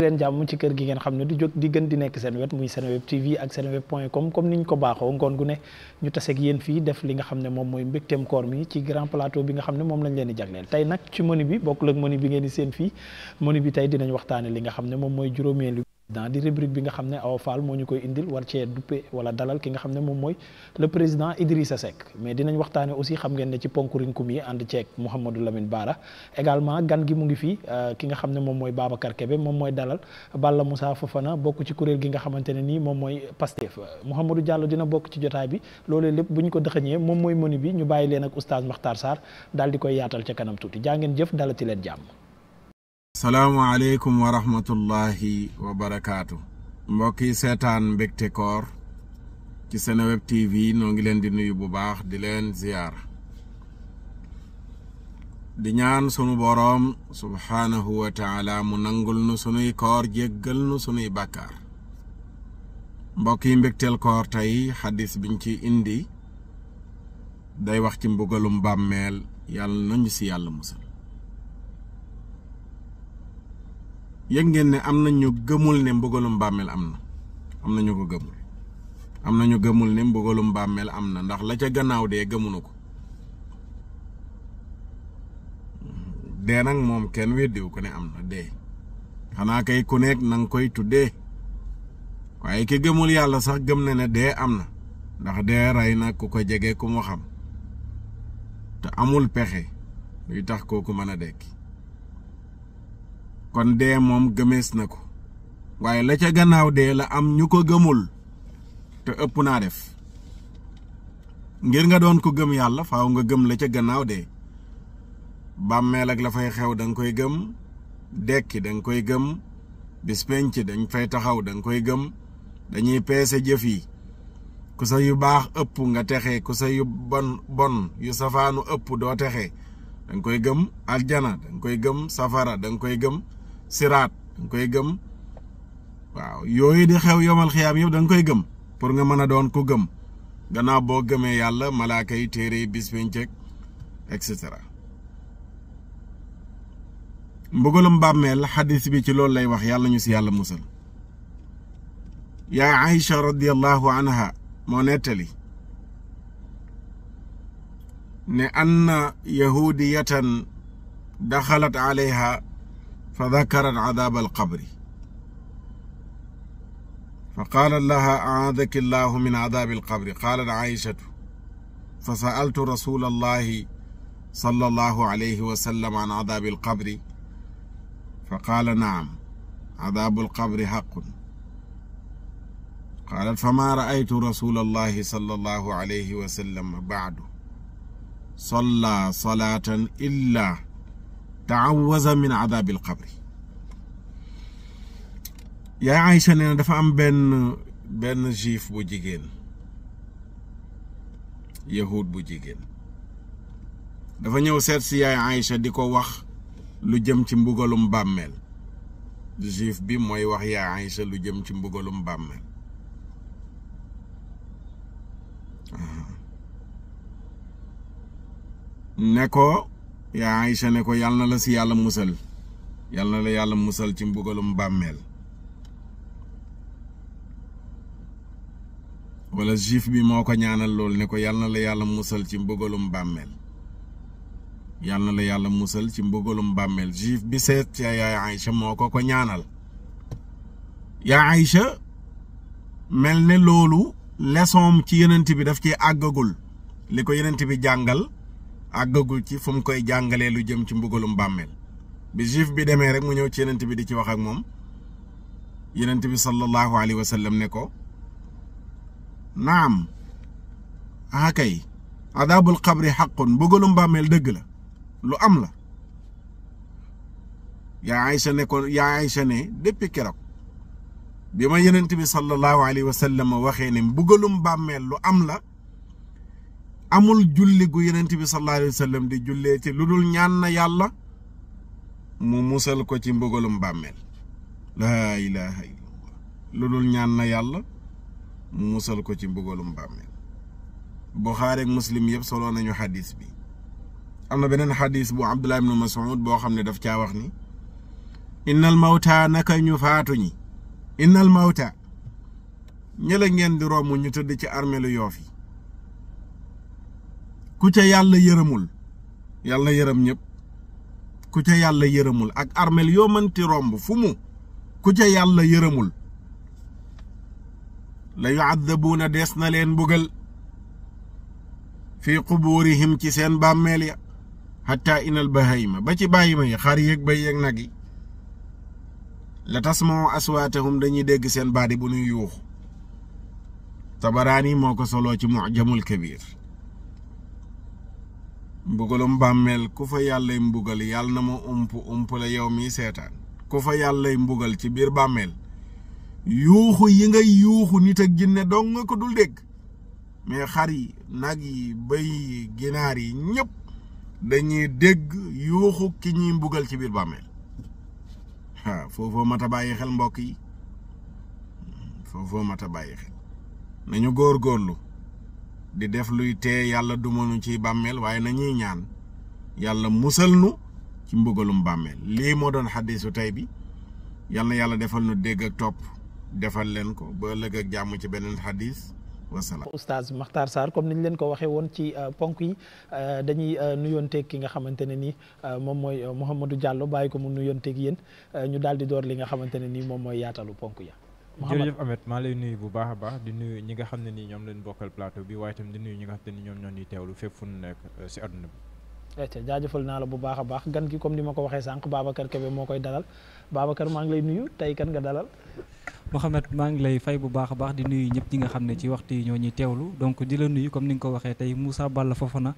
leen jàmm ci kër gi ngeen xam ne du jóg di gën di nekk Senweb muy Senweb TV ak Senweb point com comme niñ ko baaxoo ngoon gu ne ñu taseeg yéen fii def li nga xam ne moom mooy mbégteem koor mi ci grand plateau bi nga xam ne moom lañ leen di jagleel tey nag ci menu bi bokkul ak menu bi ngeen di seen fii menu bi tey dinañ waxtaane li nga xam ne moom mooy juróomeelu dans di rubrique bi nga xam ne Awa Fall moo ñu koy indil war cee duppe wala dalal ki nga xam ne moom mooy le président Idrissa Seck mais dinañ waxtaane aussi xam ngeen ne ci ponk rinkum yi ànd ceeg Mouhamadou Lamine Bara également gan gi mu ngi fii euh, ki nga xam ne moom mooy Babacar Kébé moom mooy dalal Balla Moussa Fofana bokk ci kuréel gi nga xamante ne nii moom mooy Pastef Mouhamadou Diallo dina bokk ci jotaay bi loolee lépp bu ñu ko dëxëñee moom mooy mënu bi ñu bàyyi leen ak oustaz Makhtar Sarr daal di koy yaatal kanam tuuti jaa ngeen jëf dalati leen jàmm salaamualeykum wa rahmatullahi wa barakaatu. mbokk yi seetaan mbégte koor ci Seneweb TV noo ngi leen di nuyu bu baax di leen ziyaar di ñaan sunu boroom subhaanahu wa taala mu nangul nu sunuy koor jéggal nu sunuy bàkkaar mbokk yi mbégteel koor tey xadis biñ ci indi day wax ci mbugalum bàmmeel yàlla nañu ci yàlla musal yëg ngeen ne am na ñu gëmul ne mbugalum bàmmeel am na am na ko gëmul am na gëmul ne mbugalum bàmmeel am na ndax la ca gannaaw dee gëmunu ko dee nag moom kenn weddiwu ko ne am na dee xanaa kay ku nekk na koy tuddee waaye ki gëmul yàlla sax gëm na ne dee am na ndax dee rey na ku ko jege ku mu xam te amul pexe luy tax kooku mën a dekki kon dee moom gëmees na ko waaye la ca gannaaw dee la am ñu ko gëmul te ëpp naa def ngir nga doon ko gëm yàlla faaw nga gëm la ca gannaaw dee bàmmeel ak la fay xew danga koy gëm dekki da koy gëm bis penc dañ fay taxaw danga koy gëm dañuy peese jëf yi ku sa yu baax ëpp nga texe ku sa yu bon bon yu safaanu ëpp doo texe da koy gëm aljana da koy gëm safara danga koy gëm siraat nga koy gëm waaw yooyu di xew yomal xiyaam yëpp da koy gëm pour nga mën a doon ku gëm gannaaw boo gëmee yàlla malaaka yi téere yi bis péncëg et cetera mbugalum bàmmeel bi ci loolu lay wax yàlla ñu si yàlla musal yaa Aïcha radiallahu anha moo nettali ne anna yahudiyatan daxalat alayha fa dakarat adaab alqabri fa qaalat laha aadaki allahu min adaabi alqabri qaalat aishatu fa saaltu rasul allahi sala allahu alayhi wa sallam an adaabi alqabri fa qaala naam adaabu alqabri xaqun qaalat fama raaytu rasul allahi sala allahu alayhi wa sallam baadu salla salaatan illaa taawaza min adabil qabri yaay Aïcha nee na dafa am benn benn juif bu jigéen yahud bu jigéen dafa ñëw seet si yaay Aïcha di ko wax lu jëm ci mbugalum bàmmeel juif bi mooy wax yaa Aïcha lu jëm ci mbugalum bàmmeel ne ko yaa Aïcha ne ko yàlla na la si yàlla musal yàlla na la yàlla musal ci mbugalum bàmmeel wala juif bi moo ko ñaanal loolu ne ko yàlla na la yàlla musal ci mbugalum bàmmeel yàlla na la yàlla musal ci mbugalum bàmmeel juif bi seet ci yaa Aïcha moo ko ko ñaanal yaa Aïcha mel ni loolu leçon ci yenent bi daf ci àggagul li ko yenent bi jàngal àggagul ci fu mu koy jàngalee lu jëm ci mbugalum mbàmmeel bi juif bi demee rek mu ñëw ci yenent bi di ci wax ak moom yenent bi sallallahu alayhi wa sallam ne ko naam ah kay adaabul xabri xaqun mbugalum bàmmeel dëgg la lu am la yaa Aïcha ne ko yaa Aïcha ne depuis keroog bi ma yenent bi sallallahu alayhi wa sallam waxee ne mbugalum bàmmeel lu am la amul julli gu yonent bi sallallahu alayhi di jullee ci lu dul ñaan na yàlla mu musal ko ci mbugalum bàmmeel laa ilaha illallah lu dul ñaan na yàlla mu musal ko ci mbugalum bàmmeel Buxaari ak Muslim yëpp solo nañu xadis bi am na beneen xadis bu Abdullah ibnu Mas'ud boo xam ne daf caa wax ni innal mawta naka ñu faatu ñi innal mawta ñëla ngeen di romb ñu tëdd ci armeelu Yoof yi ku ca yàlla yërëmul yàlla yërëm ñëpp ku ca yàlla yërëmul ak armeel yoo mënti romb fu mu ku ca yàlla yërëmul la yuadabuuna des na leen mbugal fii qubuurihim ci seen bàmmeel ya xatta inal bahayma ba ci bàyyima yi xar yéeg bay nag yi la tasmao aswaatahum dañuy dégg seen baadi bu ñuy yuuxu tabaraani moo ko soloo ci mujamul kabir mbugalum bàmmeel ku fa yàllay mbugal yàll na ma ump ump la yow seetaan ku fa yàllay mbugal ci biir bàmmeel yuuxu yi ngay yuuxu nit ak jinne dong nga ko dul dégg mais xar yi nag yi bëy yi ginaar yi ñëpp dañuy dégg yuuxu ki ñu mbugal ci biir bàmmeel waaw foofoo mat a bàyyi xel mbokk yi foofoo mat a bàyyi xel nañu góorgóorlu di def luy tee yàlla dumanu ci bàmmeel waaye nañuy ñaan yàlla musal nu ci mbugalum bàmmeel lii moo doon xaddisu tey bi yal na yàlla defal nu dégg ak topp defal leen ko ba lëg ak jàmm ci beneen xaddis wasalaam oustaz Makhtar Sarr comme niñ leen ko waxee woon ci euh, ponk yi euh, dañuy nuyoon euh, nuyonteeg ki nga xamante ne ni moom mooy Mouhamadou Diallo bàyyi ko mu nuyonteeg yéen ñu daal di door li nga xamante ne ni moom mooy yaatalu ponk ya jërëjëf Ameth maa lay nuyu bu baax a baax di nuyu ñi nga xam ne ni ñoom lañ bokkal plateau bi waaye tam di nuyu ñi nga xam ne ni ñoom ñoo ñuy teewlu euh, la bu baax a baax gan gi comme ni ma ko waxee sànq Babacar Kébé moo koy dalal Babacar maa ngi lay nuyu tey kan nga dalal Mouhamed maa ngi lay fay bu baax a baax di nuyu ñëpp ñi nga xam ne ci waxtu yi ñoo ñuy teewlu donc di la nuyu comme ni nga ko waxee tey Moussa Balla Fofana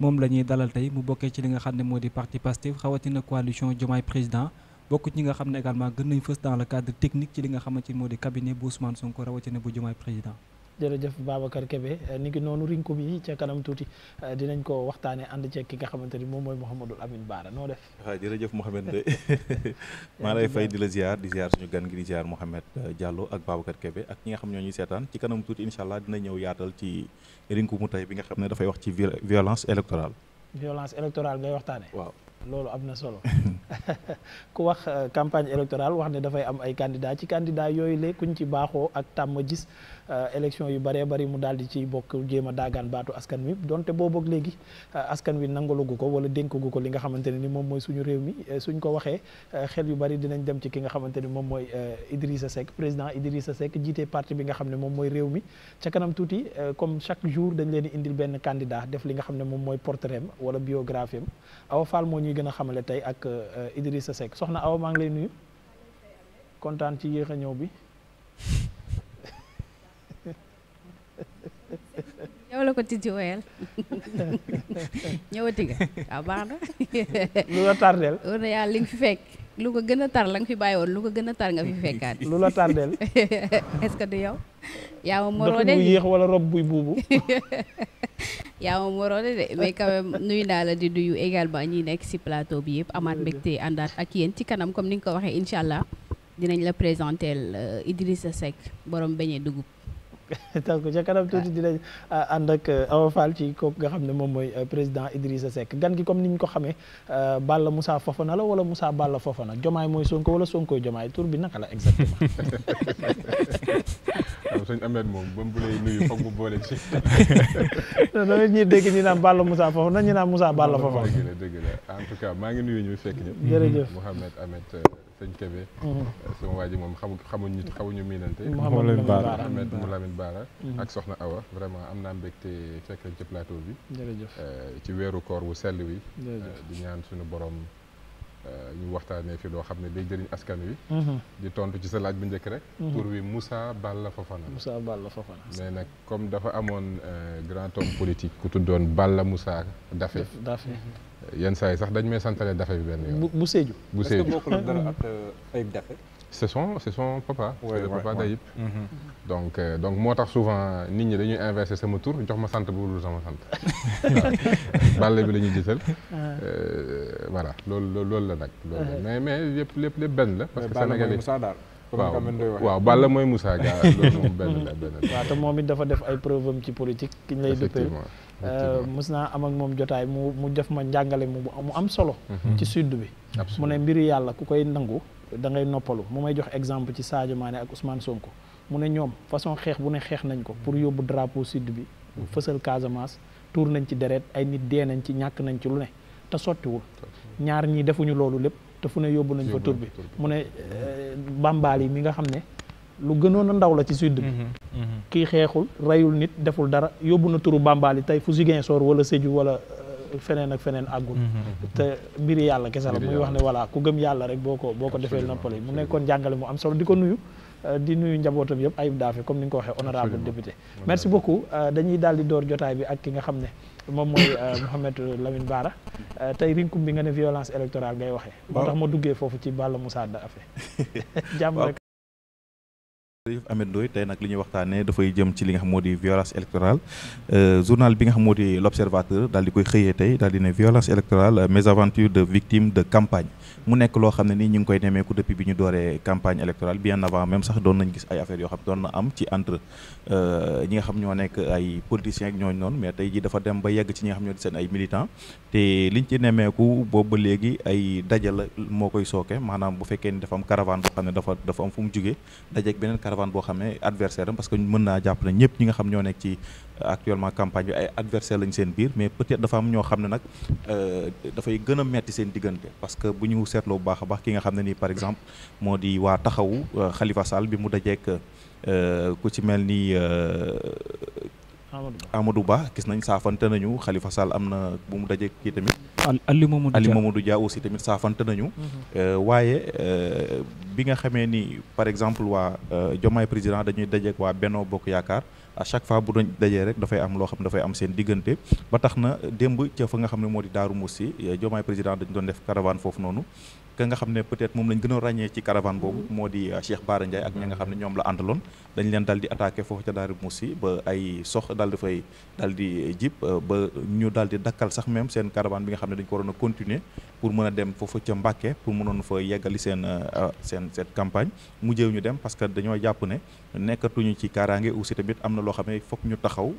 moom la ñuy dalal tey mu bokkee ci li nga xam ne moo di parti Pastef xawatina coalition Diomaye Président bokk ci ñi nga xam ne également gën nañ fës dans le cadre technique ci li nga xamante ni moo di cabinet bu Ousmane Sonko rawatina bu Diomaye Président. jërëjëf Babacar Kébé eh, ni ngi eh, dinañ ko waxtaanee ànd ceeg ki nga xamante ni moom mooy Mouhamadou Amine Baara noo def. waaw jërëjëf Mouhamed de di la ziar di ziar suñu gan gi di ziar Mouhamed eh, Diallo ak Babacar Kébé ak ñi nga xam ñoo ñuy seetaan ci kanam tuuti incha allah dina ñëw yaatal ci rinku mu tey bi nga xam ne dafay wax ci violence électorale. violence électorale ngay waxtaanee loolu am na solo ku wax euh, campagne électorale wax ne dafay am ay candidats ci candidats yooyu la kuñ ci baaxoo ak tàmm gis Euh, élection yu bëree bëri mu daal di ci bokk jéem a daagaan baatu askan wi donte boo boog léegi euh, askan wi nangalagu ko wala dénkagu ko li nga xamante ne ni moom mooy suñu réew mi euh, suñ ko waxee xel yu bari dinañ dem ci ki nga xamante ni moom mooy Idrissa Seck président Idrissa Seck jiite parti bi nga xam ne moom mooy réew mi ca kanam tuuti comme chaque jour dañ leen di indil benn candidat def li nga xam ne moom mooy portrait am wala biographie am Awa Fall moo ñuy gën a xamale tey ak Idrissa Seck soxna Awa maa ngi lay nuyu kontaan ci yéex a ñëw bi yow la ko tijji woyal ñëwati nga waaw ah, baax na. lu la tardel. war na yàlla li nga fi fekk lu ko gën a tar la fi bàyyi woon lu ko gën a tar nga fi fekkaat. lu la tardel. est-ce que du yow. yaa ma moroo de yéex wala rob buy buubu. yaa de mais quand même nuyu naa la di nuyu également ñi nekk ci plateau bi yëpp amaat mbégte àndaat ak yéen ci kanam comme ni nga ko waxee incha allah dinañ la présenter euh, Idrissa Seck borom beñe dugub. donc ca kanam tuuti dinañ euh, ànd ak euh, Awa Fall ci kooku nga xam ne moom mooy euh, président Idrissa Seck gan gi comme ni ñu ko xamee Balla Moussa Fofana la wala Moussa Balla Fofana Jomaay mooy Sonko wala Sonko Jomaay tur bi naka la exactement. waaw sëñ Ahmed moom ba mu lay nuyu foog mu boole ci. non non ñuy dégg ñu naan Balla Moussa Fofana ñu naan Moussa Balla Fofana. la dëgg sëñ Kébé mhm. euh, sama waa ji moom xamu xamuñu xamuñu miinante mu Lamine Bara mhm. ak Soxna Awa vraiment am naa mbégte fekk lañ ci plateau bi euh, ci weeru koor bu sell wi euh, di ñaan suñu borom ñu waxtaanee fi loo xam ne day jëriñ askan wi. Mhm. di tontu ci sa laaj bu njëkk rek. tur wi Moussa Balla Fofana. Moussa Balla Fofana. mais nag comme dafa amoon grand homme politique ku tuddoon Balla Moussa Daffé. Daffé yenn saa yi sax dañ may santale dafe bi benn yoon. bu Sédhiou bu Sédhiou est-ce que bokkul dara ak euh, c'est son papa. c'est le papa mhm. Mhm. donc euh, donc moo tax souvent nit ñi dañuy inverser sama tur jox ma sant bu dul sama sant waaw bàlle bi lañuy ñuy jiital. Ah. Euh, voilà loolu loolu la nag. loolu mais mais lépp lép lépp benn la. parce que Sénégalais waaw waaw Balla mooy Moussa gaa loolu moom benn la benn la. te moom it dafa def ay preuve ci politique. ki Euh, mës naa am ak moom jotaay mu mu def ma njàngale mu mu am solo. Mhm. ci sud bi. mu ne mbiru yàlla ku koy nangu da ngay noppalu mu may jox exemple ci Sadio Mané ak Ousmane Sonko mu ne ñoom façon xeex bu ne xeex nañ ko pour yóbbu drapeau sud bi. Mhm. fësal Casamance tuur nañ ci deret ay nit dee nañ ci ñàkk nañ ci lu ne te sottiwul. ñaar ñii defuñu loolu lépp te fu ne yóbbu nañ ko tur bi mu ne euh, bambaal yi mi nga xam ne. lu gënoon a ndaw la ci sud bi mhm, mhm. kii xeexul reyul nit deful dara yóbbu na turu bàmbaali tey fu Ziguinchor wala Sédhiou wala euh, feneen ak feneen àggul mhm, te mbiri yàlla kese la muy wax ne voilà ku gëm yàlla rek boo ko boo ko defee noppale mu nekkoon jàngale mu am solo di ko nuyu euh, di nuyu njabootam yëpp ayib daafe comme ni nga ko waxee honorable député merci beaucoup euh, dañuy daal di door jotaay bi ak ki nga xam ne moom mooy Mouhamed Lamine Bara tey rinkum bi nga ne violence électorale ngay waxee moo tax duggee foofu ci Balla Moussa jërëjëf Ameth Ndoye tey nag li ñuy waxtaanee dafay jëm ci li nga xam moo di violence électorale euh, journal bi nga xam moo di l'observateur daal di koy xëyee tey daal di ne violence électorale euh, mésaventure de victimes de campagne mu nekk loo xam ne ni ñu ngi koy nemeeku depuis bi ñu dooree campagne électorale bien avant même sax doon nañ gis ay affaires yoo xam doon na am ci entre euh, ñi nga xam ñoo nekk ay politiciens ak ñooñu noonu mais tey ji dafa dem ba yegg ci ñi xam ñoo di ay militants te liñ ci nemeeku boobu ba léegi ay daje moo koy sooke maanaam bu fekkee ni dafa am caravane boo xam ne dafa am fu mu jugee dajeeg beneen caravane boo xam ne adversaire am parce que mën naa jàpp ne ñëpp ñi nga xam ñoo nekk ci actuellement campagne bi ay adversaire lañ seen biir mais peut-être dafa am ñoo xam ne nag euh, dafay gën a metti seen diggante parce que bu ñu seetloo bu baax a baax ki nga xam ne nii par exemple moo di waa taxawu euh, Khalifa Sall bi mu dajeek euh, ku ci mel ni Amadou Ba gis nañ saafante nañu Khalifa Sall am na bu mu dajeek kii tamit Ali Mamadou Dia aussi tamit saafante nañu mhm. waaye bi nga xamee ni par exemple waa Diomaye président dañuy dajeek waa Benno Bokk Yaakaar a chaque fois bu doon dajee rek dafay am loo xam ne dafay am seen diggante ba tax na démb ca fa nga xam ne moo di Daaru Musi Diomaye président dañ doon def caravane foofu noonu ka nga xam ne peut-être moom lañ gën a ràññee ci caravane boobu moo di euh, Cheikh Bara Ndiaye ak ñi nga xam ne ñoom la àndaloon dañ leen daal di attaqué foofu ca Darou Moussi ba ay sox daal di fay daal di euh, jib euh, ba ñu daal di dakkal sax même seen caravane bi nga xam ne dañ ko a continuer pour mën a foofu ca Mbàkke pour mënoon fa yeggali seen seen cette campagne mu jéew ñu dem parce que dañoo jàpp ne nekkatuñu ci kaaraange aussi tamit am na loo xam ne foog ñu taxaw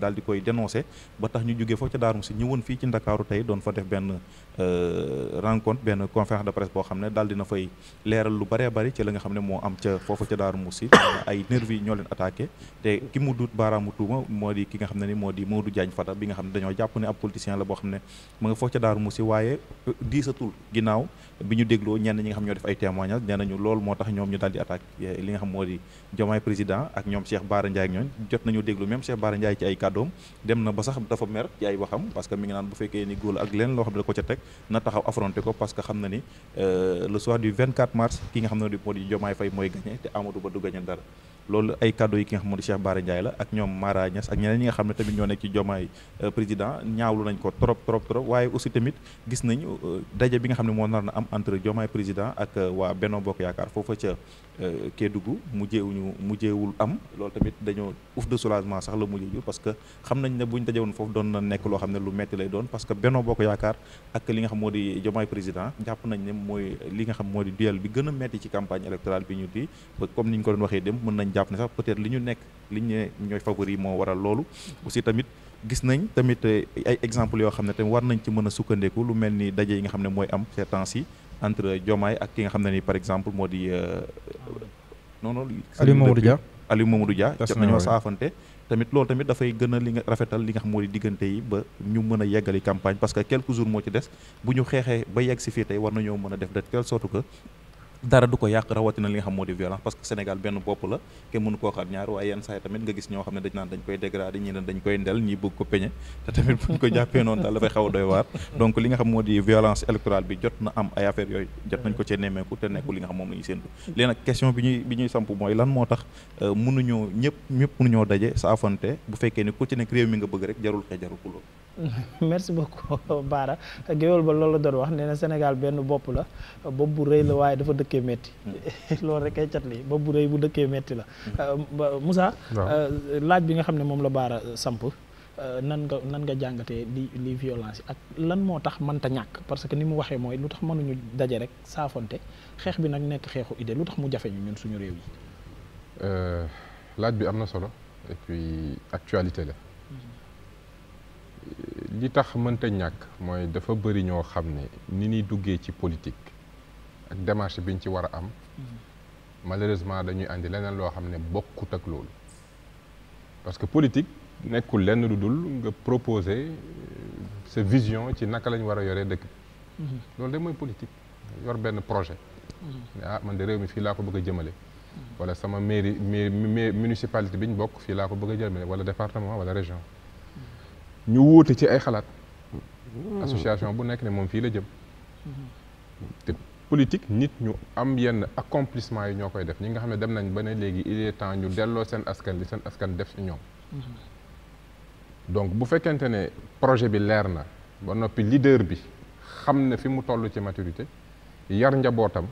daal di koy dénoncé ba tax ñu jógee foofu ca daaru Moussi ñëwoon fii ci Ndakaaru tey doon fa def benn Euh, rencontre benn conférence de presse boo xam ne daal dina fay leeral lu bëree bëri ci la nga xam ne moo am ca foofu ca Daaru Musi ay nervi ñoo leen attaqué te ki mu duut baaraamu tuuma moo di ki nga xam ne ni moo di du jaañ Fada bi nga xam ne dañoo jàpp ne ab politicien la boo xam ne mu nga foofu ca Daaru Musi waaye euh, diisatul ginnaaw bi ñu dégloo ñenn ñi nga xam ñoo def ay témoignages nee nañu loolu moo tax ñoom ñu daal attaque eh, li nga xam moo di Diomaye président ak ñoom Cheikh Bara Ndiaye ak ñooñ jot nañu déglu même Cheikh Bara Ndiaye ci ay kàddoom dem na ba sax dafa mer ci ay waxam parce que mi ngi naan bu fekkee ni góol ak leen loo xam ne da ko ca teg na taxaw affronté ko parce que xam na ni euh, le soir du 24 mars ki nga xam ne moo di Diomaye Faye mooy gagné te Amadou Ba du gagné dara loolu ay kàddu yi ki nga xam ne Cheikh Bara Ndiaye la ak ñoom Mara Niass ak ñeneen ñi nga xam ne tamit ñoo nekk ci jomaay euh, président ñaawlu nañ ko trop trop trop waaye aussi tamit gis nañu euh, daje bi nga xam ne moo nar na am entre jomaay président ak euh, waa Benno Bokk Yaakaar foofu ca Euh, Kédougou mujjeewuñu mujjeewul am loolu tamit dañoo ouf de soulagement sax la mujjee jur parce que xam nañ ne buñ woon foofu doon na nekk loo xam ne lu metti lay doon parce que Benno Bokk Yaakaar ak li nga xam moo di Diomaye président jàpp nañ ne mooy li nga xam moo di duel bi gën a metti ci campagne électorale bi ñu di comme ni ñu ko doon waxee dem mën nañ jàpp ne sax peut-être li ñu nekk li ñu ne ñooy favori moo waral loolu aussi tamit gis nañ tamit ay exemple yoo xam ne tamit war nañ ci mën a sukkandeku lu mel ni daje yi nga xam ne mooy am ces temps entre jomaay ak ki nga xam ne ni par exemple moo di. Euh, non non Aliou Mamadou Dia Aliou Mamadou Dia. jot nañoo saafante tamit loolu tamit dafay gën li nga rafetal li nga xam moo di diggante yi ba ñu mën a yeggali campagne parce que quelques jours moo ci des bu ñu xeexee ba yegg si fii tey war nañoo mën a def de telle sorte que. dara du ko yàq rawatina li nga xam moo di violence parce que Sénégal benn bopp la kenn mënu koo xar ñaar waaye yenn saa tamit nga gis ñoo xam ne dañ koy dégradé ñi dañ koy ndel ñi bëgg ko peñe te tamit buñ ko jàppee noonu daal dafay xaw a doy waar donc li nga xam moo di violence électorale bi jot na am ay affaire yooyu jot nañ ko cee nemmeeku te nekkul li nga xam moom la ñuy séentu léegi nag question bi ñuy bi ñuy samp mooy lan moo tax euh, mënuñoo ñëpp ñëpp daje sa afante bu fekkee ni ku ci nekk réew mi nga bëgg rek jarul xee jarul merci beaucoup Baara géwél ba loolu la doon wax nee na Sénégal benn bopp la bopp bu rëy la waaye dafa dëkkee métti loolu rek ay cat li bopp bu rëy bu dëkkee métti la Moussa euh, laaj bi nga xam ne moom la Baara samp euh, nan nga nan nga jàngatee li li violence ak lan moo tax manta ñàkk parce que ni mu waxee mooy lu tax mënuñu daje rek saafonte xeex bi nag nekk xeexu idée lu tax mu jafe ñu ñun suñu réew yi euh, laaj bi am na solo et puis actualité la li tax mënta ñàkk mooy dafa bëri ñoo xam ne ni ñuy duggee ci politique ak démarché bi ñu ci war a am malheureusement dañuy andi leneen loo xam ne bokkut ak loolu parce que politique nekkul lenn lu dul nga proposer euh, sa vision ci naka lañ war a yoree dëkk loolu de mooy politique yor benn projet ah man de réew mi fii laa ko bëgg a jëmale wala sama mairie municipalité bi ñu bokk fii laa ko bëgg a jëmale wala département wala région ñu wuute ci ay xalaat hmm. association bu nekk ne moom fii la jëm hmm. te politique nit ñu am yenn accomplissement yi ñoo koy def ñi nga xam ne dem nañ ba ne léegi il est temps ñu delloo seen askan li seen askan def ci ñoom hmm. donc bu fekkente ne projet bi leer na ba noppi leader bi xam ne fi mu toll ci maturité yar njabootam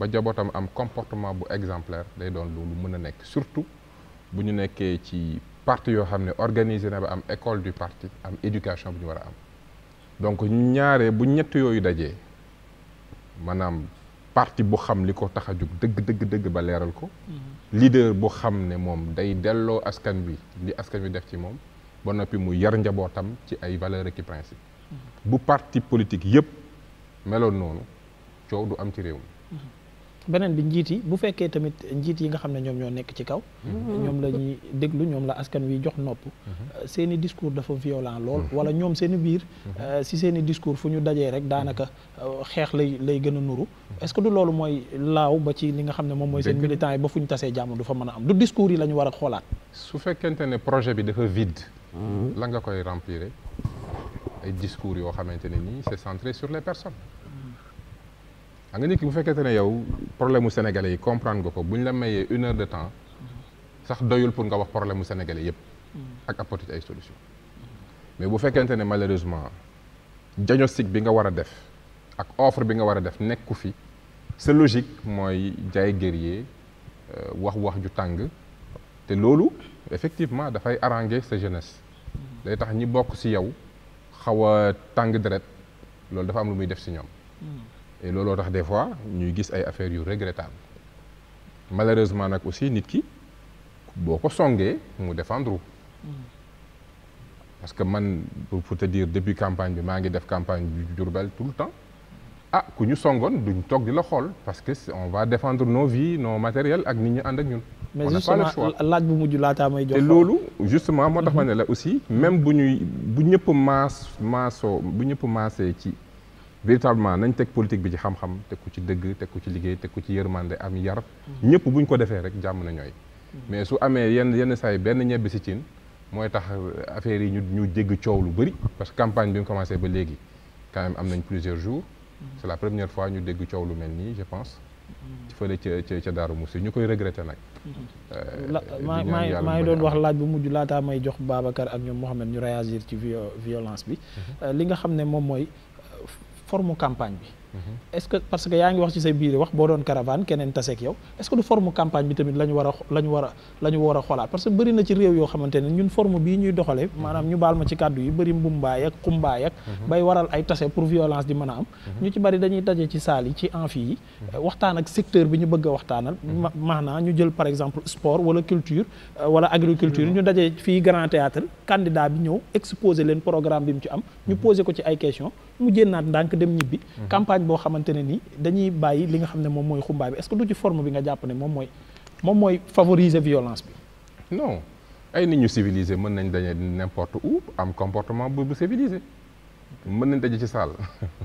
ba njabootam am comportement bu exemplaire day doon loolu mën a nekk surtout bu ñu nekkee ci partie yoo xam ne organiser na ba am école du parti am éducation bu ñu war am donc ñaare bu ñett yooyu dajee maanaam partie bu xam li ko tax a jóg dëgg dëgg ba leeral ko mm-hmm. leader bu xam ne moom day delloo askan wi li askan wi def ci moom ba noppi mu yar njabootam ci ay valeur ak i principe mm-hmm. bu partie politique yépp meloon noonu coow du am ci réew mi beneen bi njiit yi bu fekkee tamit njiit yi nga xam ne ñoom ñoo nekk ci kaw mhm. ñoom la ñuy déglu ñoom la askan wi jox nopp mhm. euh, seen i discours dafa violent lool mhm. wala ñoom seeni i biir euh, si seen i discours fu ñu dajee rek daanaka euh, xeex lay lay gën a nuru est-ce que du loolu mooy laaw ba ci li nga xam ne moom mooy seen militant yi ba fu ñu tasee jàmm du fa mën a am du discours yi la ñu war a xoolaat su fekkente ne projet bi dafa vide la nga koy remplir ay discours yoo xamante ne nii c'est centré sur les personnes xam nga nit bu fekkente ne yow problème mu sénégalais yi comprendre nga ko bu ñu la mayee une heure de temps sax doyul pour nga wax problème mu sénégalais yëpp ak apporter ay solution mais bu fekkente ne malheureusement diagnostic bi nga war a def ak offre bi nga war a def nekku fi sa logique mooy jaay guerrier wax-wax euh, ju tàng te loolu effectivement dafay arranger sa jeunesse day tax ñi bokk ci yow xaw a tàng deret loolu dafa am lu muy def ci ñoom hmm. et looloo tax des fois ñuy gis ay affaires yu regrettable malheureusement nag aussi nit ki boo ko songee mu défendre parce que man pour te dire depuis campagne bi maa ngi def campagne bi Diourbel tout le temps ah ku ñu songoon duñ toog di la xool parce que on va défendre nos vies nos matériels ak nit ñi ànd ak ñun. mais justement laaj bu mujj laataa may jox te loolu justement moo tax ma ne la aussi mm-hmm. même bu ñuy bu ñëpp maas maasoo bu ñëpp maasee ci. véritablement nañ teg politique bi ci xam-xam teg ko ci dëgg teg ko ci liggéey teg ko ci yërmande am yar ñëpp buñ ko defee rek jàmm na ñooy mais su amee yenn yenn saa yi benn ñebbi si cin mooy tax euh, affaire yi ñu ñu dégg coow lu bëri parce que campagne bi mu commencé ba léegi quand même am nañ plusieurs jours c'est la première fois ñu dégg coow lu mel nii je pense ci fële ca ca Daaru Musi ñu koy regretté nag euh, maa maa ngi doon wax laaj bu mujj laataa may jox Babacar ak ñoom Mohamed ñu réagir bi mhm. euh, li nga xam ne moom mooy forme campagne bi Mm-hmm. est-ce que parce que yaa ngi wax ci sa biir wax boo doon caravane keneen taseeg yow est-ce que du forme campagne bi tamit la ñu war a la ñu a la ñu xolaat parce que bëri na ci réew yoo xamante ne ñun forme bii ñuy doxale mm-hmm. maanaam ñu baal ma ci kàddu yi bëri mbumbaay ak xumbaay ak mm-hmm. bay waral ay tase pour violence di mën a am ñu ci bëri dañuy daje ci saal yi ci amphi yi waxtaan ak secteur bi ñu bëgg a waxtaanal maanaa ñu jël par exemple sport wala culture euh, wala agriculture ñu daje fii grand théâtre candidat bi ñëw exposer leen programme bi mu ci am ñu poser ko ci ay question mu génnaat ndànk dem ñibbi campagne boo xamante ne nii dañuy bàyyi li nga xam ne moom mooy xumbaay bi est-ce que du ci form bi nga jàpp ne moom mooy moom favoriser violence bi. non ay nit ñu civilisé mën nañ daje n'importe où am comportement bu bu mën nañ daje ci salle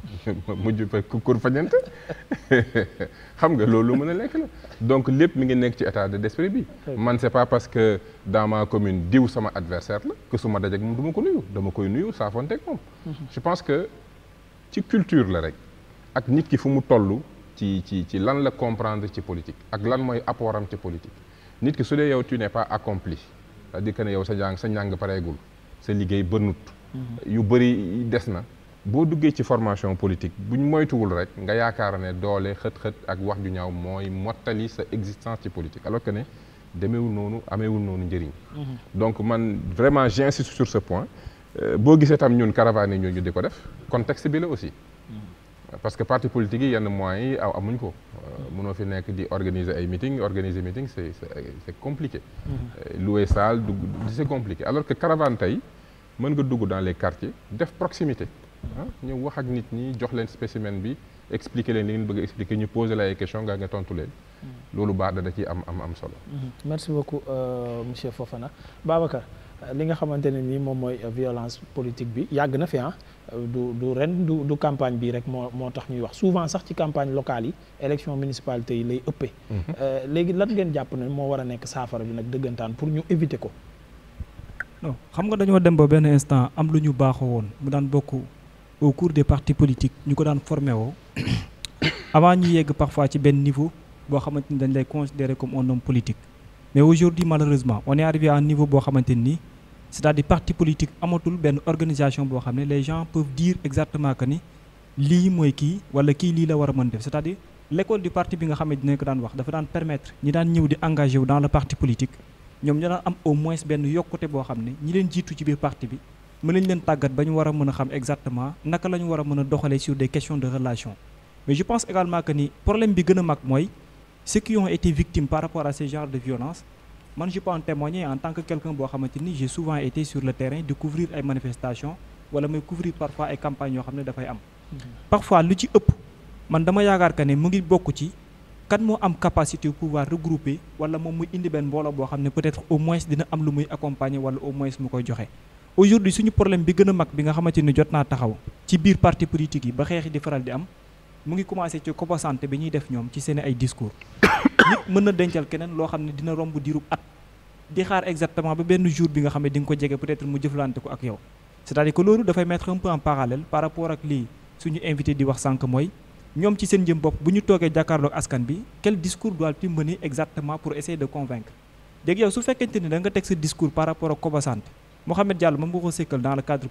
mujj fa kur xam nga loolu mën a lekk la donc lépp mu ngi nekk ci état de d'esprit bi. man c'est pas parce que dans commune diw sama adversaire la que su ma dajeeg moom du ma ko nuyu dama koy nuyu saafonteeg moom. Mm-hmm. je pense que ci culture la rek. ak nit ki fu mu toll ci ci ci lan la comprendre ci politique ak lan mooy apportam ci politique nit ki su dee yow tu n'es pas accompli cest à que ne yow sa njàng sa njàng pareegul sa liggéey bënnut mhm. yu bëri des na boo duggee ci formation politique bu ñu moytuwul rek nga yaakaar ne doole xët-xët ak wax ju ñaaw mooy mottali sa existence ci politique alors que ne demeewul noonu ameewul noonu njëriñ mhm. donc man vraiment j'insiste sur ce point euh, boo gisee tam ñun caravane ñoo ñu ko def contexte bi la aussi parce que parti politique yi yenn moyens yi amuñ ko. Euh, mënoo fi nekk di organiser ay meeting organiser meeting c' est c' est compliqué. Mm-hmm. louer salle dugg di est compliqué alors que caravane tey mën nga dugg dans les quartiers def proximité. Ah, ñëw wax ak nit ñi jox leen spécimen bi expliquer leen li ngeen bëgg a expliquer ñu poser la ay question nga nga tontu leen. Mm-hmm. loolu baax da ci am am am solo. Mm-hmm. merci beaucoup euh, monsieur Fofana baabaka li nga xamante ne nii moom mooy violence politique bi yàgg na fi ah. du du ren du du campagne bi rek moo moo tax ñuy wax souvent sax ci campagne locale yi élection municipalité yi lay ëppee. Mhm. Euh, léegi lan ngeen jàpp ne moo war a nekk saafara bi nag dëggantaan pour ñu éviter ko. xam nga dañoo dem ba benn instant am lu ñu baaxoo woon mu daan bokk au cours des partis politiques ñu ko daan formé woo avant ñu yegg parfois ci benn niveau boo xamante ni dañ lay considérer comme un homme politique mais aujourd'hui malheureusement on est arrivé niveau boo xamante ni. c'est-à-dire parti politique amatul benn organisation boo xam ne les gens peuvent dire exactement que ni lii mooy kii wala kii lii la war a mën def c'est-à-dire l'école du parti bi nga xam ne ko daan wax dafa daan permettre ñi daan ñëw di engagé wu dans le parti politique ñoom ñu daan am au moins benn yokkute boo xam ne ñi leen jiitu ci biir parti bi mën nañ leen tàggat ba ñu war a mën a xam exactement naka la ñu war a mën a doxalee su des relation mais je pense que ni problème bi gën a mag mooy ceux qui par rapport à ce man je peux en témoigner en tant que quelqu'un boo xamante ni j'ai souvent été sur le terrain di couvrir ay manifestations wala may couvrir parfois ay campagnes yoo xam ne dafay am mm-hmm. parfois lu ci ëpp man dama yaakaar que ne mu ngi bokk ci kan moo am capacité pouvoir regrouper wala moom muy indi benn mbooloo boo xam ne peut-être au moins dina am lu muy accompagner wala au moins mu koy joxe aujourd'hui suñu problème bi gën a mag bi nga xamante ni jot naa taxaw ci biir parti politique yi ba di faral di am mu ngi commencé ci composante bi ñuy def ñoom ci seen ay discours nit mën na dencal keneen loo xam ne dina romb diirub at di xaar exactement ba benn jour bi nga xam ne di ko jege peut-être mu jëflante ko ak yow c'est-à-dire que loolu dafay mettre un peu par rapport ak lii suñu invité di wax sànq mooy ñoom ci seen jëm bopp bu ñu toogee jàkkaarloog askan bi quel discours dois-tu mener exactement pour essayer de convaincre léegi yow su fekkente ni da nga teg dans le cadre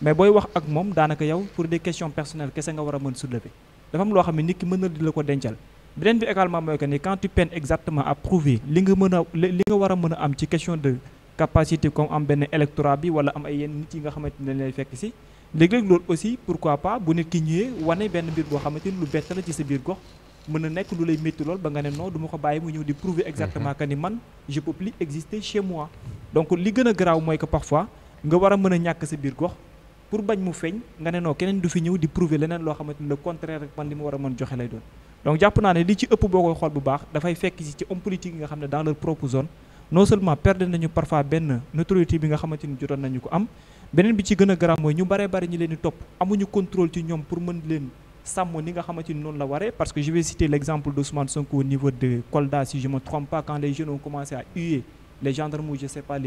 mais booy wax ak moom daanaka yow pour des questions personnelles kese nga war a mën soulever dafa am loo xam ne nit ki mën na di la ko dencal beneen bi également mooy que ni quand tu peines exactement à prouver li nga mën a li nga war a a am ci question de capacité comme am benn électorat bi wala am ay yenn nit yi nga xamante ne lay fekk si léeg-léeg loolu aussi pourquoi pas bu nit ki ñëwee wane benn mbir boo xamante ni lu bett la ci sa biir gox mën na nekk lu lay métti lool ba nga ne non du ma ko bàyyi mu ñëw di prouver mhm. exactement que ni man je peux plus exister chez moi li gën a garaaw mooy que parfois nga war a mën a ñàkk sa biir gox pour bañ mu feeñ nga ne non keneen du fi ñëw di prouver leneen loo xamante ni contraire man li mu war a joxe lay doon donc jàpp naa ne li ci ëpp boo koy xool bu baax dafay fekk si ci homme politique yi nga xam ne dans leur propre zone non seulement perdre nañu parfois benn notoriété bi nga xamante ni jotoon nañu ko am beneen bi ci gën a garaaw ñu baree bari ñu leen di topp amuñu contrôle ci ñoom pour mën leen sàmm ni nga xamante ni noonu la waree parce que je vais citer l'exemple d'Ousmane Sonko au niveau de Kolda à huer les gendarmes ou je sais pas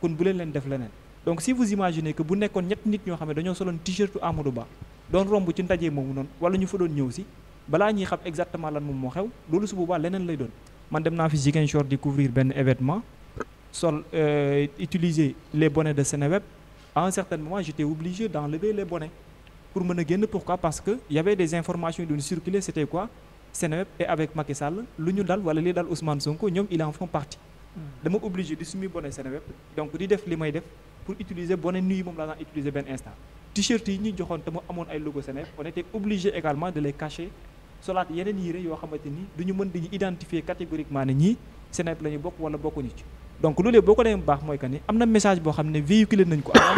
kon bu leen leen def leneen donc si vous imaginez que bu nekkoon ñett nit ñoo xam ne dañoo soloon t-shirt Amadou Ba doon romb ci ndaje moomu noonu wala ñu fa doon ñëw si balaa ñuy xam exactement lan moom moo xew loolu su boobaa leneen lay doon man dem naa fi Ziguinchor di couvrir benn événement sol euh, utiliser les bonnets de Seneweb à un certain moment j'étais obligé d'enlever les bonnets pour mën a génn pourquoi parce que y avait des informations yu doon Sall lu ñu dal wala li dal Ousmane Sonko ñoom ils en font partie dama obligé di sumi bonnet Seneweb donc di def li may def pour utiliser bonnet nuit moom laa daan utiliser benn instant t-shirt yi ñuy joxoon te mu amoon ay logo Seneweb on était obligé également de les cacher solaat yeneen yére yoo xamante ni du ñu mën di ñu identifier catégoriquement ne ñii Seneweb la ñu bokk wala bokkuñu ci donc loolee boo ko demee baax mooy que ni am na message boo xam ne véhiculé nañ ko à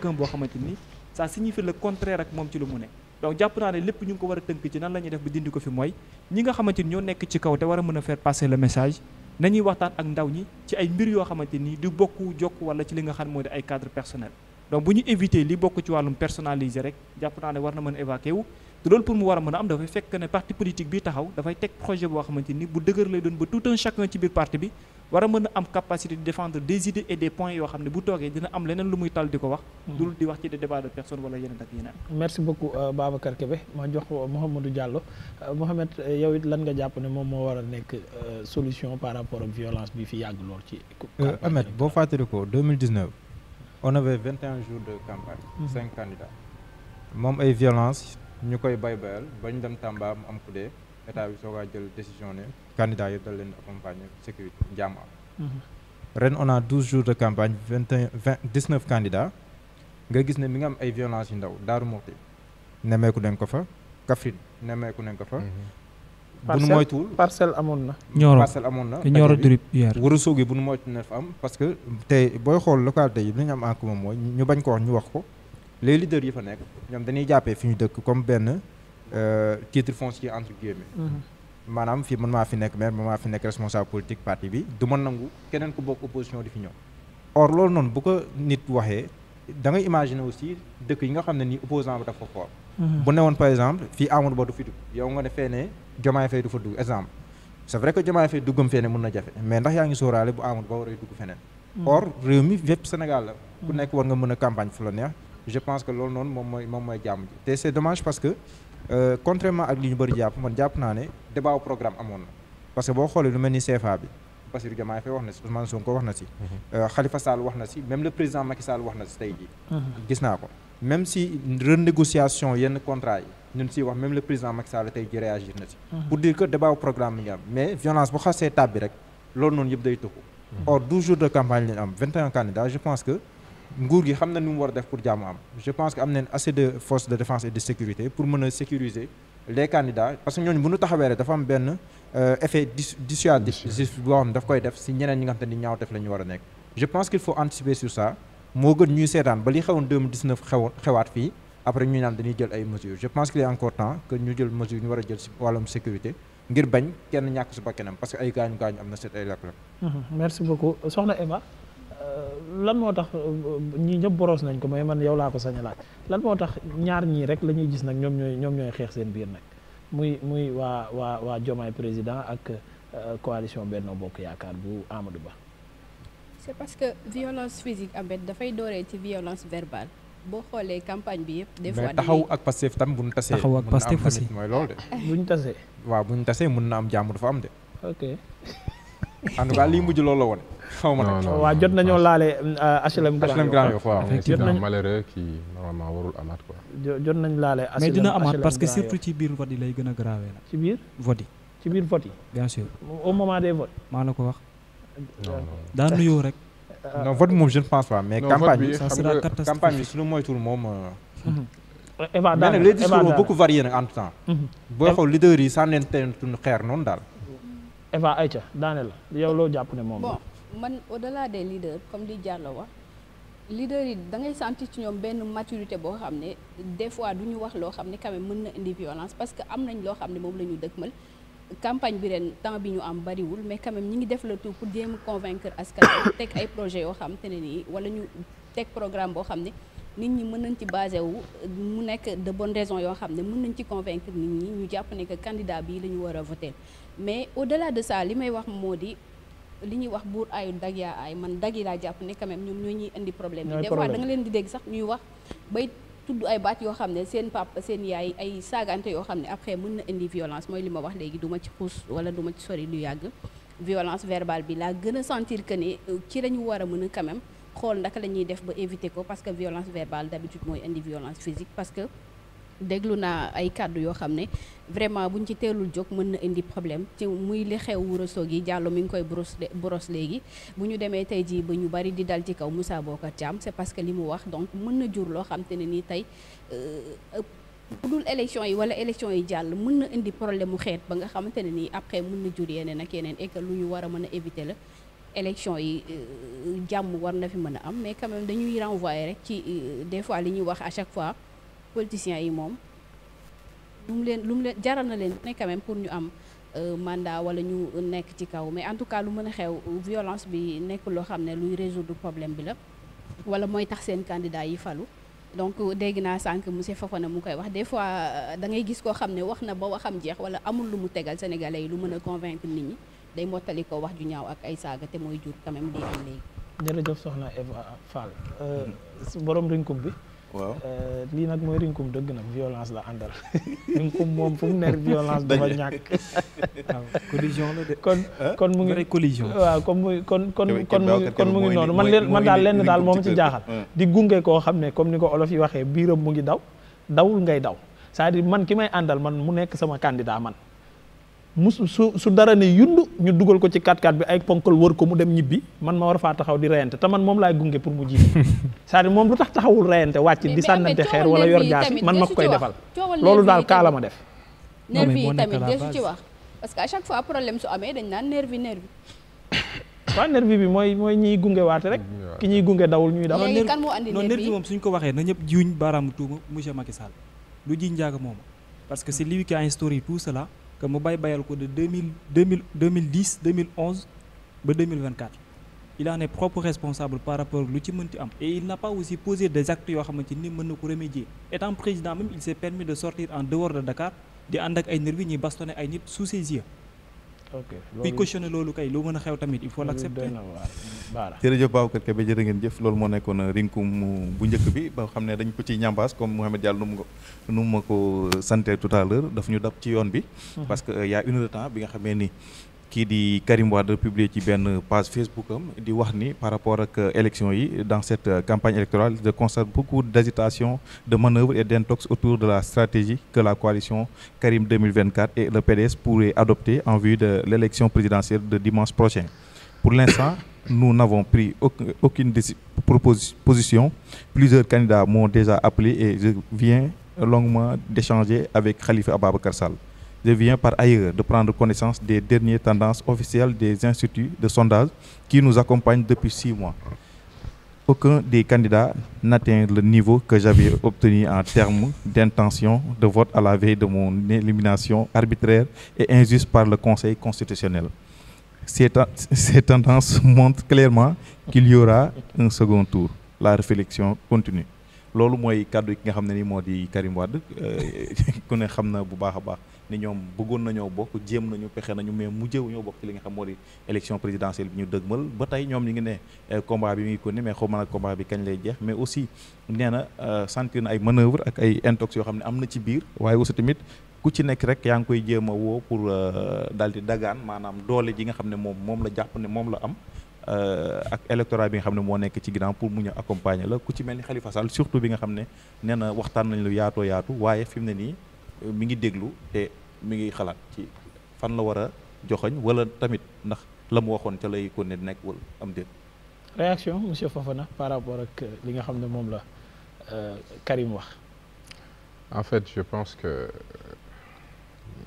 xamante ni ça signifie le contraire ak moom ci lu mu naa ne ñu ngi ko war a tënk ci nan la ñuy def bi ko fi mooy nga xamante ni ñoo nekk ci kaw a a faire passer le message nañuy waxtaan ak ndaw ñi ci ay mbir yoo xamante nii du bokk jokk wala ci li nga xam moo di ay cadre personnel donc bu ñu éviter li bokk ci wàllum personnalisé rek jàpp naa ne war na mën a évacuer wu te loolu pour mu war a mën a am dafay fekk ne parti politique bi taxaw dafay teg projet boo xamante ni bu dëgër lay doon ba tout un chacun ci biir parti bi wara mën a am capacité de défendre des idées et des yoo xam ne bu toogee dina am leneen lu muy tal di ko wax. Mm-hmm. dul di wax ci des débats de personne wala yeneen ak yeneen. merci beaucoup euh, Babacar Kébé ma jox Mouhamadou Diallo euh, Mouhamed euh, yow it lan nga jàpp ne moom moo war a nekk solution par rapport ak violence bi fi yàgg lool ci. Ahmed boo fàttali ko 2019 on avait 21 jours de campagne. 5 mm-hmm. candidats moom ay violence ñu koy bay bayal ba ñu dem Tamba mu am ku dee état bi soogaa jël décision ne candidat yëpp dal leen accompagner sécurité jàmm am mhm. ren on a douze jours de campagne vingt et un vingt dix neuf candidats nga gis ne mi nga am ay violence yu ndaw Daaru Muxti nemeeku nañ ko fa Kaffrine nemmeeku nañ ko fa mhm. bu nu moytuwul parcelle amoon na ñooro parcelle amoon na ñooro durib war a bu nu moytu ne fa am parce que tey booy xool localité yi li ñu am en mooy ñu bañ ko wax ñu wax ko les leaders yi fa nekk ñoom dañuy jàppee fi ñu dëkk comme benn Euh, titre foncier entre guillemets. Mhm. maanaam fii man maa fi nekk maire man maa fi nekk responsable politique parti bi du nangu keneen ku bokk opposition di fi ñëw. or loolu noonu bu ko nit waxee da ngay aussi dëkk yi nga xam ne ni opposant bi dafa fort. Mhm. bu ne par exemple fii Amadou Ba du fi dugg yow nga ne fee ne Diomaye du fa dugg exemple. c' est que Diomaye Faye duggam fee ne na jafe mais ndax yaa ngi sóoraale bu Amadou Ba waree dugg feneen. Mhm. a campagne fu la neex. Euh, contrairement ak li ñu bëri jàpp man jàpp naa ne débat programme amoon na parce boo xoolee lu mel ni CFA bi Bassirou Diomaye Faye si Ousmane mhm. euh, le président Macky Sall wax na si tey jii mhm. gis naa ko même si renégociation yenn contrat yi ñun siy wax même le président Macky Sall tey ji réagir na si mhm. pour dire que débat programme bi nga am mais violence bu xasee tab rek loolu noonu yëpp day tuxu or douze jours de campagne lañu am vingt un candidats je pense que nguur gi xam na nu mu war a def pour jàmm am je pense que am nañ assez de forces de défense et de sécurité pour mën a sécuriser les candidats parce que ñooñu bu ñu taxawee dafa am benn euh, effet dissuasif boo xam daf koy def si ñeneen ñi nga xam ni ñaaw def la war a nekk. je pense qu'il faut anticiper sur ça moo gën ñuy seetaan ba li xewoon 2019 xewoon xewaat fii après ñuy naan dañuy jël ay mesures je pense qu'il est encore temps que ñu a jël si wàllum lan moo tax ñii ñëpp boros nañ ko mooy man yow laa ko sañ a lan moo tax ñaar ñii rek la ñuy gis nag ñoom ñooy ñoom ñooy xeex seen biir nag muy muy waa waa waa Diomaye président ak euh, coalition Benno Bokk Yaakaar bu amadu Ba. c'est parce que violence physique abet dafay dooree ci violence verbale boo xoolee campagne bi yëpp. des fois taxaw ak Pastef tam bu ñu tasee. taxaw ak Pastef aussi mooy loolu de. bu ñu tasee. waaw bu ñu tasee mun na am jàmm dafa am de. en tout cas lii mujj loolu la woon. xaw nag waaw jot nañoo laale euh, HLM. Grand Yoff waaw effectivement malheureux warul amaat quoi. jot nañ laale HLM mais dina amaat parce que surtout ci vote a la. ci biir vote yi. ci biir maa la ko wax. daa nuyoo rek. Euh, non vote moom je ne mais. campagne bi ça sera catastrophique campagne bi suñu moytuwul moom. Eva euh, mmh. daal mais nag les discours ont beaucoup varié nag en tout temps. Mmh. boo xool leader yi sànni leen xeer noonu daal. Eva Aïcha daane la yow loo jàpp ne moom bon man au la de leaders comme li Diallo wax leaders yi da ngay sentir ci ñoom benn maturité boo xam ne des fois du ñu wax loo xam ne quand mën na indi parce que am nañ loo xam ne moom la ñu dëkkmal campagne bi ren temps bi ñu am bariwul mais quand même ngi def le tout pour jéem convaincre askan teg projets yoo xam ne nii wala ñu teg programme boo xam ne nit ñi mën nañ ci basé wu mu nekk de bonnes raisons yoo xam ne mën nañ ci convaincre nit ñi ñu jàpp ne que candidat bii la ñu war a mais au-delà de ça li may wax moo di li ñuy wax buur aayu dag yaa aay man dag yi laa jàpp ne quand même ñoom ñoo ñuy indi problème bi des fois da leen di dégg sax ñuy wax bay tudd ay baat yoo xam ne seen papa seen yaay ay saagante yoo xam ne après mën na indi violence mooy li ma wax léegi duma ci xuus wala duma ma ci sori lu yàgg violence verbale bi laa gën a sentir que ne euh, ci la ñu war a mën a quand même xool naka la ñuy def ba éviter ko parce que violence verbale d'habitude mooy parce que déglu naa ay kàddu yoo xam ne vraiment buñ ci teelul jóg mën na indi problème ci muy li xew Wuro Sogi yi jàll mi ngi koy boros boros léegi bu ñu demee tey jii ba ñu bari di dal ci kaw Moussa Bocar Thiam c'est parce que li mu wax donc mën na jur loo ne nii tey euh, bu dul élection yi wala élection yi jàll mën na indi problème mu xeet ba nga xamante ne nii après mën na jur yeneen ak yeneen et que war a mën a éviter la élection yi euh, jàmm war na fi mën a am mais quand dañuy renvoyer rek ci euh, des fois li ñuy wax à chaque fois politiciens yi moom lu mu leen lu mu jaral na leen ne pour ñu am euh, mandat wala ñu nekk ci kaw mais en tout cas lu mën a xew violence bi nekk loo xam ne luy résoudre problème bi la wala mooy tax seen candidat yi falu donc euh, dégg naa sànq monsieur Fofana mu koy wax des fois euh, da gis koo xam ne wax na ba waxam jeex wala amul lu mu tegal sénégalais yi lu mën a convaincre nit ñi day mottali ko wax ju ñaaw ak ay saaga te mooy jur quand même am léegi. jërëjëf soxna Eva Fall borom rinkub bi. waaw euh, lii nag mooy rinkum dëgg nag violence la àndal rinkum moom fu mu nekk violence dafa ñàkk waaw de kon kon mu ngi collision waaw kon mu kon kon kon kon mu ngi noonu man leen man daal lenn daal moom ci jaaxal di gunge koo xam ne comme ni ko olof yi waxee biiram mu ngi daw dawul ngay daw saa di man ki may àndal man mu nekk sama candidat man mu su su dara ne yund ñu dugal ko ci 4-4 bi ay ponkal wër ko mu dem ñibbi man ma war faa taxaw di reyante te man moom laay gunge pour mu jiite c'est-à-dire moom lu tax taxawul reyante wàcc di sànnante xeer wala yor jaasi man ma koy defal loolu daal kaala ma def nervi yi tamit desu ci parce que chaque fois problème su amee dañ naan nervi nervi waaw nervi bi mooy mooy ñiy gunge waate rek mm, ki ñuy gunge dawul ñuy dawal non nervi moom suñ ko waxee na ñëpp jiwuñ baaraamu tuuma monsieur Macky Sall lu jiñ njaaga moom parce que c'est lui qui a instauré tout que mu bay bayal ko de 2000 2000 2010 2011 ba 2024 il en est propre responsable par rapport lu ci mënti am et il n'a pas aussi posé des actes yoo xamante ni mën na ko remédier étant président même il s'est permis de sortir en dehors de Dakar di ànd ak ay nervi ñuy bastonner ay nit sous ses ok loolu kuy cautionné loolu kay lu mën a xew tamit il faut l'accepter. jërëjëf Babacar Kébé jërë ngeen jëf loolu moo nekkoon uh, rinkum bu njëkk bi ba xam ne dañ ko ciy ñambaas comme Mouhamed Diallo nu mu nu ma ko santé tout à l'heure daf ñu dab ci yoon bi. Mhm. parce que uh, y a de temps bi nga xamee ni. kii di de Wade publié ci benn page Facebook am di wax ni par rapport ak euh, élection yi dans cette euh, campagne électorale je constate beaucoup d'agitation de manœuvres et d'intox autour de la stratégie que la coalition Karim 2024 et le PDS pourraient adopter en vue de l'élection présidentielle de dimanche prochain pour l'instant nous n'avons pris aucune proposition plusieurs candidats m'ont déjà appelé et je viens longuement d'échanger avec Khalifa Ababacar Sall devient par ailleurs de prendre connaissance des dernières tendances officielles des instituts de sondage qui nous accompagnent depuis six mois. Aucun des candidats n'atteint le niveau que j'avais obtenu en termes d'intention de vote à la veille de mon élimination arbitraire et injuste par le Conseil constitutionnel. Ces, ces tendances montrent clairement qu'il y aura un second tour. La réflexion continue. loolu mooy kàddu yi nga xam ne ni moo di Karim Wade euh, ku ne xam na bu baax a baax ni ñoom bëggoon nañoo bokk jéem nañu pexe nañu mais mujjewuñoo bokk ci li nga xam moo di élection bi ñu dëgmal ba tey ñoom ñu ngi ne eh, combat bi ko ni mais xaw ma nag bi kañ lay jeex mais aussi nee na euh, sentir na ay manœuvre ak ay intox yoo xam ne am na ci biir waaye aussi tamit ku ci yaa ngi koy jéem a woo pour euh, daal di dagaan maanaam doole ji nga xam ne moom moom la jàpp ne moom la am euh, ak électorat bi nga xam ne moo nekk ci ginnaaw pour mu ñu accompagner la ku ci mel ni Khalifa Sall surtout bi nga xam ne nee waxtaan nañ lu yaatoo yaatu waaye fi ne nii mi ngi déglu te mi ngi xalaat ci fan la war a joxoñ wala tamit ndax la mu waxoon ca lay ko ne nekk wala am déet. réaction monsieur Fofana par rapport ak li nga xam ne moom la euh, Karim wax. en fait je pense que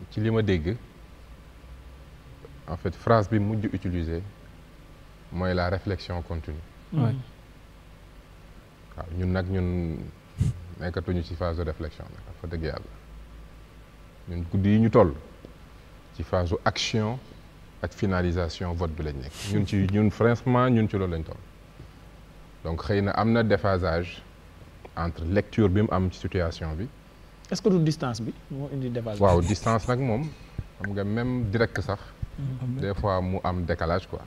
ci li ma dégg en fait phrase bi mujj utiliser mooy la réflexion continue. waaw ñun nag ñun nekkatuñu ci phase de réflexion nag fa dëgg yàlla. ñun guddi yi ñu toll ci phase action ak finalisation vote bi lañ nekk. ñun ci ñun franchement ñun ci loolu lañ toll donc xëy na am na défasage entre lecture bi mu am ci situation bi. est-ce que du bi moo indi déphasage. waaw distance nag moom xam nga même direct sax. Mm-hmm. des fois mu am décalage quoi.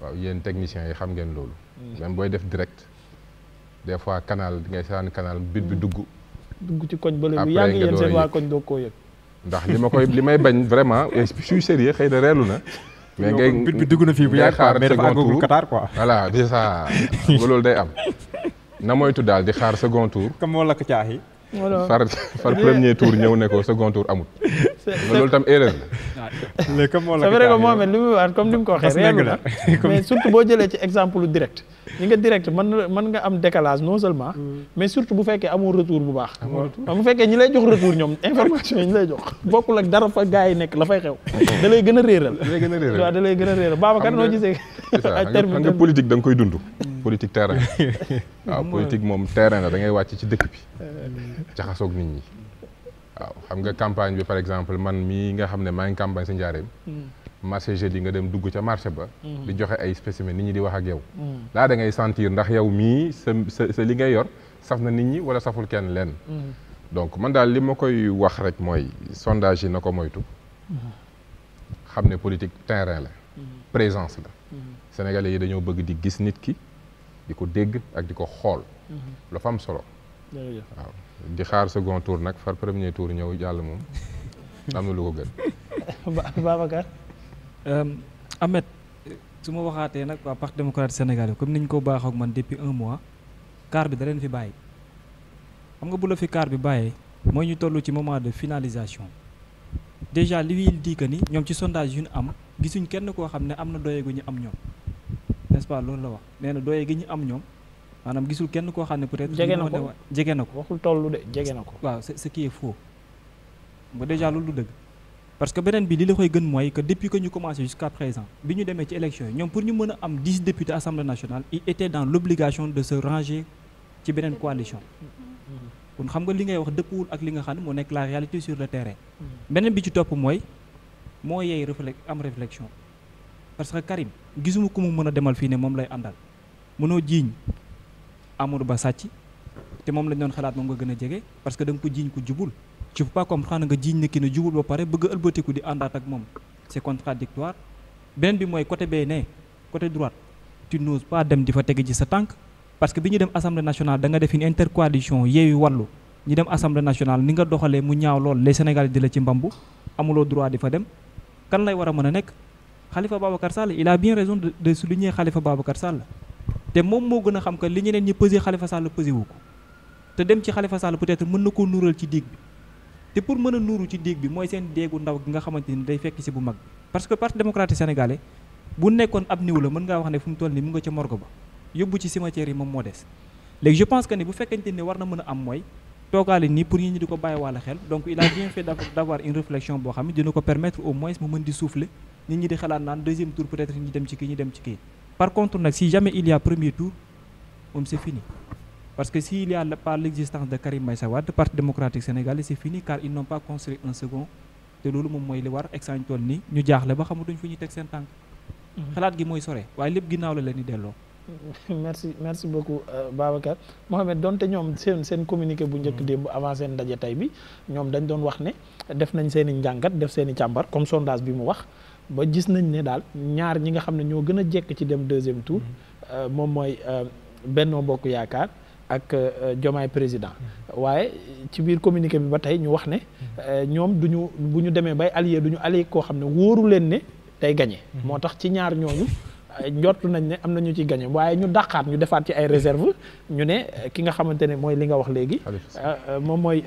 waaw yéen techniciens yi xam ngeen loolu. Mm. même booy def direct des fois canal ngay saan canal bit bi mm. dugg. dugg ci koñ bële bu yàgg yéen seen waa koñ doo koo yëg ndax li ma koy li may bañ vraiment eh, je suis xëy na reelu na mais ngay bit bi dugg na fii bu yàgg xaar mais dafa àggagul Qatar quoi voilà déjà ba loolu day am na moytu daal di xaar second tour comme moo lakk caaxi far far premier tour ñëw ne ko second tour amut. loolu tam erreur la. mais comme c'est vrai muy wax comme ni mu ko waxee. réew la mais surtout boo jëlee ci exemple lu direct. ñi nga direct man mën nga am décalage non seulement. Mm. mais surtout bu fekkee amoo retour bu baax. bu fekkee ñi lay jox retour ñoom information yi ñu lay jox. bokkul ak dara fa gars yi nekk la fay xew. da gën a réeral. da lay gën a réeral waaw da lay gën a réeral Babacar noo gisee. ak terme nga politique da nga koy dund. Mm. politique terrain waaw politique moom terrain la da ngay wàcc ci dëkk bi jaxasoog nit ñi waaw xam nga campagne bi par exemple man mii nga xam ne maa ngi campagne sa njaareem mm. marché jeudi nga dem dugg ca marché ba mm. di joxe ay spécimen nit ñi di wax ak yow mm. laa da ngay sentir ndax yow mii sa sa sa li ngay yor saf na nit ñi wala saful kenn leen donc man daal li ma koy wax rek mooy sondage yi na ko moytu xam ne politique terrain la présence la sénégalais yi dañoo nit ki di ko dégg ak di ko xool. Mm-hmm. dafa am solo. waaw di xaar second tour nag far premier tour ñëw jàll moom am na lu ko gën. Babacar. Euh, Ahmed su ma waxaatee nag waa Parti démocratique sénégalais comme niñ ko baaxook man depuis un mois car bi da leen fi bàyyi xam nga bu la fi car bi bàyyee mooy ñu toll ci moment de finalisation déjà li il dit que ni ñoom ci sondage yu ñu am gisuñ kenn koo xam ne am na gu ñu am ñoom. n'est-ce pas loolu ñu am ñoom maanaam gisul kenn koo xam ne peut-être. jege na ko jege na waxul tollu de jege na ko. waaw c'est ce qui est faux ba déjà loolu dëgg parce que beneen bi li la koy gën mooy que depuis que ñu commencé jusqu'à présent bi ñu demee ci élection yi ñoom pour ñu mën a am dix députés assemblée nationale ils étaient dans l'obligation de se ranger ci beneen coalition. Mm-hmm. kon xam nga li ngay wax dëppuwul ak li nga xam ne moo nekk la réalité sur le terrain. Mm-hmm. beneen bi ci topp mooy moo parce que Karim gisuma ko mu mën a demal fii ne moom lay àndal mënoo jiiñ Amadou Ba sàcc te moom lañ doon xalaat moom nga gën a jege parce que da ko jiiñ ko jubul tu peux pas comprendre nga jiiñ ne ki ne jubul ba pare bëgg ëlbatiku di àndaat ak moom c'est contradictoire beneen bi mooy côté bee ne côté droite tu n'oses pas dem di fa tege ci sa tànk parce que bi ñu dem assemblée nationale da nga def une intercoalition yeewi wàllu ñu dem assemblée national ni nga doxalee mu ñaaw lool les sénégalais di la ci mbambu amuloo droit di fa dem kan lay war a mën a nekk xalifa Babacar Sall il a bien raison de de souligner Khalifa Babacar te moom moo gën a xam que li ñeneen ñi pesé Khalifa Sall pesé ko te dem ci Khalifa Sall peut-être mën na koo nuural ci déeg bi te pour mën a nuuru ci déeg bi mooy seen déegu ndaw gi nga xamante ni day fekk si bu mag parce que parti démocratique sénégalais bu nekkoon ab niw la mën ngaa wax ne fu mu toll ni mu nga ca morgue ba yóbbu ci cimetière yi moom moo des léegi je pense que ni bu fekkente ni war na mën am mooy toogaale nii ko bàyyi wàlla xel a bien fait boo xam ne dina ko permettre au moins mu nit ñi di xalaat naan deuxième tour peut-être ñu dem ci kii ñu dem ci kii par contre nag si jamais il y premier tour moom c'est fini parce que s'il y a par l'existence de Karim Meïssa Wade parti démocratique sénégalais c'est fini car ils n'ont pas construit un second te loolu moom mooy li war exsane toll nii ñu jaaxle ba xamatuñ fu ñu teg seen tànk. Mhm. xalaat gi mooy sore waaye lépp ginnaaw la leen di delloo. merci merci beaucoup euh, Babacar Mohamed donte ñoom seen seen communiqué bu njëkk mhm. démb avant seen ndaje tey bi ñoom dañ doon wax ne def nañ seen i def seen i càmbar comme sondage bi mu wax. ba gis nañ ne daal ñaar ñi nga xam ne ñoo gën a jekk ci dem deuxième tour mm-hmm. euh, moom mooy euh, Benno Bokk Yaakaar ak euh, Diomaye président mm-hmm. waaye ci biir communiqué bi ba tey ñu wax ne mm-hmm. ñoom du ñu bu ñu demee bay allié du ñu allié koo xam ne wóoru leen ne tey gagné. moo tax ci ñaar ñooñu njortu nañ ne am na ñu ci gagné waaye ñu dàqaat ñu defaat ci ay réserve ñu ne ki nga xamante ne mooy li nga wax léegi moom mooy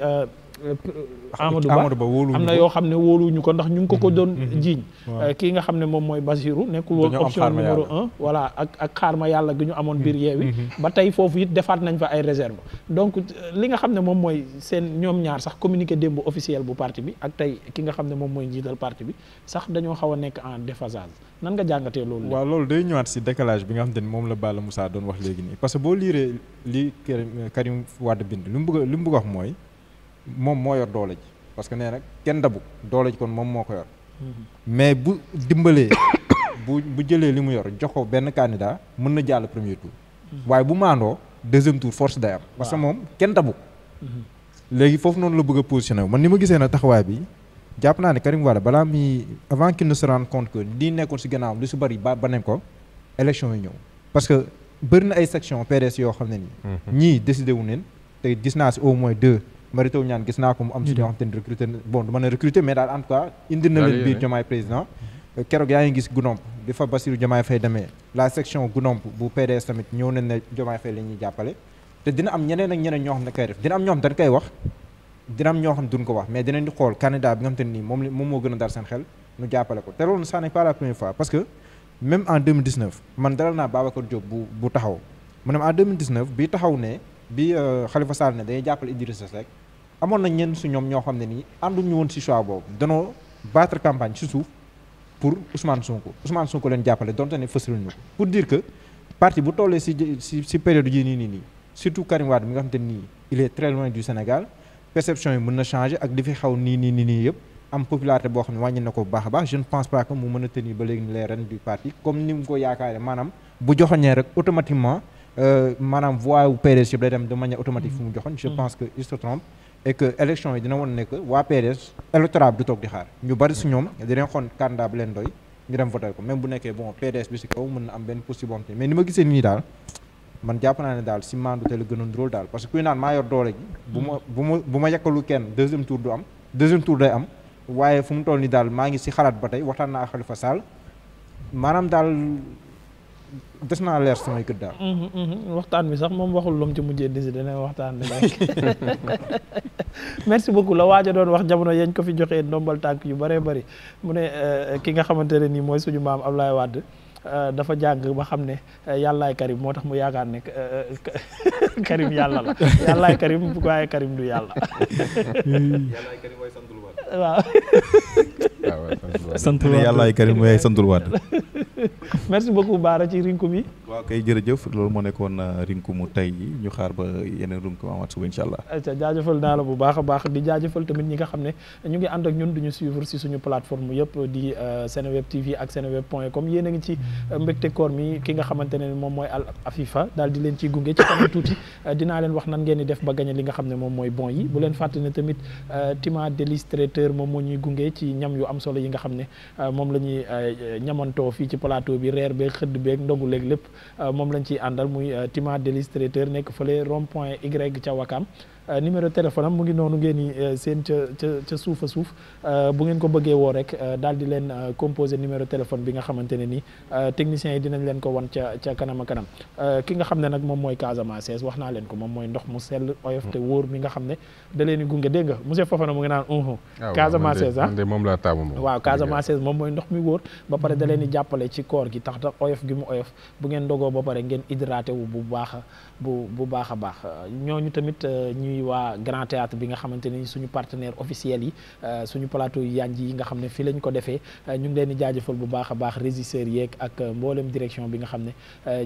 Amadou Ba am na yoo xam ne wóoluwuñu ko ndax ñu ngi ko ko doon mm-hmm. jiiñ mm-hmm. euh, kii nga xam ne moom mooy Basirou nekkul woon option numéro un voilà ak ak xaar ma yàlla gi ñu amoon mm-hmm. biir yeewi ba tey foofu it defaat nañ fa ay réserve donc euh, li nga xam ne moom mooy seen ñoom ñaar sax communiqué démb officiel bu parti bi ak tey ki nga xam ne moom mooy njiital parti bi sax dañoo xaw a nekk en déphasage nan nga jàngatee loolu waaw loolu day ñëwaat si décalage bi nga xam te ne moom la Bala musa doon wax léegi parce que boo liiree li Karim Wade mu bëgg li mu wax mooy moom moo yor doole ji parce que nee na kenn dabu doole ji kon moom moo ko yor mhm. mais bu dimbalee bu bu jëlee li mu yor jox ko benn candidat mën na jàll premier tour mhm. waaye bu maandoo deuxième tour force day am parce que moom kenn dabu mhm. léegi foofu noonu la bëgg a positionné man ni ma gisee na taxawaay bi jàpp naa ne Karim Wade balaa mi avant qu'il ne se rende compte que lii nekkoon si gannaaw li si bëri ba ba nañ ko élection yi ñëw parce que bëri na ay section PDS yoo xam ne nii ñii si au moins deux maritaw ñaan gis naa ko mu am si ñoo mm-hmm. xam te ne recruter bon du mën a recruter mais daal en tout cas indi na leen biir Diomaye président keroog yaa ngi gis Goudomp di fa Bassirou Diomaye Faye demee la section Goudomp bu PDS tamit ñëw nañ ne Diomaye Faye la ñuy jàppale te dina am ñeneen ak ñeneen ñoo xam ne koy def dina am ñoo xam dañ koy wax dina am ñoo xam duñ ko wax mais dinañ di xool candidat bi nga xam te ne nii moom moom moo gën a dar seen xel ñu jàppale ko te bu bu taxaw mu ne taxaw ne bi euh, Khalifa Sall ne day jàppale Idrissa Seck amoon na ñenn su ñoom ñoo xam ne nii ànduñu woon si choix boobu danoo battre campagne si suuf pour Ousmane Sonko Ousmane Sonko leen jàppale donte ne fësaluñu ko pour dire que parti bu tollee si si si période yii nii nii nii surtout Karim Wade mi nga xam te nii il est du Sénégal perception yi mën na changer ak li fi xaw nii nii nii nii yëpp am popularité boo xam ne wàññi na ko bu baax a baax je ne pense pas que mu mën a Euh, maanaam voix wu PDS yëpp day dem de manière automatique fu mu joxoon je mm-hmm. pense que il se trompe et que élection yi dina woon nekk waa PDS électorat bi du toog di xaar ñu bari si ñoom dinañ xool candidat bi leen doy ñu dem voter ko même bu nekkee bon PDS bi si kaw mën na am benn possibilité mais ni ma gisee nii daal man jàpp naa ne daal si maandu te la gënoon drôle daal parce que kuy naan maa yor doole gi mm-hmm. bu ma bu ma yekkalu kenn deuxième tour du am ngi si xalaat ba tey waxtaan naa ak Khalifa Sall des naa leer samay gët daal. Mhm, mhm. waxtaan bi sax moom waxul lu mu ci mujjee décidé ne waxtaan bi rek merci beaucoup la waaja doon wax jamono yañ ko fi joxee ndombal tànk yu bëree bëri mu ne eh, ki nga xamante ne nii mooy suñu maam am laay Wade. Eh, dafa jàng ba xam ne eh, yàllaay Karim moo tax mu yaakaar ne Karim yàlla la yàllaay Karim waaye Karim du yàlla. waaw. Ah sant waat yàlla ay Karim yaay eh, santul waat. merci beaucoup Baara ci rinku bi. waaw kay jërëjëf loolu moo nekkoon euh, rinku mu tey yi ñu xaar ba yeneen rinku amaat suba incha allah. ayca jaajëfal naa la bu baax a baax di jaajëfal tamit ñi nga xam ne ñu ngi ànd ak ñun duñu suivre si suñu plateforme yëpp di euh, Seneweb TV ak Seneweb point com yéen a ngi ci euh, mbégte koor mi ki nga xamante ne moom mooy Al Afifa daal di leen ciy gunge ci dinaa leen wax nan ngeen di def ba gañe li nga xam ne moom mooy bon tamit Tima Delis moom moo ñuy gunge ci ñam yu am solo yi nga xam ne euh, moom la ñuy euh, ñamantoo fii ci plateau bi reer beeg xëdd beeg ndogu léeg lépp euh, moom lañ ciy àndal muy Tima Delis nekk fële rond point Y ca Wakam Euh, numéro téléphone mu ngi noonu ngeen i euh, seen ca ca suuf a euh, bu ngeen ko bëggee woo rek daal di leen composé numéro téléphone bi nga xamante ne ni technicien yi dinañ leen ko wan ca ca kanam kanam ki nga xam ne nag moom mooy Casamance wax naa leen ko moom mooy ndox mu sell oyof te mi nga xam ne da leen di gunge dégg nga monsieur Fofana mu ngi naan unhu ah Casamance ah. moom laa taamu moom waaw moom mooy ndox mi wóor ba pare da leen di jàppale ci koor gi tax tax oyof gi mu oyof bu ngeen dogoo ba pare ngeen hydraté wu bu baax bu bu baax a baax ñooñu tamit euh, ñuy waa Grand Théâtre bi nga xamante ni suñu partenaire officiel yi euh, suñu plateau yi yanj yi nga xam ne fii lañ ko defee euh, ñu ngi leen di jaajëfal bu baax a baax régisseurs yeeg ak mboolem direction bi nga xam ne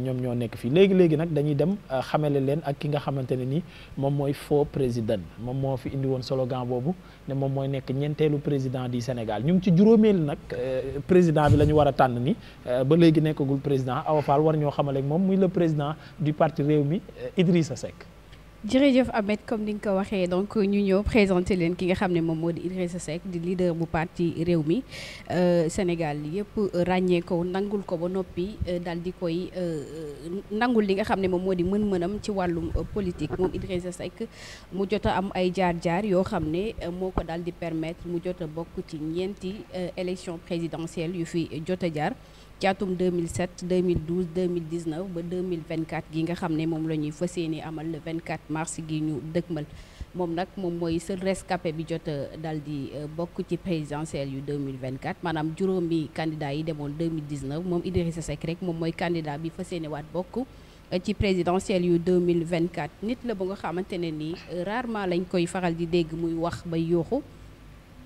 ñoom ñoo nekk fii léegi léegi nag dañuy dem xamele leen ak ki nga xamante ne ni moom mooy faux président moom moo fi indi woon slogan boobu ne moom mooy nekk ñeenteelu président di Sénégal ñu ngi ci juróomeelu nag euh, président bi la ñu war a tànn ni euh, ba léegi nekkagul président Awa Fall war ñoo xamale ak moom muy le président du parti réew mi Rewmi euh, Idrissa sec jërëjëf amet comme ni nga ko waxee donc ñu ñëw présenter leen ki nga xam ne moom moo di Idrissa Seck di leader bu parti réew mi euh, Sénégal yëpp ràññeekoo nangul ko ba noppi euh, daal di koy euh, nangul li nga xam ne moom moo di mën-mënam ci wàllum politique moom Idrissa Seck mu jot a am ay jaar-jaar yoo xam ne moo ko daal di permettre mu jot a bokk ci ñeenti élection présidentielle yu fi jot a jaar. ci atum 2007 2012 2019 ba 2024 gi nga xam ne moom la ñuy fas yéene amal le 24 mars gi ñu dëgmal moom nag moom mooy seul rescapé bi jot a dal di euh, bokk ci présidentielle yu 2024 maanaam juróomi candidat yi demoon 2019 moom Idrissa Seck rek moom mooy candidat bi fas yéene waat bokk euh, ci présidentielle yu 2024 nit la ba nga xamante ne nii euh, rarement lañ koy faral di dégg muy wax ba yooxu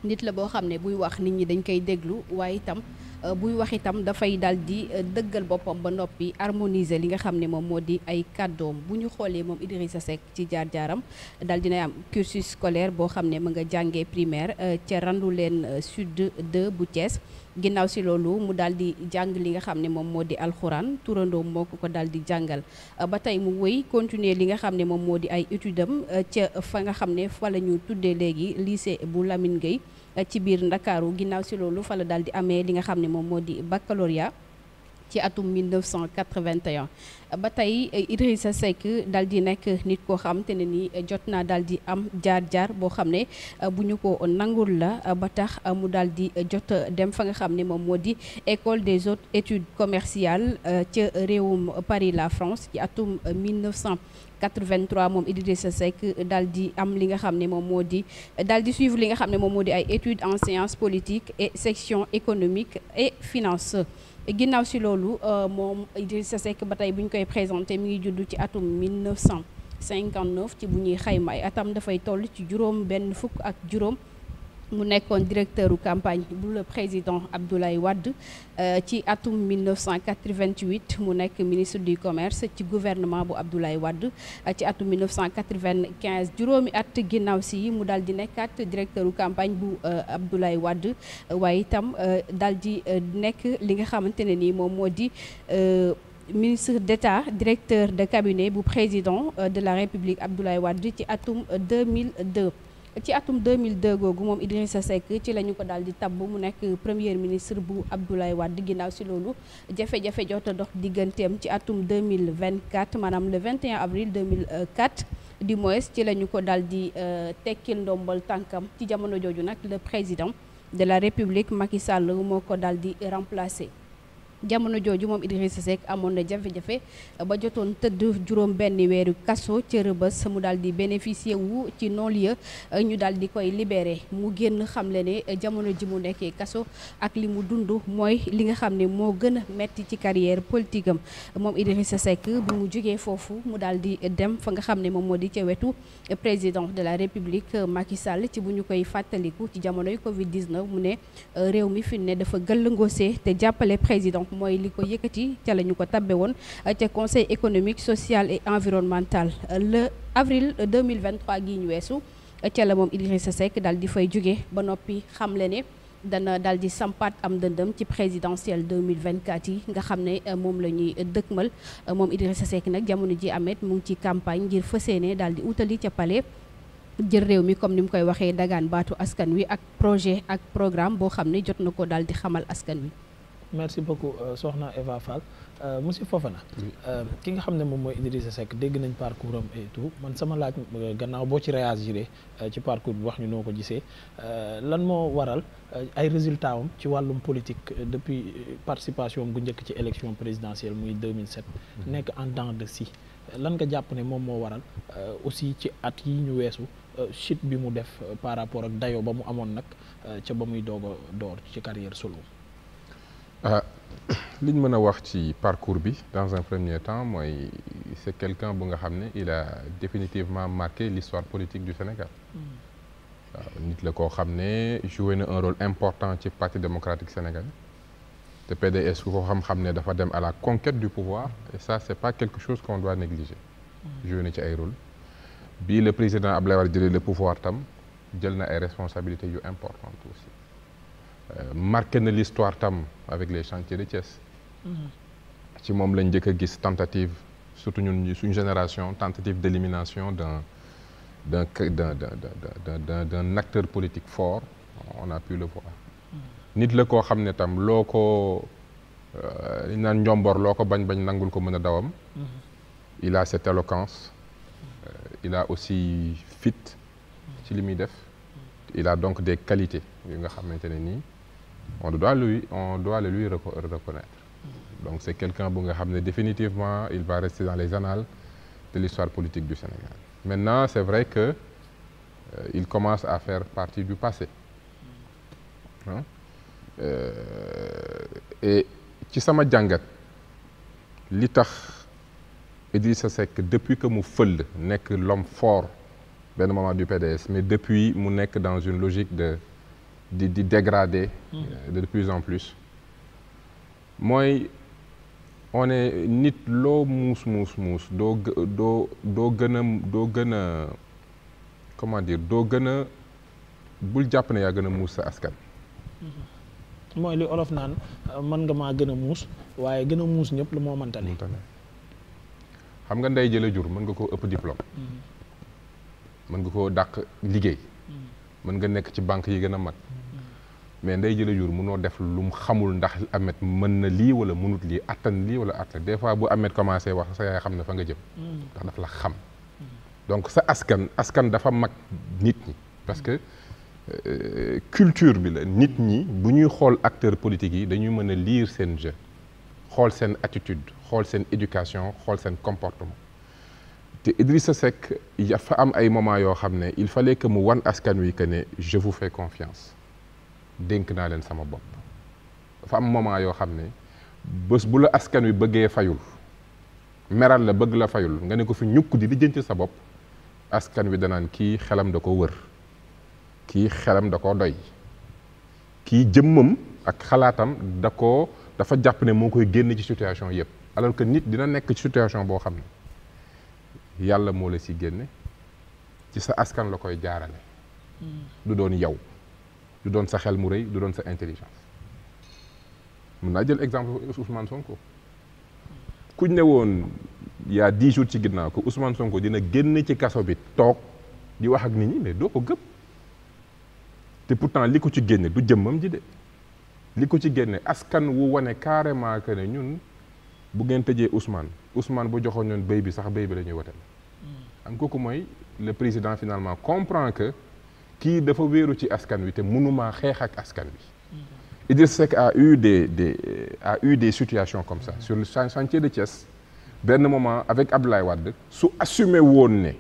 nit la boo xam ne buy wax nit ñi dañ koy déglu waaye itam Euh, buy wax itam dafay daal di euh, dëggal boppam ba noppi harmoniser li nga xam ne moom moo di ay kàddoom bu ñu xoolee moom Idrissa Seck ci jaar-jaaram daal dinay am cursus scolaire boo xam ne mu nga jàngee primaire euh, ca Randuleen sud 2 bu Thiès ginnaaw si loolu mu daal di jàng li nga xam ne moom moo di alxuraan turandoo moo ko ko daal di jàngal ba tey mu wéy continuer li nga xam ne moom moo di ay études am ca fa nga xam ne fa la ñu tuddee léegi lycée bu Lamine Gueye ci biir ndakaaru ginnaaw si loolu fa la daal di amee li nga xam ne moom moo di baccalauréat ci atum 1981 ba tey Idrissa Seck daal di nekk nit koo xam te ne nii jot naa daal di am jaar-jaar boo xam ne bu ñu ko nangul la ba tax mu daal di jot dem fa nga xam ne moom moo di école des hautes études commerciales ca réewum Paris la France ci atum 1900 83 moom Idrissa Seck dal di am li nga xam ne moom moo di dal di suivre li nga xam ne moom moo di ay études en sciences politiques et section économique et finance. ginnaaw si loolu euh, moom sa Seck ba tey bu koy présenté mi ngi judd ci atum 1959 ci bu ñuy xayma ay atam dafay toll ci juróom benn fukk ak juróom. mu nekkoon directeur u campagne bu le président Abdoulaye Wade euh, ci atum 1988 mu nekk ministre du commerce ci gouvernement bu Abdoulaye Wade euh, ci atum 1995 juróomi at ginnaaw si mu daal di nekkaat directeur u campagne bu euh, Abdoulaye Wade waaye itam daal di nekk li nga xamante ne nii moom moo di ministre d'État directeur de cabinet bu président de la République Abdoulaye Wade ci atum 2002 ci atum 2002 googu moom Idrissa Seck ci la ñu ko daal di tabb mu nekk premier ministre bu Abdoulaye Wade ginnaaw si loolu jafe-jafe jot a dox digganteem ci atum 2024 maanaam le 21 avril 2004 du mois ci la ñu ko daal di euh, tekkil ndombal tànkam ci jamono jooju nag le président de la République Macky Sall moo ko daal di remplacer. jamono jooju moom Idrissa Seck amoon na jafe-jafe ba jotoon tëdd juróom benn weeru kaso ca Rebeuss mu daal di bénéficier wu ci non ya ñu daal di koy libéré mu génn xamle ne jamono ji mu nekkee kaso ak li mu dund mooy li nga xam ne moo gën a metti ci carrière politique am moom Idrissa Seck bi mu jógee foofu mu daal di dem fa nga xam ne moom moo di ca wetu président de la République Macky ci bu ñu koy fàttaliku ci jamonoy Covid 19 mu ne euh, réew mi fi ne dafa gëllëngosee te jàppale président mooy li ko yëkkati ca la ñu ko tabe woon euh, ca conseil économique social et environnemental euh, le avril 2023 gii ñu weesu euh, ca la moom Idrissa Seck daal di fay jóge ba noppi xam xamle ne dana daal di sampaat am dëndëm ci présidentielle 2024 yi nga xam ne moom la ñuy dëkkmal moom sa Seck nag jamono ji amet mu ngi ci campagne ngir fësee ne daal di utali ca palais jël réew mi comme ni mu koy waxee dagaan baatu askan wi ak projet ak programme boo xam ne jot na ko daal di xamal askan wi merci beaucoup euh, soxna Eva Fall euh, monsieur Fofana euh, ki nga xam ne moom mooy Idrissa Seck dégg nañ parcours am et tout man sama laaj gannaaw boo ci réagiré ci parcours bi wax ñu noo ko gisee lan moo waral ay résultats am ci wàllum politique depuis participation bu njëkk ci élection présidentielle muy 2007 mm-hmm. nekk en dents de si lan nga jàpp ne moom moo waral aussi ci at yi ñu weesu chute bi mu def par rapport ak dayo ba mu amoon nag ca ba muy doog a door ci carrière solo ah li ñu mën a wax ci parcours bi dans un premier temps mooy c'est quelqu'un bu nga xam ne il a définitivement marqué l'histoire politique du Sénégal. waaw mm. ah, nit la koo xam ne joué na un rôle important ci partie démocratique sénégalais te PDS ku ko xam-xam ne dafa dem à la conquête du pouvoir et ça c'est pas quelque chose qu'on doit négliger. Mm. joué na ci ay rôle bi le président Abdoulaye Wade jëlee le pouvoir tam jël na ay responsabilité yu important aussi. Euh, marqué na l'histoire tam avec les chantiers de Thiès. Mhm. ci moom lañ njëkk a gis tentative surtout ñun suñu génération tentative d'élimination d'un d'un d'un d'un acteur politique fort on a mhm. nit la koo xam ne tam loo ko li euh, ñu naan njomboor loo ko bañ bañ nangul ko mën a dawam. Mhm. il a cette éloquence. Euh, il a aussi fit. ci li muy def. il a donc des qualités yu nga xamante ne nii. on doit lui on doit le lui reconnaître mm. donc c'est quelqu'un bu nga xam ne définitivement il va rester dans les annales de l'histoire politique du Sénégal maintenant c'est vrai que euh, il commence à faire partie du passé mm. hein? euh, et ci sama jàngat li tax sa Seck depuis que mu fël nekk l'homme fort benn moment du PDS mais depuis mu nekk dans une logique de di di dégrader hmm. euh, de plus en plus mooy one nit loo muus muus muus doo doo doo gën a doo gën a comment dire doo gën a bul jàpp ne yaa gën a muus sa askan hmm. mooy li olof naan euh, mën nga maa gën a muus waaye gën a muus ñëpp lu moo mëntane xam nga ndey a jur mën nga koo ëpp diplôme hmm. mën nga koo dàq liggéey mën nga nekk ci banque yi gën a mag mais nday jële jur mënoo def lu mu xamul ndax amet mën na lii wala mënut lii attan lii wala attan des fois bu amet commencé wax sa yaay xam na fa nga jëm mm. ndax daf la xam mm. donc sa askan askan dafa mag nit ñi parce que euh, culture bi la nit ñi bu ñuy xool acteurs politiques yi dañuy mën a liir seen jeu xool seen attitude xool seen éducation xool seen comportement te Idrissa Seck dafa am ay moments yoo xam ne il fallait que mu wan askan wi que ne jeu vous fais confiance dénk naa leen sama bopp dafa am moment yoo xam ne bés bu la askan wi bëggee fayul meral la bëgg la fayul nga ne ko fi ñukk di lijjan lijjanti sa bopp askan wi danaan kii xelam da ko wër kii xelam da ko doy kii jëmmam ak xalaatam da ko dafa jàpp ne moo koy génn ci situation yëpp alors que nit dina nekk ci situation boo xam ne yàlla moo la si génne ci sa askan la koy jaarale hmm. du doon yow du doon sa xel mu rëy du doon sa intelligence mun naa jël exemple Ousmane Sonko kuñ ne woon y a jours ci ginnaaw ko Ousmane Sonko dina génn ci kaso bi toog di wax ak nit ñi mais doo ko gëm te pourtant li ko ci génne du jëmmam ji de li ko ci génne askan wu wane carrément que ne ñun bu ngeen tëjee Ousmane Ousmane bu joxoon ñoon béy bi sax béy bi la ñuy woteel mm. am ko mooy le président finalement comprend que kii dafa wéeru ci askan wi te mënumaa xeex ak askan wi Idriss Seck a eu des des a eu des situations comme ça sur le chantier de Thiès benn moment avec Abdoulaye Wade su assumé woon ne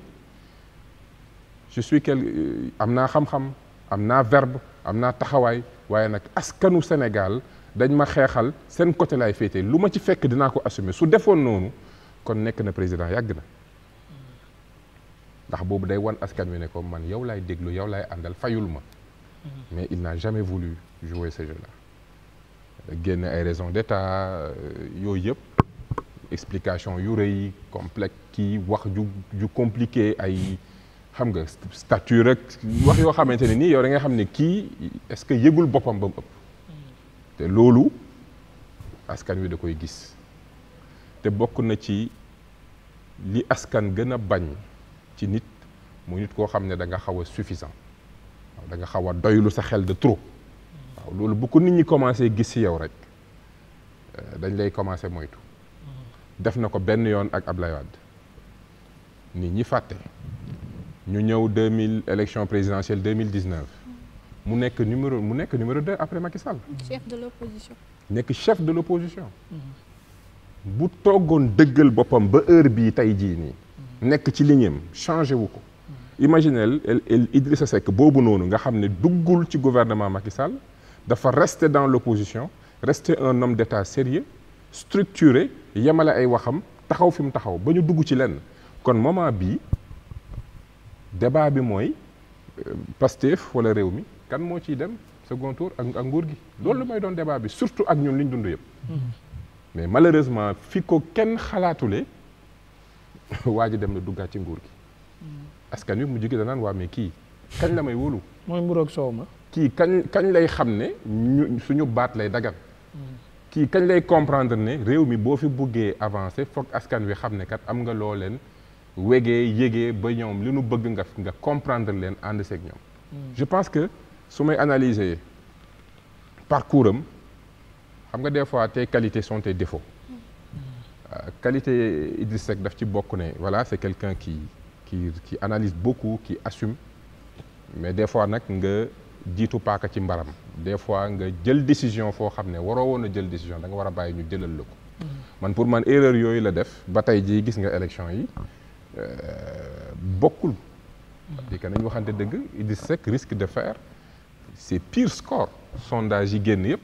je euh, am naa xam-xam am naa verbe am naa taxawaay waaye nag askanu Sénégal dañ ma xeexal seen côté laay féete lu ma ci fekk dinaa ko assumé su defoon noonu kon nekk na président yàgg na ndax boobu day wan askan wi ne ko man yow laay déglu yow laay àndal fayul ma mhm. mais il n'a jamais voulu jouer ce jeu-là génn ay raisons d'état euh, yooyu yëpp explication yu rey complexe kii wax ju ju compliqué ay xam nga statut rek wax yoo xamante ne nii yow da nga xam ne kii est-ce que yëgul boppam ba mu ëpp mhm. te loolu askan wi da koy gis te bokk na ci li askan gën a bañ ci nit mu nit koo xam ne da nga xaw a suffisant waaw danga nga xaw a doylu sa xel de trop waaw loolu bu ko nit ñi commencé gis ci yow rek euh, dañ lay commencé moytu def na ko benn yoon ak Ablaye Wade nit ñi fàtte ñu ñëw 2000 élection présidentielle 2019 mu nekk numéro mu nekk numéro 2 après Macky Sall. chef de nekk chef de l'opposition. bu toggoon dëggal boppam ba heure bii tey jii nii. nekk ci ligne am changé wu ko. imaginez sa Seck boobu noonu nga xam ne duggul ci gouvernement Macky Sall dafa rester dans l'opposition rester un homme d'état sérieux structure yemale ay waxam taxaw fi mu taxaw ba ñu dugg ci lenn kon moment bii débat bi mooy euh, Pastef wala réew mi kan moo ciy dem second tour ak ak nguur gi loolu mooy doon débat bi surtout ak ñun li ñu dund yëpp mm-hmm. mais malheureusement fi ko kenn xalaatule waa ji dem na duggaat ci nguur gi mm. askan wi mu jóge danaan waa mais kii kañ la may wóolu mooy mburoog soow ma kii kañ kañ lay xam ne ñu suñu baat lay dagan mm. kii kañ lay comprendre ne réew mi boo fi buggee avancé foog askan wi xam ne kat am nga loo leen wegee yégee ba ñoom li nu bëgg nga nga comprendre leen ànd seeg ñoom mm. je pense que su may analyser parcours am xam nga des fois tes qualités sont tes qualité Idriss Seck daf ci bokk ne wala c'est quelqu'un qui qui analyse beaucoup qui assume mais des fois nag nga jiitu paaka ci mbaram des fois nga jël décision foo xam ne waroo woon a jël décision da nga war a bàyyi ñu jëlal la ko man pour man erreur yooyu la def ba tey jii gis nga élection yi euh, bokkul di que nañ waxante dëgg Idriss Seck risque de faire ses pires scores sondage yi génn yëpp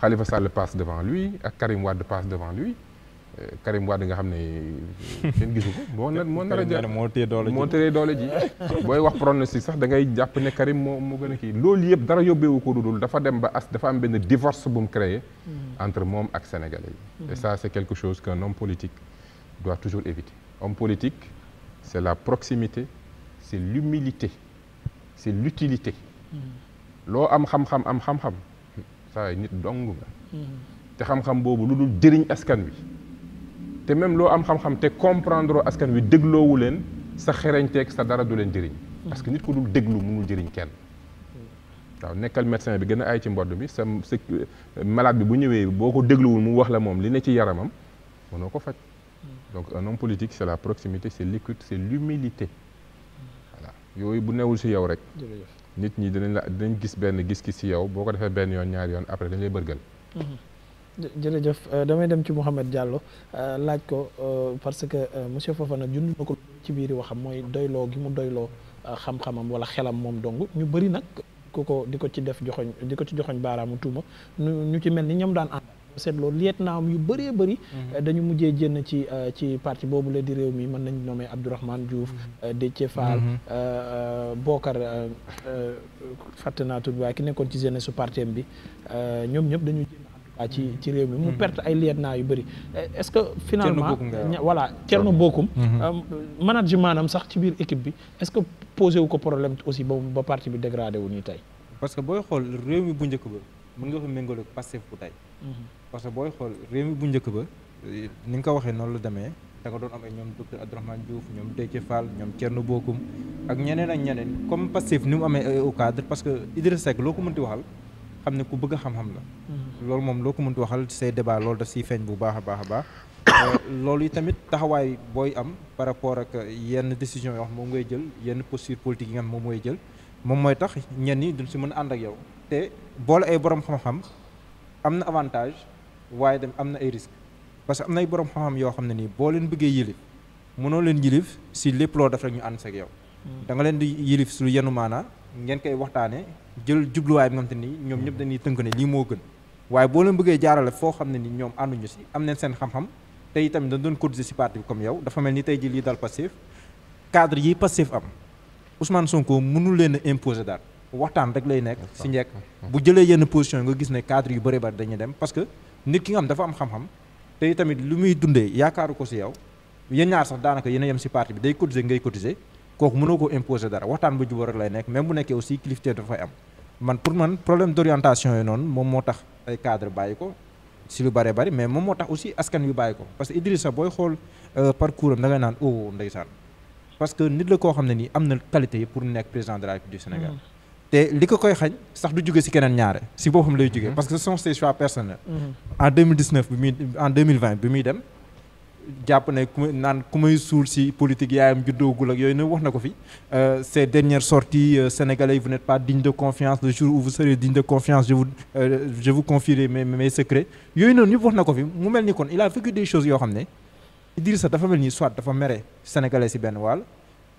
Khalifa Sall passe devant lui ak Karim de passe devant lui Karim Wade nga xam ne kenn gisu ko. moo nar moo nar a moo téye doole ji moo téye doole ji. booy wax pronostic sax da ngay jàpp ne Karim moom moo gën a kii loolu yëpp dara yóbbeewu ko dul dafa dem ba as dafa am benn divorce bu mu créé. entre moom ak sénégalais ça c' est quelque chose qu'un homme politique doit toujours politique est la proximité c' est l'humilité c' est l'utilité loo am xam am xam nit dong nga. Mm-hmm. te xam-xam boobu lu dul jëriñ askan wi. te même loo am xam-xam te comprendre askan wi dégloowu leen sa xereñteeg sa dara du leen jëriñ. parce que nit ku dul déglu mënul jëriñ kenn. waaw nekkal médecin bi gën a ay ci mbodd bi sa sa malade bi bu ñëwee boo ko dégluwul mu wax la moom li ne ci yaramam mënoo ko faj. donc un homme politique c'est la proximité c'est l'écoute c'est l'humilité yooyu bu newul si yow rek. nit ñi dinañ la dinañ gis benn gis-gis si yow boo ko defee benn yoon ñaari yoon après dañ lay jërëjëf euh, damay dem ci Mouhamed Diallo euh, laaj ko euh, parce que monsieur Fofana junj na ko ci biir waxam mooy doyloo gi mu doyloo xam-xamam wala xelam moom dong ñu bëri nag ku ko di ko ci def joxoñ di ko ci joxoñ baaraamu tuuma ñu ci mel ni ñoom daan ànd seetloo lieutenant yu bëree bëri mm-hmm. dañu mujjee jënn ci ci parti boobu la di réew mi mën nañ nommé Abdourahmane Diouf mm-hmm. Déthié Fall mm-hmm. Bokar fàtte naa tur waaye ki nekkoon ci jeunesse su parti bi ñoom ñëpp waa ci ci réew mi mu hmm. perte ay lieutenant yu bëri eh, est-ce que finalement voilà Thierno Bocoum hmm. euh, manager maanaam sax ci biir équipe bi est-ce que posé wu ko problème aussi ba ba parti bi dégradé wu nii tey parce que booy xool réew mi bu njëkk ba mën nga ko méngale ko Pastef bu tey hmm. parce que booy xool réew mi bu njëkk ba ni nga ko waxee noonu la demee da doon am ñoom docteur Abdourahmane Diouf ñoom Déthié Fall ñoom Thierno Bocoum ak ñeneen ak ñeneen comme Pastef ni mu amee au cadre parce que Idrissa Seck loo ko mënti waxal xam ne ku bëgg a xam-xam la. Mm-hmm. loolu moom loo ko mënti waxal say débat loolu daf siy feeñ bu baax a baax a baax. loolu yi tamit taxawaay booy am par rapport ak yenn décision yoo xam moom ngay jël yenn posture politique yi nga xam moom ngay jël moom mooy tax ñenn ñi duñ si mën a ànd ak yow. te boole ay borom xam-xam am na avantage waaye dem am na ay risques parce que am na ay borom xam-xam yoo xam ne nii boo leen bëggee yilif mënoo leen yilif si lépp loo def ñu ànd seeg yow. Mm-hmm. da nga leen koy waxtaanee. jël jubluwaay bi nga xam te ni ñoom ñëpp dañuy tënk ne lii moo gën waaye boo leen bëggee jaarale foo xam ne ni ñoom ànduñu si am nañ seen xam-xam tey tamit dañ doon cotiser si parti bi comme yow dafa mel ni tey ji lii dal passif cadre yi passif am Ousmane Sonko mënul leen a imposer daal waxtaan rek lay nekk si njekk bu jëlee yenn position nga gis ne cadre yu bëri bëri dañuy dem parce que nit ki nga xam dafa am xam-xam tey tamit lu muy dundee yaakaaru ko si yow yéen ñaar sax daanaka yéen a yem si parti bi day cotiser ngay cotiser kooku mënoo ko imposer dara waxtaan bu jubóo rek lay nekk même bu nekkee aussi kilifté dafay am man pour man problème d'orientation yi noonu moom moo tax ay cadre bàyyi ko si lu bëree bëri mais moom moo tax aussi askan wi bàyyi ko parce que Idrissa booy xool euh, parcours am naan oh, parce que nit la koo xam ne nii am na qualité yi pour nekk président de la République Sénégal mm. te li ko koy xañ sax du jóge si keneen ñaare si boppam lay jóge mm-hmm. parce que ce jàpp ne ku naan ku may suul si politique yaayam juddoogul ak yooyu ne wax na ko fi euh, ces dernières sorties euh, sénégalais vous n'êtes pas digne de confiance jour où vous serez digne de confiance je vous euh, je vous confierai mes yooyu noonu ñëpp wax na ko fi mu mel ni kon il a vécu des choses yoo xam ne Idrissa dafa mel ni soit dafa mere sénégalais si benn wàll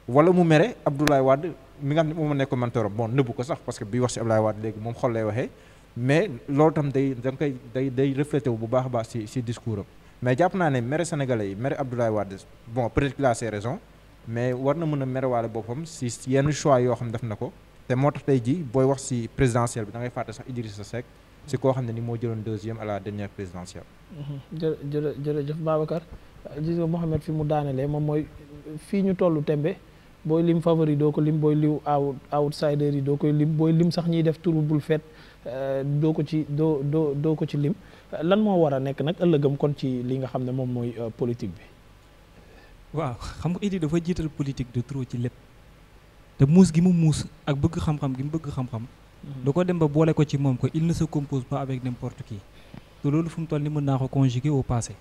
wala mu mere Abdoulaye Wade mi nga xam ne moom ma nekkoon mentoram bon nëbbu ko sax parce que bi wax si Abdoulaye Wade léegi moom xol lay waxee mais loolu tam day da nga koy day day reflété wu bu baax a baax si si mais jàpp naa ne maire sénégalais yi maire Abdoulaye Wade bon peut-être qu'il mais war na mën a mere waale boppam si yenn choix yoo xam ne daf na ko te moo tax tey jii booy wax si présidentielle bi da ngay fàtte sax Idrissa Seck si koo xam ne ni moo jëloon deuxième à la dernière présidentielle. Mhm. jë jërë jërëjëf Babacar gis nga Mouhamed fi mu daanelee moom mooy fii ñu tollu tembe booy lim favori doo ko lim booy liw out outsider yi doo koy lim booy lim sax ñiy def tour bul fet euh, doo ko ci doo doo doo ko ci lim. lan moo war a nekk nag ëllëgam kon ci li nga xam ne moom mooy euh, politique bi. waaw xam nga Idy dafa jiital politique de trop ci lépp te muus gi mu muus ak bëgg xam-xam gi mu bëgg xam mhm. da ko dem ba boole ko ci moom ko il ne se compose pas avec n'importe te loolu fu mu toll ni mën naa ko conjuguer au passé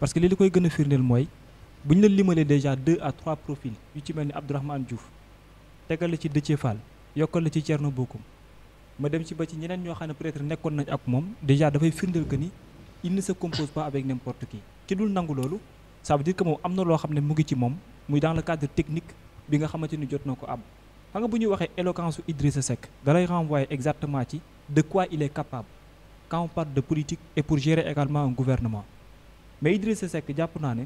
parce que li li koy gën a firndeel mooy bu ñu la limalee déjà deux à trois profils yu ci mel ni Abdourahmane Diouf tegal la ci Déthié Fall yokkal la ci Thierno bokkum ma dem ci ba ci ñeneen ñoo xam ne peut-être nekkoon nañ ak moom déjà dafay firndeel que ni il sa se compose pas avec n'importe qui ki dul nangu loolu ça veut dire moom am na loo xam ne mu ngi ci moom muy dans le cadre technique bi nga xamante ni jot na ko am xam bu ñu waxee éloquence su Idrissa Seck da lay renvoyer exactement ci de quoi il est capable quand de politique et pour gérer également un gouvernement mais Idrissa Seck jàpp naa ne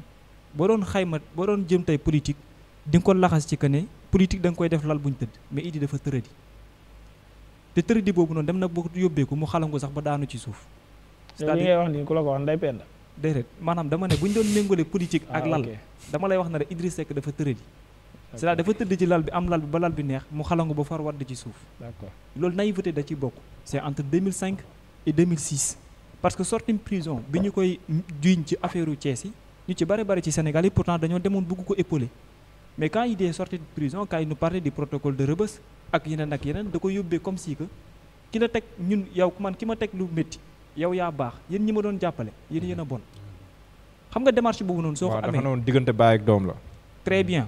boo doon xayma boo doon jëm tey politique di laxas ci que ne politique da koy def lal bu ñu tëdd mais Idi dafa tëradi. te tërëdi boobu noonu dem na ba yóbbeeku mu xalangu sax ba daanu ci suuf. c'est-à-dire ngay wax nii ku la ko wax nday pend. déedéet maanaam dama ne bu ñu doon méngale politique ak ah, lal dama lay wax na rek Idriss Seck dafa tërëdi. c'est-à-dire dafa ci lal bi am lal bi ba lal bi neex mu xalangu ba far wadd ci suuf. d'accord loolu naïveté da ci bokk. c'est entre 2005 et 2006. parce que sorti prison bi ñu koy juñ ci affaire u Thiès yi ñu ci bari bari ci Sénégal yi pourtant dañoo demoon bëgg ko épauler mais quand il est sorti de prison quand il nous parlait du protocole ak yeneen ak yeneen da ko yóbbee comme si ki la teg ñun yow man ki ma teg lu métti yow yaa baax yéen ñi ma doon jàppale yéen yéen a bon mm-hmm. xam nga démarche boobu noonu. soo ko amee waaw dafa noonu diggante baay ak doom la. très bien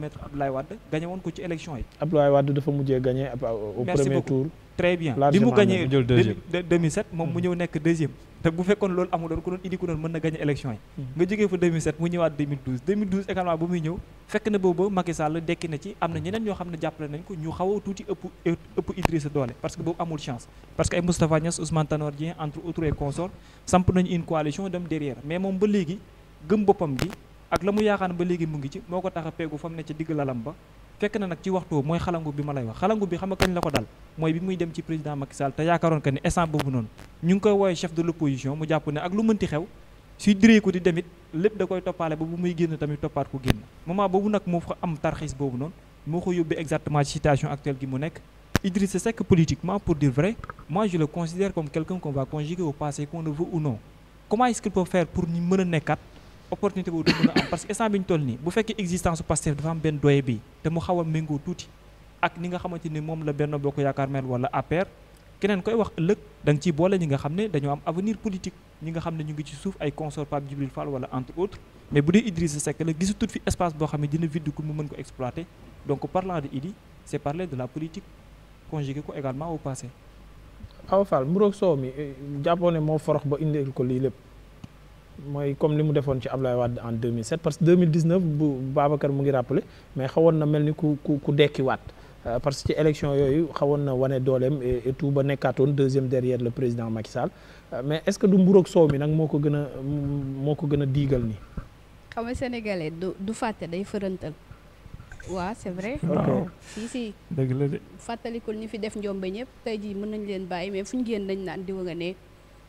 maître Abdoulaye Wade gagné ko ci élection yi. Abdoulaye Wade dafa mujjee gagné au premier tour. très bien bi mu gagné 2007 moom mu ñëw nekk deuxième. te bu fekkoon loolu amul doon ku doon indi ku doon mën na gagné élection yi. Hmm. nga jógee fa 2007 mu ñëwaat 2012 2012 également bu muy ñëw fekk na boobu Macky dekki na ci am na ñeneen ñoo xam ne jàppale nañ ko ñu xaw tuuti ëpp ëpp doole parce que boobu amul chance. ak la mu yaakaar ba léegi mu ngi ci moo ko tax a peegu fa mu ne ca digg lalam ba fekk na nag ci waxtu mooy xalangu bi ma lay wax xalangu bi xam kañ la ko dal mooy bi muy dem ci président Macky te yaakaaroon que ni instant boobu noonu ñu ngi koy woowee chef de l'opposition mu jàpp ne ak lu mënti xew suy diree ko di demit lépp da koy toppaale ba bu muy génn tamit toppaat ko génn moment boobu nag moo fa am tarxiis boobu noonu moo ko yóbbee exactement opportunité boobu du mën a am parce que instant bi ñu toll nii bu fekkee existence Pastef dafa am benn doye bi te mu xaw a méngoo tuuti ak ni nga xamante ni moom la Benno Bokk Yaakaar mel wala APR keneen koy wax ëllëg da nga ciy boole ñi nga xam ne dañoo am avenir politique ñi nga xam ne ñu ngi ci suuf ay consort Pape Djibril Fall wala entre autres mais bu dee Idrissa Seck la gisu tut fi espace boo xam ne dina vide ku mu mën ko exploiter donc parlant de Idi la politique conjugué ko également au passé Awa Fall mburoog soow mi eh, jàppoo ne moo ba indil ko lii lépp mooy comme li mu defoon ci Ablaye Wade en 2007 parce que 2019 bu Babacar mu ngi rappelé mais xawoon na mel ni ku ku ku dekkiwaat euh, parce que ci élection yooyu xawoon na wane dooleem et ba nekkaatoon deuxième derrière le président Macky Sall euh, mais est-ce que du mburoog soow mi nag moo ko gën a moo ko gën a diigal nii. xam nga sénégalais du du fàtte day fërëntal. waa c'est vrai. waaw si si. dëgg la de. fàttalikul fi def njombe ñëpp tey jii mën nañ leen bàyyi mais fu ñu génn dañ naan diwa nga ne.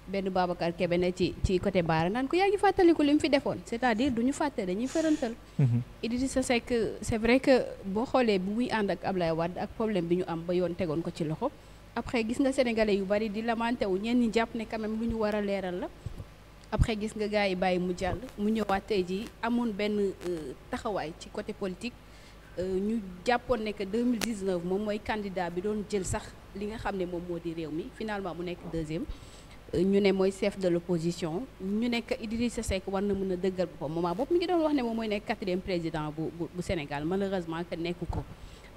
benn Babacar Kebe ne ci ci côté Baara naan ko yaa ngi fàttaliku li mu fi defoon c'est-à-dire du ñu fàtte dañuy fërantal. Mhm. Idrissa Seck c'est vrai que boo xoolee bu muy ànd ak Ablaye Wade ak problème bi ñu am ba yoon tegoon ko ci loxo. après gis nga sénégalais yu bari di lamante wu ñeen ñi jàpp ne quand même lu ñu war a leeral la après gis nga gars yi bàyyi mu jàll mu ñëwaat tey jii amoon benn euh, taxawaay ci côté politique. Euh, ñu jàppoon ne que 2019 moom mooy candidat bi doon jël sax li nga xam ne moo di réew mi finalement mu nekk deuxième. ñu ne mooy chef de l'opposition ñu nekk Idrissa Seck war na mën a dëggal boppam moment boobu mi ngi doon wax ne moom mooy nekk quatrième président bu bu Sénégal malheureusement que nekk ko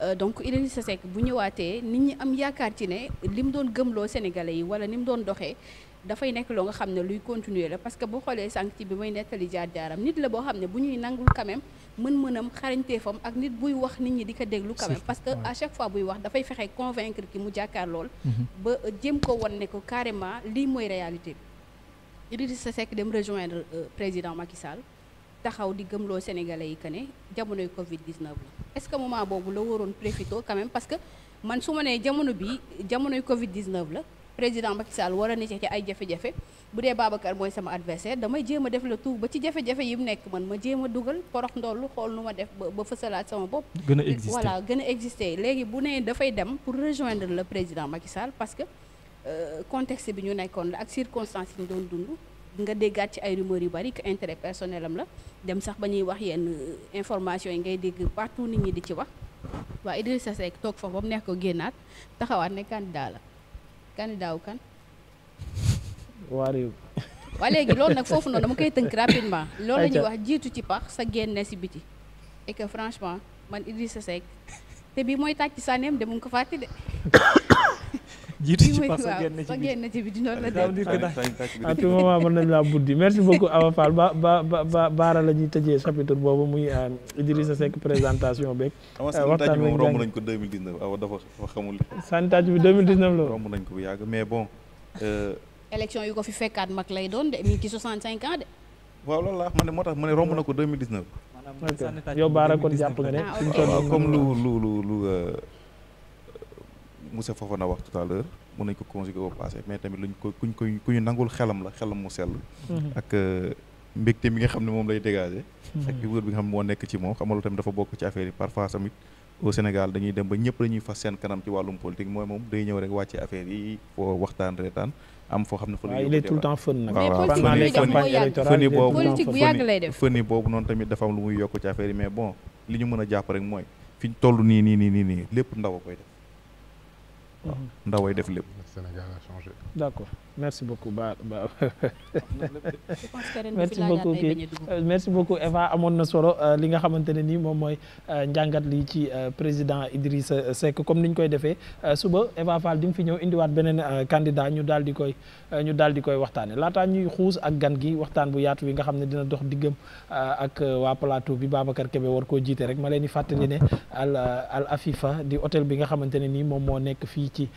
euh, donc Idrissa Seck bu ñëwaatee nit ñi am yaakaar ci ne li mu doon gëmloo Sénégalais yi wala ni mu doon doxee dafay nekk loo nga xam ne luy continuer la parce que bu xoolee sànq ci bi may nettali jaar jaaram nit la boo xam ne bu ñuy nangul quand même mën-mënam xarañteefam ak nit buy wax nit ñi di ko déglu quand même parce que à chaque fois buy wax dafay fexe convaincre ki mu jàkkaar mm-hmm. ba euh, jéem ko won ne ko carrément lii mooy réalité bi Idrissa Seck dem rejoindre euh, président Macky Sall taxaw di gëmloo sénégalais yi que ne jamonoy covid 19 la est-ce que moment boobu la waroon profité quand même parce que man su ma nee jamono bi jamonoy covid 19 la président Macky Sall war a nekk ci ay jafe-jafe bu dee Babacar mooy sama adversaire damay jéem a def le tout ba ci jafe-jafe yi mu nekk man ma jéema a dugal porox ndollu xool nu ma def ba ba fësalaat sama bopp. gën a exister voilà gën a léegi bu nee dafay dem pour rejoindre la président Macky Sall parce que euh, contexte bi ñu nekkoon la ak circonstances yi ñu doon dund. nga déggaat ci ay rumeurs yu bari que intérêt personnel am la dem sax ba ñuy wax yenn euh, information yi ngay dégg partout nit ñi di ci wax waa Idrissa Seck toog foofu mu nekk ko génnaat taxawaat ne candidat la kani daaw kan. waa waa léegi loolu nag foofu noonu dama koy tënk rapidement. loolu la ñuy wax jiitu ci pax sa génne si biti. et que franchement man sa Seck te bii mooy tàcc sànneem de mu ngi ko fàtte de. jiitu ci parce que génn ci bi génn ci bi di noonu la demee à tout moment mën nañ laa buddi merci beaucoup Awa Fall ba ba ba baara la ñuy tëjee chapitre boobu muy euh, Idrissa Seck présentation beeg. Euh, waxtaan bi moom romb nañ ko 2019 awa dafa xamul. santage bi 2019 la romb nañ ko bu yàgg mais bon. Euh, élection yu ko fi fekkaat mag lay doon de mi ngi ci 65 ans de. waaw loolu laa man ne moo tax ma ne romb na ko 2019. maanaam yow baara kon jàpp nga ne. Ah, comme lu lu lu lu. monsieur Fofana wax tout à l'heure nañ ko conjuguer au passé mais tamit mm-hmm. euh, mi nga xam ne moom lay dégager mm-hmm. xam moo nekk ci moom xamaloo tamit dafa bokk ci affaire yi parfois tamit au Sénégal dañuy dem ba kanam ci wàllum politique mooy moom day ñëw rek wàcce affaire yi foo waxtaan reetaan am xam ne fa la il boobu noonu tamit dafa lu muy yokk ci affaire yi mais bon li ñu mën a jàpp rek mooy fi ñu toll nii nii nii nii nii lépp ndaw a koy def waaw mmh. ndaway def lépp. Sénégal a changé. d'accord. merci beaucoup ba merci beaucoup kii euh, merci beaucoup Eva amoon na solo euh, li nga xamante ne nii moom mooy euh, njàngat li ci président Idrissa Seck comme ni ñu koy defee suba Eva Fall di nga fi ñëw indiwaat beneen candidat ñu daal di koy ñu daal di koy waxtaane laataa ñuy xuus ak gan gi waxtaan bu yaatu wi nga xam ne dina dox diggam ak waa plateau bi Babacar Kébé war koo jiite rek ma leen di fàttali ne al al afifa di hôtel bi nga xamante ne nii moom moo nekk fii ci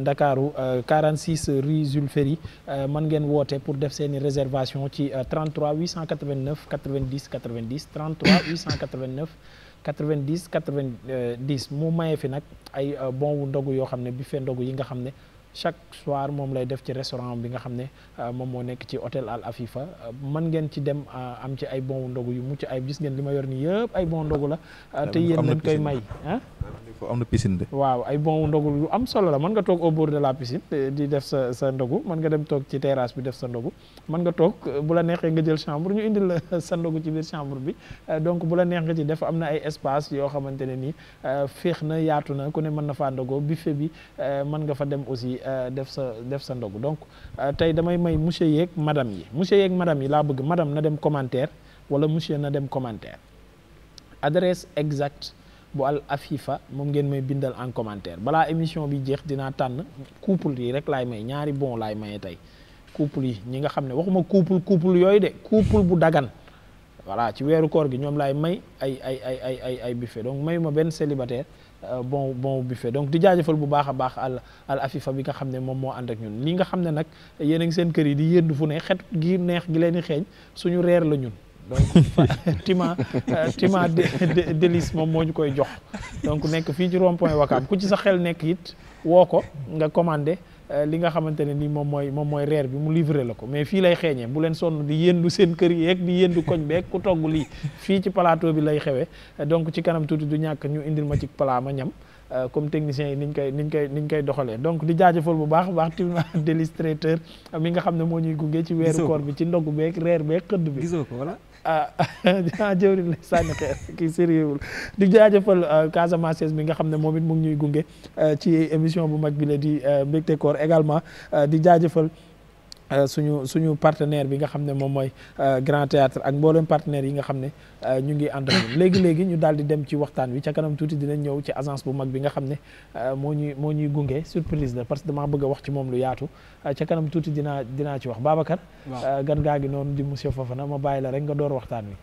Ndakaaru 46 rue Jules périphérie euh, mën ngeen woote pour def seen i réservation ci 33 889 90 90 33 889 90 90 mu maye fi nag ay euh, bon wu yoo xam ne buffet ndogu yi nga xam ne chaque soir moom lay def ci restaurant bi nga xam ne euh, moom moo nekk ci hôtel Al Afifa euh, mën ngeen ci dem euh, am ci ay bon ndogu yu mucc ay gis ngeen li ma yor nii yëpp ay bon ndogu la te yéen lañ koy may ah am na waaw ay bon ndogu yu am solo la mën nga toog au bord de la piscine di def sa sa ndogu mën nga dem toog ci terrasse bi def sa ndogu mën nga toog bu la neexee nga jël chambre ñu indil la sa ndogu ci biir chambre bi donc bu la neexee nga ci def am na ay espace yoo xamante ne nii féex na yaatu na ku ne mën na faa ndogoo buffet bi mën nga fa dem aussi Euh, def sa def sa ndogu donc euh, tey damay may monsieur yeeg madam yi monsieur yeeg madame yi laa bëgg madame na dem commentaire wala monsieur na dem commentaire adresse exacte bu Al Afifa moom ngeen may bindal en commentaire balaa émission bi jeex dinaa tànn couple yi rek laay may ñaari bon laay maye tey couple yi ñi nga xam ne waxuma couple couple yooyu de couple bu dagan voilà ci weeru koor gi ñoom laay may ay ay ay ay ay ay buffet donc mayuma benn célibataire Euh, bon bon buffet donc di jaajëfal bu baax a baax al al afifa bi nga xam ne moom moo ànd ak ñun li nga xam ne nag yéen a ngi seen kër yi di yëndu fu ne xet gi neex gi leen di xeeñ suñu reer la ñun donc tima euh, tima délice moom moo ñu koy jox donc nekk fii ci rond point Wakaam ku ci sa xel nekk it woo ko nga commandé Euh, li nga xamante ne ni moom mooy moom mooy reer bi mu livré la ko mais fii lay xeeñee bu leen sonn di yéendu seen kër yeeg di yéendu koñ beeg ku togg lii fii ci plateau bi lay xewee euh, donc ci kanam tuuti du ñàkk ñu indil ma ci plat ma ñam euh, comme technicien yi niñ koy niñ koy niñ koy doxalee donc di jaajëfal bu baax baax Tilma Delis traiteur mi nga xam ne moo ñuy gunge ci weeru koor bi ci ndogu beeg reer beeg xëdd bi gisoo ko wala ah ah jëwriñ la kii sérieux di jaajëfal euh, Casamance bi nga xam ne moom it mu ñuy gunge euh, ci émission bu mag bi la di euh, Mbecté Koor également di jaajëfal. Euh, suñu suñu partenaire bi nga xam ne moom mooy euh, Grand Théâtre ak mboolem partenaire yi nga xam ne euh, ñu ngi ànd léegi léegi ñu daal di dem ci waxtaan wi ca kanam tuuti dina ñëw ci agence bu mag bi nga xam ne moo ñuy moo ñuy gunge surprise la parce que damaa bëgg wax ci moom lu yaatu ca kanam tuuti dina dinaa ci wax Babacar. gan gaa gi noonu di monsieur Fofana ma bàyyi la rek nga door waxtaan wi.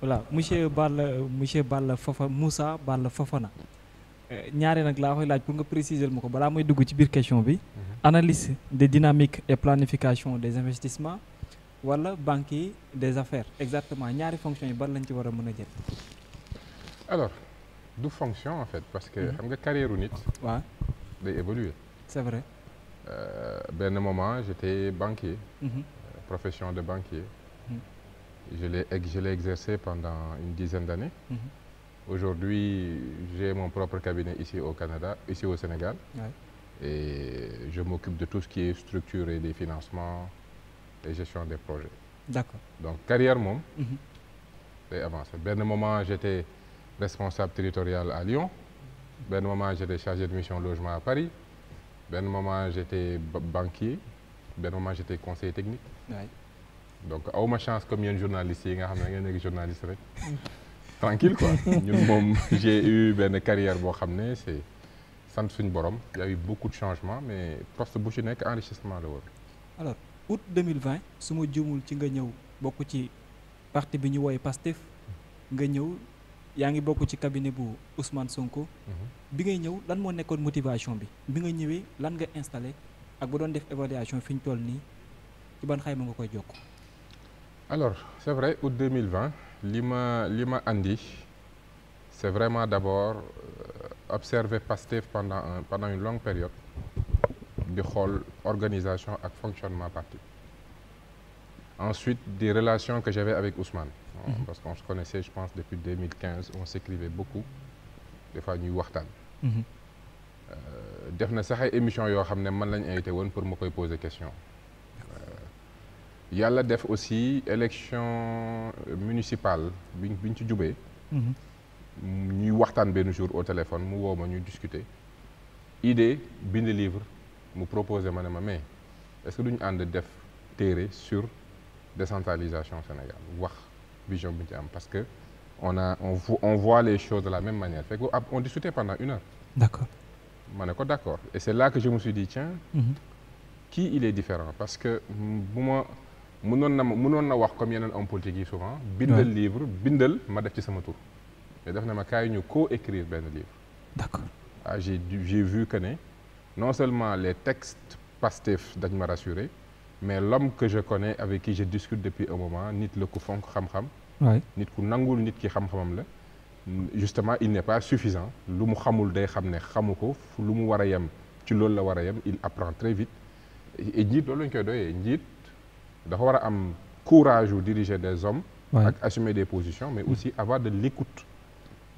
voilà monsieur Balla monsieur Balla Fofana Moussa Balla Fofana. ñaare nag laa koy laaj pour nga préciser ma ko balaa mooy dugg ci biir question bi. analyse des dynamiques et planification des investissements wala banque yi des affaires exactement ñaari fonctions yi ban lañ ci war a mën a jël. alors du fonction en fait parce que mhm. xam nga carrière u nit. waaw day évoluer. c'est vrai. Euh, benn moment j'étais banquier. Mm -hmm. profession de banquier. Mm -hmm. je l'ai je l'ai exercé pendant une dizaine d'années. Mhm. Aujourd'hui, j'ai mon propre cabinet ici au Canada, ici au Sénégal. Ouais. Et je m'occupe de tout ce qui est structure et des financements et gestion des projets. D'accord. Donc, carrière, moi, mm -hmm. c'est avancé. Ben, un moment, j'étais responsable territorial à Lyon. Ben, un moment, j'étais chargé de mission logement à Paris. Ben, un moment, j'étais banquier. Ben, un moment, j'étais conseiller technique. Ouais. Donc, à ma chance, comme il y a une journaliste, il y a une journaliste. tranquille quoi ñu moom j'ai eu benn carrière boo xam ne c'est sant suñu borom y a eu beaucoup de changements mais poste bu ci nekk enrichissement la woon. alors août 2020 su ma jumul ci nga ñëw bokk ci parti bi ñu woowee Pastef nga ñëw yaa ngi bokk ci cabinet bu Ousmane Sonko. Mhm. bi ngay ñëw lan moo nekkoon motivation bi. bi nga ñëwee lan nga installé ak bu doon def évaluation fi ñu toll nii ci ban xayma nga koy jokk. alors c'est vrai août 2020. li ma li ma andi c'est vraiment d'abord euh, observer Pastef pendant un, pendant une longue période di xool organisation ak fonctionnement parti ensuite des relations que j'avais avec Ousmane mhm. parce qu'on se connaissait je pense depuis 2015 on s'écrivait beaucoup des fois ñuy waxtaan mhm. euh, def na sax ay émission yoo xam ne man lañ invité woon pour ma koy poser question yàlla def aussi élection municipale biñ biñ ci jubee. Mhm. ñuy waxtaan benn jour au téléphone mu woo ma ñuy discuter. idée bind livre mu proposer ma ne ma mais est-ce que duñu ànd def téere sur décentralisation Sénégal wax vision bi ñu ci am parce que on a on on voit les choses de la même manière fekk on discutait pendant une heure. ma ne ko d'accord et c'est là que je me suis dit tiens. Mhm. qui il est différent parce que bu ma. mënoon na ma mënoon na wax comme yeneen homme politique yi souvent. bindal livre bindal ma def ci sama tur. mais def na ma kaay ñu co-écrire benn livre. d'accord ah j'ai vu que ne non seulement les textes Pastef dañ ma rassuré mais l'homme que je connais avec qui je discute depuis un moment nit la ku fonk xam-xam. nit ku nangul nit ki xam-xamam la. justement il n'est pas suffisant lu mu xamul day xam ne xamu ko lu mu war a yem ci loolu la war a yem il apprend très vite et njiit koy doyee njiit. dafa war a am courage wu diriger des hommes ak assumer des positions mais aussi avoir de l'écoute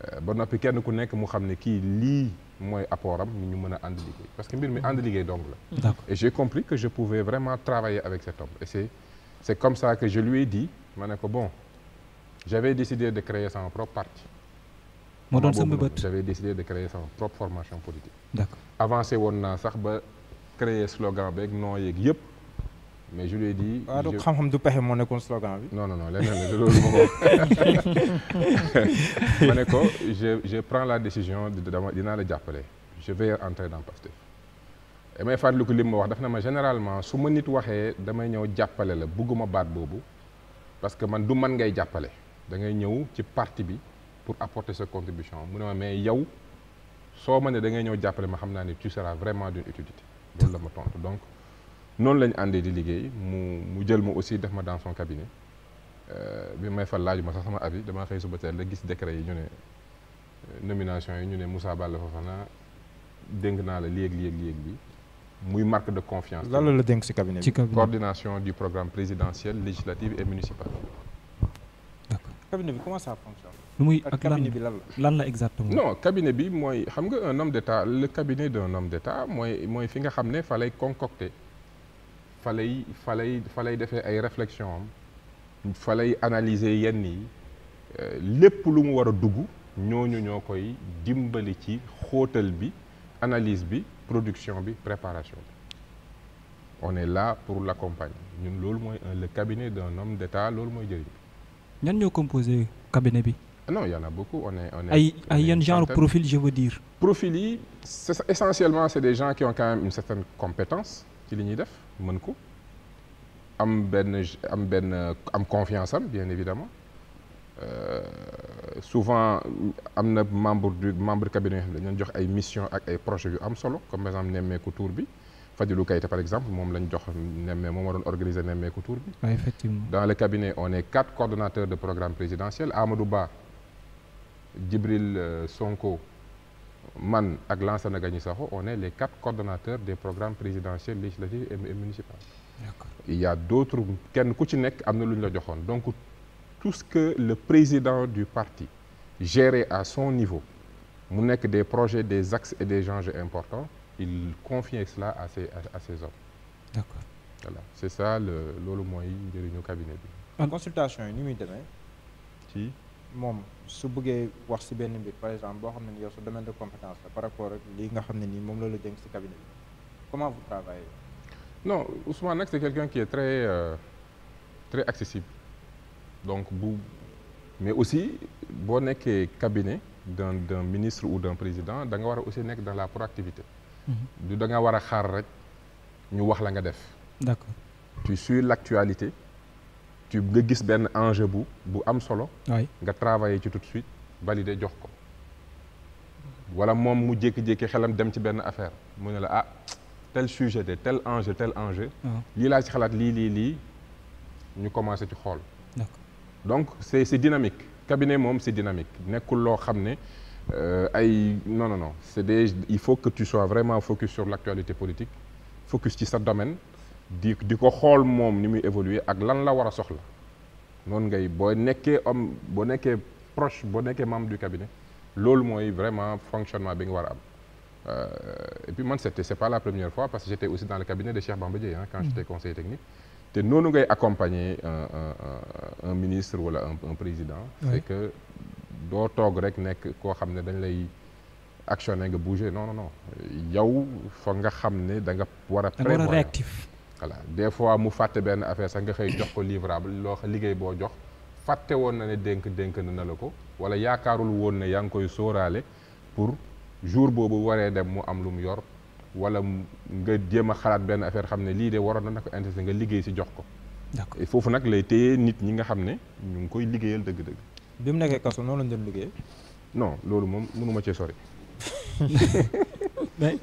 euh, ba noppi kenn ku nekk mu xam ne kii lii mooy apport am ñu mën a ànd liggéey parce que mbir mi ànd liggéey dong la et j'ai compris que je pouvais vraiment travailler avec cet homme et c'est comme ça que je lui ai dit ma ne ko bon j'avais décidé de créer sama propre parti moo doon sama bët j'avais décidé de créer sama propre formation politique d'accord avancé woon naa sax ba créer slogan beeg noo yeeg yëpp mais je lui ai dit. waaw ah, xam-xam du pexe moo nekkoon slogan bi. non non non leneen la loolu ma ko. ma ne ko je je prends la décision dama dinaa la jàppale je vais entrer dans Pastef. damay fàttaliku li ma wax daf na ma généralement su ma nit waxee damay ñëw jàppale la bëgguma baat boobu parce que man du man ngay jàppale da ngay ñëw ci parti bi pour apporter sa contribution mu ne ma mais yow soo ma ne da ñëw jàppale ma xam naa ne tu seras vraiment d'une utilité loolu la ma tontu donc. noonu la ñu àndee di liggéey mu mu jël ma aussi def ma dans son cabinet euh, bi may fal laaju ma sax sama avis damaa xëy suba teel la gis décret yi ñu ne euh, nomination yi ñu ne Moussa Balla Fofana dénk naa la yëg léeg léeg bi muy marque de confiance. lan la la dénk ci cabinet bi coordination du programme présidentiel législatif et municipal. d'accord cabinet bi comment ça lu muy ak cabinet bi la lan la exactement. non cabinet bi mooy xam nga un homme d'état le cabinet d'un homme d'état mooy mooy fi nga xam ne fa lay concocter. fa lay fa lay fa lay defee ay réflexion am fa lay analyser yenn yi euh, lépp lu mu war a dugg ñooñu ñoo koy dimbali ci xóotal bi analyse bi production bi préparation bi on est là pour l'accompagner ñun loolu mooy le cabinet d'un homme d'État loolu mooy jëriñ bi ñan ñoo composé cabinet bi ah non il a beaucoup on est on est ay ay yenn genre profil je veux dire profil yi essentiellement c'est des gens qui ont quand une certaine compétence ci li ñuy def mën ko am benn am benn am confiance am bien évidemment euh, souvent am na membre du membre cabinet yoo xam ne jox ay mission ak ay projets yu am solo comme par exemple nemmeeku tour bi Fadilou Keïta par exemple moom lañ jox nemmee moom moo doon organiser nemmeeku tour bi. waaw dans le cabinet on est quatre coordonnateurs de programme présidentiel Amadou Ba Djibril euh, Sonko. man ak Lansana Gagny Sakho on est les quatre coordonnateurs des programmes présidentiels législatifs et municipaux. d'accord il y a d'autres kenn ku ci nekk am na lu ñu la joxoon donc tout ce que le président du parti géré à son niveau mu nekk des projets des axes et des enjeux importants il confiait cela à ses à hommes. c'est ça le loolu mooy njëriñu cabinet bi. en consultation yi ni muy demee. su bëggee wax si benn mbir par exemple boo xam ne ni yow sa domaine de compétence la par rapport ak lii nga xam ne nii moom la la jëng si cabinet bi comment vous travaillez non nag c'est quelqu'un qui très euh, très donc bu mais aussi boo nekkee cabinet d'un d'un ministre ou d'un président danga war a aussi nekk dans la proactivité mhm. du da nga war a xaar rek ñu wax la nga def d'accord tu l'actualité nga gis benn enjeu bu bu am solo. nga travailler ci tout de suite valider jox ko. wala moom mu jékki-jékki xelam dem ci benn affaire mu ne la ah tel sujet de tel enjeu tel enjeu. Ah. lii laa ci xalaat lii lii lii ñu commencé ci xool. donc c'est c'est dynamique cabinet moom c'est dynamique nekkul loo xam ne euh, ay non non non c'est des il faut que tu sois vraiment focus sur l'actualité politique focus ci sa domaine. di di ko xool moom ni muy évoluer ak lan la war a soxla noonu ngay boo nekkee homme boo nekkee proche boo nekkee membre du cabinet loolu mooy vraiment fonctionnement bi nga war a am euh, et puis man c'était c'est pas la première fois parce que te aussi dans le cabinet de Cheikh Bamba Dièye quand mm-hmm. j'étais conseiller technique te noonu ngay accompagner un ministre wala un président c'est que doo toog rek nekk koo xam ne dañ lay actionner nga bouger non non non yow fa nga xam ne da war a voilà des fois mu fàtte benn affaire sax nga xëy jox ko livrable loo xam liggéey boo jox fàtte woon na ne dénk dénk na la ko wala yaakaarul woon ne yaa ngi koy sóoraale pour jour boobu waree dem mu am lu mu yor wala nga jéem a xalaat benn affaire xam ne lii de waroon na ko intéressé nga liggéey si jox ko. d'accord foofu nag lay téye nit ñi nga xam ne ñu ngi koy liggéeyal dëgg-dëgg. bi mu nekkee kaso noonu lañ doon liggéey. non loolu moom mënuma cee sori. mais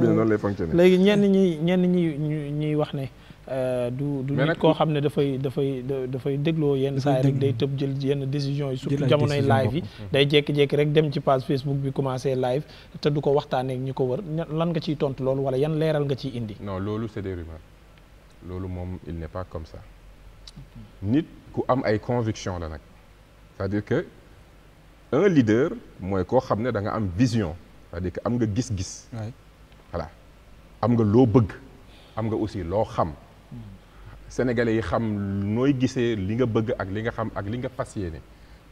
noonu lay fonctionner. léegi ñenn ñi ñenn ñi ñuy ñuy wax ne. Euh, du du nit koo xam ne dafay dafay dafay dégloo yenn saa rek day tëb jël yenn décision yi surtout jamonoy live yi day jékki-jékki rek dem ci page Facebook bi commencé live te du ko waxtaaneek ñi ko wër lan nga ciy tontu loolu wala yan leeral nga ciy indi non loolu c'est des rumeurs loolu moom il n'est pas comme ça nit ku am ay conviction la nag c'est-à-dire que un leader mooy koo xam ne da nga am vision c'est-à-dire que am nga gis-gis. voilà am nga loo bëgg am nga aussi loo xam. sénégalais yi xam nooy gisee li nga bëgg ak li nga xam ak li nga fas yéene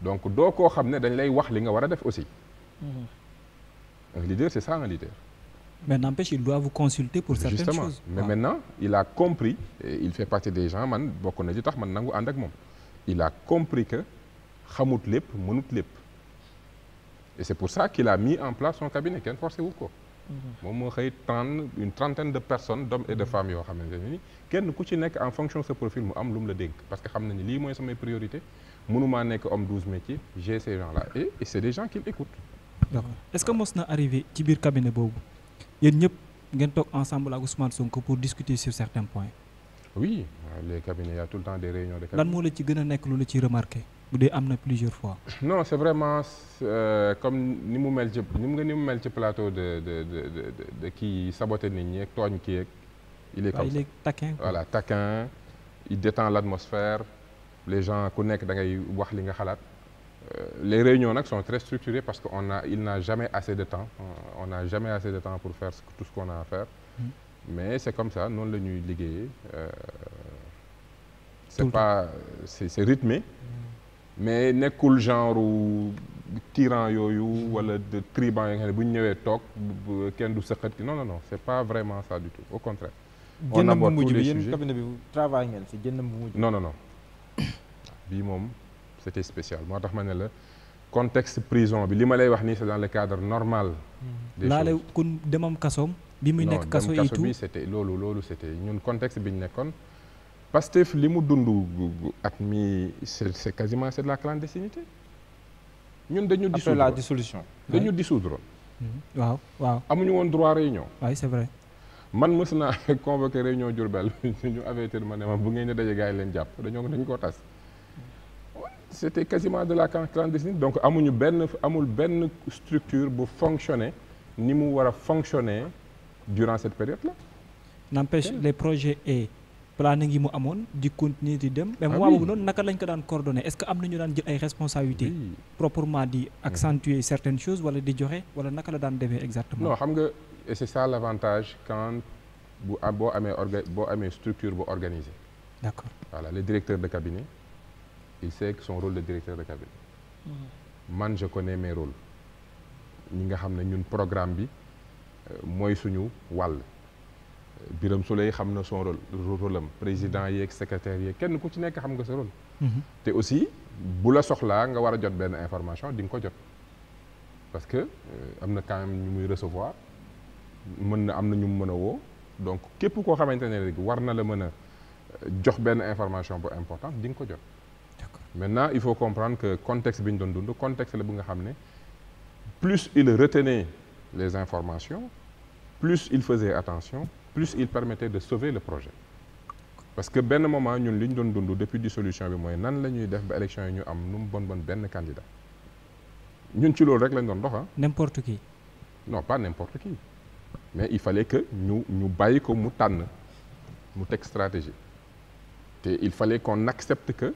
donc doo ko xam ne dañ lay wax li nga war a def aussi. Mm-hmm. un leader c'est ça un leader. mais n'empêche il doit vous consulter pour certaines Justement. choses mais ah. maintenant il a compris il fait partie des gens man bokk na ci tax man nangu ànd ak moom il a compris que xamut lépp mënut lépp et c'est pour ça qu'il a mis en place son cabinet kenn forcé wu mhm. moom moo xëy tànn une trentaine de personnes d'hommes et de femmes yoo xamante ne ni kenn ku ci nekk en fonction de ce mu am lu mu la dénk parce que xam na ni lii mooy samay priorité mënumaa nekk homme métiers j'ai ces gens là et c'est des gens qui l'écoutent. est-ce que mos na arrivé ci biir cabinet boobu yéen ñëpp ngeen ensemble ak Ousmane Sonko pour discuter sur certains points. oui bu dee am na plusieurs fois. non c'est vraiment euh, comme ni mu mel ci ni mu ni mu mel ci plateau de de de de de kii saboté nit ñi ak tooñ kii ak. il est comme il est taquin voilà taquin détend l'atmosphère les gens ku nekk da ngay wax li nga xalaat. Euh, les réunions nag sont très structurées parce que on a il n'a jamais assez de temps on n'a jamais assez de temps pour faire tout ce qu'on a faire hmm. mais c'est comme ça noonu la ñuy liggéeyee euh, c'est pas c'est rythmé mais nekkul genre tyran yooyu wala de tribans yi nga xam ne bu ñu ñëwee toog kenn du sëqat ki non non no c'est pas vraiment ça du tout au contraire. on aborde tous les sujets jëndam bu mujj bi yéen cabinet bi ngeen si jëndam bu mujj. bii moom c'était spécial moo tax ma ne la contexte prison bi li ma lay wax nii c'est dans le cadre normal. Hmm. des choses laale kon demam kasoom. bi muy nekk kaso et tout non bi c'était loolu loolu c'était ñun contexte bi ñu nekkoon. Pastef li mu dund ak mii c'est c'est quasiment c'est de la clandestinité ñun dañu dissoudre après la dissolution dañu dissoudre mm-hmm. waaw waaw amuñu woon droit réunion waaw c'est vrai man mës naa convoqué réunion Diourbel ñu avertir ma ne ma bu ngeen di daje gars leen jàpp dañoo dañu ko tas c'était quasiment de la clandestinité donc amuñu benn amul benn structure bu fonctionner ni mu war a fonctionner durant cette période là n'empêche les projets et planning ngi mu amoon di continuer di dem mais ah moment boobu noonu naka lañ ko daan coordonné est-ce que am ñu daan jël ay responsabilités proprement di mm. accentuer certaines choses wala di joxe wala naka la daan demee exactement non xam nga et c'est l'avantage quand bu am boo amee boo amee structure bu organisée d'accord voilà le directeur de cabinet il sait que son rôle de directeur de cabinet mm. man je connais mes rôles ñi nga xam ne ñun programme bi euh, mooy suñu wàll Birame Souleye xam na son rôle rôle am président yeeg secrétaire yeeg kenn ku ci nekk xam nga sa rôle. Mhm. te aussi bu la soxlaa nga war a jot benn information di nga ko jot. parce que euh, am na quand ñu muy recevoir mën na am na ñu mën a woo donc képp koo xamante ne rek war na la mën a euh, jox benn information bu importante di nga ko jot. d'accord il faut comprendre que contexte bi ñu doon dund contexte la bu nga xam ne plus il retenait les informations plus il faisait attention. plus il permettait de sauver le projet parce que benn moment ñun li ñu doon dundu depuis dissolution bi mooy nan la ñuy def ba élection yi ñu am nu mu bon bon benn candidat ñun ci loolu rek lañ doon dox ah. n'importe qui. non pas n'importe qui mais il fallait que ñu ñu bàyyi ko mu tànn mu teg stratégie te il fallait qu'on accepte que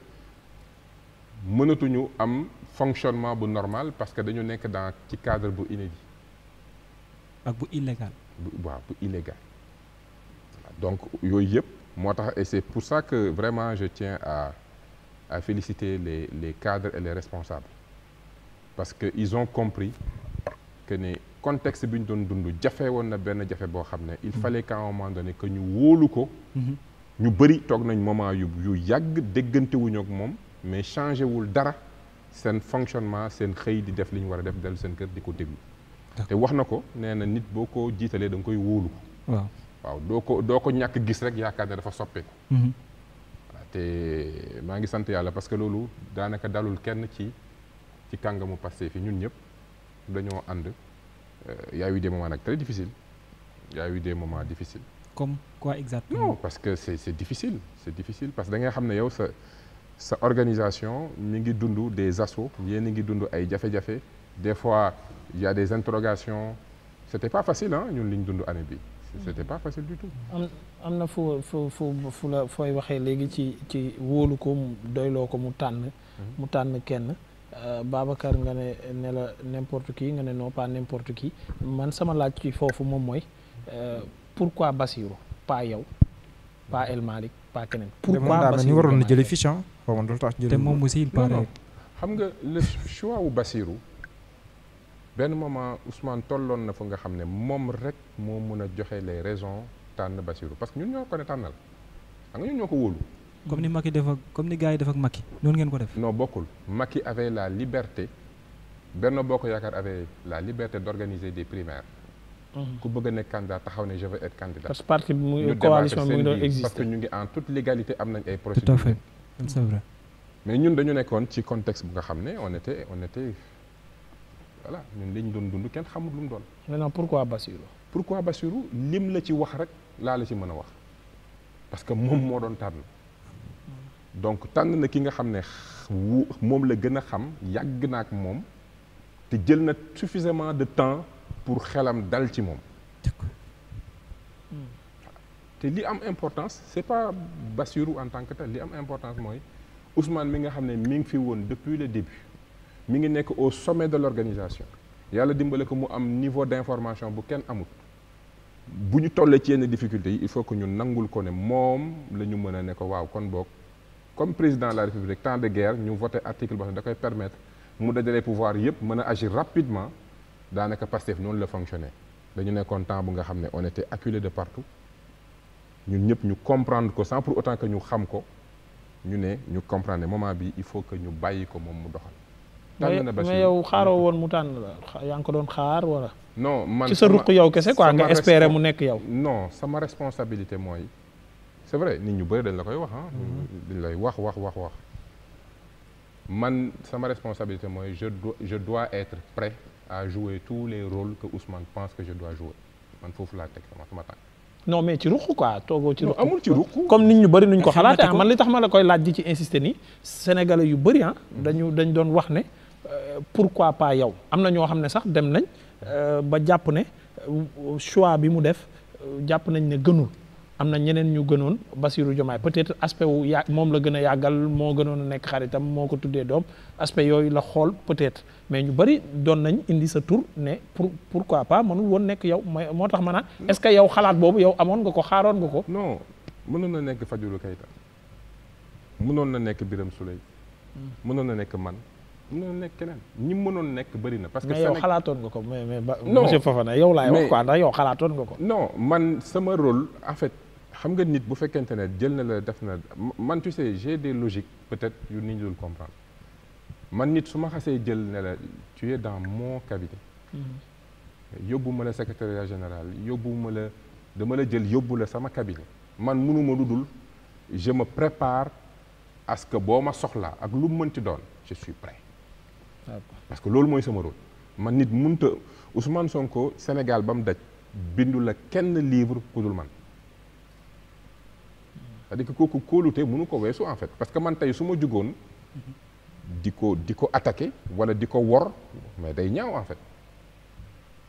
mënatuñu am fonctionnement bu normal parce que dañu nekk dans ci cadre bu inédit. ak bu illégal. bu waaw bu illégal. donc yooyu yëpp moo tax et c'est pour ça que vraiment je tiens à à féliciter les les cadres et les responsables parce que ils ont compris que ne contexte bi ñu doon dund jafe woon na benn jafe boo xam ne il mm-hmm. fallait qu'à un moment donné que ñu wóolu ko mm-hmm. ñu bëri toog nañ moment yu yu yàgg déggantewuñu ak moom mais changé wul dara seen fonctionnement seen xëy di def li ñu war a def dellu seen kër di ko déglu te wax na ko nee na nit boo ko jiitalee da nga koy wóolu waaw doo ko doo ko ñàkk gis rek yaakaar ne dafa soppeeku. Mhm. te maa ngi sant yàlla parce que loolu daanaka dalul kenn ci ci kàngamu Pastef fi ñun ñëpp dañoo ànd y a eu des moments nag très difficiles y a eu des moments difficiles. comme quoi exactement. non parce que c'est c'est difficile c'est difficile parce que da xam ne yow sa sa organisation mi ngi dund des assauts yéen ngi dund ay jafe-jafe des fois y des interrogations c'était pas facile ah ñun li ñu dund année bi c'était pas facile du am na foo foo fu la fooy waxee léegi ci ci wóolu ko doyloo ko mu tànn. mu mhm. tànn kenn. Euh, Babacar nga ne ne la n'importe kii nga ne non pas n'importe qui man sama laaj ci foofu moom mooy euh, pourquoi Bassirou pas yow pas mhm. El Malick pas keneen. pourquoi Bassirou waroon na jëlee fiche ah? te moom aussi il paraît. xam nga le choix wu Bassirou benn moment Ousmane tolloon na fu nga xam ne moom rek moo mën a joxe les raisons tànn Bassirou parce que ñun ñoo ko ne tànnal xam nga ñun ñoo ko wóolu. comme ni Macky def ak comme ni gars yi def ak Macky noonu ngeen ko def. noo bokkul Macky avait la liberté Benno Bokk Yaakaar avait la liberté d'organiser des primaires. Mhm. ku bëgg a nekk candidat taxaw ne je veux être candidat. parce que parti bi muy coalition parce que ñu ngi en toute légalité am nañ ay procédures. mais ñun dañu nekkoon ci contexte bu nga xam ne on était on était. voilà ñun liñ doon dund kenn xamul lu mu doon. maintenant pourquoi Bassirou. pourquoi Bassirou lim la ci wax laa la ci mën a wax parce que moom moo doon tànn donc tànn na ki nga xam ne moom la gën a xam yàgg na moom te jël na suffisamment de temps pour xelam dal ci moom. te li am importance c'est pas Bassirou en tant que tel li am importance mooy Ousmane mi nga xam ne mi ngi fi woon depuis le début. mi ngi nekk au sommet de l'organisation yàlla dimbale ko mu am niveau d'information bu kenn amul bu ñu tollee ci yenn difficultés yi il faut que ñu nangul ko ne moom la ñu mën a ne waaw kon boog comme président la république temps de guerre ñu voté article boo xam ne da permettre mu dajalee pouvoir yépp mën a agir rapidement daanaka Pastef noonu la fonctionné dañu nekkoon temps bu nga xam ne on était acculé de partout ñun ñëpp ñu comprendre ko sans pour autant que ñu xam ko ñu ñu comprendre moment bi il faut que ñu bàyyi ko moom mu doxal tànn na Bachir mais yow xaaroo woon mu tànn la yaa ngi ko doon xaar wala. non man ci sa ruq yow kese quoi nga espérer mu nekk yow. non sama responsabilité mooy c'est vrai nit ñu bëri dañ la koy wax ah. Mhm. dañ lay wax wax wax wax. man sama responsabilité mooy je dois je dois être prêt à jouer tous les rôles que Ousmane pense que je dois jouer man foofu laa teg sama sama tànk. non mais ci ruq quoi toogoo ci ruq comme nit ñu bëri nuñ ko xalaatee ah, man li tax ma la koy laaj di ci insister nii sénégalais yu bëri ah. Mhm. dañu doon wax ne. pourquoi pas yow am na ñoo xam ne sax dem nañ euh, ba jàpp ne euh, choix bi mu def euh, jàpp nañ ne gënul am na ñeneen ñu gënoon Bassirou jomaay peut-être aspect wu ya moom la gën a yàggal moo gënoon a nekk xaritam moo ko tuddee doom aspect yooyu la xool peut-être mais ñu bari doon nañ indi sa tur ne pour pourquoi pas mënul woon nekk yow mooy moo tax ma naan est-ce que yow xalaat boobu yow amoon nga ko xaaroon nga ko. non mënoon na nekk Fadilou Keita mënoon na nekk biram Souleye hmm. mënoon na nekk man. mënoon nekk keneen ñi mënoon nekk bëri na. parce que mais yow xalaatoon nga ko mais mais ba. monsieur Fofana yow laay wax quoi ndax yow xalaatoon nga ko. non man sama rôle en fait xam nga nit bu fekkente ne jël na la def na man tu sais j'ai des logiques peut-être yu nit ñi dul comprendre man nit su ma xasee jël ne la tu es dans mon cabinet. Mm-hmm. yóbbu ma la secrétariat général yóbbu ma la dama la jël yóbbu la sama cabinet man mënuma lu dul je ma prépare à que boo ma soxlaa ak lu mu mënti doon je suis parce que loolu mooy sama rôle man nit a Ousmane Sonko Sénégal ba mu daj bindu la kenn livre ku dul man c'est-à-dire que kooku kóolute ko weesu en fait parce que man tey su ma jugoon di ko di ko attaque wala di ko wor mais day ñaaw en di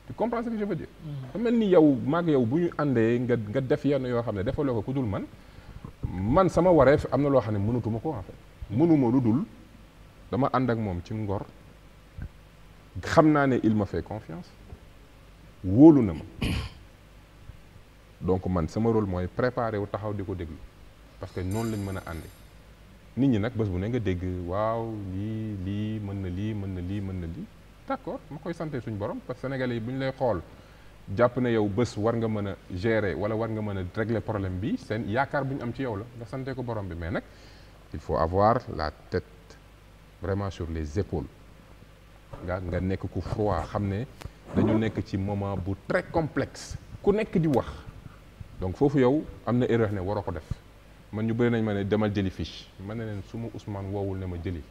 tu comprends ce que mm-hmm. mel ni yow maag yow bu ñu àndee nga nga def yenn yoo xam ne defaloo ko ku dul man man sama wareef am na loo xam ne mënatuma ko en fait mënuma lu dul dama ànd ak moom ci ngor xam naa ne il m'a fait confiance wóolu na ma donc man sama rôle mooy préparer wu taxaw di ko déglu parce que noonu lañ mën a àndee nit ñi nag bés bu ne nga dégg waaw lii lii mën na lii mën na lii mën na lii d'accord ma koy sante suñ borom parce que sénégalais yi bu ñu lay xool jàpp na yow bës war nga mën a gérer wala war nga mën a régler problème bi seen yaakaar bu am ci yow la nga sante ko borom bi mais nag il faut avoir la tête vraiment sur les épaules nga nga nekk ku froid xam ne dañu nekk ci moment bu très complexe ku nekk di wax donc foofu yow am na erreur ne waroo ko def man ñu bëri nañ ma ne demal jëli fiche man ne leen su ma Ousmane woowul ne ma jëli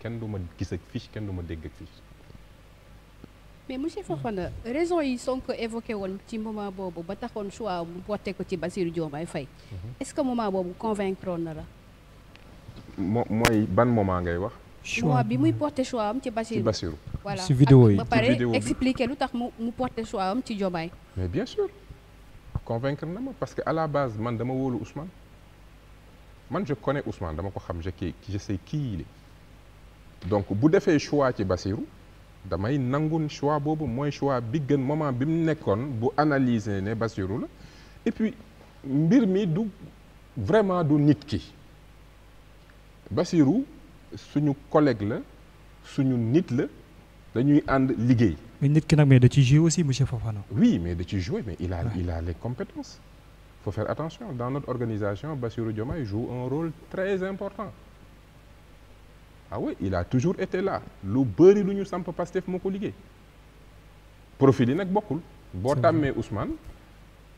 kenn du ma gis ak kenn du ma dégg ak fiche mais monsieur Fofana raison yi Sonko évoqué woon ci moment boobu ba taxoon choix mu porté ko ci Bassirou Diomaye Faye mhm. est-ce que moment boobu convaincre na la moo mooy ban moment ngay wax choix bi muy porté choix am ci Bassirou. ci Bassirou voilà yi ba pare expliqué lu tax mu mu porté choix am ci Diomaye. mais bien sûr convaincre na ma parce que à la base man dama wóolu Ousmane man je connais Ousmane dama ko xam je sais je sais qui il donc bu defee choix ci Bassirou damay nangun choix boobu mooy choix bi gën moment bi mu nekkoon bu analyser ne Bassirou la et mbir mi du vraiment du nit ki Bassirou. suñu collègue la suñu nit la dañuy ànd liggéey. mais nit ki nag mais da ci jouer aussi monsieur Fofana. oui mais da ciy jouer mais il a ouais. il a les compétences. faut faire attention dans notre organisation Bassirou Diomaye joue un rôle très important. ah oui il a toujours été là lu bëri lu ñu samp fu moo ko liggéey. profil yi nag bokkul. boo tàmmee Ousmane.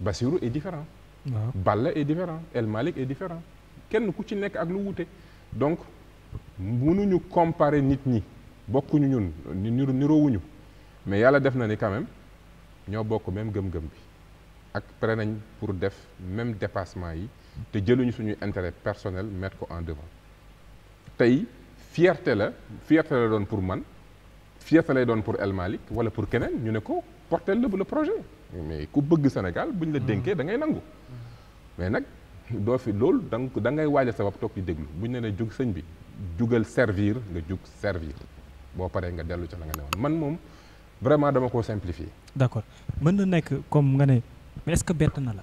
Bassirou est différent waaw Balla est différent El est différent kenn ku ci nekk ak lu wuute mënuñu comparer nit ñi bokkuñu ñun niru niroowuñu mais yàlla def na ni quand ñoo bokk même gëm-gëm bi ak pare nañ pour def même dépassement yi te jëluñu suñu intérêt personnel mettre ko en devant tey fierté la fierté la doon pour man fierté lay doon pour El Malick wala pour keneen ñu ne ko bu la projet mais ku bëgg Sénégal bu ñu la mm. dénkee da ngay nangu mais nag doo fi loolu da da ngay waajal sa bopp toog di déglu buñ ne ne jóg sëñ bi jugal servir nga jug servir boo paree nga dellu ci la nga ne woon man moom vraiment dama koo simplifier. d'accord mën na nekk comme nga ne mais est que bett na la.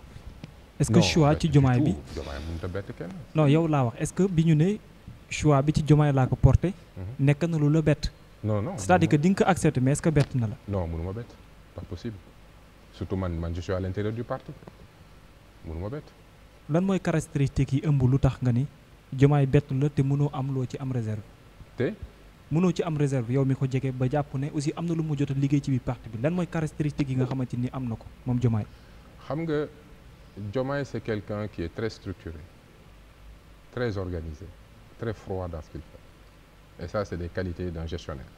est-ce ci jomaay bi jomaay mënut a bett kenn. non yow est-ce que bi ñu ne choix bi ci jomaay laa ko porté. Mhm. nekk na lu la bett. non non c'est-à-dire que di nga ko accepté mais est-ce que bett ma bett pas possible surtout man man je suis à ma bett. lan mooy caractéristique yi ëmb lu tax nga ni. jomaay bett la te mënoo am loo ci am réserve. te. mënoo ci am réserve yow mi ko jege ba jàpp ne aussi am na lu mu jot a liggéey ci biir parti bi lan mooy caractéristique yi nga xamante ni am na ko moom jomaay. xam nga jomaay c'est quelqu'un qui est très structuré très organiser très froid dans ce qu'il et ça c'est des qualités d'un gestionnaire.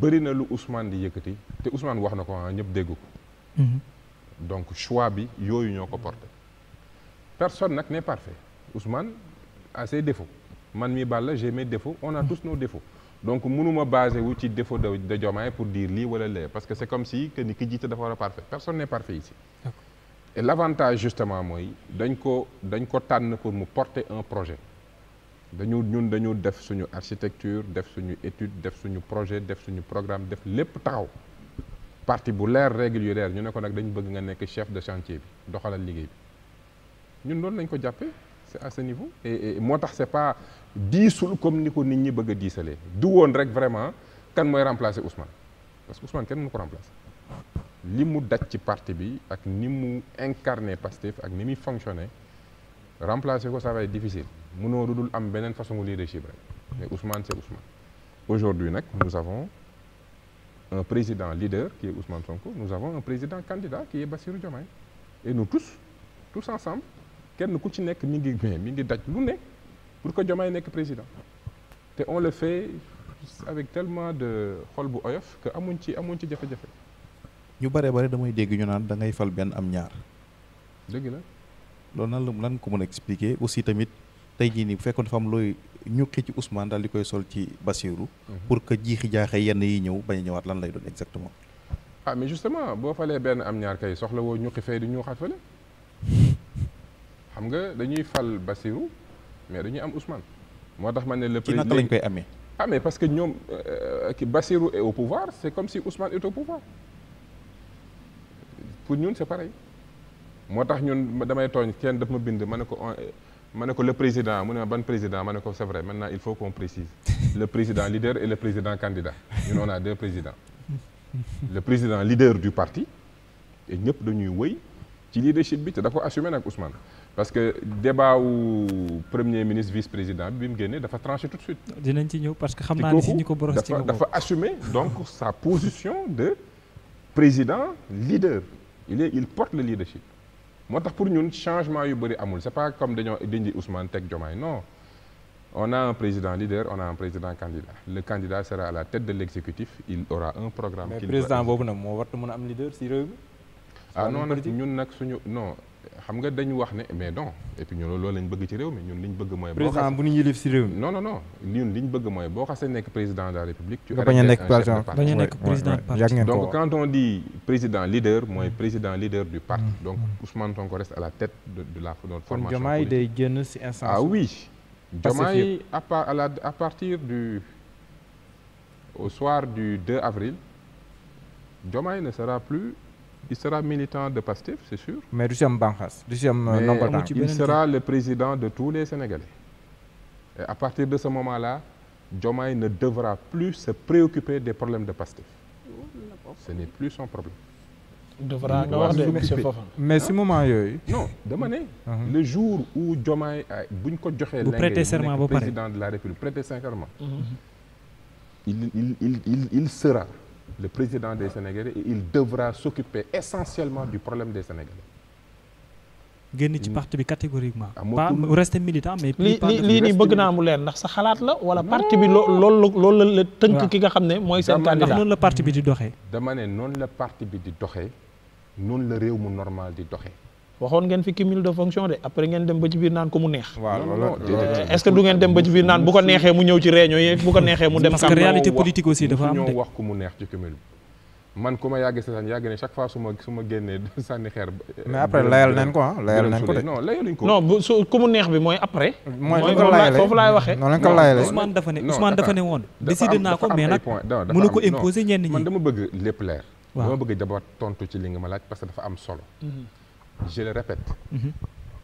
bëri na lu Ousmane di yëkkati te Ousmane wax na ko ah ñëpp dégg ko. Mhm. donc choix bi yooyu ñoo ko porté. personne nag n'est parfait. Ousmane a ses défauts man mi Balla j'ai mes défauts on a tous nos défauts donc mënuma basé wu ci défaut da de pour dire lii wala lee parce que c'est comme si que ni ki jiite dafa war a parfait personne n'est parfait ici et l'avantage justement mooy dañ ko dañ ko tànn pour mu porter un projet dañu ñun dañu def suñu architecture def suñu étude def suñu projet def suñu programme def lépp taxaw parti bu leer règle yu leer ñu ne ko nag dañu bëgg nga nekk chef de chantier bi doxalal liggéey bi ñun loolu ko jàppee c'est à moo tax c'est pas diisul comme ni ko nit ñi bëgg a diisalee du woon rek vraiment kan mooy remplacer Ousmane parce que Ousmane kenn mënu ko remplacer li mu daj ci parti bi ak ni mu incarné Pastef ak ni muy fonctionné remplacer ko ça va être difficile mënoo am beneen façon leadership rek mais Ousmane c'est Ousmane aujourd'hui nag nous avons un président leader qui est Ousmane Sonko nous avons un président candidat qui est Bassirou Diomaye et nous tous tous ensemble kenn ku ci nekk mi ngi mi ngi daj lu ne pour que Diomaye nekk président te on le fait avec de xol bu oyof que amuñ ci amuñ ci jafe-jafe. ñu bare bare damay dégg ñu naan da ngay fal benn am ñaar. dëgg la. loolu nan la lan ko mën a expliquer aussi tamit tey jii nii bu fekkoon dafa am looy ñuqi ci Ousmane daal di koy sol ci Bassirou. Mhm. pour que jiixi jaaxee yenn yi ñëw bañ a ñëwaat lan lay doon exactement. ah mais justement boo falee benn am ñaar kay soxla woo ñuqi fay di ñuuxaat fële. xam nga dañuy fal Bassirou mais dañuy am Ousmane. moo tax ma ne le président ci naka lañ koy amee. ah parce que ñoom euh, euh, ki Bassirou est au pouvoir c' comme si Ousmane est au pouvoir pour ñun c' est pareil moo tax ñun damay tooñ kenn daf ma bind ma ne ko ma ne ko le président mu ne ma ban président ma ne ko c' est vrai maintenant il faut qu'on précise le président leader et le président candidat ñun on a deux président le président leader du parti et ñëpp dañuy wëy ci leadership bi te da ko assumé nag parce que débat wu premier ministre vice président bi mu génnee dafa tranché tout de suite. dinañ ci ñëw parce que xam naa ne si ñu ko boros ci dafa assumer donc sa position de président leader il est il porte le leadership. moo tax pour ñun changement yu bëri amul c'est comme dañoo dindi Ousmane teg Diomaye non on a un président président candidat le candidat sera à la tête de l'exécutif il aura un boobu nag moo war mën a am leader si réew mi. ah non nag ñun nag suñu non. xam nga dañu wax ne mais non et puis loolu lañ bëgg ci réew mi ñun liñ bëgg mooy. ñu yilif si réew mi. non boo xasee nekk président de la république. tu arrêtes un chef de parti bañ a nekk donc quand on dit président leader mooy mm. président leader du parti. Mm. donc mm. Ousmane Sonko reste à la tête de de la notre formation. kon Diomaye day génn si instance. ah oui Diomaye à la à partir du au soir du 2 avril Diomaye ne sera plus. il sera militant de Pastef c'est sûr. mais du si am bànqaas du si am nombre d' il sera le président de tous les Sénégalais. et à partir de ce moment là Diomaye ne devra plus se préoccuper des problèmes de Pastef. ce n'est plus son problème. devra nga mais si moment yooyu. non dama ne. Uh-huh. le jour où Diomaye buñ ko joxee. bu prêter serment ba pare de la République prêter serment. Uh-huh. il il il sera. le président des Sénégalais et il devra s'occuper essentiellement du problème des Sénégalais. génn ci mm. parti bi catégoriquement. pas rester militant lii nii bëgg naa mu leer ndax sa xalaat la wala parti bi loo loolu loolu la tënk ki nga xam ne mooy seen. candidat ndax noonu la parti bi di doxee. dama ne noonu la parti bi di doxee noonu la réew mu normal di doxee. waxoon ngeen fi cumul de fonction de après ngeen dem ba ci biir naan ko mu neex. est-ce que du ngeen dem ba ci biir naan bu ko neexee mu ñëw ci réunion yi bu ko neexee mu dem. am de wax ko ah layal nañ ko de. non ko non bu su dafa ne Ousmane dafa ne woon. décidé naa ko mais nag mënu ko imposer ñenn ñi. man dama bëgg lépp leer. je le répète. Mm -hmm.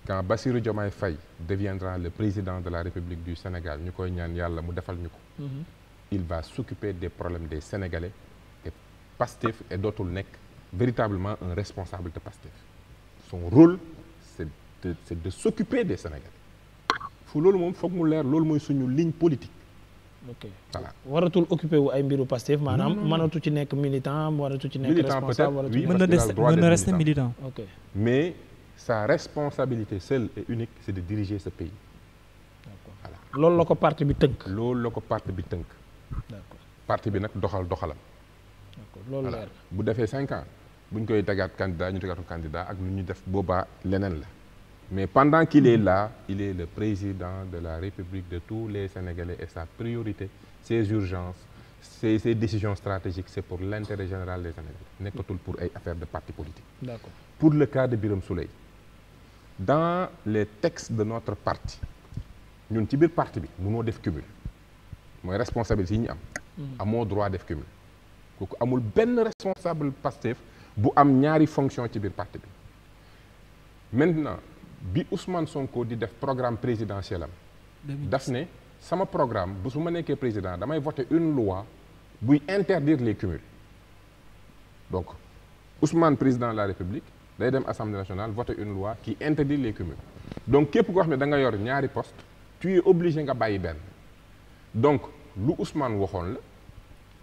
quand Bassirou Diomaye Faye deviendra le président de la République du Sénégal ñu koy ñaan yàlla mu defal ñu ko. Mhm. il va s'occuper des problèmes des Sénégalais et Pastef et dootul nekk véritablement un responsable de Pastef son rôle c'est de c'est de s'occuper des Sénégalais fu loolu moom foog mu leer loolu mooy suñu ligne politique. ok voilà waratul occupé wu ay mbiru Pastef maanaam mënatu ci nekk militant waratu ci nekk responsable waratu mën na rester militant ok mais sa responsabilité seule et unique c'est de diriger sa pays loolu la ko parti bi tënk loolu la ko parti bi tënk parti bi nag doxal doxalam d'accord loolu bu defee cinq ans bu ñu koy tegaat candidat ñu tegaatu candidat ak lu ñu def boobaa leneen la Mais pendant qu'il est là, il est le président de la République de tous les Sénégalais et sa priorité, ses urgences, ses, ses décisions stratégiques, c'est pour l'intérêt général des Sénégalais. Nekkatul pour ay affaire de parti politique. D'accord. Pour le cas de Birame Souleye, dans les textes de notre parti, ñun ci biir parti bi mënoo def cumul mooy responsabilité yi ñu am. Hmm. amoo droit def cumul. kooku amul benn responsable Pastef bu am ñaari fonction ci biir parti bi maintenant. bi Ousmane Sonko di def programme présidentiel am. daf ne sama programme bu su ma nekkee président damay voter une loi buy interdire les cumuls donc Ousmane président de la République day dem assemblée nationale voter une loi qui interdit les cumuls donc képp koo xam ne da nga yor ñaari poste tu es obligé nga bàyyi benn donc lu Ousmane waxoon la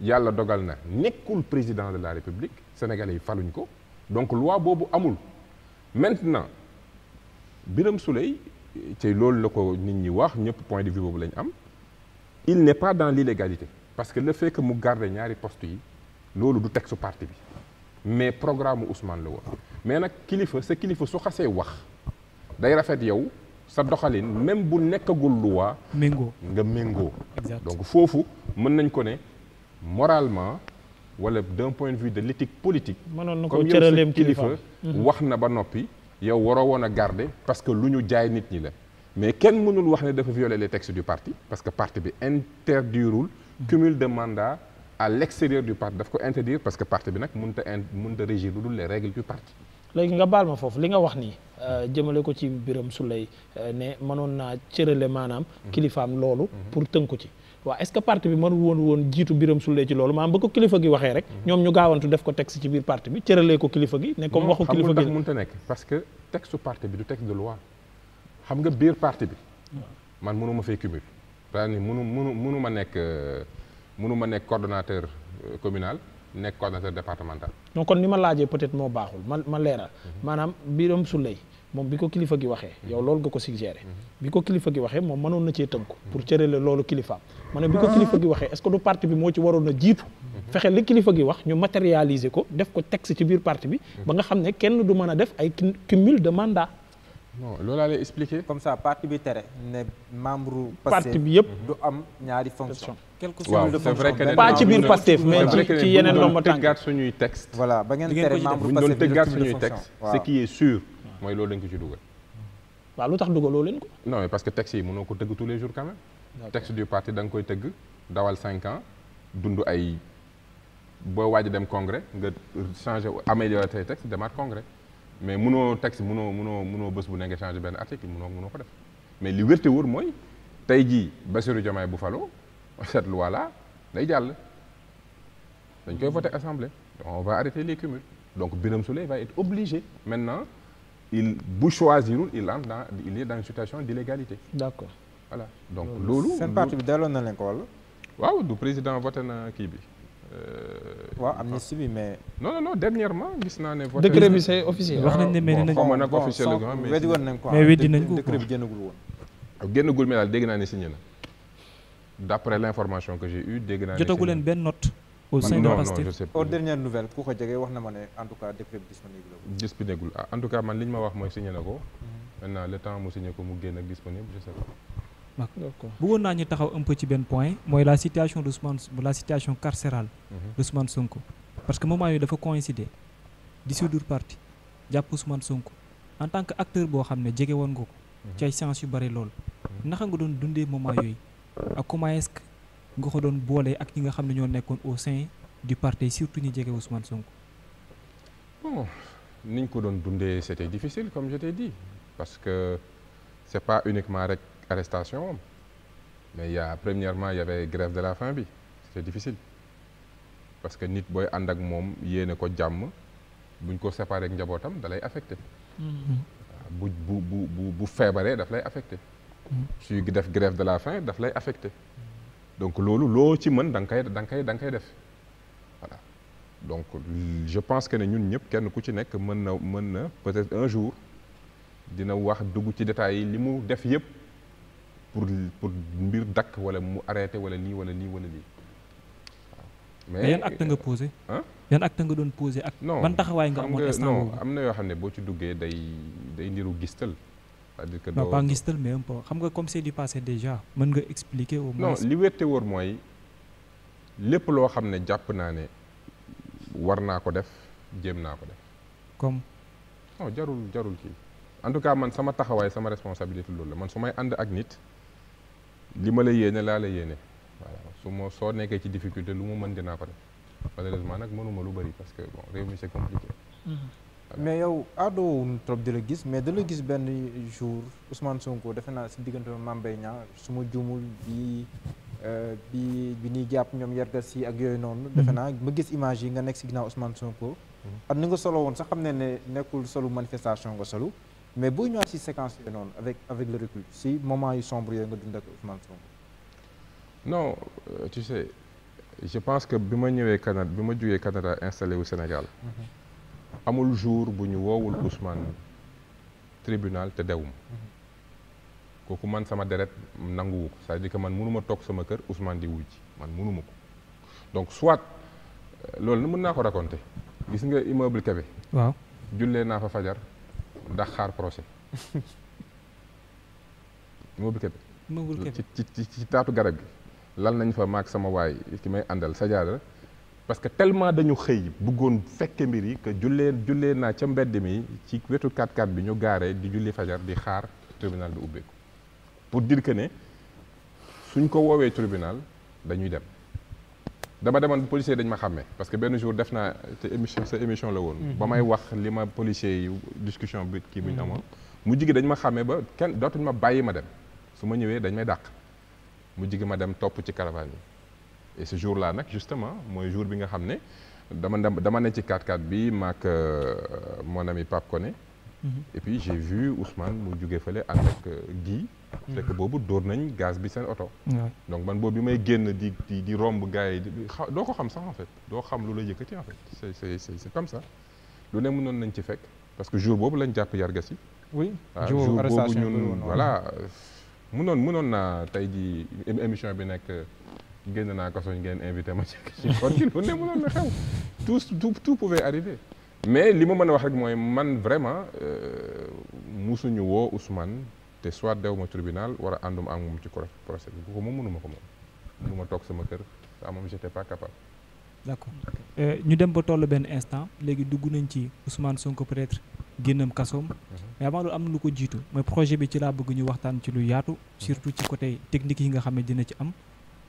yàlla dogal na nekkul président de la République sénégalais yi faluñ ko donc loi boobu amul Birame Souleye te loolu la ko nit ñi wax ñëpp point de vue boobu la ñu am il n'est pas dans l'illégalité parce que le fekk mu garder ñaari poste yi loolu du teg su parti bi mais programme Ousmane la woon mais nag kilifa sa kilifa su xasee wax day rafet yow sa doxalin même bu nekkagul loi méngoo nga méngoo donc foofu mën nañ ko ne moralement wala d'un point de vue de l'éthique politique comme yow sa kilifa mhm. wax na ba noppi yow waroo woon a garder parce que lu ñu jaay nit ñi la mais kenn mënul wax ne dafa violer les textes du parti parce que parti bi interdirul cumul de mandat à l'extérieur du parti daf ko interdire parce que parti bi nag mënut a mënut a régir lu dul les règles du parti léegi nga baal ma foofu li nga wax nii euh, jëmale ko ci Birame Souleye euh, ne mënoon naa cërale maanaam mm-hmm. kilifaam loolu mm-hmm. pour tënku ci waaw est-ce que parti bi mënul woon woon jiitu biram sulee ci loolu maanaam ba ko kilifa gi waxee rek ñoom ñu gaawantu def ko texte ci biir parti bi cëralee ko kilifa gi ne comme waxu kilifa gi mënta nekk parce que texte parti bi du texte de loi xam nga biir parti man mënuma fay cumul daa ni mënu mënu mënu ma nekk euh, mënu ma nekk coordonnateur euh, communal nekk coordonnateur départemental donc kon ni ma laajee peut-être moo baaxul man ma leeral maanaam biram suley moom bi ko kilifa gi waxee yow loolu nga ko suggéré mhm. bi ko kilifa gi waxee moom mënoon na cee tënku pour cërale loolu kilifaam ma ne bi ko kilifa gi waxee est-ce que du parti bi moo ci waroon a jiitu mhm. fexe li kilifa gi wax ñu matérialiser ko def ko texte ci biir parti bi ba nga xam ne kenn du mën a def ay cumul de mandat non loolu laa comme ça parti bi tere ne membre parti bi yëpp du am ñaari fonction quelque chose de fonction pas ci biir Pastef mais ci tëggaat suñuy texte voilà loolu dañ ko ci lu tax dugaloo leen ko non mais parce que texte yi mënoo ko tëgg tous les jours quand texte du parti da nga koy tëgg dawal cinq ans dund ay boo waaj dem congrès nga changé amélioré tey texte demaat congrès mais mënoo texte mënoo mënoo mënoo bés bu nekk nga benn article munoo mënoo ko def mais li wérte wóor mooy tey jii Bassirou Diomaye bu falo cette loi là day jàll dañ koy voté assemblée on va arrêter les cumuls donc Birame Souleye va être obligé maintenant il bu choisirul il entre dans il est dans une situation d'illégalité d'accord voilà donc loolu. seen parti bi delloo na leen ko wala. waaw du président voté na kii bi. Euh, waaw amnistie bi mais. non non non dernièrement gis naa ne. voté décret bi c'est officiel. wax nañ ne mais dinañ xaw ma nag officiel la mais weddi woon nañ ko mais weddi nañ ko dégg naa ne signé na d' après l' que j'ai eue dégg naa ne. jotagu leen benn note. au sein de Pastef aux dernières nouvelles ku ko jege wax na ma ne en tout cas décret bi ah, man li ñu wax mooy signé na ko. Mhm. maintenant le temps génn ak d'accord bëggoon naa ñu taxaw un peu ci benn point mooy la situation d'Ousmane la situation carcérale mhm. d'Ousmane Sonko parce que moment yooyu dafa coïncider dissoudre parti jàpp Ousmane Sonko en tant que acteur boo xam ne jege woon nga ko mhm. ci ay sens yu bari lool mhm. naka nga doon dundee moment yooyu ak comment est-ce nga ko doon boolee ak ñi nga xam ne ñoo nekkoon au sein du parti surtout ñi jege seman Sonko bon niñ ko doon dundee c'était difficile comme je t'ai dit parce que c'est pas uniquement rek arrestation am mais y a premièrement y grève de la faim bi c'était difficile parce que nit booy ànd ak moom yéene ko jàmm buñ ko séparé ak njabootam da lay affecté mm-hmm. bu bu bu bu bu feebaree daf lay affecté mm-hmm. suy def grève de la faim daf lay affecté donc loolu loo ci mën da nga koy da nga koy def voilà donc je pense que ne ñun ñëpp kenn ku ci nekk mën na mën na peut-être un jour dina wax dugg ci détails yi li mu def yëpp pour pour mbir dakk wala mu arrêté wala nii wala nii wala lii waaw mais yan acte nga posé ah yan acte nga doon posé ak ban taxawaay nga amoon instant non am na yoo xam ne boo ci duggee day day niru gistal cest à que non pas ngistal mais un xam nga comme c'est du passé déjà mën nga expliquer au moins li wette wóor mooy lépp loo xam ne jàpp naa ne war naa ko def jéem naa ko def comme non jarul jarul kii en tout cas man sama taxawaay sama responsabilité loolu la man su may ànd ak nit li ma la yéene laa la yéene voilà su ma soo nekkee ci difficulté lu ma mën dinaa ko def malheureusement nag mënuma lu bëri parce que bon réew mi c'est compliqué. Mm-hmm. mais yow aadoo trop di la gis mais dala gis benn jour Ousmane Sonko defe naa si diggante Mame mbay ñaa su ma juumul bi euh, bi bi ñuy jàpp ñoom yargas yi ak yooyu noonu. defe mm-hmm. naa ma gis image yi nga nekk si ginnaaw Ousmane Sonko. Mm-hmm. ak ni nga solo woon sax xam ne ne nekkul solu manifestation nga solu mais boo ñëwaat si séquence yooyu noonu avec avec le recul si moment yu sombre yooyu nga dund ak Ousmane Sonko. non euh, tu sais je pense que bi ma ñëwee Canada bi ma jugee Canada installé wu Sénégal. Mm-hmm. amul jour bu ñu woowul Ousmane tribunal te dewuma mm-hmm. kooku man sama deret nanguwu ko cest à que man mënuma toog sama kër Ousmane di wujji man mënuma ko donc soit euh, loolu mën naa ko raconter gis nga immeuble Kébé waaw jullee naa fa fajar ndax xaar procès. Mabou Kébé. Mabou Kébé ci ci ci taatu garab gi. lal nañ fa maak sama waay ki may àndal sa jaada parce que tellement dañu xëy bëggoon fekk mbir yi que jullee jullee naa ca mbedd mi ci wetu 4 x bi ñu gaaree di julli fajar di xaar tribunal bi ubbeeku pour dire que ne suñ ko woowee tribunal dañuy dem. dama demoon policier dañ ma xàmmee parce que benn jour def naa te émission sa émission la woon. Mhm. ba may wax li ma policier yi discussion bi kii bu ñu mhm. amoon. mu jigi dañ ma xàmmee ba kenn dootuñ ma bàyyi ma dem su ma ñëwee dañ may dàq mu jigi ma dem topp ci caravane yi et ce jour là nag justement mooy jour bi nga xam ne dama dama ne ci 4 x bi maak euh, mon ami Pape Koné. Mhm. et puis j'ai vu Ousmane mu jugee fële ànd ak euh, Guy. fekk boobu dóor nañ gaz bi seen oto donc man boobu bi may génn di di di romb gars yi doo ko xam sax en fait doo xam lu la yëkkati en fait c'est c'est c'est c'est comme sax lu ne mënoon nañ ci fekk parce que jour boobu lañ jàpp yargas yi oui ah, jour boobu ñun voilà mënoon mënoon naa tey jii émission bi nekk génn naa ko soñ ngeen invité ma ci kon ki lu ne mënoon na xew tout tout arriver mais li ma mën a wax rek mooy man vraiment euh, musuñu woo Ousmane te soit dew ma tribunal war ànduma ak moom ci procès bi ko moom mënuma ko moom mënuma toog sama kër ça euh, dem ba toll benn instant léegi dugg nañ ci Ousmane Sonko peut être génnam kasoom mhm. mais avant loolu am na lu ko jiitu mooy projet bi ci laa bëgg ñu waxtaan ci lu yaatu surtout ci côté technique yi nga xam ne dina ci am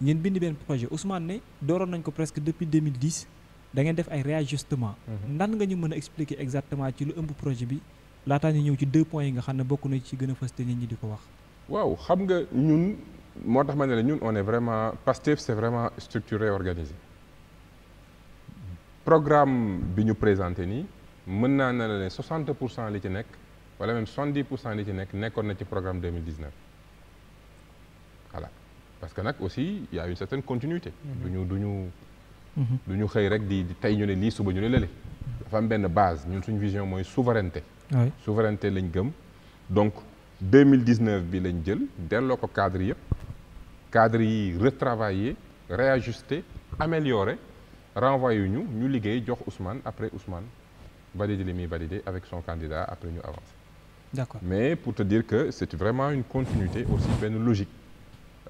ngeen bind benn projet Ousmane ne dooroon nañ ko presque depuis 2010 da ngeen def ay réajustement mhm. nan nga ñu mën a expliquer exactement ci lu ëmb projet bi laataa ñu ñëw ci deux points yi nga xam ne bokk na ci gën a fës te nit ñi di ko wax. waaw xam nga ñun moo tax ma ne la ñun on est vraiment Pastef c'est vraiment structuré organisé programme bi ñu présenter nii mën naa ne la ne 60 pour cent li ci nekk wala même 70 pour cent li ci nekk nekkoon na ci programme 2019 voilà parce que nag aussi il y a une certaine continuité. Mhm. du ñu du ñu. Mhm. ñu xëy rek di tey ñu ne lii suba ñu ne lële. dafa am benn base ñun suñu vision mooy souveraineté. oui souveraineté lañ gëm. donc 2019 bi lañu jël delloo ko cadre yëpp cadre yi retravaillé réajusté amélioré renvoyé ñu ñu liggéey jox Ousmane après Ousmane valide li muy validé avec son candidat après ñu avancé. d'accord mais pour te dire que c'est vraiment une continuité aussi benn logique.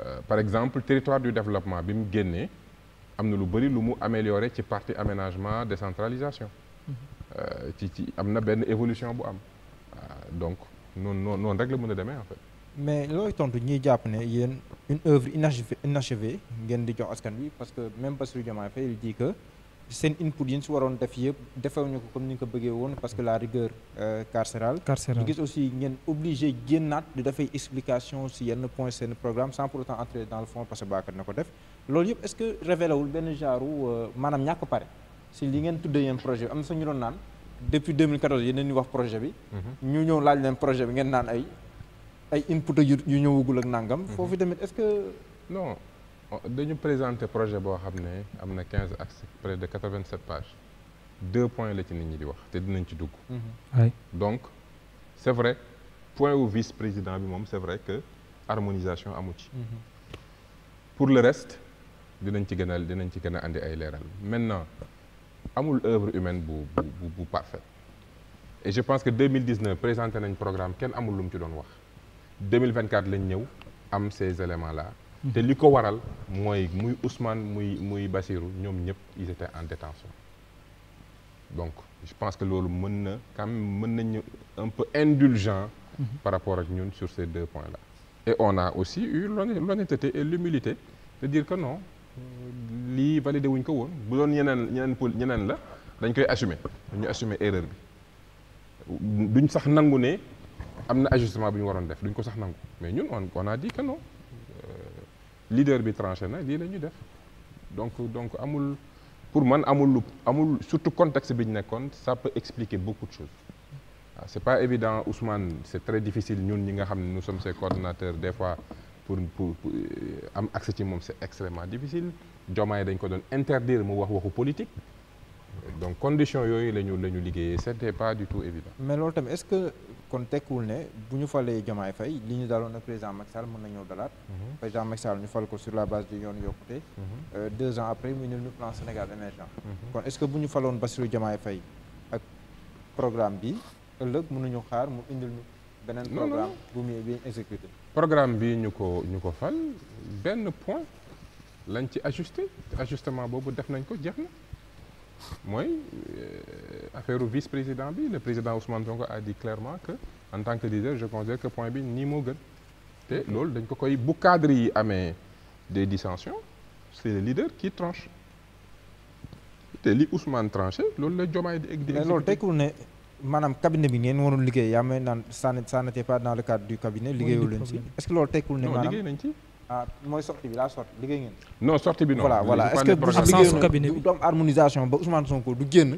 Euh, par exemple territoire du développement bi mu génnee am na lu bari lu mu amélioré ci partie aménagement décentralisation. Euh, ci ci am na benn évolution bu am euh, donc noonu noonu noonu rek la mën a demee en fait. mais looy tontu ñuy jàpp ne yéen une œuvre inachevée inachevée ngeen di jox askan wi parce que même Bassirou Diomaye Faye il dit que seen input yi ñu si waroon def yëpp defewuñu ko comme ni ñu ko bëggee woon parce que la rigueur euh, carcérale. carcérale ñu gis aussi ngeen obligé génnaat di dafay explication si yenn point seen programme sans pour autant entrer dans le fond parce que baakat na ko def loolu yëpp que révélé wul benn genre maanaam ñàkk pare. si li ngeen tuddee yéen projet bi am na sax ñu doon naan depuis 2014 yéen ñu wax projet bi. Mhm. ñu ñëw laaj leen projet bi ngeen naan ay ay input yu yu ñëwagul ak nangam. Mhm. foofu tamit est-ce que. non dañu présenter projet boo xam ne am na 15 axes près de 87 pages deux points la ci nit ñi di wax te dinañ ci dugg. Mhm. donc c'est vrai point wu vice président bi moom c'est vrai que harmonisation amu ci. pour le reste dinañ ci gën a dinañ ci gën a andi ay leeral maintenant. amul œuvre humaine bu bu bu parfaite et je pense que 2019 présenté nañ programme kenn amul lu mu ci doon wax 2024 lañ ñëw am ces éléments la te li ko waral mooy muy Ousmane muy muy Bassirou ñoom ñëpp ils étaient en détention donc je pense que loolu mën na quand mën nañu un peu indulgent par rapport ak ñun sur ces deux points la et on a aussi eu l'honnêteté et l'humilité de dire que non. lii validé wuñ ko woon bu doon ñeneen ñeneen ñeneen la dañ koy assumer dañu assumer erreur bi duñ sax nangu ne am na ajustement bu ñu waroon def duñ ko sax nangu mais ñun on on a dit que euh, leader bi tranché na lii la ñu def donc donc amul pour man amul lu amul surtout contexte bi ñu nekkoon ça peut expliquer beaucoup de choses waaw ah, c'est pas évident Ousmane c'est très difficile ñun ñi nga xam ne nous sommes ses coordonnateurs des fois pour pour euh, am accès ci moom c'est extrêmement difficile Diomaye dañ ko doon interdire mu wax waxu politique donc condition yooyu la ñu la ñu liggéeyee c'était pas du tout évident mais loolu tamit est-ce que kon tekkiwul ne bu ñu falee Diomaye Faye li ñu daloon ak président Macky mën na ñëw dalaat mhm. président Macky Sall ñu fal ko sur la base du yoonu yokkute mhm. euh, deux ans après mu ne ñu plan Sénégal émergent mhm. kon est-ce que bu ñu faloon Bassirou Diomaye Faye ak programme bi ëllëg xaar mu indil ñu beneen programme programme bi ñu ko ñu ko fal benn point lañ ci ajusté ajustement boobu def nañ ko jeex na mooy euh, affaire u vice président bi le président Ousmane Sonko a dit clairement que en tant que leader je considère que point bi nii moo gën te loolu dañ ko koy bu cadre yi amee des dissensions c'est le leader qui tranche te li Ousmane tranché loolu la Diomaye di egg di loolu ne maanaam cabinet bi ngeen waroon liggéey yaa may naan ça ça n'était pas dans le cadre du cabinet liggéeyoo leen ci est-ce que loolu tekkul ne maanaam liggéey nañ ci ah mooy sortie bi la sortie liggéey ngeen no sortie bi non voilà voilà est-ce que bu cabinet bi du am harmonisation ba Ousmane Sonko du génn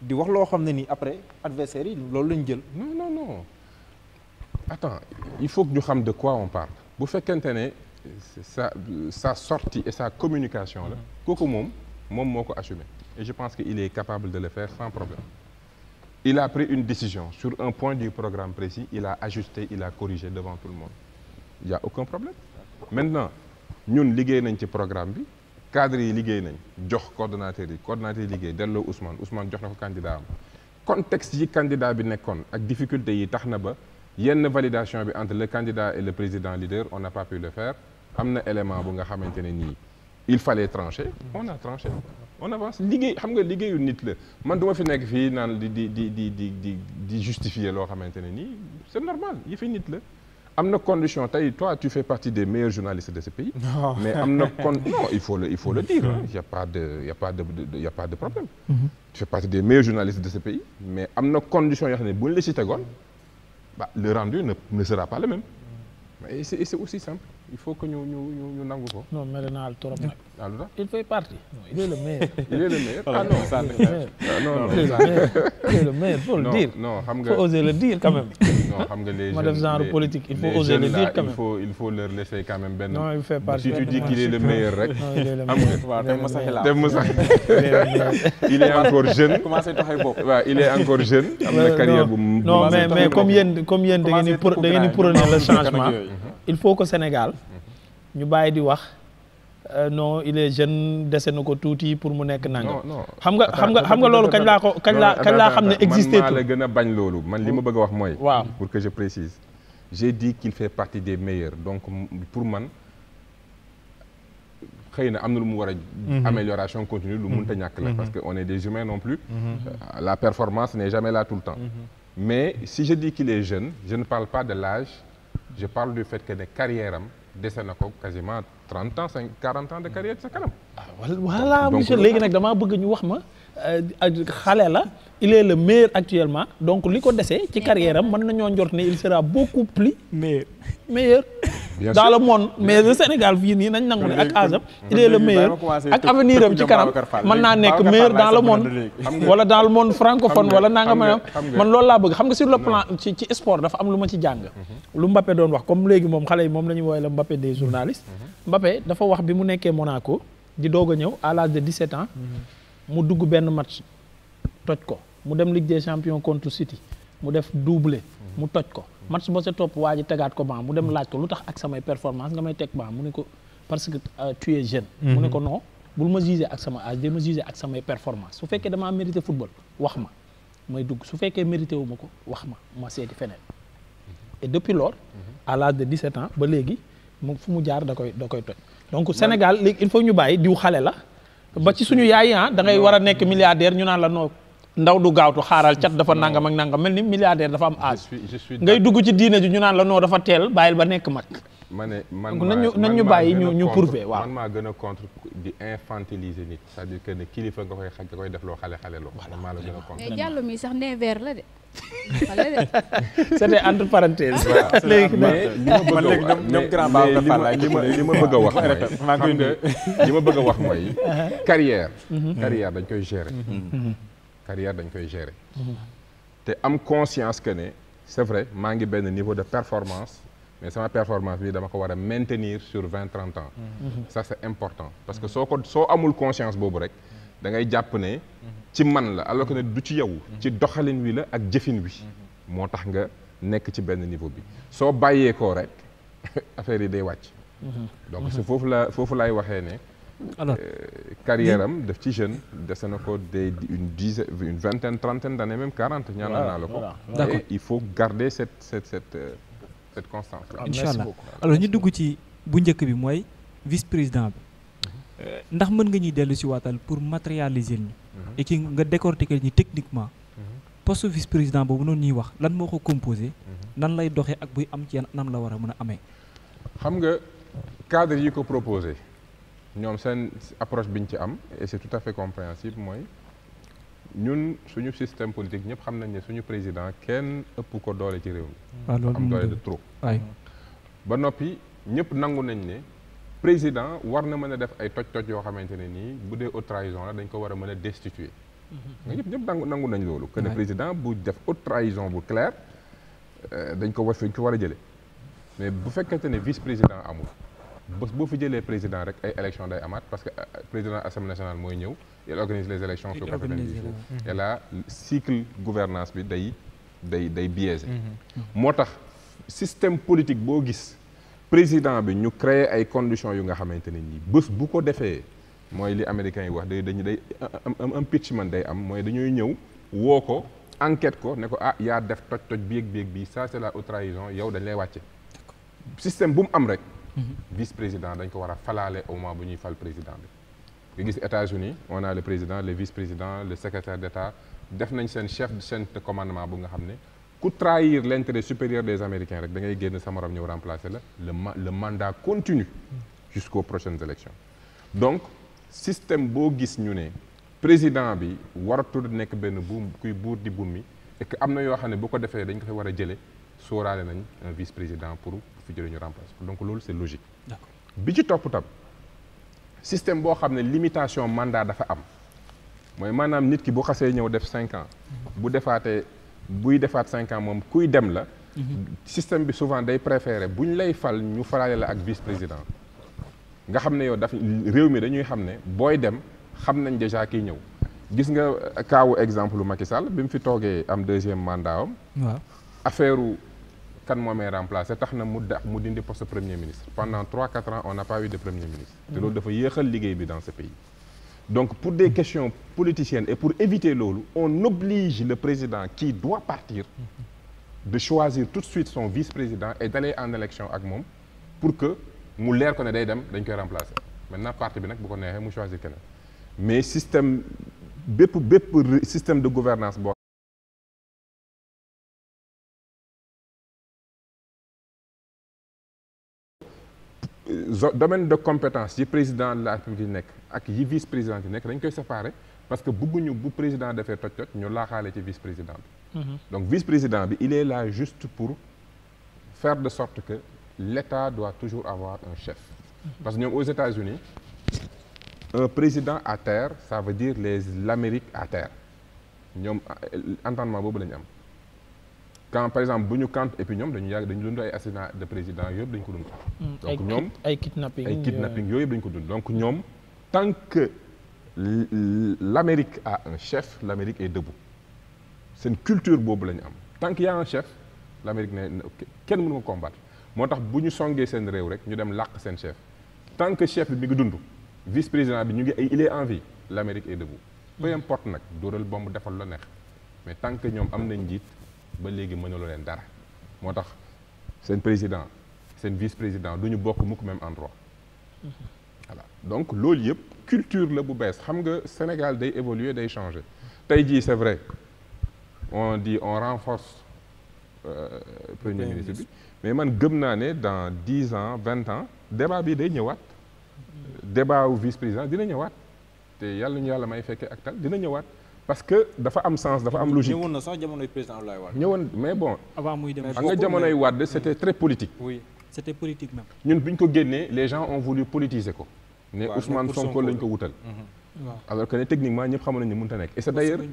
di wax loo xam ne ni après adversaire yi loolu lañ jël non non non attends il faut que ñu xam de quoi on parle bu fekkente ne sa sa sortie et sa communication la mm-hmm. kooku moom moom moo ko assumé et je pense que il de le faire sans il a pris une décision sur un point du programme précis, il a ajusté, il a corrigé devant tout le monde. Il n'y a aucun problème. Maintenant, ñun liggéey nañ ci programme bi cadre yi liggéey nañ jox coordonnateur yi coordonnateur yi liggéey delloo Ousmane Ousmane jox na ko candidat am contexte yi candidat bi nekkoon ak difficulté yi tax na ba yenn validation bi entre le candidat et le président leader on n'a pas pu le faire am na élément bu nga xamante ne nii il fallait trancher a tranché on avance liggéey xam nga liggéeyu nit la man du ma fi nekk fii naan di di di di di justifier loo xamante ne nii c'est normal yi fi nit la am na condition tey toi tu fais partie des meilleurs journalistes de ce pays non. mais am na con non il faut le il faut le dire il y a pas de y a pas de y a pas de mm-hmm. tu fais partie des meilleurs journalistes de ce pays mais am na condition yoo xam ne bu ñu la si le rendu ne, sera pas le même et c'est aussi simple il faut que ñu ñu ñu nangu ko. non mere naa la trop nag. ah lu tax il fait partie. non il est le meilleur. il est le meilleur ah non ça ah non non il est le meilleur faut le dire. non faut oser le dire quand même. non genre politique il faut oser le dire quand même. il faut il faut qu'il est le meilleur rek. non il il est encore jeune. il est encore jeune. il faut que Sénégal. ñu bàyyi di wax euh, no il est jeune dese na ko tuuti pour mu nekk nangam. xam nga xam nga xam nga loolu kañ laa ko kañ laa laa xam ne existé man gën a bañ loolu man li ma bëgg a wax mooy. waaw pour que je précise. j'ai dit qu'il fait des meilleurs donc pour man xëy na am na lu mu war a. Mhm. amélioration continue lu mënta mhm. ñàkk la. parce mhm. que on est des humains non plus. Euh, la performance n'est jamais là tout le temps. mais si je dis qu'il est jeune je ne parle pas de l'âge je parle du fait que ne carrière dese na ko quasiment trente ans cinq quarante ans de carrière sa kanam. ah voilà monsieur léegi nag damaa bëgg ñu wax ma. Euh, euh, xale la il est le meilleur actuellement donc li ko desee ci carrière am mën nañoo njort ne il sera beaucoup plus meilleur meilleur dans le monde mais le Sénégal fii nii nañ nangu ne ak agam il est le meilleur ak avenir am ci kanam mën naa nekk meilleur dans le monde wala dans le monde francophone wala naa mayam man loolu laa bëgg xam nga sur le plan ci ci sport dafa am lu ma ci jàng mhm. lu Mbappé doon wax comme léegi moom xale yi moom la ñu wooye la Mbappé des journalistes mhm. Mbappé dafa bi mu nekkee Monaco di doog a ñëw à l'âge de 17 ans mhm. mu dugg benn match toj ko mu dem Ligue des champions contre City mu def doublé mu toj ko match ba sa topp waa ji tegaat ko ba mu dem laaj ko lu tax ak samay performance nga may teg ban mu ne ko parce que euh, tu jeune mu ne ko mhm. non bul ma juger ak sama âge de ak samay performance su fekkee damaa mérité football wax ma may dugg su fekkee mérité wu ma ko wax ma ma seeti feneen et depuis lors mhm. à l'âge de 17 an ba léegi mu fu mu jaar da koy da koy toj donc Sénégal léegi il faut ñu bàyyi diw xale la ba ci suñu yaay ah da ngay war a nekk milliardaire ñu naan la noog ndaw du gaawtu xaaral cat dafa nangam ak nangam mel ni milliardaire dafa am âge ngay dugg ci diine ji ñu naan la noo dafa teel bàyyil ba nekk mag ma ne man nañ ñu bàyyi ñu ñu prouver man maa gën a contre di infantiliser nit cest dire que ne kilifa nga koy xaj nga koy def loo xale xale loo maa la gën a contre mais Diallo mi sax nee vert ma bëgg a wax mooy mm-hmm. Mm-hmm. carrière dañ koy gérer mm-hmm. carrière dañ koy gérer te am conscience que ne c'est vrai maa ngi benn niveau de performance mais sama performance bi dama ko war a maintenir sur vingt trente ans mm-hmm. ça c'est important parce que soo ko soo amul conscience boobu rek da ngay jàpp ne ci man la alors que ne du ci yow ci mm-hmm. doxalin wi la ak jëfin wi mm-hmm. moo tax nga nekk ci benn niveau bi soo bàyyee ko rek affaire yi dey wàcc donc su foofu la foofu laay waxee ne alors euh, carrière am def ci jeune dese na ko des une dizaine une vingtaine trentaine d'années même quarante ñaanal naa la ko d'accord il faut garder cette cette euh, cette constance là. Ah, incha allah alors ñu dugg ci bu njëkk bi mooy vice président bi. Euh, ndax mën nga ñuy dellu si waatal pour matérialiser ñu. Mhm. et que nga décortiquer ñi techniquement. Mhm. poste vice président boobu noonu ñuy wax lan moo ko composé. Mhm. nan lay doxee ak buy am ci yan anam la war a mën a amee. xam nga cadre yi ko proposé ñoom seen approche bi ñu ci am et c'est tout à fait compréhensible mooy. ñun suñu système politique ñëpp xam nañ ne suñu président kenn ëpp ko doole ci réew mi ah, am doole de trop ba noppi ñëpp nangu nañ ne président war na mën a def ay toj-toj yoo xamante ne nii bu dee haute trahison la dañ ko war a mën a destituer nga mhm. ñëpp ñëpp nangu nangu nañ loolu que ne président bu def haute trahison bu clair euh, dañ ko war fi ñu ko war a jële mais bu fekkente ne vice président amul bés boo fi jëlee président rek ay élection day amaat parce que euh, président assemblée nationale mooy ñëw elle organise les élections sur 90 jours et là cycle gouvernance bi day day day biaisé mm-hmm. Mm-hmm. moo tax système politique boo gis président bi ñu créer ay conditions yu nga xamante ne nii bés bu ko defee mooy li américains yi wax day dañu day impeachment day am mooy dañuy ñëw woo ko enquête ko ne ko ah yaa def toj toj bieg bieg bi ça la haute yow dañ lay wàcce système bu mu am rek mm-hmm. vice président dañ ko war a falaale au moment bu ñuy fal président bi nga gis États-Unis on a le président le vice-président le secrétaire d'État def nañ seen chef de chaîne de commandement bu nga xam ne ku trahir l'intérêt supérieur des Américains rek dangay génn samaram morom ñëw remplacer la le le mandat continue jusqu'aux prochaines élections donc système boo gis ñu ne président bi waratul nekk benn buum kuy buur di buum mi et am na yoo xam ne bu ko defee dañ ko fi war a jëlee sóoraale nañ un vice-président pour fi jële ñu remplacer donc loolu c'est bi ci topp tam. système boo xam ne limitation mandat dafa am mooy maanaam nit ki bu xasee ñëw def cinq ans bu defaatee buy defaat cinq ans moom kuy dem la système bi souvent day préféré bu ñu lay fal ñu falaale la ak vice président nga xam ne yow daf réew mi dañuy xam ne booy dem xam nañ déjà kiy ñëw gis nga kaawu exemple Macky Sall bi mu fi toogee am deuxième mandat am affaire kan moo may remplacer tax na mu da mu dindi poste premier ministre pendant trois quatre ans on n'a pas eu de premier ministre te loolu dafa yéexal liggéey bi dans ce pays donc pour des questions politiciennes et pour éviter loolu on oblige le président qui doit partir de choisir tout de suite son vice-président et d'aller en élection ak moom pour que mu leer ko ne day dem dañ koy remplacer na parti bi nag bu ko neexee mu choisir keneen mais système bépp bépp système de gouvernance boo domaine de compétence yi président de la République yi nekk ak yi vice président yi nekk dañ koy séparer parce que bëgguñu bu président defee toj-toj ñu laaxaale ci vice président bi. Mhm. donc vice président bi il est là juste pour faire de sorte que l'État doit toujours avoir un chef. Mhm. parce que ñoom aux États-Unis un président à terre ça veut dire les l'Amérique à terre ñoom euh, entendement boobu la ñu am. quand par exemple bu ñu camp et puis ñoom dañu yàgg dañu dund ay assassinat de président yëpp dañu ko dund. donc ñoom ay kidnapping ay kidnapping yooyu yëpp ko dund donc ñoom tant que l'Amérique a un chef l'Amérique est debout seen culture boobu la ñu am tant que y a un chef l'Amérique ne kenn mënu ko combattre moo tax bu ñu songee seen réew rek ñu dem làq seen chef tan que chef bi mi ngi dund vice président bi ñu ngi ay il est en vie l'Amérique est debout peu importe nag dóoral bomb defal la neex mais tant que ñoom am nañ njiit ba léegi mënalu leen dara moo tax seen président seen vice président du ñu bokk mukk même endroit voilà donc loolu yëpp culture la bu bees xam nga Sénégal day évoluer day changer tey jii c'est vrai on di on renforce euh, premier ministre bi mais man gëm naa ne dans dix ans vingt ans débat bi day ñëwaat débat wu vice président dina ñëwaat te yàlla ñu yàlla may fekkee ak tal dina ñëwaat parce que dafa am sens dafa am logique. ñëwoon na sax jamonoy président Abdoulaye Wade. ñëwoon mais bon. a muy dem xam nga jamonoy Wade c' était très politique. oui c' était politique même. ñun bi ñu ko génnee les gens ont voulu politiser ko. ne Ousmane Sonko lañ ko wutal. Mhm. alors que ne techniquement ñëpp xamoon nañu ne mënut a nekk. et c' est d'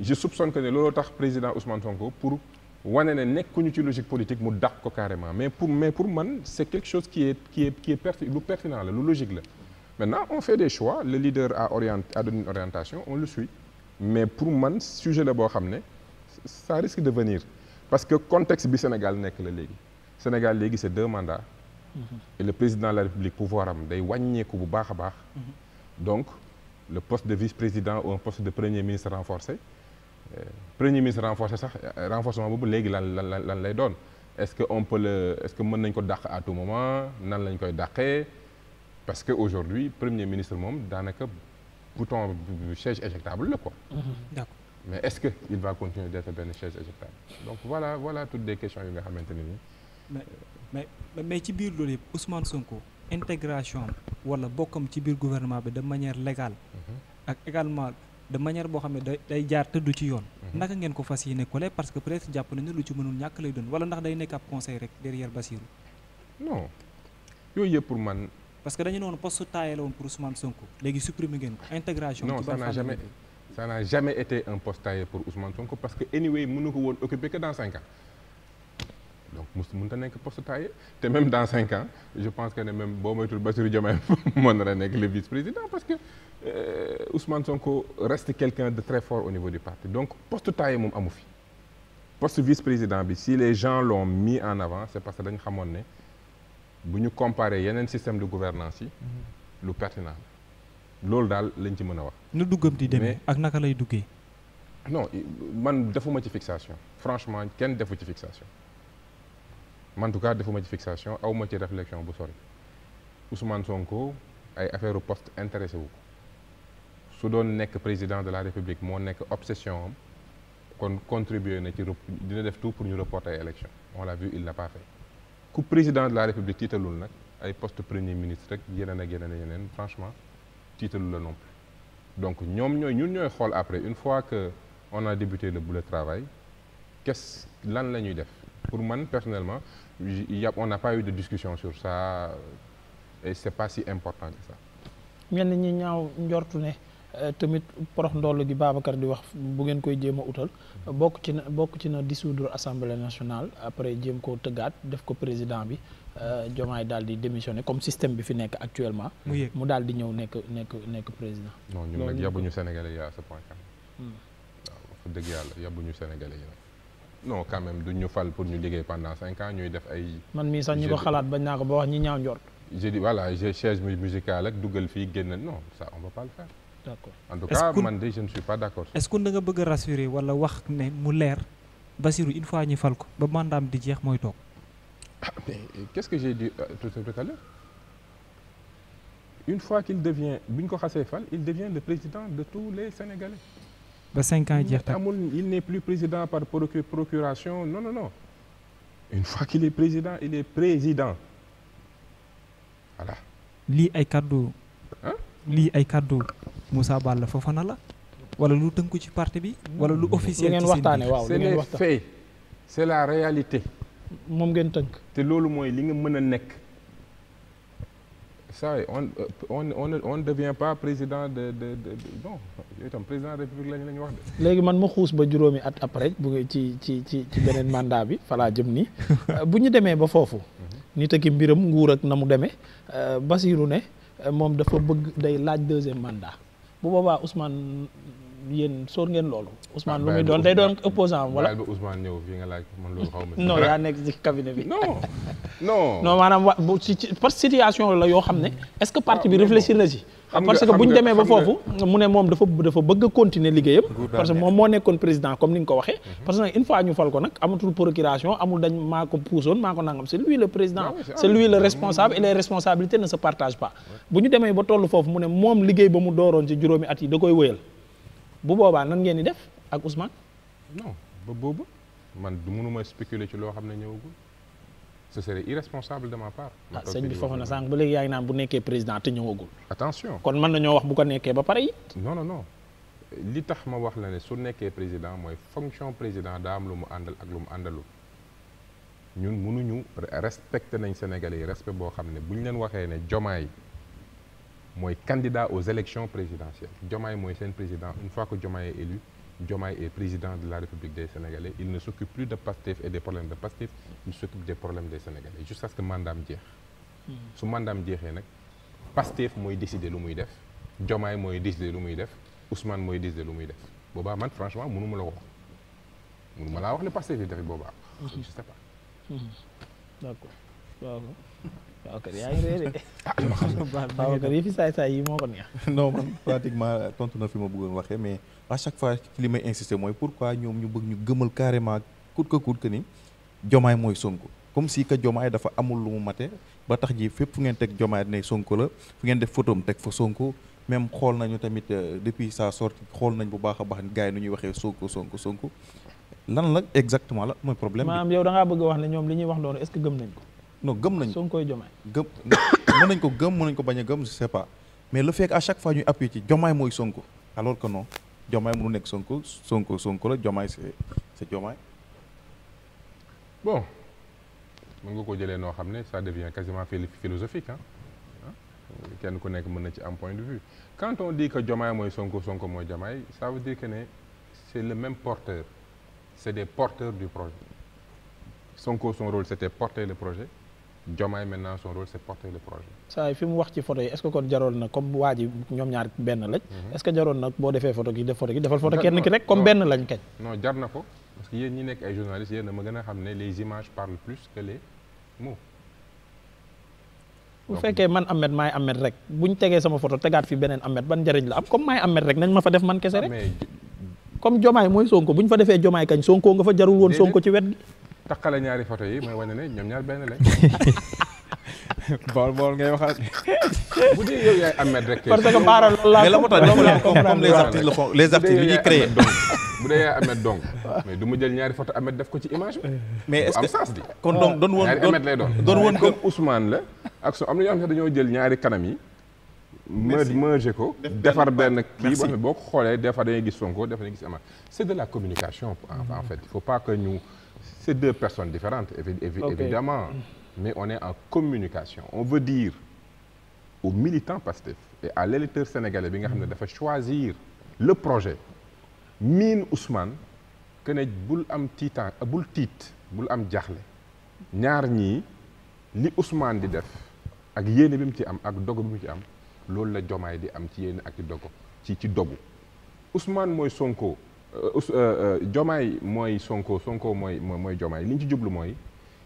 je soupçonne que ne looloo tax président Ousmane Sonko pour wane ne nekkuñu ci logique politique mu dàq ko carrément mais pour mais pour man c' est quelque chose qui es qui est qui est perti lu pertinent la lu logique la. maintenant on mais pour man sujet la boo xam ne ça risque de venir parce que contexte bi Sénégal nekk la léegi Sénégal léegi c'est deux mandats mm-hmm. et le président de la République pouvoir am day wàññeeku bu baax a baax mm-hmm. donc le poste de vice-président ou un poste de premier ministre renforcé euh, premier ministre renforcé sax renforcement boobu léegi lan lan lan lay doon est-ce que on peut est-ce que mën nañ ko daq à tout moment nan lañ koy dàqee parce que aujourd'hui premier ministre moom daanaka bouton chaise éjectable la quoi. Mm-hmm. d'accord mais est-ce il va continuer d'être benn chaise éjectable donc voilà voilà toutes des questions yi nga xamante ne nii. mais mais ci biir loolu yëpp Ousmane Sonko intégration wala bokkam ci biir gouvernement bi de manière légale. Mm-hmm. ak également de manière boo xam ne day day jaar tëdd ci yoon. Mm-hmm. naka ngeen ko fas yéene collé parce que peut-être jàpp nañu lu ci mënul ñàkk lay doon wala ndax day nekk ab conseil rek derrière Bassirou. parce que dañu ne woon poste taillé la woon pour Ousmane Sonko léegi supprimer ngeen ko intégration. non ça n'a jamais été un poste taillé pour Ousmane Sonko parce que anyway mënu ko woon occuper que dans cinq ans. donc mos mënut a nekk poste taillé te même dans cinq ans je pense que ne même boo moytul Bassirou Diomaye mën na nekk le vice-président parce que euh, Ousmane Sonko reste quelqu'un de très fort au niveau du parti donc poste taillé moom amu fi poste vice-président bi les en avant c'est que dañu xamoon ne. bu ñu comparer yeneen système de gouvernance yi mhm. lu pertinent la loolu daal lañ ci mën a wax nu duggam di demee ak naka lay duggee non man defuma ci fixation franchement kenn defu ci fixation man en defuma ci fixation awma ci réflexion bu sori Ousmane Sonko ay affaire u poste intéressé wu ko su doon nekk président de la république moo nekk obsession am kon contribuer na ci dina def tout pour ñu reporter élection on l'a vu il l'a pas fait ku président de la république tiitalul nag ay poste premier ministre rek yeneen ak yeneen yeneen franchement tiitalu la non donc ñoom ñooy ñun ñooy xool après une fois que on a débuté le boulot de travail kes lan la ñuy def pour man personnellement yàpp on n'a pas eu de discussion sur ça et c'est pas si important que ça. ñenn ñi ñaaw njortu ne. Euh, tamit porox ndoll gi Babacar di wax bu ngeen koy jéem a utal bokk ci na bokk ci na dissoudre assemblée nationale après jéem koo tëggaat def ko président bi euh, Diomaye daal di démissionné comme système bi fi nekk actuellement. mu daal di ñëw nekk nekk nekk président. non ñun nag yabuñu sénégalais yi à ce point. Hmm. waaw fa dëgg yàlla yabuñu sénégalais yi nag. non quand ñu fal pour ñu liggéey pendant cinq ans ñuy def ay. man mii sax ñu ko xalaat bañ naa ko ba wax ñi ñaaw njort. je dis voilà je chaise musicale ak duggal fii génn non ça on va pas d'accord en tout man de je ne suis pas d'accord. est-ce que da nga bëgg a rassurer wala wax ne mu leer Bassirou une fois ñu fal ko ba mandaam di jeex mooy toog. ah mais euh, qu'est-ce que j'ai dit euh, tout à l'heure une fois qu'il devient bu ñu ko xasee fal il devient le président de tous les Sénégalais. ba cinq ans jeex amul il n'est plus président par procuration non non non une fois qu'il est président il est président voilà. lii ay kaddu. lii ay kàddu Moussa Balla Fofana la wala lu tënku ci parti bi. wala lu officiel ci seen biir c'est les faits c'est la réalité. moom ngeen tënk. te loolu mooy li nga mën a nekk. ça on euh, on on on ne devient pas président de de de président de la république wax léegi man ma xuus ba juróomi at après bu ci ci ci ci beneen mandat bi falaa jëm nii euh, bu ñu demee ba foofu. Mhm. nit ak mbiram nguur ak na mu demee euh, Basirou ne. moom dafa bëgg day laaj deuxième mandat bu boobaa Ousmane yéen sóor ngeen loolu. Ousmane lu muy doon day doon opposant am. wala ba Ousmane ñëw fii nga laaj man loolu xaw ma. non yaa nekk ci cabinet bi. non non non maanaam wa bu ci par situation la yoo xam ne. est-ce que parti bi ah, réfléchir na si parce que bu ñu demee ba foofu mu ne moom dafa dafa bëgg a continuer liggéeyam parce que moom moo nekkoon président comme ni nga ko waxee mhm. parce que nag une fois ñu fal ko nag amatul procuration amul dañ maa ko puusoon maa ko nangam c'est lui le président ah c'est lui le responsable et les responsabilités ne se pas bu ñu demee ba toll foofu mu ne moom liggéey ba mu dooroon ci juróomi at yi da koy wëyal bu boobaa nan ngeen di def ak Ousmane non ba boobu man du mënuma spéculer ci loo xam ne ñëwagul ce serait irresponsable de ma part. ah sëñ bi foofu na sànq ba léegi yaa ngi naan bu nekkee président te ñëwagul. attention kon mën nañoo wax bu ko nekkee ba pare it. non non non li tax ma wax la ne su nekkee président mooy fonction président daa am lu mu àndal ak lu mu àndalu ñun mënuñu respecté nañ Sénégalais yi respect boo xam ne bu ñu leen waxee ne Diomaye mooy candidat aux élections présidentielles Diomaye mooy seen président une fois que Diomaye élu Diomaye est président de la République des Sénégalais il ne s'occupe plus de Pastef et des problèmes de Pastef il s'occupe des problèmes des Sénégalais jusqu'à ce que mandaam jeex hmm. su mandaam jeexee nag Pastef mooy décider lu muy def Diomaye mooy décider lu muy def Ousmane mooy décider lu muy def booba man franchement mënu ma la wax mënu ma laa wax ne Pastef yi dafay boobaa je sais pas hmm. d'accord waaw waaw kër yaa ngi réeré. Ah, waaw ko neex. na fi ma bëggoon waxee mais. à chaque fois li may insister mooy pourquoi ñoom ñu bëgg ñu gëmal carrément coûte que coûte que ni jomaay mooy Sonko comme si que jomaay dafa amul lu mu mate ba tax jii fépp fu ngeen teg jomaay ne Sonko la ngeen def photom teg fa Sonko même xool nañu tamit euh, depuis sa sortie xool nañ bu baax a baax gars yi nu ñuy waxee Sonko Sonko Sonko lan la exactement la mooy problème bi. maanaam yow da bëgg wax ne ñoom li ñuy wax loolu est-ce que nañ ko. non gëm nañ ko nañ ko gëm mën nañ ko bañ a gëm je mais le fait que fois ñuy appuyer ci mooy Sonko alors que non. Diomaye mënu nekk Sonko Sonko Sonko la Diomaye c'est c'est Diomaye bon mën nga ko jëlee noo xam ne ça devient quasiment philosophique ah kenn ku nekk mën na ci am point de vue quand mooy Sonko Sonko mooy Diomaye ça veut dire que ne c'est le même porteur c'est des porteur du projet Sonko son rôle c'était porter le projet Diomaye maintenant son rôle c'est porter le projet. saa yi fi mu wax ci photo yi est-ce que kon jaroon na comme waa ji ñoom ñaar benn lañ. Mhm. est-ce que jaroon na boo defee photo ki def photo ki defal photo kenn ki rek comme benn lañ kañ. ne les images parlent plus bu fekkee man Ahmed maay Ahmed rek buñ tegee sama photo tegaat fi beneen Ahmed ban jariñ la am comme maay Ahmed rek nañ ma fa def man kese ah, rek. comme Diomaye mooy Sonko buñ fa defee Diomaye kañ Sonko nga fa jarul woon Sonko ci wet gi. taqale ñaari photo yi mooy wane ne ñoom ñaar benn lañ. bool bool ngay waxaat bu dee yow yaay Ahmed rek. parce que baara loolu laa mais la moo tax comme les artistes le font les artistes ñuy créer bu dee yaay Ahmed donc mais du ma jël ñaari photo Ahmed def ko ci image bi. mais est ce que am sens di. kon donc doon woon ñaari Ahmed lay doon. doon woon comme Ousmane la ak su am na ñoo xam ne dañoo jël ñaari kanam yi. merci merge ko defar benn kii boo xam ne boo ko xoolee des fois dañuy gis Sonko des fois dañuy gis Amath c' est de la communication en fait il faut pas que ñu. c'est deux personnes différentes évi évi okay. évidemment mais on est en communication on veut dire aux militants Pastef et à l'électeur sénégalais bi nga xam ne dafa choisir le projet miin Ousmane que ne bul am tiitaan bul tiit bul am jaaxle ñaar ñii li Ousmane di def ak yéene bi mu ci am ak dogu bi mu ci am loolu la Jomaay di am ci yéene ak ci dogu ci ci dogu Ousmane mooy Sonko Jomaay euh, euh, euh, mooy Sonko Sonko mooy mooy Jomaay li ñu ci jublu mooy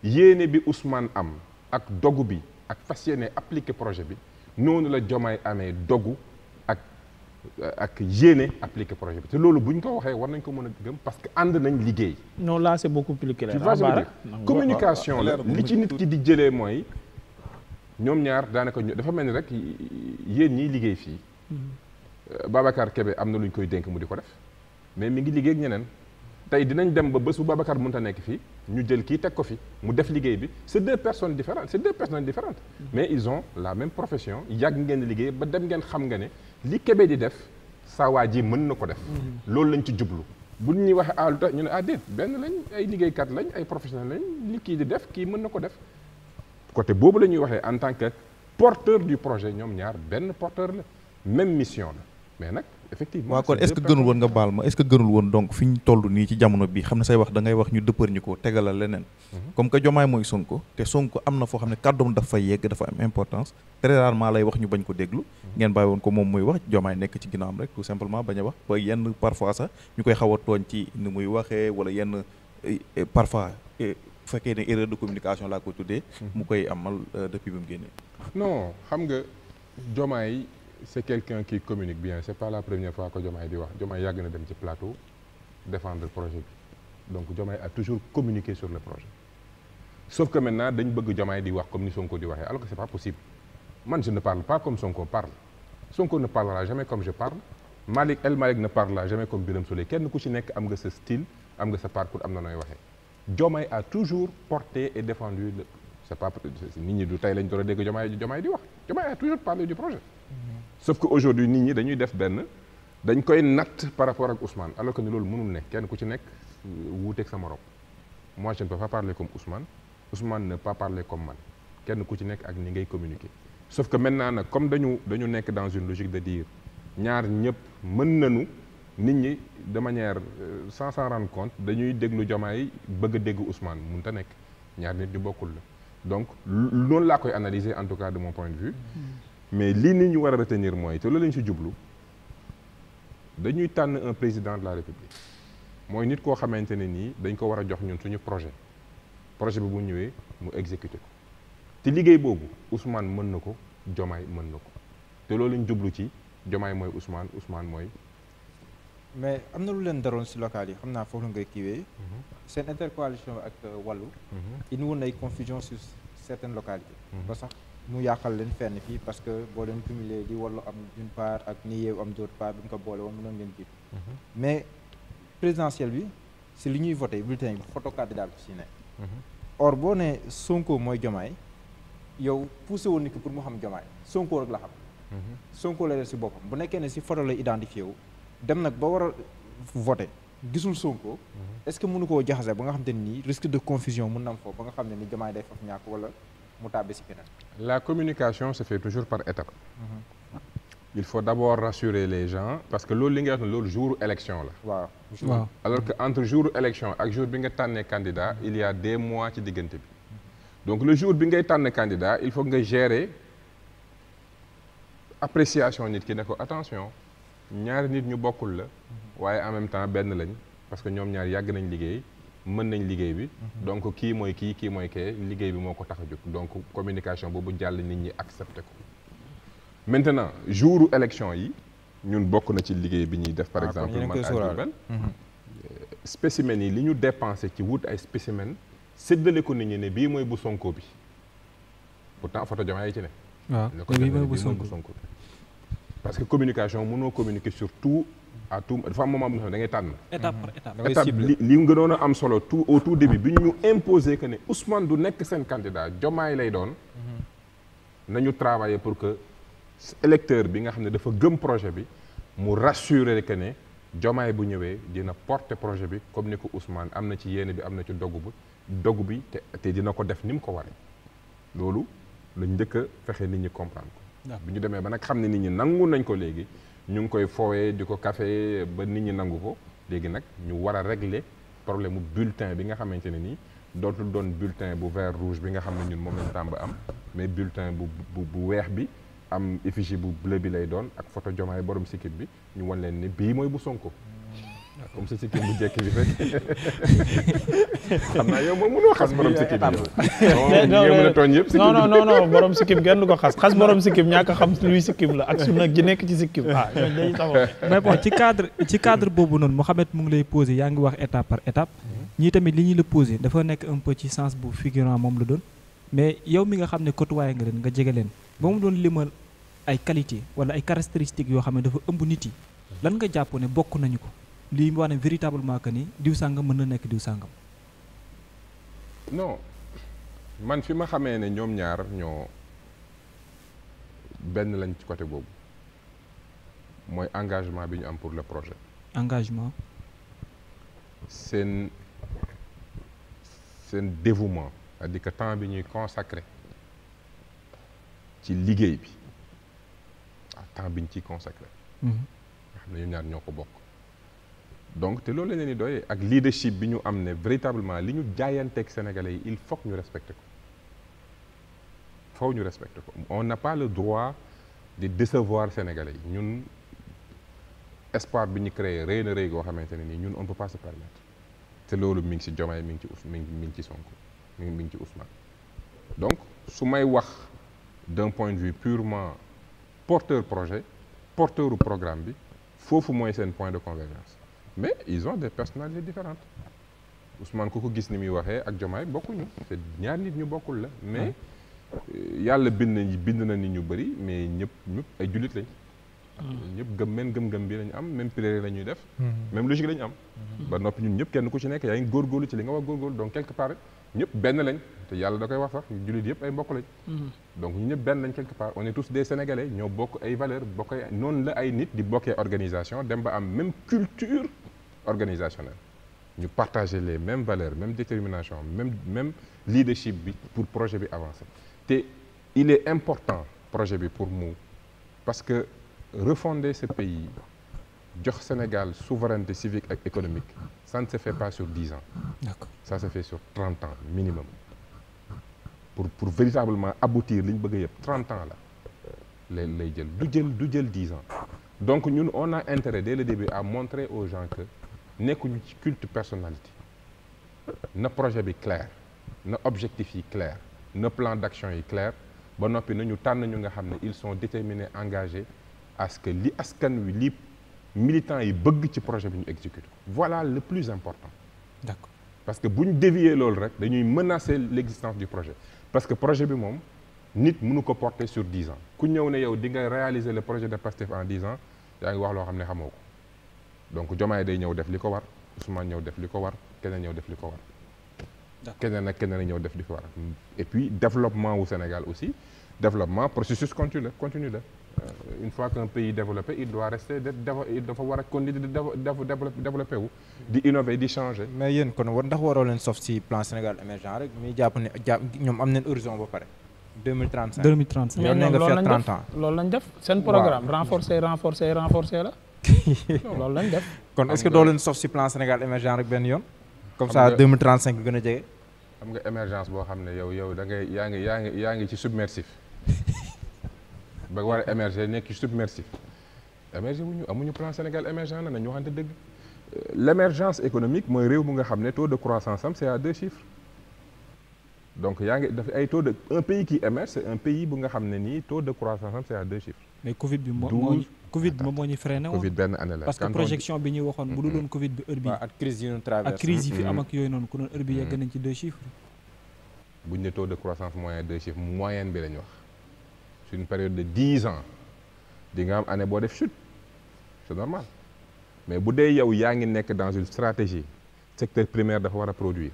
yéene bi Ousmane am ak dogu bi ak fas yéene appliqué projet bi noonu la Jomaay amee dogu ak ak yéene appliqué projet bi te loolu bu ñu ko waxee war nañ ko mën a gëm parce que ànd nañ liggéey. non là c'est beaucoup plus clair. communication la ah, ah, ah, li ci nit ki di jëlee mooy ñoom ñaar daanaka dafa mel ni rek yéen ñiy liggéey fii. Mm-hmm. Babacar Kebe am na lu ñu koy dénk mu di ko def. mais mi ngi liggéey ak ñeneen tey dinañ dem ba bés bu Babacar mënta nekk fii ñu jël kii teg ko fi mu def liggéey bi c'est de personnes différentes c'est deux personnes différentes mm-hmm. mais ils ont la même profession yàgg ngeen liggéey ba dem ngeen xam nga ne li kebe di def saa waa ji mën na ko def mm-hmm. loolu lañ ci jublu bu ñuy waxee ah lu tax ñu ne ah benn lañ ay liggéeykat lañ ay professionnels lañ li kii di def kii mën na ko def côté boobu la ñuy waxee en tant que porteur du projet ñoom ñaar benn porteur la même mission mais nag effectivement waaw kon est-ce que gënul woon nga baal ma est-ce que gënul woon donc fi ñu toll nii ci jamono bi xam ne say wax da wax ñu dëppër ñu ko tegalal leneen mhm. comme que jomaay mooy Sonko te Sonko am na foo xam ne kàddoom dafa yegg dafa am importance très rarement lay wax ñu bañ ko déglu mhm. ngeen bàyyi woon ko moom muy wax jomaay nekk ci ginnaawam rek tout simplement bañ a wax ba yenn parfois sax ñu koy xaw a tooñ ci ni muy waxee wala yenn eh, eh, parfois eh, fekkee ne erreur communication laa ko tuddee mhm. mu koy amal euh, depuis xam nga c' est quelqu'un qui communique bien c' est pas la première fois que Diomaye di wax Diomaye yàgg na dem ci plateau défendre projet bi donc Diomaye a toujours communiqué sur le projet sauf que maintenant dañ bëgg Diomaye di wax comme ni Sonko di waxee alors que c' est pas possible man je ne parle pas comme Sonko parle Sonko ne parlera jamais comme je parle Malick El Malick ne parlera jamais comme Birame Souleye kenn ku ci nekk am nga sa style am nga sa parcours am na nooy a toujours porté et défendu le c' est ñi di wax Diomaye a toujours parlé du sauf que aujourd'hui nit ñi dañuy def benn dañ koy natt par rapport ak Ousmane alors que ni loolu mënul nekk kenn ku ci nekk euh, wuuteek sa morom moi je ne peux pas parler comme Ousmane Ousmane ne pas parler comme man kenn ku ci nekk ak ni ngay communiquer sauf que maintenant nag comme dañu dañu nekk dans une logique de dire ñaar ñëpp mën nañu nit ñi de manière cent euh, s'en rendre compte dañuy déglu Diomaye bëgg a dégg Ousmane mun ta nekk ñaar nit ñu bokkul la donc loolu laa koy analyser en tout cas de mon mais lii ni ñu war a retenir mooy te loolu lañ si jublu dañuy tànn un président de la république mooy nit koo xamante ne nii dañ ko war a jox ñun suñu projet projet bi bu ñëwee mu exécuté ko te liggéey boobu Ousmane mën na ko Diomaye mën na ko te loolu lañ jublu ci Diomaye mooy Ousmane Ousmane mooy. mais am na lu leen daroon si local yi xam naa foofu la ngay kiiwee. Mhm. seen intercoalition ak euh, wallu mhm. indi woon ay confusion sur certaines localités. Mhm. ba sax. mu yàqal leen fenn fii parce que boo leen cumulé di Wallu am d'une part ak ni Yewwi am d'autre part bi ko boole woon mënoon leen jiitu mhm. mais présidentielle bi si li ñuy voté bulletin bi photo candidat bi si ne or boo ne Sonko mooy Jomaay yow poussé woon ni pour mu xam Jomaay Sonko rek la xam mhm. Sonko la def si boppam bu nekkee ne si photo lay identifié wu dem nag ba war a voté gisul Sonko mhm. est-ce que mënu koo jaxase ba nga xam te nii risque de confusion mun na am ba nga xam ne ni Jomaay day faf ñàkk wala mu tàbbi si keneen La communication se fait toujours par étapes. Mm-hmm. il faut d'abord rassurer les gens parce que loolu li nga wax ne loolu jour élection la. waaw waaw alors que entre jour élection ak jour bi nga tànnee candidat il y a des mois ci diggante bi mm-hmm. donc le jour bi ngay tànn candidat il faut nga gérer appréciation nit ki ne ko attention ñaari nit ñu bokkul la mm-hmm. waaye en même temps benn lañ parce que ñoom ñaar yàgg nañ liggéey. mën nañ liggéey bi mhm. donc kii mooy kii kii mooy kee liggéey bi moo ko tax a jóg donc communication boobu jàll nit ñi accepté ko maintenant jouru élection yi ñun bokk na ci liggéey bi ñuy def par ah, exemple man à Diourbel mhm. euh, spécimen yi li ñu dépensé ci wut ay spécimen séddale ko nit ñi ne bii mooy bu sonko bi pourtant photo Diomaye yi ci ne waaw ah, bii mooy bu sonko bi parce que communication mënoo communiquer sur à tout dafa am moment bu nga xam ne da ngay tànn. étape par étape da ngay ciblé li li gënoon a am solo tout au tout début bi ñu imposé que ne Ousmane du nekk seen candidat Diomaye lay doon. Mm-hmm. nañu travailler pour que électeur bi nga xam ne dafa gëm projet bi mu rassurer que ne Diomaye bu ñëwee dina porte projet bi comme ni ko Ousmane am na ci yéene bi am na ci dogu bi dogu bi te te dina ko def ni mu ko waree loolu lañ njëkk a fexe nit ñi comprendre ko. bi ñu demee ba nag xam ne nit ñi nangu nañ ko léegi. ñu ngi koy foowee di ko kafe ba nit ñi nangu ko léegi nag ñu war a régler problème mu bulletin bi nga xamante ne nii dootul doon bulletin bu vert rouge bi nga xam ne ñun moom lañ am mais bulletin bu bu bu weex bi am effigie bu bleu bi lay doon ak photo jomaay borom sikit bi ñu wan leen ne bii mooy bu Sonko waaw comme sa sikkim bu jekk bi rek xam naa yow moom mënoo xas borom sikkim yow. non non ko xas xas borom sikkim ñàkk a xam luy sikkim la ak sunna ji nekk ci sikkim ah ñooñu ci cadre ci cadre boobu noonu Mouhamed mu ngi lay posé yaa ngi wax étape par étape. ñii mhm. tamit li ñu la posé dafa nekk un peu ci sens bu figurant moom la doon. mais yow mi nga xam ne waaye nga leen nga jege leen ba mu doon limal ay qualité wala ay caractéristiques yoo xam ne dafa ëmb nit yi lan nga jàpp ne bokk nañu ko lii mu ne véritablement que ni diw sàngam mën na nekk diw sàngam. non man fi ma xamee ne ñoom ñaar ñoo benn lañ ci côté boobu mooy engagement bi ñu am pour le projet. engagement. seen seen dévouement. c'est-à-dire temps bi ñuy consacré ci liggéey bi ah temps bi ñu ciy consacré. Mhm. nga xam ne ñoom ñaar ñoo ko bokk. donc te loolu la leen doy ak leadership bi ñu am ne véritablement li ñu jaayanteeg sénégalais yi il faut ñu respecté ko faw ñu respecté ko on n'a pas le droit de décevoir sénégalais yi ñun espoir bi ñu créer rëy na rëy goo xamante ne nii ñun on peut pas se permettre te loolu mi ngi ci Diomaye mi ngi ci Ousmane mi ngi ci Sonko mi ngi ci Ousmane donc su may wax d'un point de vue purement porteur projet porteuru programme bi foofu mooy seen point de convergence mais ils ont des personnalités différent Ousmane ku ko gis ni muy waxee ak Jomaay bokkuñu c'est ñaar nit ñu bokkul la mais eh, yàlla bind nañu bind na nit ñu bëri mais ñëpp ñëpp ay jullit lañ hmm. ñëpp gëm men gëm-gëm bi lañu am même prière la ñuy def hmm. même logique la ñu am hmm. ba noppi ñun ñëpp kenn ku ci nekk yaa ngi góorgóorlu ci li nga wax góorgóorlu donc quelque part ñëpp benn lañ te yàlla da koy wax sax jullit yëpp ay mbokk lañ donc ñu ñëpp benn lañ quelque part on est tous des ñoo bokk ay valeurs bokk ay noonu la ay nit di bokkee organisation dem ba am même culture organisationnel ñu partager les même valeurs même détermination même même leadership bi pour projet bi avancer te il est important projet bi pour mu parce que refonder ce pays jox Sénégal souveraineté civique ak économique ça ne se fait pas sur dix ans. d'accord ça se fait sur ans minimum pour pour véritablement aboutir li ñu bëgg yëpp trente ans la lay lay jël du jël du jël dix ans donc ñun on a intérêt dès le début à montrer aux gens que. nekkuñu ci culte personnalité na projet bi clair na objectif yi clair na plan d'action yi clair ba noppi nañu tànn ñu nga xam ne ils sont déterminés engagés à ce que li askan wi li militants yi bëgg ci projet bi ñu exécuter voilà le plus important d'accord parce que bu ñu dévier loolu rek dañuy menacer l'existence du projet parce que projet bi moom nit mënu ko porter sur dix ans ku ñëw ne yow di nga réaliser le projet de PASTEF en dix ans yaa ngi wax loo xam ne xamoo ko donc Diomaye day ñëw def li ko war Ousmane ñëw def li ko war keneen ñëw def li ko war. d'accord keneen ak keneen ñëw def li ko war et puis développement wu Sénégal aussi développement processus continu la continu la euh, une fois qu'un pays développé il doit rester dafa war a continuer di développé wu di innover di changer mais yéen kon war ndax waroo leen sof si plan Sénégal émergent rek muy jàpp ne ñoom am nañ horizon ba pare 2035 2035 yow nee nga fii lañ def seen programme renforcer renforcer renforcer la lool lañ def. kon est-ce que doo leen sof ci plan Sénégal émergent rek benn yoon. comme ça 2035 gën a jege. xam nga émergence boo xam ne yow yow da ngay yaa ngi yaa ngi yaa ngi ci submersif ba war a émerger nekk ci submersif émerger wuñu amuñu plan Sénégal émergent na nañu waxante dëgg. Euh, l' émergence économique mooy réew mu nga xam ne taux de croissance am c' est à deux chiffres donc yaa ngi daf ay taux de un pays qui émerge un pays bu nga xam ne nii taux de croissance am c' mais Covid bi moo moo Covid bi moom moo ñu freiné woon. Covid benn année la parce que projection bi ñuy waxoon. bu dul doon Covid bi heure bi ak crise yi ñu traversé ak crise yi fi am ak yooyu noonu ku doon heure bi yegg nañ une période de dix ans di nga am année boo def chute c'est normal mais bu dee yow yaa ngi nekk dans une stratégie secteur primaire dafa war a produire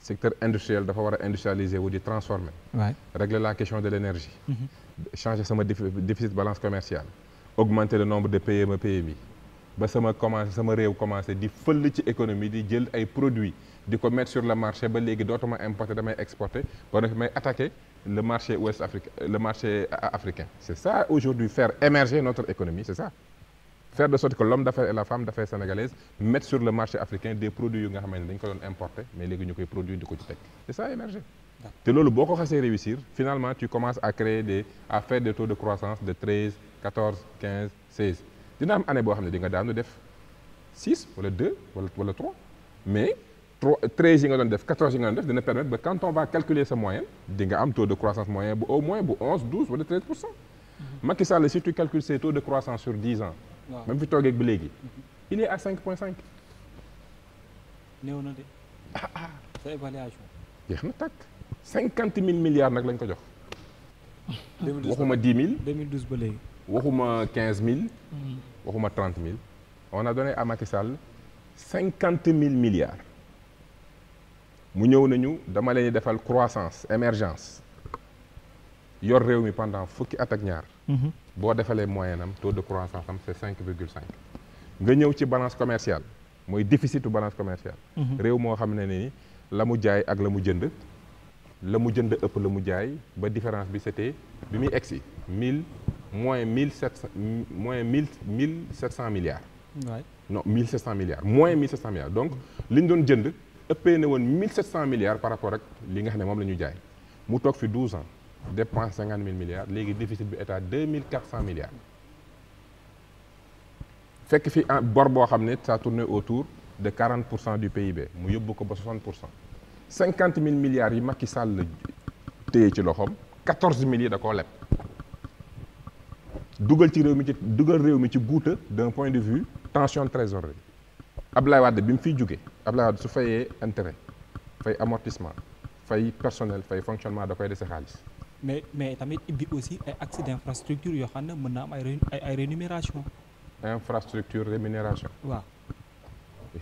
secteur industriel dafa war a industrialiser wu di transformer. waay régler la question de l'énergie. Mm-hmm. changer sama déficit balance commerciale augmenter le nombre de PME PMI ba sama commencé sama réew commencé di fëll ci économie di jël ay produits di ko mettre sur le marché ba léegi dootuma importer damay exporter ba nag may attaquer le marché ouest africain le marché africain c'est ça aujourd'hui faire émerger notre économie c'est ça faire de sorte que l'homme d'affaires et la femme d'affaires sénégalaise mettent sur le marché africain des produits yu nga doon importer mais léegi ñu koy produire di te loolu boo ko xasee réussir finalement tu commences a créer des à faire taux de croissance de 13 14 15 16 dina am année boo xam ne di nga daanu def 6 wala 2 wala wala 3 mais 3 13 yi nga doon def 14 yi nga doon def dina permettre ba quand on va calculer sa moyenne di am taux de croissance moyen bu au moins bu 11 12 wala 13 pour cent. Mhm. Macky Sall si tu calcules ses taux de croissance sur 10 ans. waaw même fi toogee ba léegi. Mhm. il est à 5.5. néew na de. ah, ah. jeex na tàkk. cinquante mille milliards nag lañ ko jox. waxuma dix mille. deux mille douze ba léegi. waxuma quinze mille. waxuma trente mille. on a donné à Macky Sall cinquante mille milliards. mu ñëw nañu dama leen defal croissance émergence yor réew mi pendant fukki at ak ñaar. Mhm. boo defalee moyen am taux de croissance am c'est cinq virgule cinq. nga ñëw ci balance commerciale mooy déficitu balance commerciale. Mhm. réew moo xam ne ni la mu jaay ak la mu jënd. la mu jënd ëpp la mu jaay ba différence bi c'était bi muy egsi mille moins mille sept cent moins mille mille sept cent milliards. waay non mille sept cent milliards moins mille sept cent milliards donc li ñu doon jënd ëppee na woon mille sept cent milliards par rapport ak li nga xam ne moom la ñu jaay mu toog fi douze ans dépense cinquante mille milliards léegi déficit bi état deux mille quatre cent milliards. fekk fi bor boo xam ne ça tournait autour de quarante pour cent du PIB mu yóbbu ko ba soixante pour cinquante mille milliards yi Macky Sall la téye ci loxoom quatorze mille yi da koo leb dugal ci réew mi ci dugal réew mi ci guuta d'un point de vue tension de trésorerie Abdoulaye Wade bi mu fiy jóge Abdoulaye Wade su fayee intérêt fay amortissement fay personnel fay fonctionnement da koy dese xaalis mais mais tamit ibbi aussi ay accès d'infrastructure yoo xam ne mën na am ay ay rémunération infrastructure rémunération waaw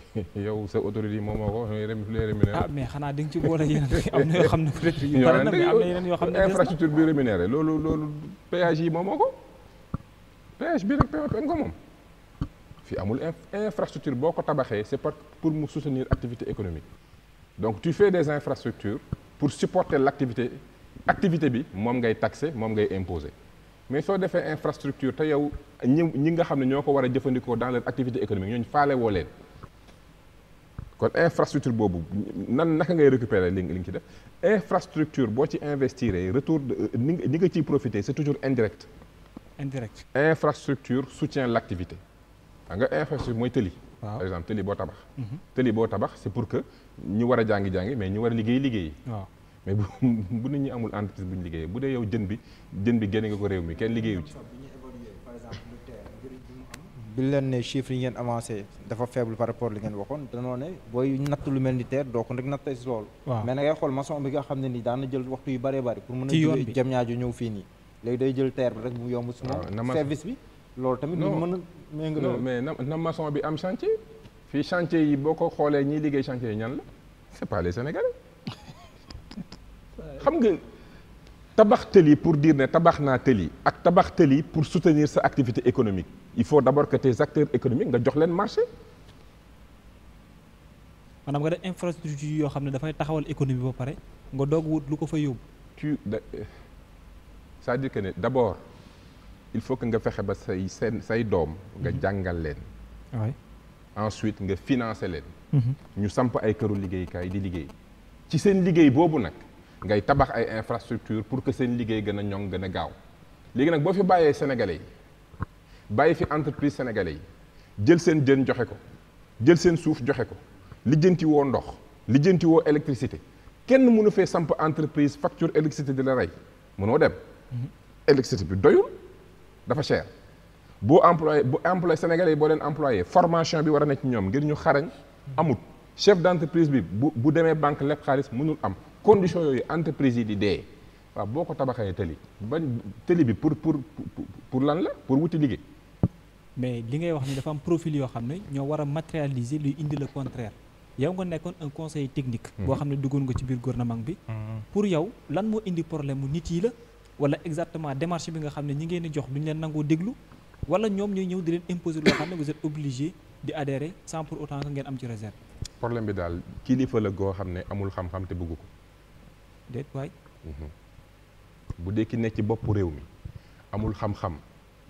yow sa autorité moom moo ko ah mais xanaa di nga ci boole yeneen am na yoo xam ne peut-être yu na mais yoo xam ne infrastructure bi rémunéré loolu loolu péage yi moom moo ko péage bi rek PAPM ko moom fii amul infrastructure boo ko tabaxee c'est pas pour mu soutenir activité économique donc tu fais des infrastructures pour supporter l'activité activité bi moom ngay taxer moom ngay imposer mais soo defee infrastructure te yow ñi ñi nga xam ne ñoo ko war a jëfandikoo dans activité économique ñooñu faale woo leen kon infrastructure boobu nan naka ngay récupérer li li nga ci def infrastructure boo ci investir retour euh, ni ni nga ciy profiter c'est toujours indirect. indirect infrastructure soutient l'activité xam nga infrastructure mooy tëli. par exemple tëli boo tabax. Mhm. tëli boo tabax c'est pour que ñu war a jàngi jàngi mais ñu war a liggéey liggéey. mais bu bu nit ñi amul entreprise bu ñu liggéeyee bu dee yow jën bi jën bi génne nga ko réew mi kenn liggéeyu ci. bi leen ne chiffre yi ngeen avancé dafa faible par rapport li ngeen waxoon danoo ne booy natt lu mel ni terre doo ko rek natt loolu mais na ngay xool nga xam ne nii daan na jël waxtu yu bëree bëri pour mën a jëm ñaajo ñëw fii nii léegi day jël terre bi rek mu yomb si moom service bi loolu tamit ñu mën a méngale non mais na maçon bi am chantier fii chantier yi boo ko xoolee ñiy liggéey chantier yi ñan la les sénégalais xam nga tabax yi pour dire ne tabax naa yi ak tabax tëli pour soutenir sa activité économique il faut d'abord que tes acteurs économiques nga jox leen marché. maanaam nga def infrastructure yoo xam ne dafay taxawal économie ba pare nga doog wut lu ko fa yóbbu. tu c'est-à-dire que ne d'abord il faut que nga fexe ba say seen say doom nga mhm. jàngal leen. waay ensuite nga financer leen. Mhm. ñu samp ay këru liggéeykaay di liggéey. ci seen liggéey boobu nag. ngay tabax ay infrastructure pour que seen liggéey gën a ñoŋ gën a gaaw léegi nag boo fi bàyyee sénégalais yi bàyyi fi entreprise sénégalais yi jël seen jën joxe ko jël seen suuf joxe ko lijjanti woo ndox lijjanti woo électricité kenn mënu fee samp entreprise facture électricité di la rey mënoo dem mm-hmm. électricité bi doyul dafa cher boo employé bu employé sénégalais yi boo leen employé formation bi war a ne ci ñoom ngir ñu xarañ amut chef d'entreprise bi bu bu demee banque leb xaalis mënul am condition yooyu entreprise yi di dee waaw boo ko tabaxee tëli bañ tëli bi pour pour pour lan la pour wuti liggéey. mais li ngay wax ni dafa am profil yoo xam ne ñoo war a matérialiser luy indi le contraire yow nga nekkoon un conseil technique. Mm-hmm. boo xam ne duggoon ko ci biir gouvernement bi. Mm-hmm. pour yow lan moo indi problème mu nit yi la. wala exactement démarché bi nga xam ne ñi ngeen di jox duñ leen nangoo déglu wala ñoom ñooy ñëw di leen imposé loo xam ne vous êtes obligé di adhérer sans pour ngeen am ci réserve. problème bi daal kilifa la goo xam ne amul xam te bëgg ko. déet waay. Mhm. bu dee ki nekk ci bopp réew mi amul xam-xam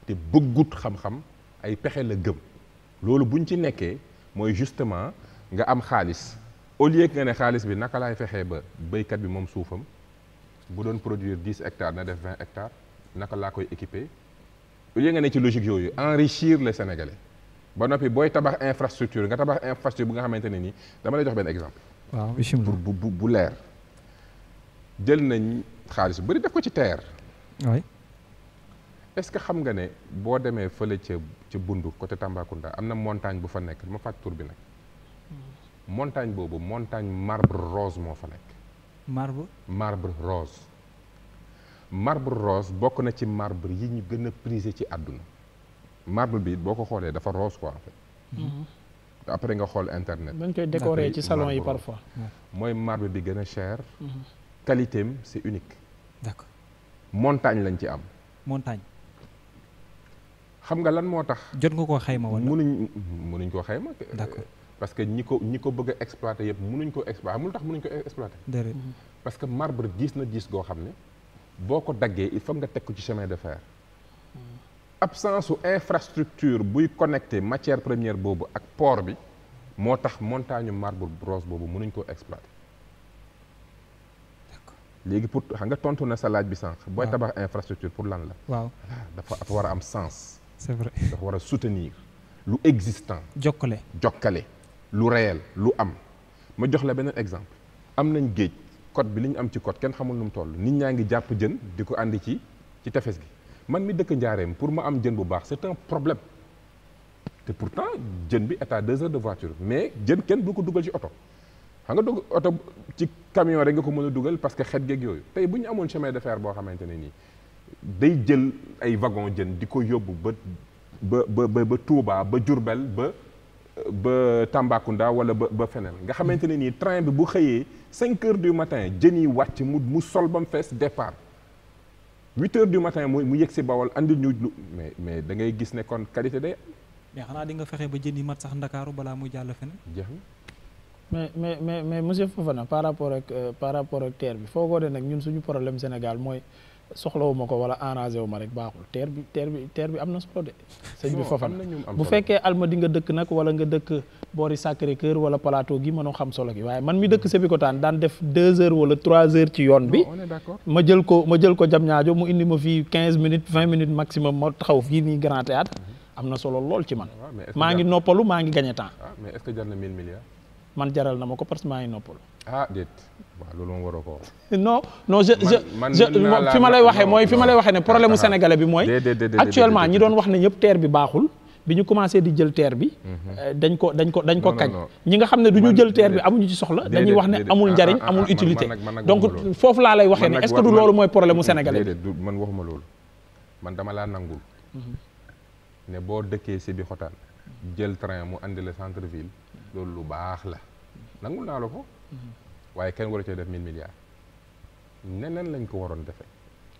te bëggut xam-xam ay pexe la gëm loolu bu buñ ci nekkee mooy justement nga am xaalis au lieu nga ne xaalis bi naka laay fexee ba béykat bi moom suufam bu doon produire dix hectares na def vingt hectares naka laa koy équiper au lieu nga ne ci logique yooyu enrichir les Sénégalais ba noppi booy tabax infrastructure nga tabax infrastructure bu nga xamante ne nii dama lay jox benn exemple. waaw bu bu bu leer. jël nañ xaalis bu bëri def ko ci terre. oui. est-ce que xam nga ne boo demee fële ca ca Bundu côté Tambacounda am na montagne bu fa nekk dama fàtt bi nag. montagne boobu montagne marbre rose moo fa nekk. marbre marbre rose. marbre rose bokk na ci marbre yi ñu gën a prisé ci àdduna. marbre bi boo ko xoolee dafa rose quoi en fait. Mm-hmm. après nga xool internet. dañ koy décorer ci salon yi parfois. mooy marbre bi gën a cher. Mm-hmm. qualité am c'est unique. d'accord montagne lañ ci am. montagne. xam nga lan moo tax. jot nga koo xayma wala munuñ munuñ koo xayma. d'accord parce que ñi ko ñi ko bëgg a exploiter yëpp munuñ ko exploiter amul tax munuñ ko exploiter. Mm-hmm. parce que marbre diis na diis goo xam ne boo ko daggee il faut nga teg ko ci chemin de fer. Mm-hmm. absence su infrastructure buy connecté matière première boobu ak port bi moo tax montagne marbre rose boobu mënuñ ko exploiter. léegi pour xam nga tontu na sa laaj bi sànq. booy tabax infrastructure pour lan la. waaw dafa dafa war a am sens. c'est war a soutenir lu existant. jokkale jokkale lu réel lu am. ma jox la beneen exemple am nañ géej côte bi li ñu am ci côte kenn xamul nu mu toll nit ñaa ngi jàpp jën di ko àndi ci ci tefes gi man mi dëkk Njaareem pour ma am jën bu baax c'est un problème te pourtant jën bi est à deux heures de voiture mais jën kenn bu ko dugal ci oto. xam nga dugg oto ci camion rek nga ko mën a dugal parce que xet geeg yooyu tey bu ñu amoon chemin de fer boo xamante ne nii day jël ay wagon jën di ko yóbbu ba ba ba ba ba jurbel ba ba Tambacounda wala ba ba feneen nga xamante ne nii train bi bu xëyee cinq heures du matin jën yi wàcc mu mu sol ba mu fees départ huit heures du matin mu mu yëg si Bawol andi ñu lu mais mais da ngay gis ne kon qualité day mais xanaa di nga fexe ba jën yi mat sax Ndakaaru balaa muy jàll feneen jeex na mais mais mais mais monsieur Fofana par rapport ak euh, par rapport ak terre bi foogoo de nag ñun suñu problème Sénégal mooy soxlawuma ko wala arrangé wu ma rek baaxul terre bi terre bi terre bi am na solo de. sëñ bi Fofana bu fekkee Almadies nga dëkk nag wala nga dëkk boori Sacré-Cœur wala plateau gi mënoo xam solo gi waaye man mi dëkk mm. Sébikotane daan def deux heures wala trois heures ci yoon bi. ma jël ko ma jël ko Diamniadio mu indi ma fii quinze minutes vingt minutes maximum ma taxaw fii nii Grand Théâtre mm-hmm. na solo lool ci man. maa ngi noppalu maa ngi gagné temps. Ah, mais est-ce man jaral na ma ko parce que maa ngi noppalu. ah déet waaw loolu moom waroo ko non non je je je fi ma lay waxee mooy fi ma lay waxee ne problème mu bi mooy. actuellement ñi doon wax ne ñëpp terre bi baaxul. bi ñu commencé di jël terre bi. Mhm. Euh, dañ ko dañ ko dañ ko kañ. ñi nga xam ne du ñu jël teer bi amuñu ci soxla. dañuy wax ne amul njariñ ah, ah, amul utilité. donc foofu laa lay waxee ne est-ce que du loolu mooy problème mu sénégalais bi. man waxuma loolu man dama laa nangul. Mhm. ne boo dëkkee si bi xotaan jël train mu andi la centre loolu lu baax la nangul naa la ko mhm. waaye kenn waru cee def mille milliards neneen lañ ko waroon defee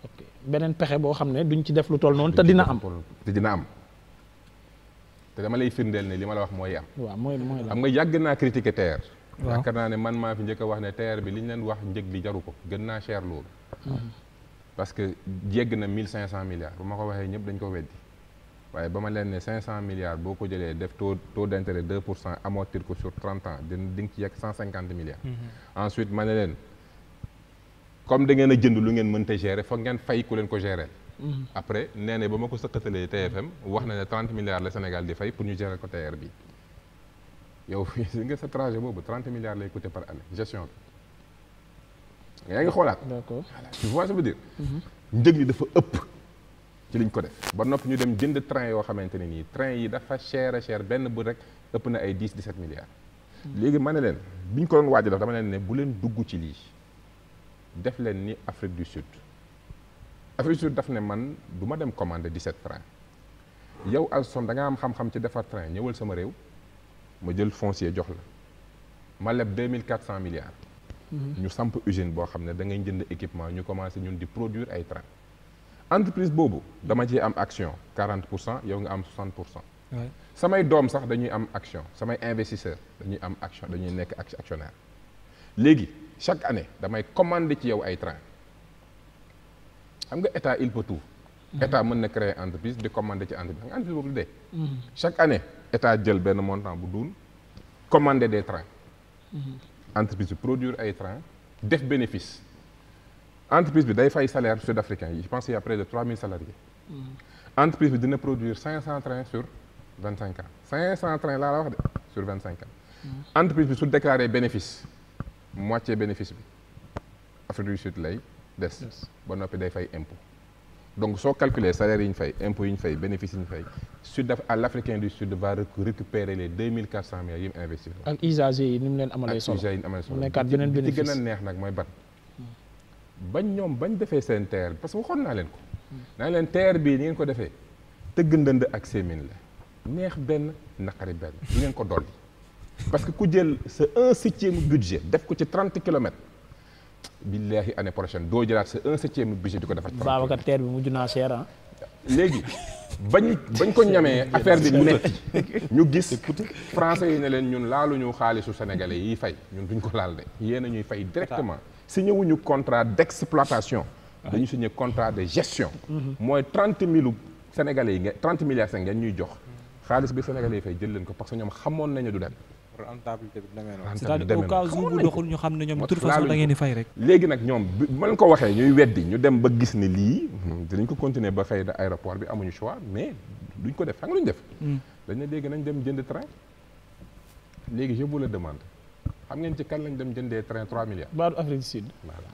ok beneen pexe boo xam ne duñ ci def lu toll noonu te dina am te dina am te dama lay firndeel ne li ma la wax mooy am waaw mooy mooy la xam nga yàgg naa critiquer TER yaakaar naa ne man maa fi njëkk wax ne TER bi li ñu leen wax njëg li jaru ko gën naa cher loolu mhm. parce que jégg na mille cinq cent milliards bu ma ko waxee ñëpp dañ ko weddi waaye ba ma leen ne 500 milliards boo ko jëlee def taux taux d' intérêt 2 pour cent amortir ko sur 30 ans di ci yegg milliards. Mm-hmm. ensuite ma ne leen comme da ngeen a jënd lu ngeen mënta gérer foog ngeen fay ku leen ko gérer. Mm-hmm. après nee na ba ma ko sëqatalee TFM wax na ne 30 milliards la Sénégal di fay pour ñu gérer ko TER bi yow fii nga sa trajet boobu 30 milliards lay coûter par année gestion bi. yaa ngi xoolaat. d' accord voilà tu vois ce que je veux mm-hmm. njëg li dafa ci liñ ko def ba noppi ñu dem jënd train yoo xamante ne nii train yi dafa cher a cher benn bu rek ëpp na ay 10 set milliards hmm. léegi ma ne leen biñ ko doon waajal dama leen ne bu leen dugg ci lii def leen ni Afrique du Sud Afrique du Sud daf ne man du ma dem commander 17 train yow Alstom da nga am xam-xam ci defar train ñëwal sama réew ma jël foncier jox la ma leb 2400 milliards hmm. ñu samp usine boo xam ne da ngay jënd équipement ñu commencé ñun di produire ay train entreprise boobu dama ci am action 40 pour cent yow nga am 60 pour cent. samay doom sax dañuy am action samay investisseur dañuy am action dañuy nekk actionnaire léegi chaque année damay commander ci yow ay train xam nga état il peut tout. Mm-hmm. état mën na créer entreprise di commander ci entreprise xam nga entreprise boobu du dee. Mm-hmm. chaque année état jël benn montant bu duun commander des trains. Mm-hmm. entreprise bi produire ay train def bénéfice. entreprise bi day fay salaire sud africain yi je pense il y a près de 3000 salariés. Hmm. entreprise bi dina produire 500 trains sur 25 ans 500 trains laa la wax de sur 25 ans. Hmm. entreprise bi su déclarer bénéfice moitié bénéfice bi Afrique du Sud lay des. ba noppi day fay impôt. donc soo calculer salaire yi ñu fay impôt yi ñu fay bénéfice yi ñu fay sud africain du sud va récupérer les yi mu investir. ak usager yi ni mu leen amalee solo bi ci gën neex nag mooy ban. bañ ñoom bañ defee seen teer parce que waxoon naa leen ko naa leen teer bii ni ngeen ko defee tëgg ndënd ak sémin la neex benn naqari benn di ngeen ko dolli parce que ku jël sa un septième budget def ko ci trente kilomètres billaahi année prochaine doo jëlaat sa un septième budget di ko defar Babacar teer bi mujj naa cher ah léegi bañ bañ ko ñamee affaire bi metti ñu gis français yi ne leen ñun laalu laaluñu xaalisu sénégalais yiy fay ñun duñ ko laal yéen a ñuy fay directement signé ñëwuñu contrat d'exploitation ah. dañu signé contrat de gestion mooy trente mille sénégalais yi nga trente milliards cinq ngeen ñuy jox xaalis bi sénégalais yi fay jël leen ko parce que ñoom xamoon nañu du dem rentabilité bi demee noonu c'est-à-dire au cas où bu doxul ñu xam ne ñoom de toute façon da ngeen fay rek léegi nag ñoom ma leen ko waxee ñuy weddi ñu dem ba gis ni lii hmm, dinañ ko continuer ba xëy na aéroport bi amuñu choix mais duñ ko def xam nga duñ def hmm. dañ ne léegi nañ dem jënd train léegi je demande xam ngeen ci kan lañ dem jëndee train 3 milliards. baaru Afrique du Sud. voilà.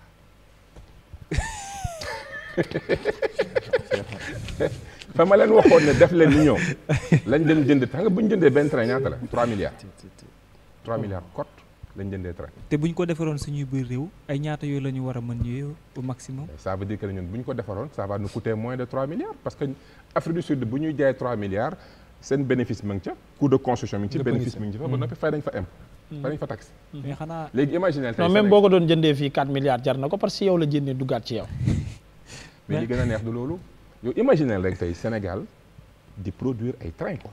fa ma leen waxoon ne def leen ni ñëw lañ dem jënd xam nga jëndee benn train ñaata la 3 milliards. 3 ko defaroon suñuy ñu war a mën yooyu au maximum. ça veut dire que ñun de 3 milliards parce que Afrique du Sud bu ñuy jaay 3 milliards seen bénéfice mu ngi ca coût de construction mi ngi ci bénéfice mu ci fay dañ fa impôt. dañ mhm. fa taxe mhm. mais xanaa léegi imaginel non boo ko doon jëndee fii 4 milliards jar na ko parce que yow la jëndee mais gën a neex du loolu yow imaginel rek tey Sénégal di produire ay train quoi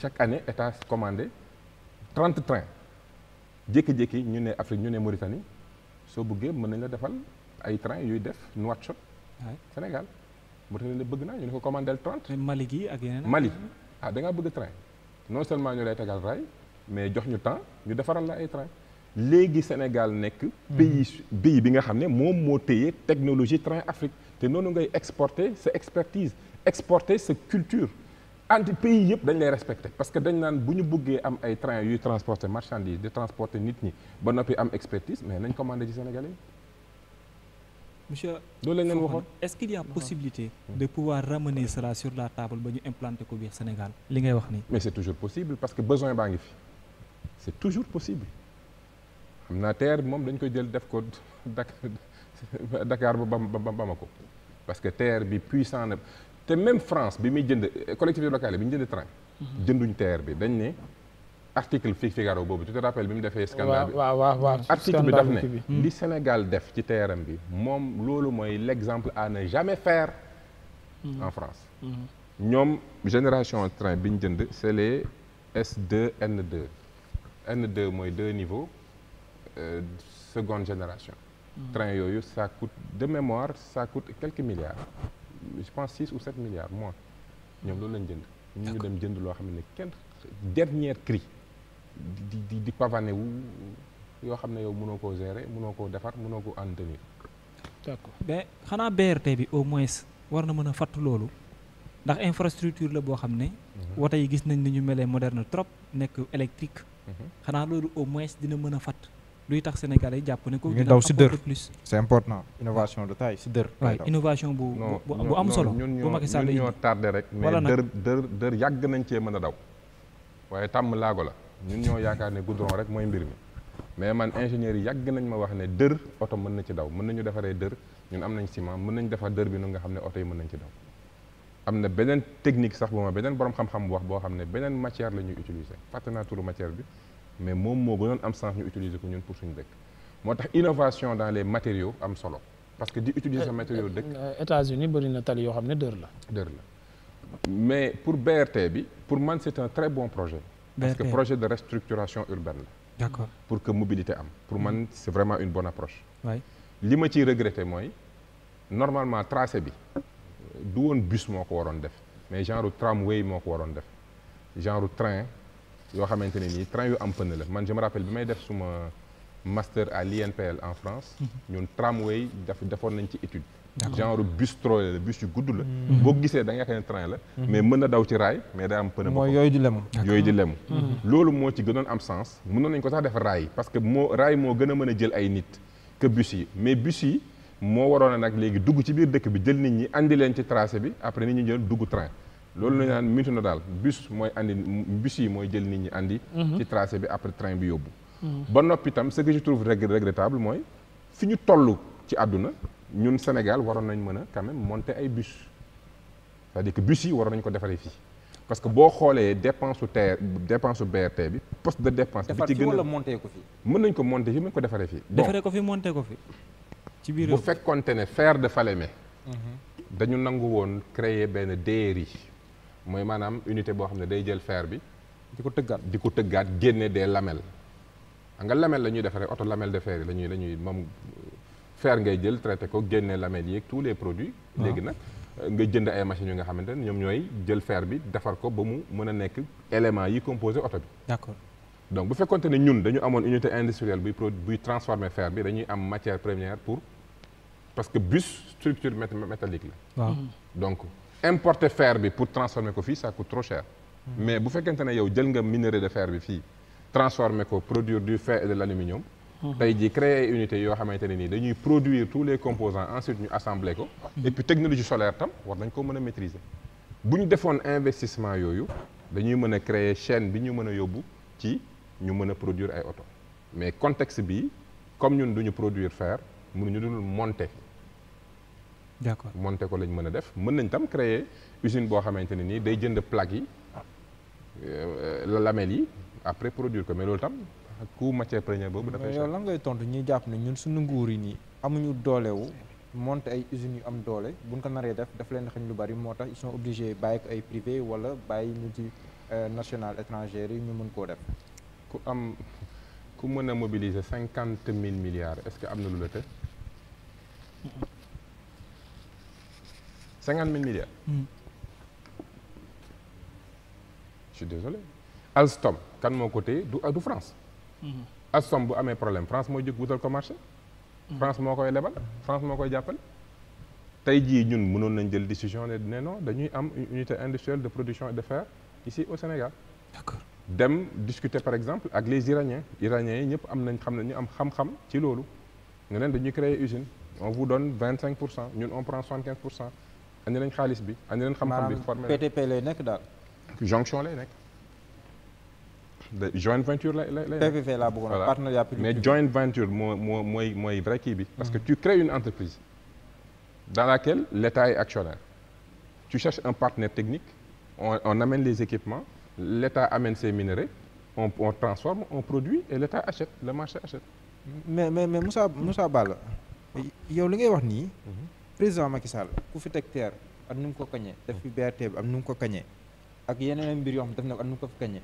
chaque année état commandé 30 trains jékki-jékki ñu ne Afrique ñu ne Mauritanie soo buggee mën nañ la defal ay train yuy def Nouakchott Sénégal Mauritanie ne bëgg naa ñu ne ko commandel 30 Mali gi ak yeneen Mali ah da ngaa bëgg train non seulement ñu lay tegal raay mais jox ñu temps ñu defaral la ay train léegi Sénégal nekk pays pays bi nga xam ne moom moo téye technologie train Afrique te noonu ngay exporter sa expertise exporter sa culture anti pays yëpp dañ lay respecté parce que dañ naan bu ñu bëggee am ay train yuy transporter marchandise di transporter nit ñi ba noppi am expertise mais nañ commandé ci Sénégalais yi monsieur loolu lañ leen waxoon est-ce qu'il y a possibilité hmm. de pouvoir ramener cela sur la table ba ñu li ngay wax nii mais c'est toujours que besoin baa ngi fi c'est toujours possible xam naa TER bi moom dañ ko jël def ko Dakar ba ko parce que TER bi puissant na te même France bi muy jënd collectivité locale bi ñu jënd train jënduñ TER bi dañ ne article fi Figaro boobu tu te rappelles bi mu defee scandale bi waaw waaw waaw article bi daf ne li Sénégal def ci ter bi moom loolu mooy l'exemple à ne jamais faire en France mm-hmm. ñoom génération train bi ñu jënd c'est les s N2 mooy deux niveaux euh, seconde génération. Mmh. train yooyu ça coûte de mémoire ça coûte quelques milliards je pense six ou sept milliards moins ñoom loolu lañ jënd. ñu ñu dem jënd loo xam ne kenn dernier cri di di di pavané wu yoo xam ne yow mënoo ko gérer munoo koo defar mënoo koo entretenir. d'accord mais xanaa BRT bi au moins war na mën a fàttu loolu ndax infrastructure la boo xam ne. Mhm. woto yi gis nañ ni ñu melee moderne trop nekk électrique. xanaa loolu au moins dina mën a fat luy tax sénégalais yi jàpp ne ko. ñu daw si dër plus important innovation de taille si dër. waaw innovation bu bu am solo. bu Macky Sall ñun ñoo tardé rek. mais dër dër dër yàgg nañ cee mën a daw. waaye tàmm laago la ñun ñoo yaakaar ne goudron rek mooy mbir mi mais man ingénieur yi yàgg nañ ma wax ne dër oto mën na ci daw mën nañu defaree dër ñun am nañ ciment mën nañ defar dër bi nu nga xam ne oto yi mën nañ ci daw. am na beneen technique sax bu ma beneen borom xam-xam wax boo xam ne beneen matière la ñuy utiliser fàtte naa turu matière bi mais moom moo gënoon am sens ñu utiliser ko ñun pour suñu dëkk moo tax innovation dans les matériaux am solo parce que di utiliser sa matériaux dëkk euh, euh, États-Unis bëri na tali yoo xam ne dër la dër la mais pour BRT bi pour man c'est un très bon projet parce que projet de restructuration urbaine la d'accord pour que mobilité am pour man c'est vraiment une bonne approche li ma ciy regretter mooy normalement tracé bi du woon bus moo ko waroon def mais genre tramway moo ko waroon def genre train yoo xamante ne nii train yu am pneu la man je me bi may def suma master à l'INPL en France mhm. ñun tramway daf defoon nañ ci étude genre bus trolley la bus yu gudd la mhm. boo gisee da nga xam train la mhm. mais mën na daw ci raay mais day am pneu mooy yooy di lemu yooyu di lemu loolu moo ci gënoon am sens mënoon nañ ko sax def raay parce que moo raay moo gën a mën a jël ay nit que moo waroon a nag léegi dugg ci biir dëkk bi jël nit ñi andi leen ci trace bi après nit ñi jël dugg train loolu la ñu naan mutu na daal bus mooy indi bus yi mooy jël nit ñi indi mhm. ci tracé bi après train bi yóbbu. Mhm. ba noppi itam ce que je trouve regrettable mooy fi ñu toll ci àdduna ñun Sénégal waroon nañ mën a quand même ay bus c'est-à-dire que bus yi waroon nañ ko defaree fii. parce que boo xoolee dépense su TER dépense su BRT bi poste de dépense. bi ci gën a defar fi wala monter ko fi. mën nañ ko monter fii ko defaree fii. defaree ko fi monter ko fi. ci biir bu fekkonte ne fer de Falémé dañu nangu woon créer benn déeri mooy maanaam unité boo xam ne day jël fer bi. di ko tëggaat di ko tëggaat génne des lamelles. nga lamelle la ñuy defaree oto lamel de fer yi la ñuy la ñuy moom fer ngay jël traité ko génne lamelles yi ak tous les produits. Ah. léegi nag euh, nga jënd ay machines yu nga xamante ne ñoom ñooy jël fer bi defar ko ba mu mën a nekk éléments yi composé oto bi. d'accord donc bu fekkonte ne ñun dañu amoon unité industrielle buy pro buy transformer fer bi dañuy am matière première pour. parce que bus structure métallique la. Hmm. donc importer fair bi pour transformer ko fii ça coûte trop cher. Hmm. mais bu fekkente ne yow jël nga minerai de fer bi fii transformer ko produire du fer et de l'aluminium. Hmm. tey jii créer unité yoo xamante ne nii dañuy produire tous les composants ensuite ñu assembler ko. et puis technologie solaire tam war nañ ko mën a maîtriser. bu ñu defoon investissement yooyu dañuy mën a créer chaine bi ñu mën a yóbbu ci ñu mën a produire ay oto mais contexte bi comme ñun duñu produire fer mënuñu dul monter. d'accord monter ko lañ mën a def mën nañ tam créer usine boo xamante ne nii day jënd plaque yi euh, lamelles yi après produire ko mais loolu tam ku coût matière première boobu. dafay yow lan ngay tontu ñuy jàpp ne ñun suñu nguur yi nii amuñu doolewu monter ay usines yu am doole buñ ko naree def daf leen xañ lu bari moo tax ils sont obligés bàyyi ko ay privé wala bàyyi ñu ci euh, national étranger yi ñu mën koo def. ku am ku mën a mobiliser cinquante mille milliards est-ce que am na lu la të cinquante mille milliards. Hmm. je suis désolé. Alstom kan moo ko téye du du France. Hmm. Alstom bu amee problème France mooy jóg wutal ko marché. Hmm. France moo koy lebal France moo koy jàppale. tey jii ñun mënoon nañ jël décision ne ne non dañuy am unité industrielle de production de fer ici au Sénégal. dem discuter par exemple ak les Iraniens Iraniens yi ñëpp am nañ xam ne ñu am xam ci loolu. ne leen dañuy créer usine on vous donne pour cent ñun on prend soixante pour cent andi nañ xaalis bi andi nañ xam-xam bi formé PTP lay nekk daal jonction lay nekk joint venture lay lay PPV laa bëggoon a partenariat public mais joint venture moo moo mooy mooy vrai kii bi parce que hmm. tu crées une entreprise dans laquelle l'État est actionnaire tu cherches un partenaire technique on, on amène les équipements l'État amène ses minerais on, on on produit et l'État achète le marché achète mais mais mais Moussa Moussa Balla yow li ngay wax nii hmm. président Macky Sall ku fi teg teer ak nu mu ko kañee def fi BRT bi am nu mu ko kañee ak yeneen mbir yoo xam def na ko am nu mu ko fi kañee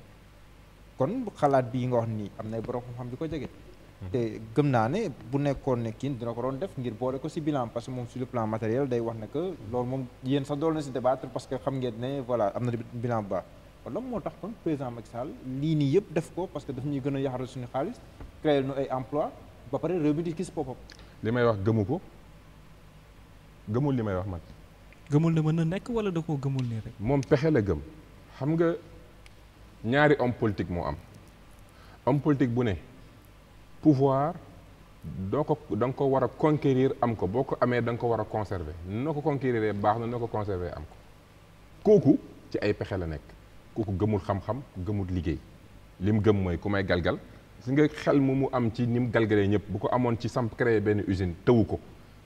kon xalaat bii nga wax nii am nay borom xam-xam di ko jege. Hmm. te gëm naa ne bu nekkoon ne kii dina ko doon def ngir boole ko ci bilan parce que moom sur le plan matériel day wax ne que loolu moom yéen sax dool na ci débattre parce que xam ngeen ne voilà am na bilan bu baax moo tax kon président Macky Sall lii nii yëpp def ko parce que daf gën a yaxaral suñu xaalis créer nu ay emploi ba pare réew mi di gis boppam. li may wax gëmu ko. gëmul li may wax man. gëmul ne mën na nekk wala da koo gëmul nii rek. moom pexe la gëm xam nga ñaari homme politique moo am homme politique bu ne pouvoir doo ko da nga ko war a conquérir am ko boo ko amee da nga ko war a conserver noo ko conquérir baax na noo ko conservé am ko kooku ci ay pexe la nekk kooku gëmul xam-xam gëmul liggéey lim gëm mooy ku may galgal si nga xel mu mu am ci ni mu galgalee ñëpp bu ko amoon ci samp créer benn usine tëwu ko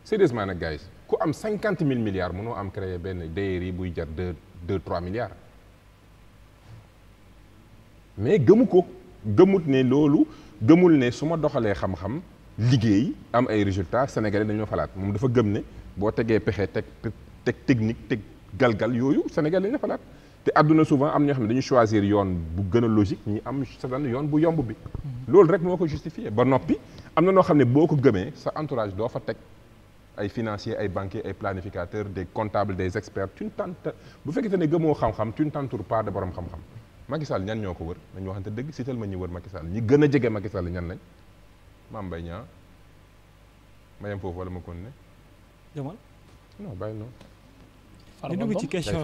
sérieusement nag gars ku am cinquante mille milliards mënoo am créer benn DRI buy jar deux deux trois milliards mais gëmu ko gëmut ne loolu gëmul ne su ma doxalee xam-xam liggéey am ay résultats sénégalais dañoo falaat moom dafa gëm ne boo tegee pexe teg teg technique teg galgal yooyu sénégalais dañoo falaat te àdduna souvent am na ñoo xam ne dañu choisir yoon bu gën a logique ñi am sa yoon bu yomb bi mm-hmm. loolu rek moo ko justifier ba noppi am na noo xam ne boo ko gëmee sa entourage doo fa teg ay financiers ay banquiers ay planificateurs des comptables des experts tu ne bu fekkee ne gëmoo xam-xam tu ne t'entoures pas de xam-xam Macky Sall ñan ñoo ko wër nañu waxante dëgg si tel ma ñu wër Macky Sall ñi gën a jege Macky Sall ñan lañ Mame Mbaye Niang ma yem foofu wala ma kon ne. demal non bàyyi noonu. di dugg ci question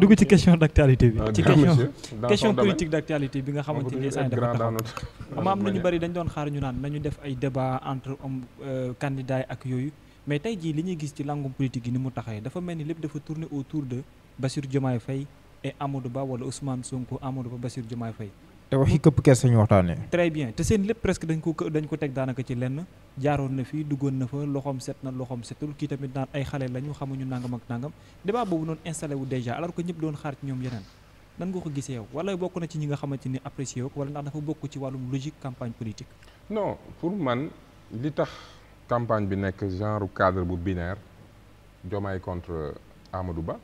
dugg ci question d' actualité bi. Euh, ci question question politique d' actualité bi nga xamante ni saa dafa taxaw. am na ñu bari dañ doon xaar ñu naan nañu def ay débat entre homme euh, candidat yi ak yooyu. mais tey jii li ñuy gis ci langum politique yi ni mu taxawee dafa mel ni lépp dafa tourner autour de Bassirou Diomaye Faye et Amadou Ba wala Ousmane Sonko Amadou Ba Bassirou Diomaye Faye te waxi këpp kees sañu waxtaanee. très bien te seen lépp presque dañ ko dañ ko teg daanaka ci lenn jaaroon na fii duggoon na fa loxoom set na loxoom setul kii tamit naan ay xale lañu xamuñu nangam ak nangam débat boobu noonu installé wu déjà alors que ñëpp doon xaar ci ñoom yeneen nan nga ko gisee yow wala bokk na ñi nga xamante ni apprécié ko wala ndax dafa bokk ci wàllum logique campagne politique. campagne bi nekk genre cadre bu binaire Diomaye contre Amadou Ba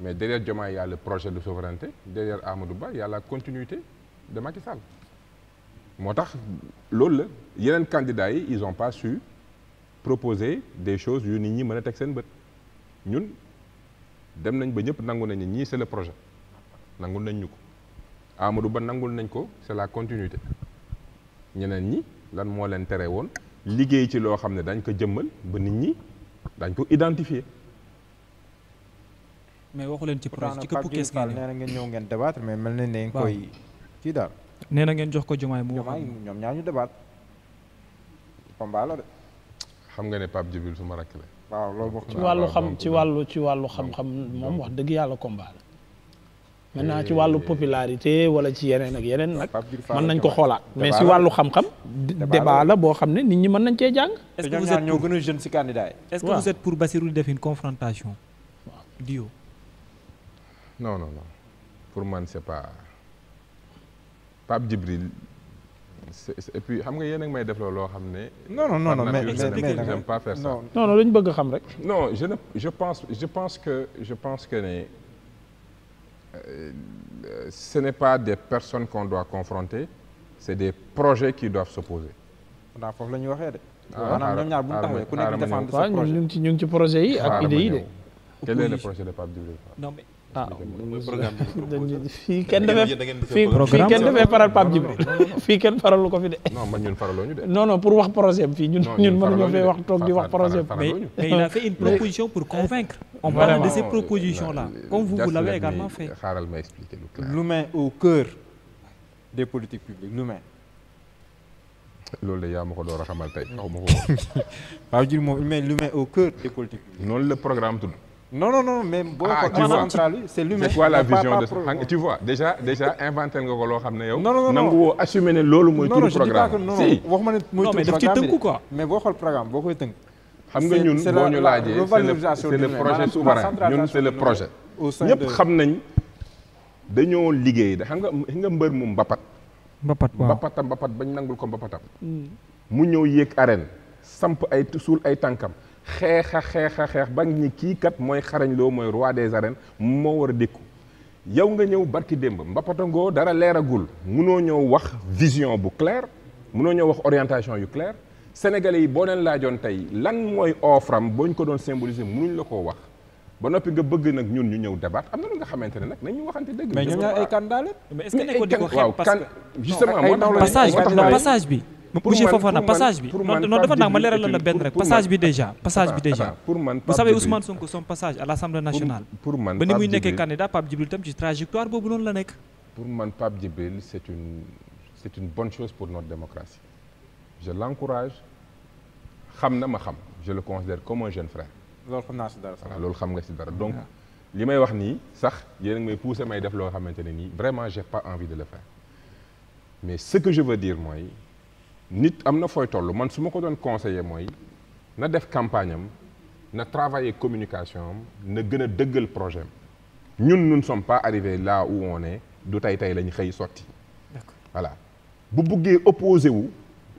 mais derrière Diomaye y projet de souveraineté derrière Amadou Ba yàlla a la continuité de Macky moo tax loolu la yeneen candidats yi ils ont pas su proposer des choses yu nit ñi mën a teg seen bët ñun dem nañ ba ñëpp nangu nañ ñii c'est le projet nangu nañ ñu ko Amadou Ba nangul nañ ko c'est la continuité ñeneen ñi lan moo leen tere woon liggéey ci loo xam ne dañ ko jëmmal ba nit ñi dañ ko identifier mais waxu leen ci projet ci këpp kees gi nee na ngeen ñëw ngeen débattre mais mel na ne koy kii daal. nee na ngeen jox ko Diomaye mu wax ñoom ñaa ñu débattre combat la de. xam nga ne Pape Djibril su ma rakk la. ci wàllu xam ci wàllu ci wàllu xam-xam moom wax dëgg yàlla combat maintenant ci wàllu popularité wala ci yeneen ak yeneen nag mën nañ ko xoolaat mais si wàllu xam-xam débat la boo xam ne nit ñi mën nañ cee jàng est-ce ñoo gën a jeune si candidat yi est-ce que vous êtes pour Bassirou def une confrontation waaw Dio non non non pour man c'est pas Pape Djibril xam nga yéen a ngi may loo xam ne. non non non non mais mais j'aime pas faire ça. non bëgg xam rek. non je ne je pense je pense que je pense que ne. Euh, ce n'est pas des personnes qu'on doit confronter c'est des projets qui doivent s'opposer daa foofu la ñuy waxee de ah, maanaam ñoom ñaar bu ñu taxawee ku nekk défendre ce projet ñu ngi ci ñu ngi ci projet yi ak idée yi de quel est le projet de Pape Djibril non mais ah fii kenn defee fii kenn defee faral Pape Djibril fii kenn faralu ko fi de. non man ñun faraloo ñu de. non non pour wax projet bi fii ñun ñun mënuñoo fee wax toog di wax projet bi. mais mais il a fait une proposition pour convaincre. on parle de ces propositions là euh, comme vous vous l'avez également fait. xaaral ma expliquer lu clair. au cœur des politiques publiques l'humain. loolu de yaa ma ko door a xamal tey xaw ma ko woon. Pape Djibril moom l'humain au cœur des politiques noonu la programme non non non mais boo ah, ko contre lui c'est lui-même c'est quoi la vision de ça ah, tu vois déjà déjà nga ko loo xam ne yow non non nangu woo assumé ne loolu mooy turu programme si waxuma ne mooy turu programme bi quoi mais boo xool programme boo koy tënk xam nga ñun boo ñu laajee c'est le projet souverain ñun c'est le projet ñëpp xam nañ dañoo liggéey da xam nga nga mbër mu mbapat mbapat waaw mbapatam mbapat bañ nangul ko mbapatam hmm. mu ñëw yéeg arène samp ay suul ay tànkam xeex a xeex a xeex ba ñi kii kat mooy xarañ loo mooy roi des arènes moo war a dékku yow nga ñëw barki démb mbappatangoo dara leeragul munoo ñëw wax vision bu claire munoo ñëw wax orientation yu claire sénégalais yi boo leen laajoon tey lan mooy offre am boo ñu ko doon symboliser munuñ la koo wax ba noppi nga bëgg nag ñun ñu ñëw débat am na lu nga xamante ne nag nañ ñu waxante dëgg. mais ñun ñoo ay kan daal di ko xeeb waaw justement moo tax la passage bi. monsieur Fofana passage bi non non dafa naan ma leeralal la benn rek passage bi déjà passage bi déjà pour man vous savez Ousmane Sonko son passage à l'Assemblée nationale ba ni muy nekkee candidat Pape Djibril tam ci trajectoire boobu noonu la nekk pour man Pape Djibril c'est une c'est une bonne pour notre démocratie je l'encourage xam na ma xam je le considère comme un jeune frère xam naa dara voilà loolu xam nga si dara donc li may wax nii sax yéen a ngi may pousser may def loo xamante ne nii vraiment j'ai pas le faire mais ce que je mooy nit am na fooy toll man su ma ko doon conseiller mooy na def campagne am na travailler communication am na gën a dëggal projet am ñun nous ne sommes pas arrivés là où on est du tey tey lañ xëy sotti. d'accord voilà bu buggee opposé wu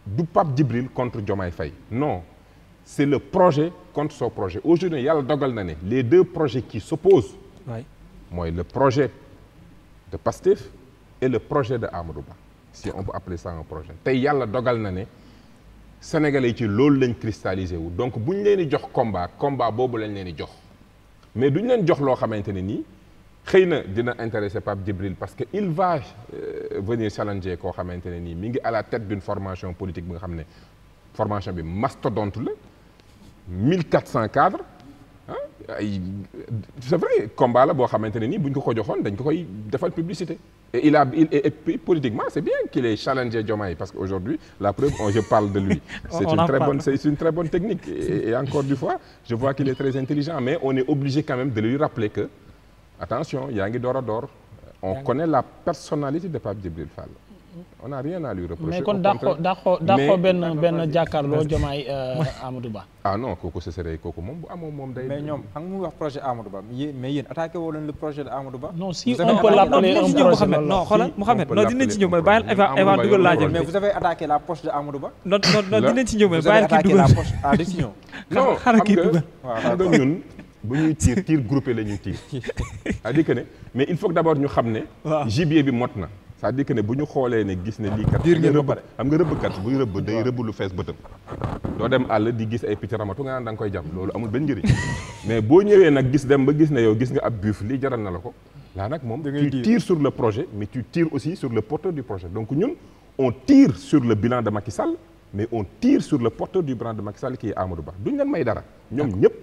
du Pape Djibril contre Diomaye Faye non c'est le projet contre son projet aujourd'hui yàlla dogal na ne les deux projets qui s'opposent oui. mooy le projet de Pastef et le projet de Amadou Ba si on peut appeler ça un projet tey yàlla dogal na ne sénégalais yi ci loolu lañ cristallisé wu donc bu ñu leen di jox combat combat boobu lañ leen di jox mais duñu leen jox loo xamante ne nii xëy na dina intéresser Pape Djibril parce que il va euh, venir challenger koo xamante ne nii mi ngi à la tête d'une formation politique bu nga xam ne formation bi mastodonte la 1400 cadres ay c'est vrai combat la boo xamante ne nii buñ ko ko joxoon dañ ko koy defal publicité. et il a il et puis politiquement c'est bien qu'il ait challengé Diomaye parce que aujourd'hui la preuve on je parle de lui. c'est une très parle. bonne c'est une très technique. Et, encore une fois je vois qu'il est très intelligent mais on est obligé quand même de lui rappeler que attention yaa ngi door a door. on connaît la personnalité de Pape Djibril Fall. on a rien mais kon dàqoo dàqoo dàqoo benn benn jàkkaarloo Diomaye euh, Amadou Ba. ah non kooku ce kooku moom bu amoon moom day. mais ñoom xam mu wax projet Amadou Ba mais yéen attaqué woo leen le projet Ba. non si Ba. non non non dinañ ci ñëw mooy la poche ah di ci ne mais il faut que d'abord ñu xam ne. gibier bi mot na cest à ne bu ñu xoolee ne gis ne lii kat xam nga rëbbkat buy rëbb day rëbb lu fees bëtam doo dem àll di gis ay picc ramatu nga naan da nga koy jam loolu amul benn njëriñ mais boo ñëwee nag gis dem ba gis ne yow gis nga ab buuf lii jaral na la ko laa nag moom tu tires sur le projet mais tu tires aussi sur le porteur du projet donc ñun on tire sur le bilan de Macky Sall mais on tire sur le porteur du bilan de Macky Sall qui est Amadou Ba duñ leen may dara ñoom ñëpp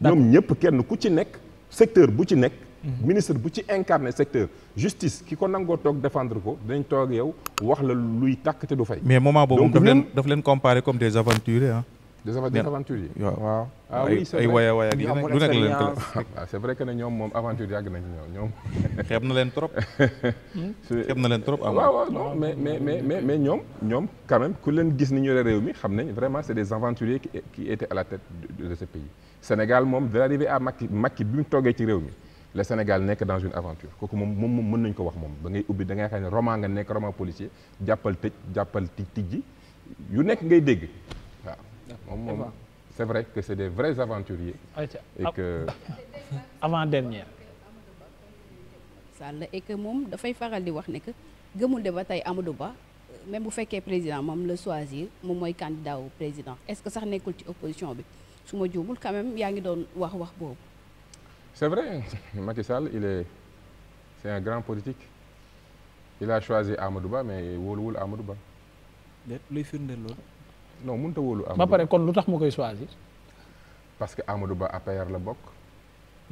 ñoom ñëpp kenn ku ci nekk secteur bu ci nekk Mhm. ministre bu ci incarné secteur justice ki ko nangoo toog défendre ko dañ toog yow wax la luy tàkk te du fay. mais moment boobu daf leen daf leen comparé comme des aventuriers ah. des aventuriers waaw. ah oui c' est vrai ay waya waya lu nekk la leen ah, c' est vrai que ne ñoom moom aventure yàgg nañ ci ñoom. xeeb na leen trop. xeeb na leen trop waaw waaw non mais mais mais mais ñoom. ñoom quand même ku leen gis ni ñu réew mi xam nañ vraiment c' est des aventuriers qui qui étaient à la tête de ce pays. Sénégal moom de l'arrivée à Macky Macky bi mu toogee ci réew mi. le Sénégal nekk dans une aventure kooku moom moom moom mën nañ ko wax moom ba ngay ubbi da ngay xam ne roman nga nekk roman policier jàppal tëj jàppal tij tijji yu nekk ngay dégg waaw moom moom c'est vrai que c'est des vrais aventuriers et que avant dernière Sall moom dafay faral di wax ne que gëmul de ba tey Amadou Ba même bu fekkee président moom la choisir moom mooy candidat wu président est-ce que sax nekkul ci opposition bi su ma juumul quand yaa ngi doon wax wax boobu c'est vrai Macky Sall il est c'est un grand politique il a choisi Amadou Ba mais wóoluwul Amadou Ba. déet luy firndeel loolu. non mënut a wóolu Amadou Ba pare kon lu tax mu koy choisir. parce que Amadou Ba APR la bokk.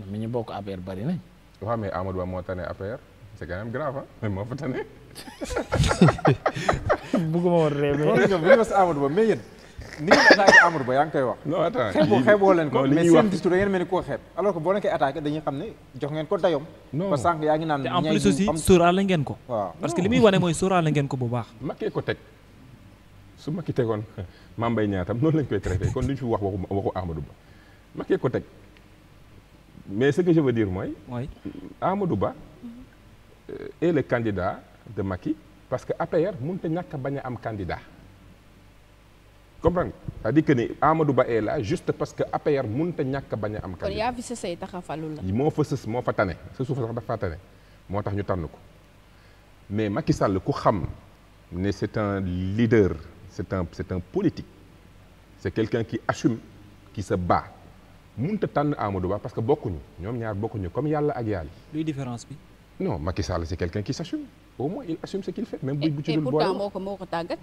mi ñu bokk APR bari nañ. waaw mais Amadou Ba moo tane APR c'est quand même mais moo fa ni ngeen attaqué Amadou Ba yaa ngi koy wax. non attends xeeboo xeeboo leen ko. mais seen discours da ngeen jox ngeen ko dayoom. non parce ngi naan. te en plus aussi sóoraale ngeen ko. waaw parce que li muy wane mooy su makki tegoon Mame Mbaye Niang tam noonu lañ koy traité kon duñ fi wax waxu waxu Ba makkee ko teg mais ce que je mooy. mooy Amadou Ba euh, est le candidat de Macky parce que APR mënut a ñàkk bañ a am candidat. comprendre c'est-à-dire que ni Amadou Ba est là juste parce que APR mënut a ñàkk bañ a am. kan yaa fi sësay taxafalul la. moo fa sës moo fa tane sa suuf sax dafa tane moo tax ñu tànn ko mais Macky Sall ku xam ne c'est un leader c'est un c'est un politique c'est quelqu'un qui assume qui se bat mënut a tànn Amadou Ba parce que bokkuñu ñoom ñaar bokkuñu comme yàlla ak yàlla. luy différence bi. non Macky Sall c'est quelqu'un qui s'assume au moins il assume ce qu'il fait bu ci dul boole ko moo ko tàggat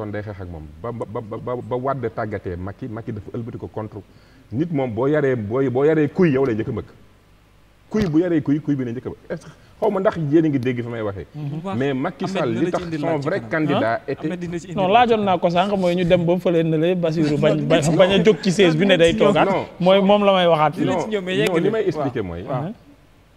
quand day xeex moom ba ba ba wàdd tàggatee Macky Macky dafa ëlbati ko contre nit moom boo yaree kuy yow lay njëkk a kuy bu yaree kuy kuy bi ne njëkk a mbëkk xaw ma ndax yéen a ngi dégg fi may waxee mm-hmm. mais Macky Sall li tax son vrai candidat ah, était non laajoon naa ko sànq mooy ñu dem ba fële na la Basirou bañ a jóg ci siège bi ne day toogaat mooy moom la may waxaat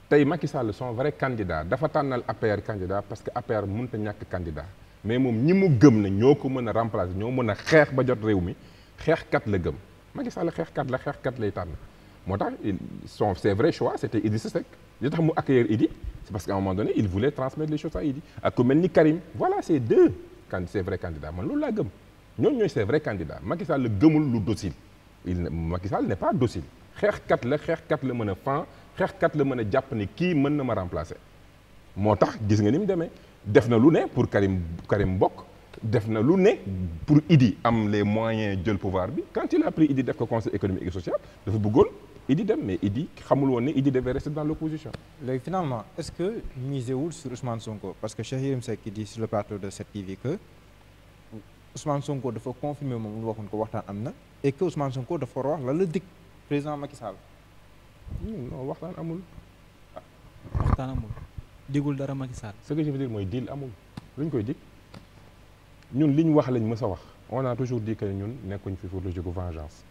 tey Macky Sall son vrai candidat dafa tànnal APR candidat parce que APR mënut a ñàkk candidat mais moom ñi mu gëm na ñoo ko mën a remplacer ñoo mën a xeex ba jot réew mi kat la gëm Macky Sall xeexkat la xeexkat lay tànn moo tax son c'est vrai choix c'était Idrissa Seck li tax mu accueillir Idi parce qu'à un moment donné il voulait transmettre les choses ni Karim voilà c'est deux can c'est vrai candidat man loolu laa gëm ñooñu ñooy c'est vrai candidat Macky Sall gëmul lu docile il Macky Sall n'est pas docile la la mën a fan xeex kat la mën a jàpp ni kii mën na ma remplacer moo tax gis nga ni mu demee def na lu ne pour Karim Karim mbokk def na lu ne pour Idi am les moyens jël pouvoir bi quand il a pris Idi def ko conseil économique et social dafa bëggoon Idi dem mais Idi xamul woon ne Idi devait rester dans l'opposition léegi finalement est-ce que misé wul sur Ousmane Sonko parce que Cheikh Yérim Seck dit sur le plateau de 7TV que Ousmane Sonko dafa confirmer moom lu waxoon ko waxtaan am na et que Ousmane Sonko la la dig président Hmm, waxtaan amul. waxtaan amul. dara Macky Sall. ce que je dire mooy deal amul luñ koy dig ñun liñ wax lañ mës a wax on a toujours dit ñun nekkuñ fi pour logique vengeance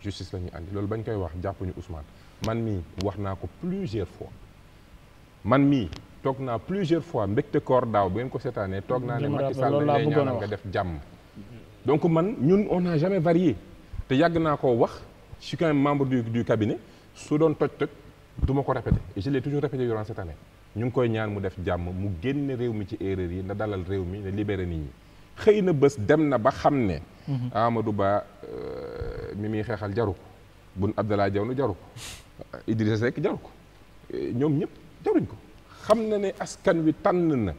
justice la ñuy loolu bañ koy wax jàppuñu Ousmane man mii wax naa ko plusieurs fois man mii toog naa plusieurs fois mbégte koor daaw bu ngeen ko seetaanee toog naa ne Macky Sall lay ñaanal nga def jàmm donc man ñun on n'a jamais varié te yàgg naa koo wax je membre du du cabinet su doon toj toj duma ko répété et je l'ai toujours répété durant cette année ñu ngi koy ñaan mu def jàmm mu génn réew mi ci erreur yi na dalal réew mi na libéré nit ñi xëy na bés dem na ba xam ne mhm. Amadou baa euh, mi muy xeexal jaru ko Boun Abdallah Dionne jaru ko Idrissa Seck jaru ko ñoom ñëpp jaruñ ko xam na ne askan wi tànn na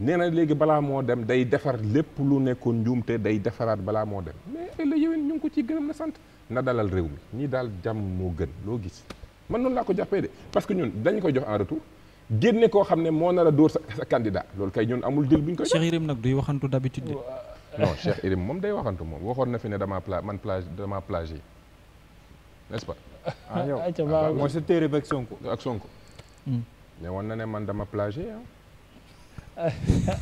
nee na léegi balaa moo dem day defar lépp lu nekkoon njuumte day defaraat balaa moo dem mais ëllëg yéwén ñu ngi ko ciy gërëm na sant na dalal réew mi ñii daal jàmm moo gën loo gis man noonu laa ko jàppee de parce que ñun dañ ko jox en retour génne koo xam ne moo nar a dóor sa sa loolu kay ñun amul jël bu ñu koy. Cheikh Yérim nag duy waxantu d'habitude de. Euh, non Cheikh Yérim moom day waxantu moom waxoon na fi ne damaa pla man plage damaa plagié n'est-ce téere bi ak ak Sonko. Hmm. ne woon na ne man dama plagié ah.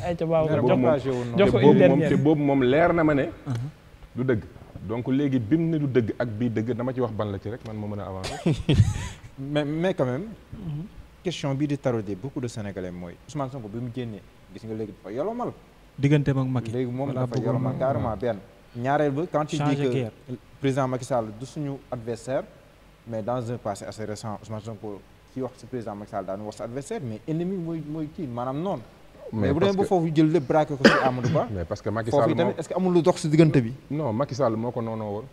ayca waaw jox ko jox ko une dernière boobu moom leer na ma ne. Uh-huh. du dëgg. donc léegi bi mu ne du dëgg ak bii dëgg dama ci wax ban la ci rek man moo mën a avancer. mais mais quand mhm. question bii di tarauder beaucoup de sénégalais mooy. Ousmane ko bi mu génnee gis nga léegi dafa yolomal. digganteem ak Macky léegi moom dafa yolomal carrément benn. ñaareel ba quand il dit président Macky Sall du suñu adversaire mais dans un passé assez récent Ousmane Sonko kii wax si président Macky Sall daanu wax sa adversaire mais ennemi mooy mooy kii maanaam mais bu demee ba foofu jël lépp braqué ko ci Amadou Ba. mais parce que Macky Sall foofu tamit est-ce que lu dox ci diggante bi. non Macky Sall moo ko noonoo woon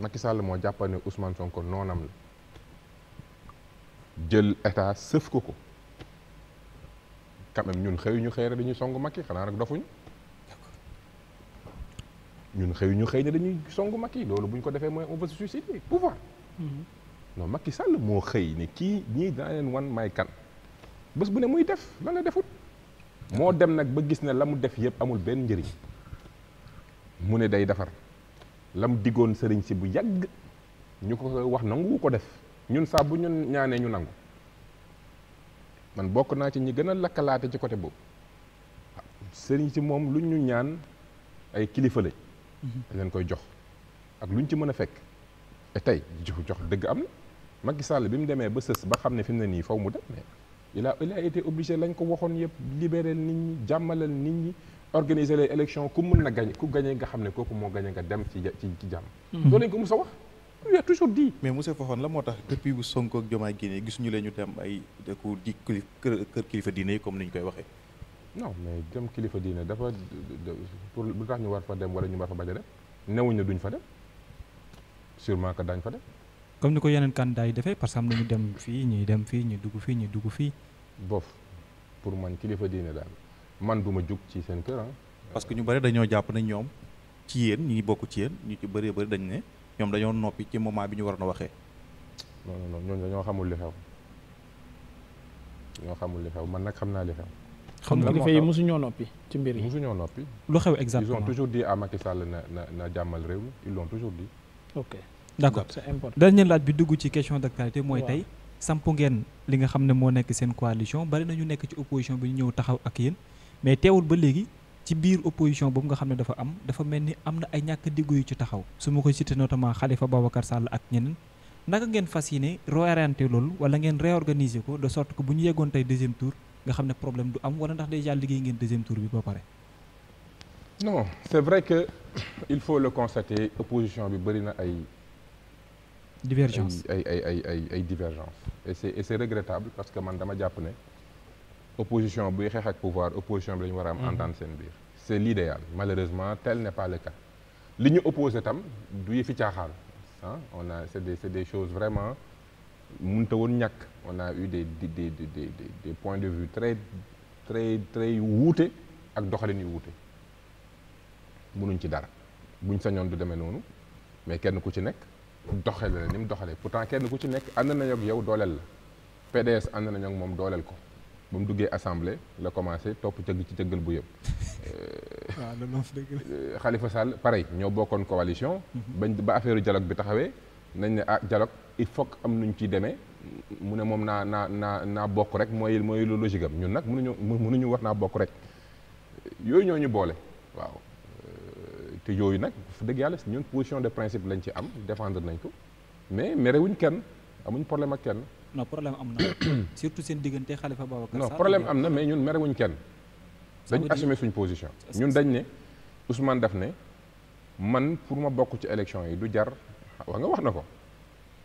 Macky moo jàppal ne Ousmane Sonko sëf ko ko quand même ñun xëy ñu xëy dañuy songu Macky xanaa nag dofuñu ñun xëy ñu xëy na dañuy songu Macky loolu bu ko defee mooy on va se suicider pouvoir mm-hmm. Sall moo xëy ne kii ñii daa leen wan may kan. bés bu ne muy def lan nga defut moo dem nag ba gis ne la mu def yëpp amul benn njëriñ mu ne day defar la mu diggoon sëriñ si bu yàgg ñu ko wax nangu ko def ñun saa bu ñun ñaanee ñu nangu man bokk naa ci ñi gën a lakkalaate ci côté boobu sëriñ si moom lu ñu ñaan ay kilifa lañ mm-hmm. dañ leen koy jox ak luñ ci mën a fekk te tey jox jox dëgg am na Macky bi mu demee ba sës ba xam ne fi mu ne nii faw mu dem mais il a il lañ ko waxoon yëpp libérer nit ñi jàmmalal nit ñi organiser les élections ku mun na gañ ku gañee nga xam ne kooku moo gañee nga dem ci ci ci jàmm hmm. loolu lañ ko mos a wax il a toujours dit mais monsieur Fofana la moo tax depuis bu Sonko ak Jomaay génnee gisuñu leen dem ay dëkku di kër kilifa diine yi comme ni ñu koy waxee non mais dem kilifa diine dafa pour lu tax ñu war fa dem wala ñu war fa bañ a dem newuñ ne duñ fa dem sûrement que daañ fa dem comme ni ko yeneen candidat yi defee parce que am ñu dem fii ñuy dem fii ñuy dugg fii ñuy dugg fii. bof pour man kilifa diine daal man du ma jug ci seen kër ah. parce que ñu bari dañoo jàpp ne ñoom ci yéen ñi bokk ci yéen ñu ci bëree bëri dañ ne ñoom dañoo noppi ci moment bi ñu war na waxee. non non ñoom dañoo xamul li ñoo xamul li xew man nag xam naa li xew. xam nga kilifa yi mosuñoo noppi ci mbir yi. mosuñoo noppi. lu xew exactement ils ont toujours dit à Macky Sall na na na jàmmal réew mi ils l'ont toujours dit. d'accord c'est important dernier laaj bi dugg ci question d'actualité mooy tey samp ngeen li nga xam ne moo nekk seen coalition bari na ñu nekk ci opposition bi ñu ñëw taxaw ak yéen mais teewul ba léegi ci biir opposition boobu nga xam ne dafa am dafa mel ni am na ay ñàkk diggu yu ci taxaw su ma ko cité notamment Khalifa Babacar Sall ak ñeneen naka ngeen fas yéene réorienté loolu wala ngeen réorganiser ko de sorte que bu ñu yeggoon tey deuxième tour nga xam ne problème du am wala ndax liggéey ngeen deuxième tour bi ba pare non c'est vrai que il faut le constater opposition bi bëri na ay divergence ay ay ay ay ay divergence et c'est et c'est regrettable parce que man dama jàpp ne opposition buy xeex ak pouvoir opposition bi la ñu war a am mm-hmm. entente seen biir c'est l'idéal malheureusement tel n'est pas le cas li ñu opposé tam du yëfi caaxaan ah on a des c'est des choses vraiment mënta woon ñàkk on a eu des des des des des points de vue très très très wuute ak doxalin yu wuute mënuñ ci dara buñ sañoon du demee noonu mais kenn ku ci nekk doxale la ni mu doxalee pourtant kenn ku ci nekk ànd na ak yow dooleel la PDS ànd nañu ak moom dooleel ko ba mu duggee assemblé la commencé topp cëgg ci cëggal bu yëpp. waaw euh, Khalifa Sall pareil ñoo bokkoon coalition. Mhm. bañ ba affaire dialogue bi taxawee nañ ne ah dialogue il faut am nuñ ciy demee mu ne moom naa naa naa naa bokk rek mooy mooy logique am ñun nag mënuñu mënuñu wax naa bokk rek yooyu ñoo ñu boole waaw. te yooyu nag dëgg yàlla ñun position de principe lañ ci am défendre nañ ko mais merewuñ kenn amuñ problème ak kenn. non problème am na surtout seen diggante Khalifa Babacar non problème am na mais ñun merewuñ kenn. dañu assumer suñ position. ñun dañ ne Ousmane def ne man pour ma bokk ci élection yi du jar wax nga wax na ko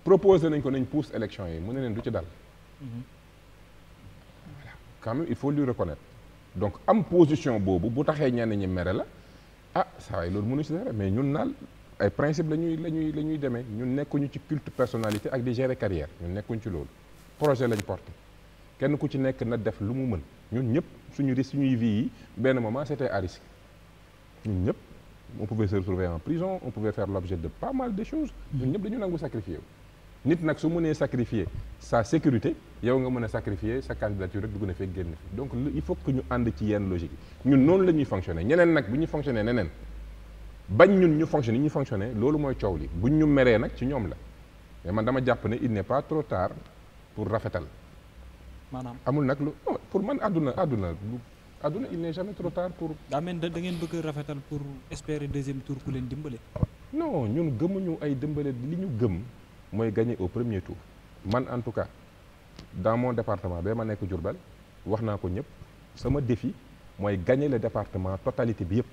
proposé nañ ko nañ pousse élection yi mu ne leen du ci dal. Mhm. voilà quand il faut lui reconnaître donc am position boobu bu taxee ñenn ñi mere la. ah saa loolu mënu si dara mais ñun naal ay principe la ñuy la ñuy la ñuy demee ñun nekkuñu ci culte personnalité ak di gérer carrière ñu nekkuñ ci loolu projet lañ porté kenn ku ci nekk na def lu mu mën ñun ñëpp suñu risque suñuy vie yi benn moment c'était à risque ñun ñëpp on pouvait se retrouver en prison on pouvait faire l'objet de pas mal de choses ñun ñëpp dañu nangu sacrifié wu nit nag su munee sacrifier sa sécurité yow nga mën a sacrifier sa candidature rek dugg na fekk génn fi donc il faut que ñu ànd ci yenn logique ñun noonu la ñuy fonctionner ñeneen nag bu ñu fonctionner neneen bañ ñun ñu fonctionner ñu fonctionner loolu mooy coow li buñ ñu meree nag ci ñoom la mais man dama jàpp ne il n'est pas trop tard pour rafetal. maanaam amul nag lu pour man àdduna àdduna àdduna il n'est jamais trop tard pour. daa mel da ngeen bëgg rafetal pour espérer deuxième tour ku leen dimbale. non ñun gëmuñu ay dimbale li ñu gëm. mooy gagné au premier tour man en tout cas dans mon département ba ma nekk Diourbel wax naa ko ñëpp sama défi mooy gagné le département totalité bi yëpp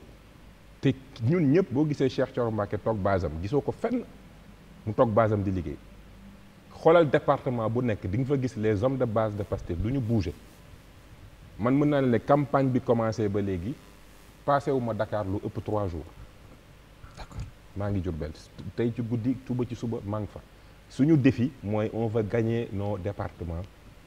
te ñun ñëpp boo gisee Cheikh Thioro Mbacké toog basam gisoo ko fenn mu toog basam di liggéey xoolal département bu nekk di nga fa gis les hommes de base de Pastef du ñu bouger man mën naa ne ne campagne bi commencé ba léegi passé wu ma Dakar lu ëpp trois jours maa ngi Diourbel tey ci guddi tuba ci suba maa ngi fa suñu défi mooy on va gañee nos départements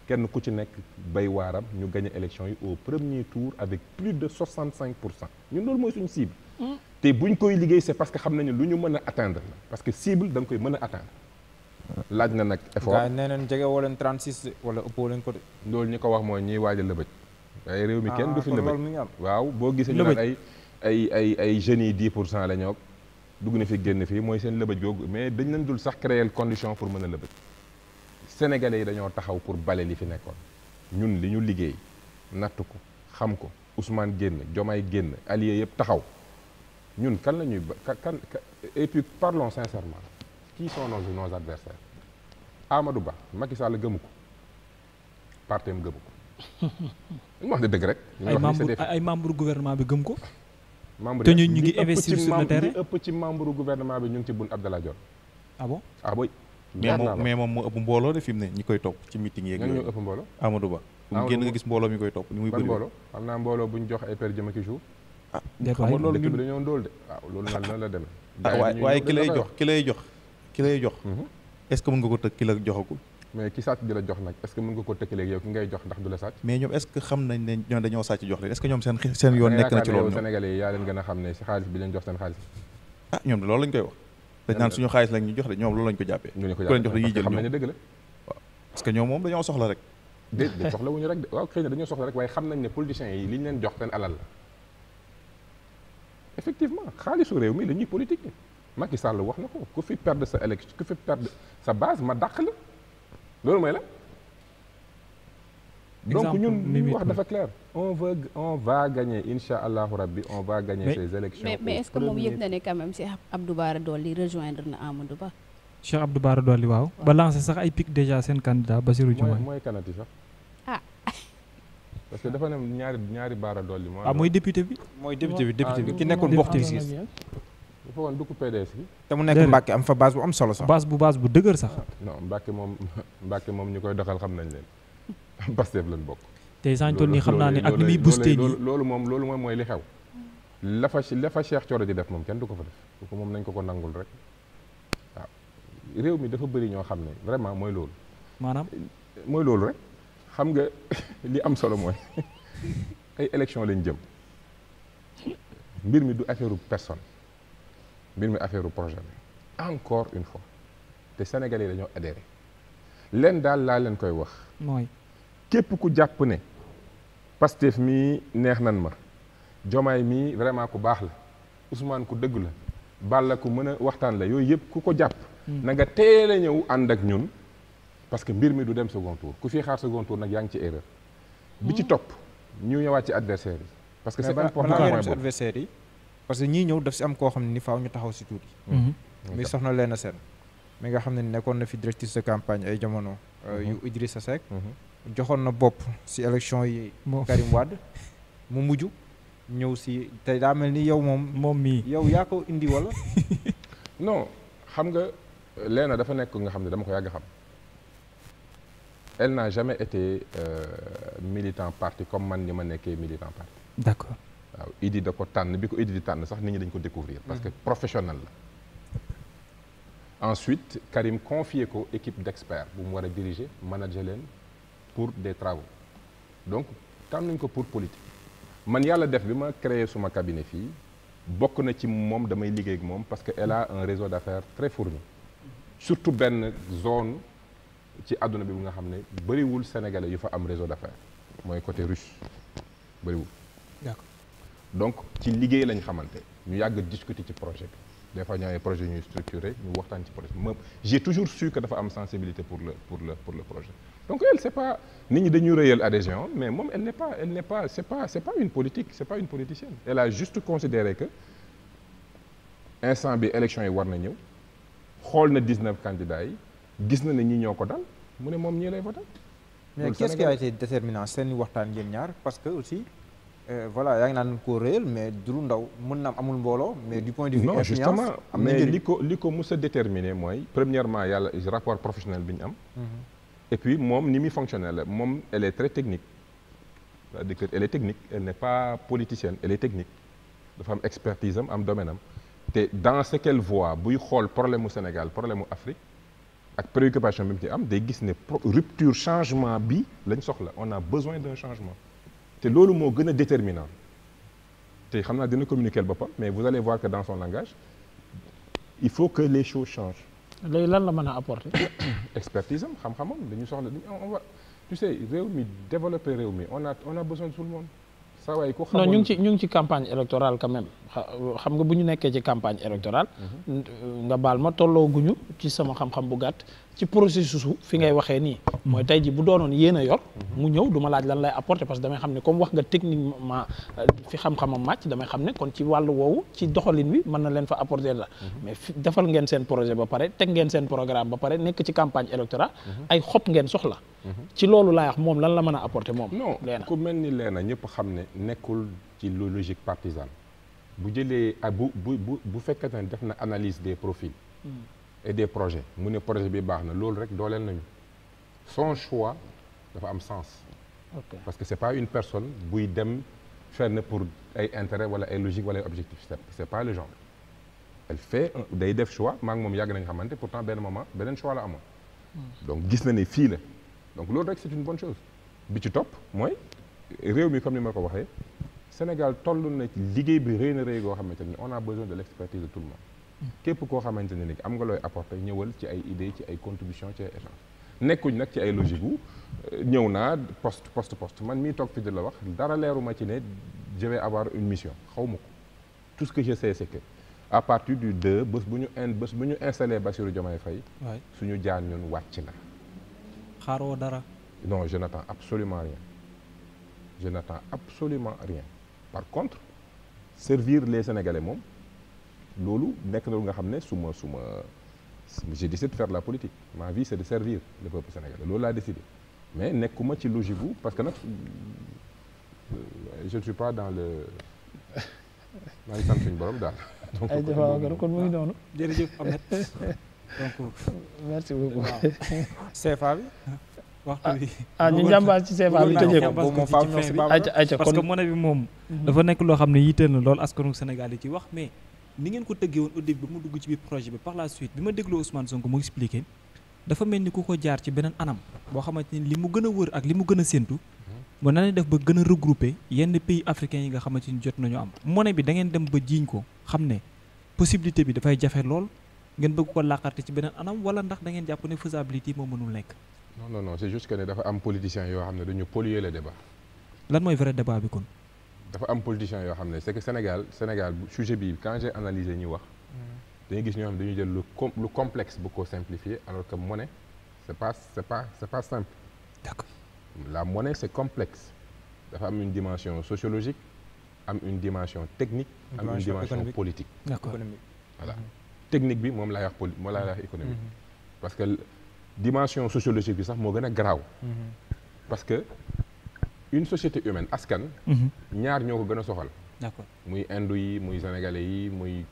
kenn ku ci nekk bay waaram ñu gagner élection yi au premier tour avec plus de cinq pour cent ñun loolu mooy suñu cible. Mm. te buñ koy liggéey c'est parce que xam nañu lu ñu mën a atteindre parce que cible danga koy mën a atteindre. laaj na nag effort gars yi jege woo leen 36 wala ëppoo leen ko de. loolu ñu ko wax mooy ñiy waaj a lëbëj. waaye réew mi kenn du fi ah, lëbëj waaw boo gisee ñu naan ay ay ay ay jeunes yi 10 pour cent la ñoo dugg na fi génn fii mooy seen lëbëj googu mais dañ leen dul sax créer condition pour mën a lëbëj sénégalais yi dañoo taxaw pour bale li fi nekkoon ñun li ñu liggéey natt ko xam ko Ousmane génn jom ay génn allié yëpp taxaw ñun kan lañuy ñuy kan et puis parlons sincèrement qui sont nos nos adversaires Amadou Ba Macky Sall gëmu ko partem gëmu ko. ñu wax ne dëgg rek. ay membre ay membre gouvernement bi gëm ko. membre te ñu ñu ngi investir sur le ëpp ci membre gouvernement bi ñu ngi ci Boun Abdallah Dionne. ah bon ah mais moom mais moom moo ëpp mbooloo de fi mu ne ñi koy topp ci meeting yeeg yooyu ñoo ëpp mbooloo Amadou Ba bu mi koy topp ni muy bëri mbooloo xam naa mbooloo bu ñu jox ay per jëm a i jour ah xam ah, waaye ki lay jox ki lay jox ki lay jox est-ce que mën nga ko tëg ki la joxagul mais ki sàcc di la jox nag est-ce que mën nga ko tëkkaleeg yow ki ngay jox ndax du la sàcc mais ñoom est-ce que xam nañ ne ñoom dañoo jox leen est-ce que ñoom seen yoon nekk na ci loolu a xam ah, ñoom loolu lañ koy wax dañ soxla rek déedéet soxla rek waaye xam nañ ne politiciens yi li leen jox seen alal la effectivement xaalisu réew mi la ñuy politique Macky Sall wax na ko ku fi perdre sa élection ku fi perdre sa base ma dàq la loolu mooy la. donc ñun wax dafa clair. on veut on va gagner incha allahu rabbi on va gagner mais, ces élections mais mais est ce que moom yëg na ne quand même Cheikh Abdou Bara Dolly rejoindre na Amadou Ba. Cheikh Abdou Bara Dolly waaw. ba lancé sax ay pic déjà seen candidat Bassirou Diomaye. mooy mooy kanati sax. ah. parce que dafa ne ñaari ñaari Bara Dolly. mooy ah mooy député bi. mooy député bi député bi ah, ki nekkoon Mboxtu Ciss. bu woon dugg PDS bi. te mu nekk Mbacke am fa base bu am solo sax. base bu base bu dëgër sax. non Mbacke moom Mbacke moom ñu koy doxal xam nañ leen Pastef lañ bokk. tey saa ñu toll nii xam naa ne ak ni muy boostee nii loolu moom loolu moom mooy li xew. la fa la fa Cheikh Thioro di moom kenn du ko fa def moom nañ ko ko nangul rek mi dafa bëri ñoo xam ne vraiment mooy loolu. maanaam mooy loolu rek xam nga li am solo mooy ay élection lañ jëm mbir mi du affaire personne. mbir mi affaire projet bi encore une fois te sénégal yi dañoo adhéré leen daal laa leen koy wax. mooy képp ku jàpp ne Pastef mii neex nan ma Jomaay mii vraiment ku baax la Ousmane ku dëgg la baal la ku mën a waxtaan la yooyu yëpp ku ko jàpp. Hmm. na nga teel ñëw ànd ak ñun. parce que mbir mi du dem second tour ku fii xaar second tour nag yaa ngi ci erreur. bi ci hmm. topp ñuy ñëwaat ci adversaire yi. parce que c'est important adversaire yi. parce que ñii ñëw daf si am koo xam ne ni faaw ñu taxaw si tuuti. muy mhm. soxna Léna seen mi nga xam ne nekkoon na fi directrice de campagne ay jamono. Euh, mhm. yu Idrissa Seck. Mhm. joxoon na bopp si élection yi. Karim Wade mu mujj ñëw si te daa mel ni yow moom. moom mii yow yaa ko indi wala. non xam nga Léna dafa nekk nga xam ne dama ko yàgg xam. elle n'a jamais été euh, militant parti comme man ni ma nekkee militant parti. d'accord. waaw idi da ko tànn bi ko idi di tànn sax nit ñi dañ ko découvrir parce que mm-hmm. professionnel la ensuite Karim confié ko équipe d'experts bu mu war a diriger manager leen pour des travaux donc tànn nañ ko pour politique man yàlla def bi ma créé suma cabinet fii bokk na ci moom damay liggéey ak moom parce que elle a un réseau d'affaires très fourni mm-hmm. surtout benn zone ci àdduna bi nga xam ne bëriwul sénégalais yu fa am réseau d'affaires mooy côté russe bëriwul donc ci liggéey lañu xamante ñu yàgg discuter ci projet bi des fois ñu projet ñuy structuré ñu waxtaan ci projet bi moom j'ai toujours su que dafa am sensibilité pour le pour le pour le projet donc elle c'est pas nit ñi dañu rëyal adhésion mais moom elle n'est pas elle n'est pas c'est pas c'est instant bi élection yi war na ñëw xool na 19 candidats yi gis na ne ñi ñoo ko dal mu ne moom ñii lay voter mais qu'est-ce qui déterminant seen waxtaan ngeen ñaar parce que aussi Euh, voilà yaa ngi naan koo réel mais du lu ndaw mën na am amul mbooloo mais du point de vue non justement mais li ko li ko mës a déterminer mooy premièrement yàlla rapport professionnel bi ñu am mm-hmm. et puis moom ni muy fonctionner la moom elle est très technique cest technique elle n'est pas politicienne elle est technique dafa am expertise am am domaine am te dans ce qu'elle voit buy xool problème mu Sénégal problème mu Afrique ak préoccupation bi mu ci am day gis ne rupture changement bi lañ soxla on a besoin d'un changement te loolu moo gën a déterminant te xam naa dina communiquer boppam mais vous allez voir que dans son langage il faut que les choses changent. léegi lan la mën a apporter. expertise am xam-xamam dañu soxla on va tu sais mi développer réew mi on a on a besoin de tout le monde. saa ñu ngi ci ñu ngi ci campagne électorale quand même xam nga bu ñu nekkee ci campagne électoral mhm. nga baal ma tolloo guñu ci sama xam-xam bu gàtt. ci processus fi ngay waxee nii mooy tey ji bu doonoon yéen a yor mu ñëw du laaj lan lay apporter parce que damay xam ne comme wax nga techniquement euh, fi xam-xamam màcc damay xam ne kon ci wàllu woowu ci doxalin wi mën na leen fa apporter la mais defal ngeen seen projet ba pare teg ngeen seen programme ba pare nekk ci campagne électorale ay xob ngeen soxla ci loolu laay wax moom lan la mën a apporter moom Léna ku mel ni leena ñëpp xam ne nekkul ci logique partisane bu jëlee ah, bu bu bu fekkee ne def na analyse des profils hmm. et des projets mu ne projet bi baax na loolu rek dooleel nañu son choix dafa am sens parce que c'est pas une personne buy dem fenn pour ay intérêt wala ay logique wala ay objectif c'est pas le genre elle fait day def choix maa moom yàgg nañu xamante pourtant benn moment beneen choix la amoon hmm. donc gis na ne fii la donc loolu rek c'est une bonne chose bi ci topp mooy réew mi comme ni ma ko waxee Sénégal toll na liggéey bi rëy na rëy goo xamante ni on a besoin de l'expertise képp koo xamante ne ni am nga looy apporter ñëwal ci ay idées ci ay contributions ci ay échanges nekkuñ nag ci ay logique wu euh, ñëw naa poste poste post man mii toog fi di la wax dara leeruma ci ne je vais avoir une mission xaw ma ko tout ce que je sais c'est que à partir du 2 bés bu ñu in bés bu ñu installé Bassirou Diomaye Faye suñu jaan ñun wàcc na xaaroo dara non je n'attends absolument rien je n'attends absolument rien par contre servir les Sénégalais moom loolu nekk na lu nga xam ne suma suma su ma j'ai décidé de faire la politique ma vie c'est de servir le peuple sénégalais loolu laa décidé mais nekkuma ci logique bu parce que nag euh, je ne borom daal. donc ay jëfandikoo kon muy noonu. Ah, jërëjëf Ahmed donc. merci beaucoup CFA bi. waxtu bi ah ñu jàmbaas ci CFA bi tëjee parce que monnaie bi moom. dafa nekk loo xam ne yitteel na lool askanu Sénégal yi ci wax mais. ni ngeen ko tëggee woon au début ba mu dugg ci biir projet bi par la suite bi ma dégloo Ousmane Sonko mu expliqué dafa mel ni ku ko jaar ci beneen anam boo xamante ni li mu gën a wër ak li mu gën a séntu ba na def ba gën a regrouper yenn pays yi nga xamante ni jot nañu am monnaie bi da ngeen dem ba jiiñ ko xam ne possibilité bi dafay jafe lool ngeen bëgg ko làqarte ci beneen anam wala ndax da ngeen jàpp ne faisabilité moo mënul nekk. non non non c'est juste que ne dafa am politiciens yoo xam ne dañu polluer de débat. lan mooy vrai débat bi kon. dafa am politiciens yoo xam ne c'est que Sénégal Sénégal sujet bi quand j'ai analysé ñuy wax dañuy gis ñoo xam dañuy jël lu com lu complexe bu ko simplifier alors que monnaie c'est pas c'est pas c'est pas simple d'accord la monnaie c'est complexe dafa am une dimension sociologique am une dimension technique am une dimension politique d'accord voilà technique bi moom la wax poli moom laay économique mm-hmm. parce que dimension sociologique bi sax moo gën a garaaw mm-hmm. parce une société humaine askan. Mhm. ñaar ñoo ko gën a soxal. muy indo yi muy sénégalais yi muy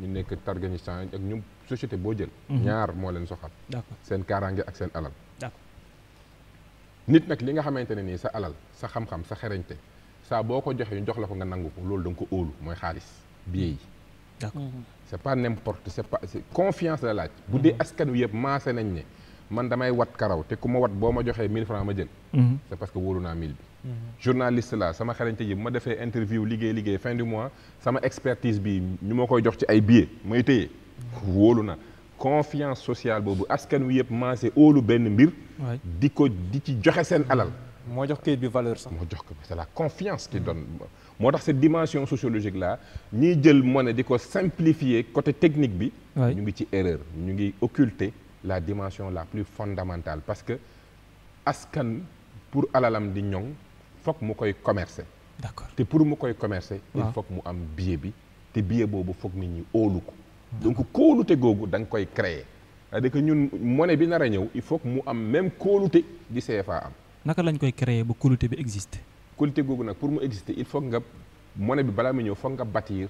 ñu nekk Targanistan ak ñu société boo jël. Mhm. ñaar moo leen soxal. d'accord seen kaaraange ak seen alal. nit nag li nga xamante ne nii sa alal sa xam-xam sa xereñte saa boo ko joxee ñu jox la ko nga nangu ko loolu da nga ko óolu mooy xaalis billet yi. d'accord mhm. c'est pas n'importe c'est pas c'est confiance la laaj. bu dee askan wi yëpp maase nañ ne. man damay wat karaw te ku ma wat boo ma joxee 1000 francs ma jël. Mhm. parce que wóolu naa 1000 mhm. la sama xarañte yi bu ma defee interview liggéey liggéey fin du mois sama expertise bi ñu ma koy jox ci ay billets may téye mhm. wóolu na confiance sociale boobu askan wi yëpp maase óolu benn mbir. di ko di ci joxe seen alal. moo jox kayit bi valeur sax. moo jox ko c'est la confiance qui donne moo tax se dimension sociologique là ñiy jël monnaie di ko simplifier côté technique bi. ñu ngi ci erreur ñu ngi occulter. la dimension la plus fondamentale parce que askan pour alalam di ñoŋ fokk mu koy commercer. d'accord te pour mu koy commercer. il faut mu am billet bi te billet boobu fokk nit ñi óolu ko. donc kóolute googu da nga koy créer cest à que ñun monnaie bi nar a ñëw il faut mu am même kóolute di CFA am. naka lañ koy créer ba kóolute bi existe kóolute googu nag pour mu exister il faut nga monnaie bi balaa mu ñëw fokk nga bâtir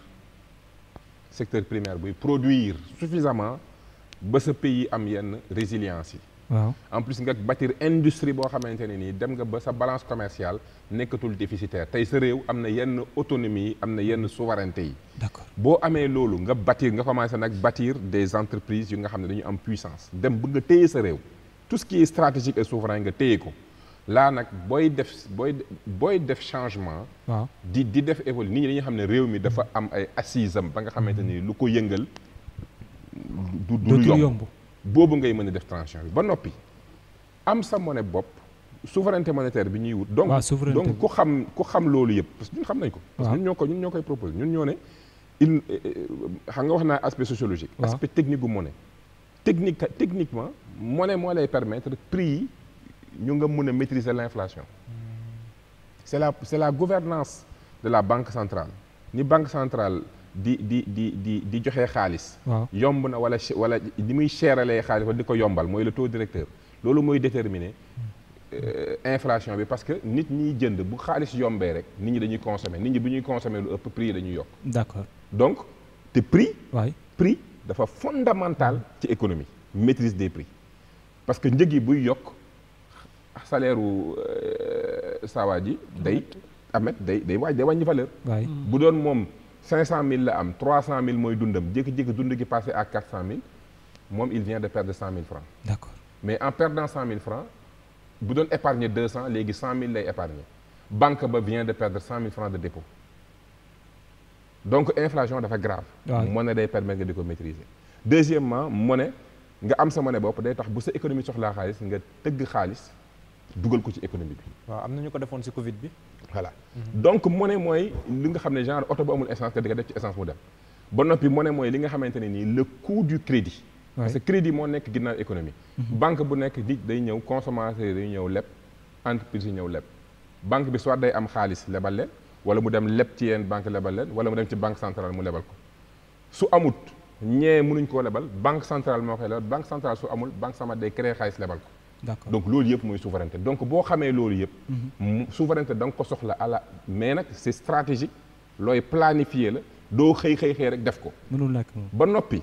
secteur primaire buy produire suffisamment. ba sa pays am yenn résilience yi waaw en plus nga bâtir industrie boo xamante ne nii dem nga ba sa balance commerciale nekkatul déficitaire tey sa réew am na yenn autonomie yi am na yenn souveraineté yi. d'accord boo amee loolu nga bâtir nga commencé nag bâtir des entreprises yi nga xam ne dañu am puissance dem bu nga téye sa réew tout ce qui est stratégique et souverain nga téye ko laa nag booy def booy booy def changement. di di def évoluer nit ñi dañuy xam ne réew mi dafa am ay assises ba nga xamante ni lu ko yëngal. du du yomb boobu ngay mën a def transition bi ba noppi am sa monnaie bopp souveraineté monétaire bi ñuy wut donc donc ku xam ku xam loolu yëpp parce que ñun xam nañ ko parce que ñun ñoo ko ñun ñoo koy proposé ñun ñoo ne euh, euh, xam nga wax naa aspect sociologique aspect technique gu monnaie technique techniquement monnaie moo lay permetre prix yi ñu nga mun a maîtriser l'inflation hmm. c'est la c'est la gouvernance de la banque centrale ni banque centrale di di di di di joxe xaalis yomb na wala wala di muy seeralee xaalis wala di ko yombal mooy le taux directeur loolu mooy déterminer euh, inflation bi parce que nit ñi jënd bu xaalis yombee rek nit ñi dañuy consommer nit ñi bu ñuy consommer lu ëpp prix yi dañuy yokk d'accord donc te prix waay prix dafa fondamental ci économie maîtrise des prix parce que njëg yi buy yokk salaire u euh, ji day amet day day waaj day wàññi valeur bu doon moom cinq cent mille la am trois cent mille mooy dundam jékki-jékki dund gi passé à quatre cent mille moom il vient de perdre cent mille francs d'accord mais en perdant cent mille francs bu doon épargner deux cent léegi cent mille lay épargner banque ba vient de perdre cent mille francs de dépôt donc inflation dafa grave monnaie day permettre nga di ko maîtriser deuxièmement monnaie nga am sa monnaie bopp day tax bu sa économie soxlaa xaalis nga tëgg xaalis dugal ko ci économie bi. waaw am na ñu ko defoon si Covid bi. voilà mhm. donc monnaie mooy li nga xam ne genre oto bu amul essence que di nga def ci essence mu dem ba noppi monnaie mooy li nga xamante ne nii le coût du crédit. parce que crédit moo nekk ginnaaw économie. Mhm. banque bu nekk di day ñëw consommateur yi day ñëw leb entreprise yi ñëw leb banque bi soit day am xaalis lebal leen wala mu dem leb ci yenn banque lebal leen wala mu dem ci banque centrale mu lebal ko su amut ñee mënuñ koo lebal banque centrale moo koy lebal sama day créer xaalis lebal ko. d'accord donc loolu yëpp mooy souveraineté donc boo xamee loolu yëpp mhm. souveraineté da ko soxla à mais nag c'est stratégique looy planifier la doo xëy xëy xëy rek def ko mënul nekk ba noppi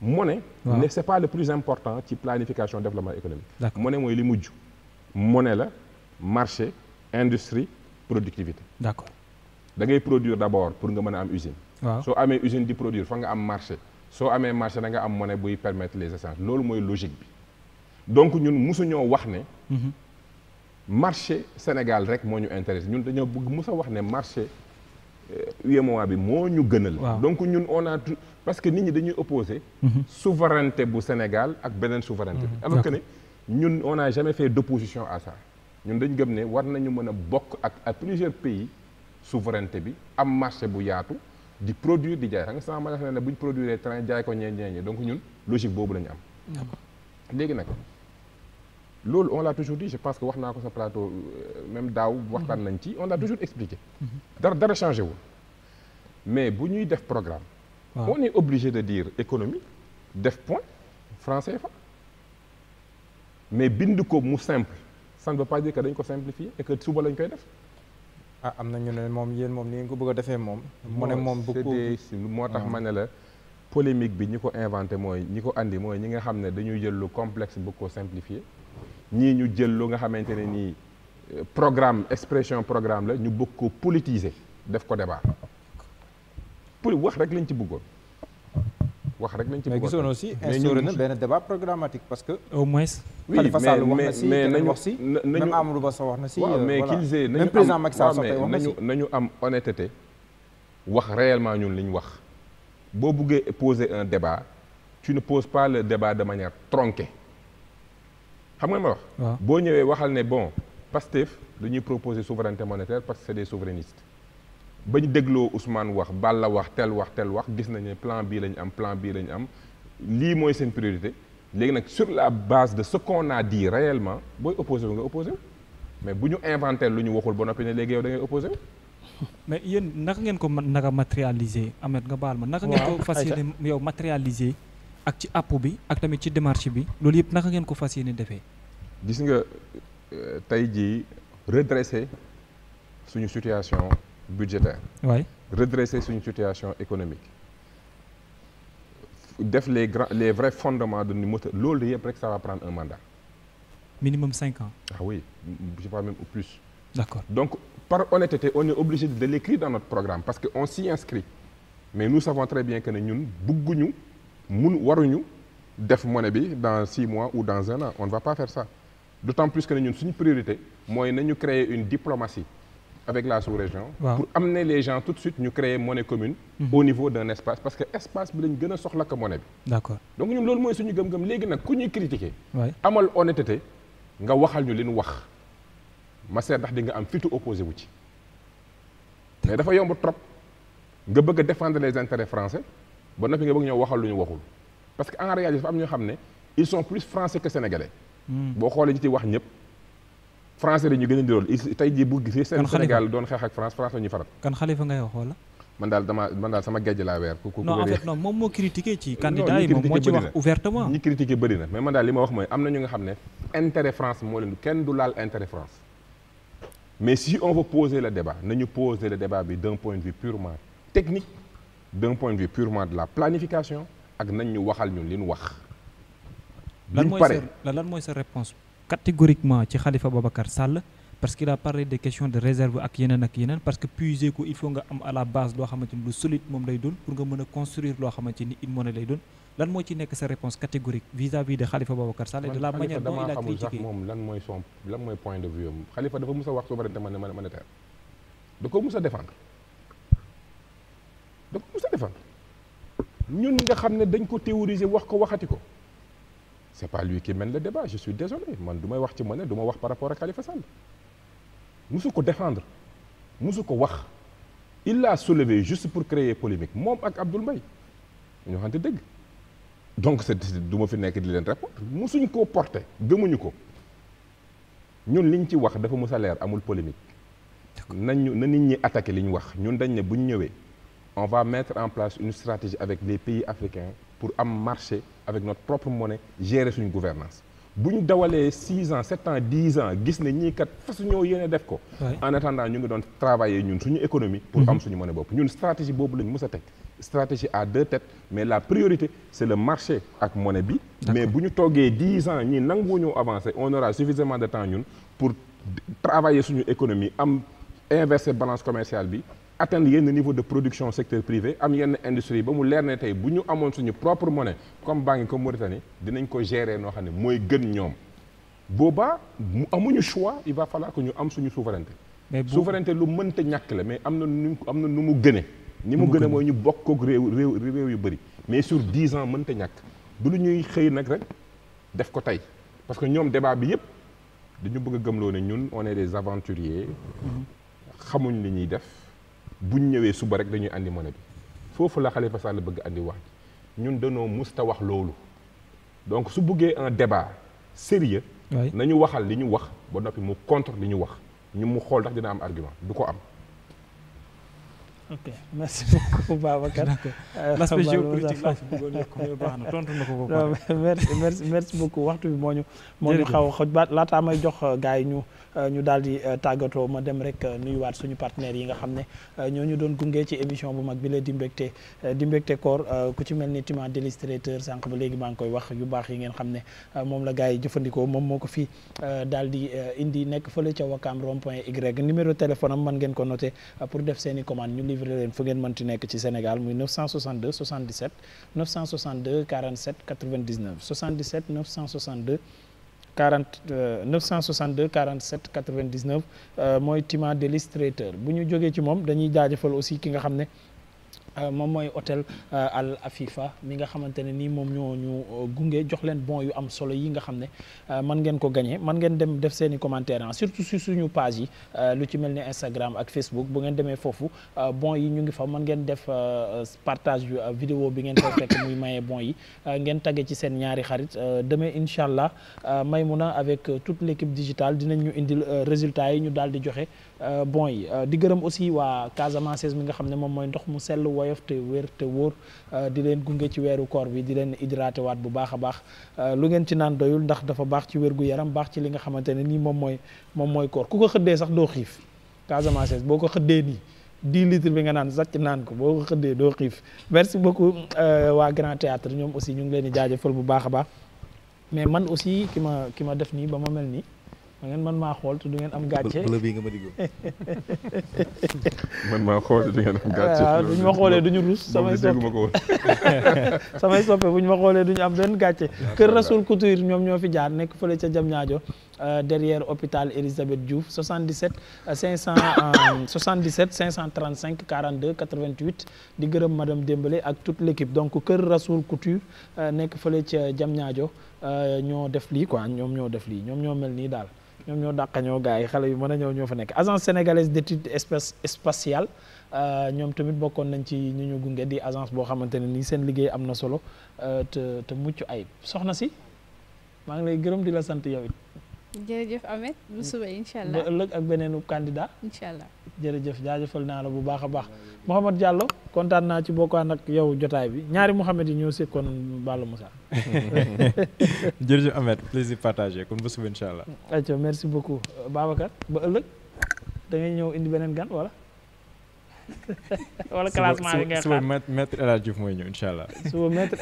monnaie ne c'est pas le plus important ci planification développement économique monnaie mooy li mujj mone la marché industrie productivité d'accord da ngay produire d'abord pour nga mën a am usine soo amee usine di produire fa nga am marché soo amee marché da nga am monnaie buy permettre les échanges loolu mooy logique bi donc ñun musuñoo wax ne. Mhm. marché Sénégal rek moo ñu intéressé ñun dañoo bugg mus wax ne marché UEMOA euh, bi moo ñu gënal. donc ñun on a parce que nit ñi dañuy opposé. Mhm. souveraineté bu Sénégal ak beneen souveraineté bi. Mhm. alors que ne ñun on a jamais à ça ñun dañu gëm ne war nañu mën a bokk ak à plusieurs pays souveraineté bi am marché bu yaatu. di produire di jaay xam nga sama magasin ne buñ produire train jaay ko ñee donc ñun logique boobu lañu ñu am. léegi nag. loolu on l'a toujours dit je pense que wax naa ko sa plateau euh, même daaw waxtaan nañ ci on l'a toujours expliqué mhm. dara dara changé wul mais bu ñuy def programme ah. on est obligé de dire économie def point franc CFA mais bind ko mu simple ça ne veut pas dañ ko simplifier et que suba lañ koy def ah am na ñu ne moom yéen moom ni ngeen ko bëgg a defee moom mu ne moom moo tax ah. ma ne la polémique bi ñi ko inventé mooy ñi ko indi mooy ñi nga xam ne dañuy jël lu complexe bëgg ko simplifier ñii ñu jël lu nga xamante ne nii euh, programme expression programme la ñu bëgg ko politiser def ko débat pour wax rek lañ ci bëggoon wax rek lañ ci bëggoon mais gisoon aussi instauré na benn débat programmatique parce que. au moins. oui mais mais nañu wax si même Amadou Ba sax wax na si. Euh, mais qu'ils aient nañu am président Macky wax na si nañu am wax réellement ñun li ñu wax boo buggee poser un débat tu ne par le débat de manière tronquée. xam nga ma wax. boo ñëwee waxal ne bon Pastef dañuy proposer souveraineté monétaire parce que c'est des ba ñu dégloo Ousmane wax la wax tel wax tel wax gis nañ ne plan bii lañ am plan bi lañ am lii mooy seen priorité léegi nag sur la base de ce qu'on a dit réellement booy opposé wu nga opposé mais bu ñu inventé lu ñu waxul ba noppi ne léegi yow da ngay opposé wu. mais yéen naka ngeen ko mën naka matérialiser Ameth nga baal ma. naka ngeen ko fas yéene yow matérialiser. ak ci àpp bi ak tamit ci démarche bi loolu yëpp naka ngeen ko fas yéene defee. gis nga euh, tey jii redresser suñu situation budgétaire. waaye redresser suñu situation économique. def les grands les vrais fondements de moteur loolu yëpp rek ça va prendre un mandat. minimum cinq ans. ah oui je sais pas même au plus. d'accord donc par honnêteté on est obligé de l'écrire dans notre programme parce que on s'y inscrit mais nous savons très bien que ne ñun bëgguñu. mun waruñu def monnaie bi dans six mois ou dans un an on ne va pas faire ça d'autant plus que ñun suñu priorité mooy na ñu créer une diplomatie avec la sous-région wow. pour amener les gens tout de suite ñu créer monnaie commune mmh. au niveau d'un espace parce que espace bi lañ gën a soxla ko monnaie bi d'accord donc ñun loolu mooy suñu gëm-gëm léegi nag ku ñuy critiquer amal honnêteté nga waxal ñu li ñu wax ma ndax di nga am fitu opposé wu ci mais dafa yomb trop nga bëgg a défendre les intérêts français ba noppi nga bëgg ñëw waxal lu ñu waxul parce que en réalité dafa am ñoo xam ne ils sont plus français que sénégalais. Hmm. boo xoolee ñu ci wax ñëpp français la ñu gën a bu gisee. seen Sénégal doon xeex ak France France la ñuy faral. kan xalifa ngay wax wala. man daal dama man daal sama gejj laa weer. ku en fait non moom moo critiqué ci. candidat moo ci wax ouvertement ñi critiqué bëri mais man daal li ma wax mooy am na ñu nga xam ne intérêt France d'un point de vue purement de la planification ak nañ ñu waxal ñun li wax. lan mooy sa lan mooy sa réponse catégoriquement ci Khalifa Babacar Sall parce qu'il a parlé des questions de réserve ak yeneen ak yeneen parce que puiser ko il faut nga am à la loo xamante ni lu solide moom lay doon pour nga mën a construire loo xamante ni une monnaie lay doon lan moo ci nekk sa réponse catégorique vis-à-vis de Khalifa Babacar Sall et de la manière dont il a critiqué moom lan mooy point de vue am da da ko mos a defal ñun nga xam ne dañ ko théoriser wax ko waxati ko c'est pas lui qui mène le débat je suis désolé man du may wax ci ma ne du par rapport ak Khalifa Sall ko défendre musu ko wax il l'a soulevé pour créer polémique moom ak Abdoul Mbaye ñu xamante dëgg donc c'est du fi nekk di leen répondre musuñ koo porter gëmuñu ko ñun liñ ci wax dafa musa leer amul polémique nañ na nit ñi attaqué li ñu wax ñun dañ ne buñ ñëwee on va mettre en place une stratégie avec les pays africains pour am marché avec notre propre monnaie gérer suñu gouvernance bu ñu dawalee 6 ans 7 ans 10 ans gis ne ñii kat fasu ñoo yéene def ko en attendant ñu ngi doon travailler ñun suñu économie pour mhm. am suñu monnaie bopp ñun stratégie boobu lañ mës a teg stratégie à deux têtes mais la priorité c'est le marché ak monnaie bi mais bu ñu toogee 10 ans ñii nanguwuñoo avancer on aura suffisamment de temps ñun pour travailler suñu économie am inverser balance commerciale bi atteindre yenn niveau de production secteur privé am yenn industrie ba mu leer ne tey bu ñu amoon suñu propre monnaie comme Bangi comme Mauritanie dinañ ko gérer noo xam ne mooy gën ñoom boobaa mu amuñu choix il va falloir que ñu am suñu souveraineté souveraineté lu mënta ñàkk la mais am na nu am na nu mu gëne ni mu gëne mooy ñu bokk ak réew réew réew yu bëri mais sur dix ans mënta ñàkk du lu ñuy xëy nag rek def ko tey parce que ñoom débat bi yëpp dañu bëgg a gëmloo ne ñun on est des aventuriers mm-hmm. xamuñ li ñuy def buñ ñëwee suba rek dañuy andi mën a bi foofu la saa la bëgg andi wax ñun danoo musta wax loolu donc su buggee en débat sérieux nañu waxal li ñu wax ba noppi mu contre li ñu wax ñu mu xool ndax dina am argument du ko am ok merci beaucoup Babacar. Euh, l'aspect géopolitique laa bëggoon yokk mais baax na tontu na ko ba pare. merci merci waxtu bi moo ñu. moo ñu xaw laataa may jox euh, gars yi ñu. Euh, ñu daal di euh, tàggatoo ma dem rek euh, nuyuwaat suñu partenaires yi nga xam ne ñoo ñu doon gunge ci émission bu mag bi la di Mbecté di Mbecté koor ku ci mel ni Tima délistrateur sànq ba léegi maa ngi koy wax yu baax yi ngeen xam ne moom la gars yi jëfandikoo moom moo ko fi daal di indi nekk fële ca Wakaam rond point Y numéro téléphone am ngeen ko noté pour def seen i commande ñu livrer leen fu ngeen mënti nekk ci Sénégal muy 962 77 962 47 99 40 962 47 99 mooy Tima Delis traiteur bu ñu jógee ci moom dañuy jaajëfal aussi ki nga xam ne Euh, moom mooy hôtel euh, Al Afifa mi nga xamante ne nii moom ñoo ñu euh, gunge jox leen bon yu am solo yi nga xam ne mën ngeen ko gañe man ngeen dem def seen i commentaire surtout su suñu page yi lu ci mel ni Instagram ak Facebook bu ngeen demee foofu bon yi ñu ngi fa mën ngeen def partage yu vidéo bi ngeen ko fekk muy maye bon yi ngeen tagge ci seen ñaari xarit demain incha allah Maymuna avec toute l' équipe digitale dinañ ñu indil résultat yi ñu daal di joxe. Euh, bon yi euh, di gërëm aussi waa Casamance mi nga xam ne moom mooy ndox mu sell woyof te wér te wóor euh, di leen gunge ci weeru koor bi di leen hydraté waat bu baax a baax lu ngeen ci naan doyul ndax dafa baax ci wér-gu-yaram baax ci li nga xamante ne nii moom mooy moom mooy koor ku ko xëddee sax doo xiif Casamance boo ko xëddee nii 10 litres bi nga naan sàcc naan ko boo ko xëddee doo xiif merci beaucoup waa Grand Théâtre ñoom aussi ñu ngi leen di jaajëfal bu baax a baax mais man aussi ki ma ki ma def nii ba ma mel nii ma man maa xool te du ngeen am gàcce bële bii nga ma diggoo man maa xool te du ngeen am gàcce waaw ah, bu ñu ma xoolee du ñu rus samay soppe ko samay soppe bu ñu ma xoolee du ñu am benn gàcce kër Rasoul Couture ñoom ñoo fi jaar nekk fële ca jam ñaajo Euh, derrière hôpital Elisabeth Diouf 77 500 77 535 42 88 di gërëm madame Dembélé ak toute l'équipe donc Kër Rasoul Couture euh, nekk fële ca Diamniadio euh, ñoo def lii quoi ñoom ñoo def lii ñoom ñoo mel nii daal ñoom ñoo dàqa ñoo gars yi xale yu mën a ñëw ñoo fa nekk agence sénégalaise d'études espace spatiale ñoom tamit bokkoon nañ ci ñu ñu gunge di agence boo xamante ne nii seen liggéey am na solo te te mucc ay soxna si maa ngi lay gërëm di la sant yow jërëjëf Ameth bu suba incha allah ba ëllëg ak beneenu candidat. incha allah jërëjëf jaajëfal naa la bu baax a baax. Mouhamed jàllo kontaan naa ci bokkaan ak yow jotaay bi ñaari Mouhamed yi ñoo sekkoon Balla Moussa. jërëjëf Ameth plaisir partagé kon bu suba incha allah. merci beaucoup Babacar ba ëllëg dangay ñëw indi beneen gan wala. wala classement bi ngay xaar suba suba maître El Hadj Diouf ñëw incha allah. suba maître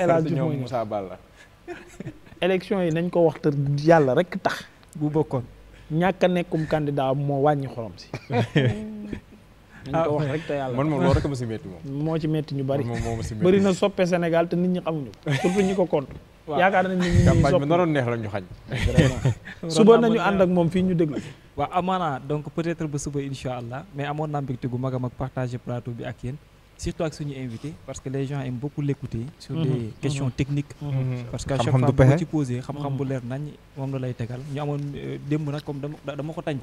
yi nañ ko wax te yàlla rek tax. bu bokkoon ñàkk a nekkum candidat moo wàññi xorom si. dañ wax yàlla ah, ma si moo ci métti ñu bari. bari na soppe Sénégal te nit ñi xamuñu ko. surtout ñi ko compte. waaw yaakaar nañ nit ñi sopp neex la ñu xañ. suba nañu ànd ak moom fii ñu déglu. waa amaana donc peut-être ba suba incha allah mais amoon naa mbégte gu mag a mag partagé plateau bi ak yéen. surtout ak suñu invité parce que les gens aiment beaucoup l'écouter sur mhm. des mhm. questions techniques mhm. parce que à chaque fois bu ko ci posé xam-xam bu leer nañ moom la lay tegal ñu amoon euh, démb nag comme dama ko tànc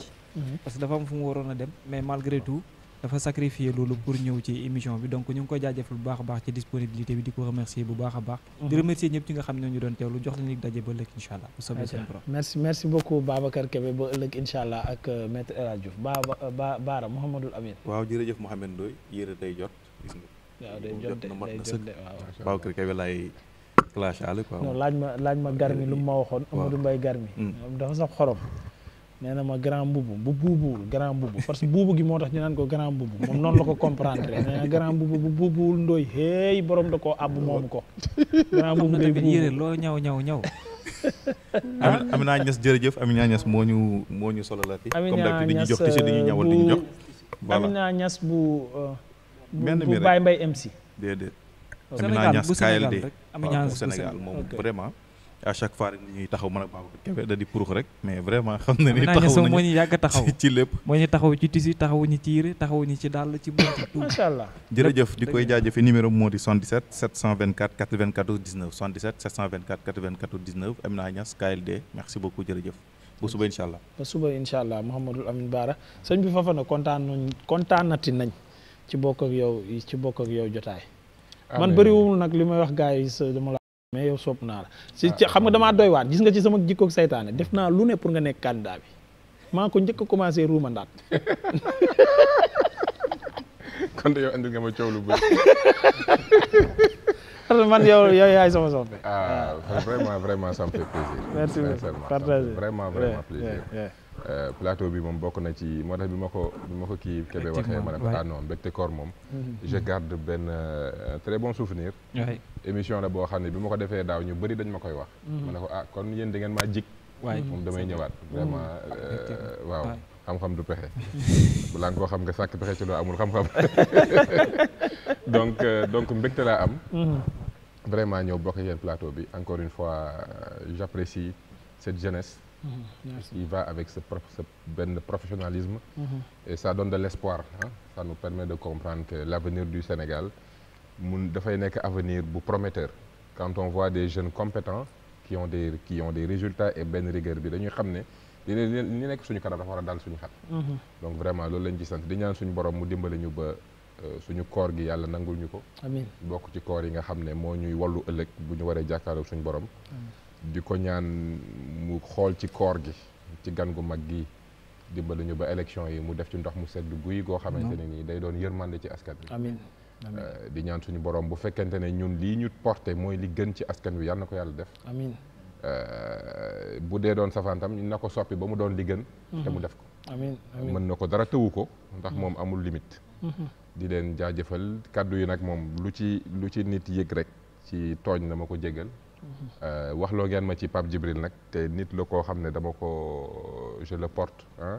parce que dafa am fu mu waroon a dem mais malgré tout dafa sacrifier loolu pour ñëw ci émission bi donc ñu ngi koy jaajëfal bu baax a baax ci disponibilité bi di ko remercier bu baax a baax di remercier ñëpp ci nga xam ne ñu doon teewlu jox lañu daje ba ëllëg incha allah sob seen borom merci merci beaucoup Babacar Kébé ba ëllëg incha allah ak euh, maître El Hadj Diouf ba euh, ba Baara Mouhamadul Amin waaw jërëjëf Mouhamed Ndoye yéen a tey jot gis nga. waaw day jot de day jot de waaw. waaw kër Kébé laay clash àll quoi. non laaj ma laaj ma garmi lu ma waxoon. waaw Amadou Mbaye garmi mm. dafa sax xorom. nee na ma grand buubu bu buubuwul grand buubu parce que buubu gi moo tax ñu naan ko grand buubu moom noonu la ko comprendre nee na grand buubu bu buubuwul ndooy hey borom da koo àbb moomu ko. grand buubu day buubu yére loo ñaw ñaw ñaw. Amina Niass jërëjëf Amina Niass moo ñu moo ñu solo la fi. Amina Niass comme d'habitude dañuy jox t-shirt dañuy ñawal euh, dañuy jox. voilà Amina Niass bu. Euh, benn mi rek bu Baye Mbaye MC. déedéet. Sénégal Amina Niass Sénégal moom a ci lépp moo ñu taxaw ci tisi taxaw ñu ci yére taxaw ñu ci dàll ci bunt tout macha allah jërëjëf di koy jaajëfe numéro moo di 77 724 94 19 77 724 94 19 Amina merci beaucoup jërëjëf ba suba incha allah ba suba incha allah Mouhamadul Amin Baara sëñ bi Fafana kontaanati nañ ci bokk ak ci bokk ak jotaay man bëriwul nag li may wax gars yi sa dama la mais yow sopp naa la si xam nga damaa doy waar gis nga ci sama jikkoog saytaane def naa lu ne pour nga nekk candidat bi maa ko njëkk a commencé ruuma ndaat kon yow andil nga ma coow lu bëri man yow yaay sama soppe ah vraiment vraiment Euh, plateau bi moom bokk na ci moo tax bi ma ko bi ma ko kii Kébé waxee ma ne ko ah non Mbégte moom mm-hmm. je garde benn euh, très bon souvenir émission la boo xam ne bi ma ko defee daaw ñu bëri dañ ma koy wax mm-hmm. ma ne ko ah kon yéen da ngeen maa jik mm-hmm. moom damay ñëwaat vraiment euh, waaw xam-xam du pexe balaa nga koo xam nga sàkk pexe ci loo amul xam-xam donc donc laa am vraiment ñëw bokk yéen plateau bi encore une fois j'apprécie cette jeunesse Mm-hmm. il va avec ce, ce ben professionnalisme. Mm-hmm. et ça donne de l'espoir ah ça nous permet de comprendre que l'avenir du Sénégal mun dafay nekk avenir bu prometteur quanton on des jeunes compétents qui ont des qui des résultats et benn rigueur bi dañuy xam ne li li nekk suñu kanam dafa war a daal suñu xat mm-hmm. donc vraiment loolu lañ ci sant di ñaan suñu borom mu dimbali ñu ba euh, suñu koor gi yàlla nangul ñu ko. amiin bokk ci koor yi nga xam ne moo ñuy wallu ëllëg bu ñu waree jàkkaarloo suñu borom. di ko ñaan mu xool ci koor gi ci gan gu mag gi dimbali ñu ba élection yi mu def ci ndox mu sedd guy goo xamante ne nii day doon yërmande ci askan wi. Euh, di ñaan suñu borom bu fekkente ne ñun lii ñu porté mooy li gën ci askan wi yal na ko yàlla def. amiin euh, bu dee doon safaantam na ko soppi ba mu doon li gën. te mu mhm. def ko. amiin mën na ko dara tëwu ko. ndax moom mhm. amul limite. Mhm. di leen jaajëfal kàddu yi nag moom lu ci lu ci nit yëg rek ci tooñ na ma ko jégal. Euh, waxloo ngeen ma ci Pape Djibril nag te nit la koo xam ne dama ko je le porte ah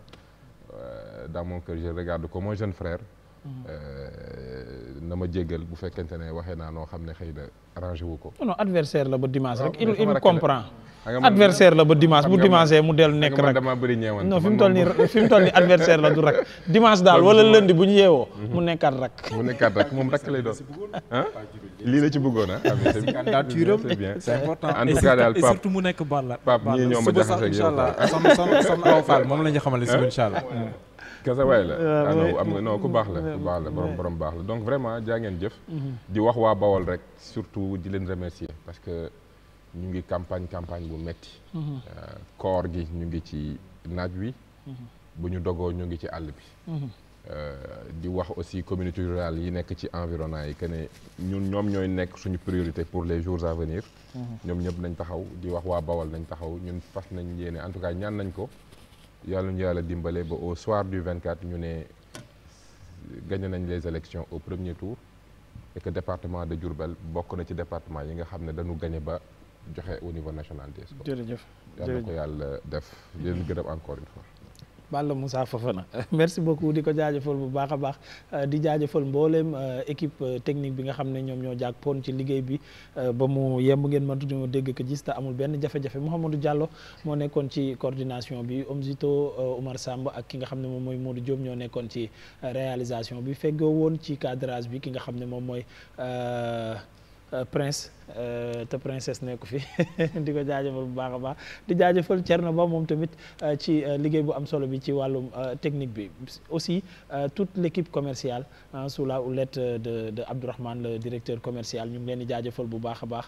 dans mon cœur je regarde comme un jeune frère Mm-hmm. Euh, na ma jéggal bu fekkante ne waxee naa noo xam ne xëy na arrangé wu ko. non adversaire la ba dimanche rek. il il comprend. adversaire la ba dimanche bu dimanche mu dellu nekk rek dama bëri ñeewante non fi mu toll nii fi mu toll adversaire la du rek dimanche daal wala lundi bu ñu yeewoo mhm. mu nekkaat rek mu nekkaat rek moom rek lay doon ah lii la ci bëggoon ah candidature c'est en tout cas daal Pape mu nekk Balla Pape ñii ñoo ma jaxase ak yow Pape Sam Awa Fall moom la ñu xamal suba incha allah kasawaay la ah, am nga non ku baax la ku baax la borom borom baax la donc vraiment jaa ngeen jëf mhm. di wax waa Bawol rek surtout di leen remercier parce que ñu ngi campagne campagne bu metti mhm. euh, koor gi ñu ngi ci naaj wi mhm. bu ñu dogoo ñu ngi ci àll bi euh, di wax aussi communauté rural yi nekk ci environnement yi que ne ñun ñoom ñooy nekk suñu priorité pour les jours à venir ñoom ñëpp nañ taxaw di wax waa Bawol nañ taxaw ñun fas nañ yéene en tout cas ñaan nañ ko yàlla ñu yàlla dimbale ba au soir du 24 ñu ne gagné nañ les élections au premier tour et que département de Diourbel bokk na ci département yi nga xam ne dañu gagné ba joxe au niveau national des scores. jërëjëf jërëjëf yàlla na ko yàlla def leen gërëm encore une fois. Balla Moussa Fofana merci beaucoup di ko jaajëfal bu baax a baax euh, di jaajëfal mbooleem euh, équipe euh, technique bi nga xam ne ñoom ñoo jàpp poon ci liggéey bi ba mu yemb ngeen mënatuñoo dégg ko gis amul benn jafe-jafe Mouhamadou Diallo moo nekkoon ci coordination bi Omzito Oumar Samb ak ki nga xam ne moom mooy du Diop ñoo nekkoon ci réalisation bi feggoo woon ci cadrage bi ki nga xam ne moom mooy Prince Euh, te princesse nekku fi di ko jaajëfal bu baax a baax di jaajëfal Thierno Ba moom tamit euh, ci euh, liggéey bu am solo bi ci wàllum technique bi aussi tout l'équipe commerciale sous la houlette de de Abdourahmane le directeur commercial ñu ngi leen di jaajëfal bu baax a baax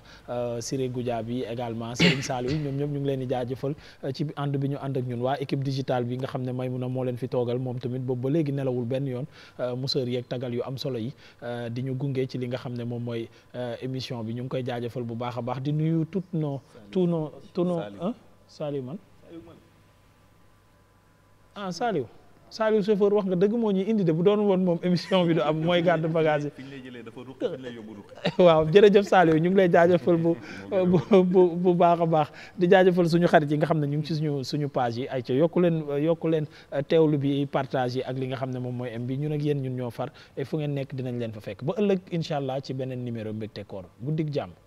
Siré Goudia bi également Serigne Saliou ñoom ñoom ñu ngi leen di jaajëfal ci ànd bi ñu ànd ak ñun waa équipe digitale bi nga xam ne Maymuna moo leen fi toogal moom tamit boobu ba léegi nelawul benn yoon museur yeeg tagal yu am solo yi di ñu gunge ci li nga xam ne moom mooy émission bi ñu koy jaajëfal bu baax a baax di nuyu tout non tout non tout non ah Saliou man ah Saliou Saliou chauffeur wax nga dëgg moo ñuy indi bu doon woon moom émission bi du am mooy gàddu bagage yi waaw jërëjëf Saliou ñu ngi lay jaajëfal bu bu bu baax a baax di jaajëfal suñu xarit yi nga xam ne ñu ngi ci suñu suñu page yi ay ca yokku leen yokku leen euh, teewlu bi partage yi ak li nga xam ne moom mooy am bi ñun ak yéen ñun ñoo far fu ngeen nekk dinañ leen fa fekk ba ëllëg incha allah ci beneen numéro Mbecté Koor guddig jàmm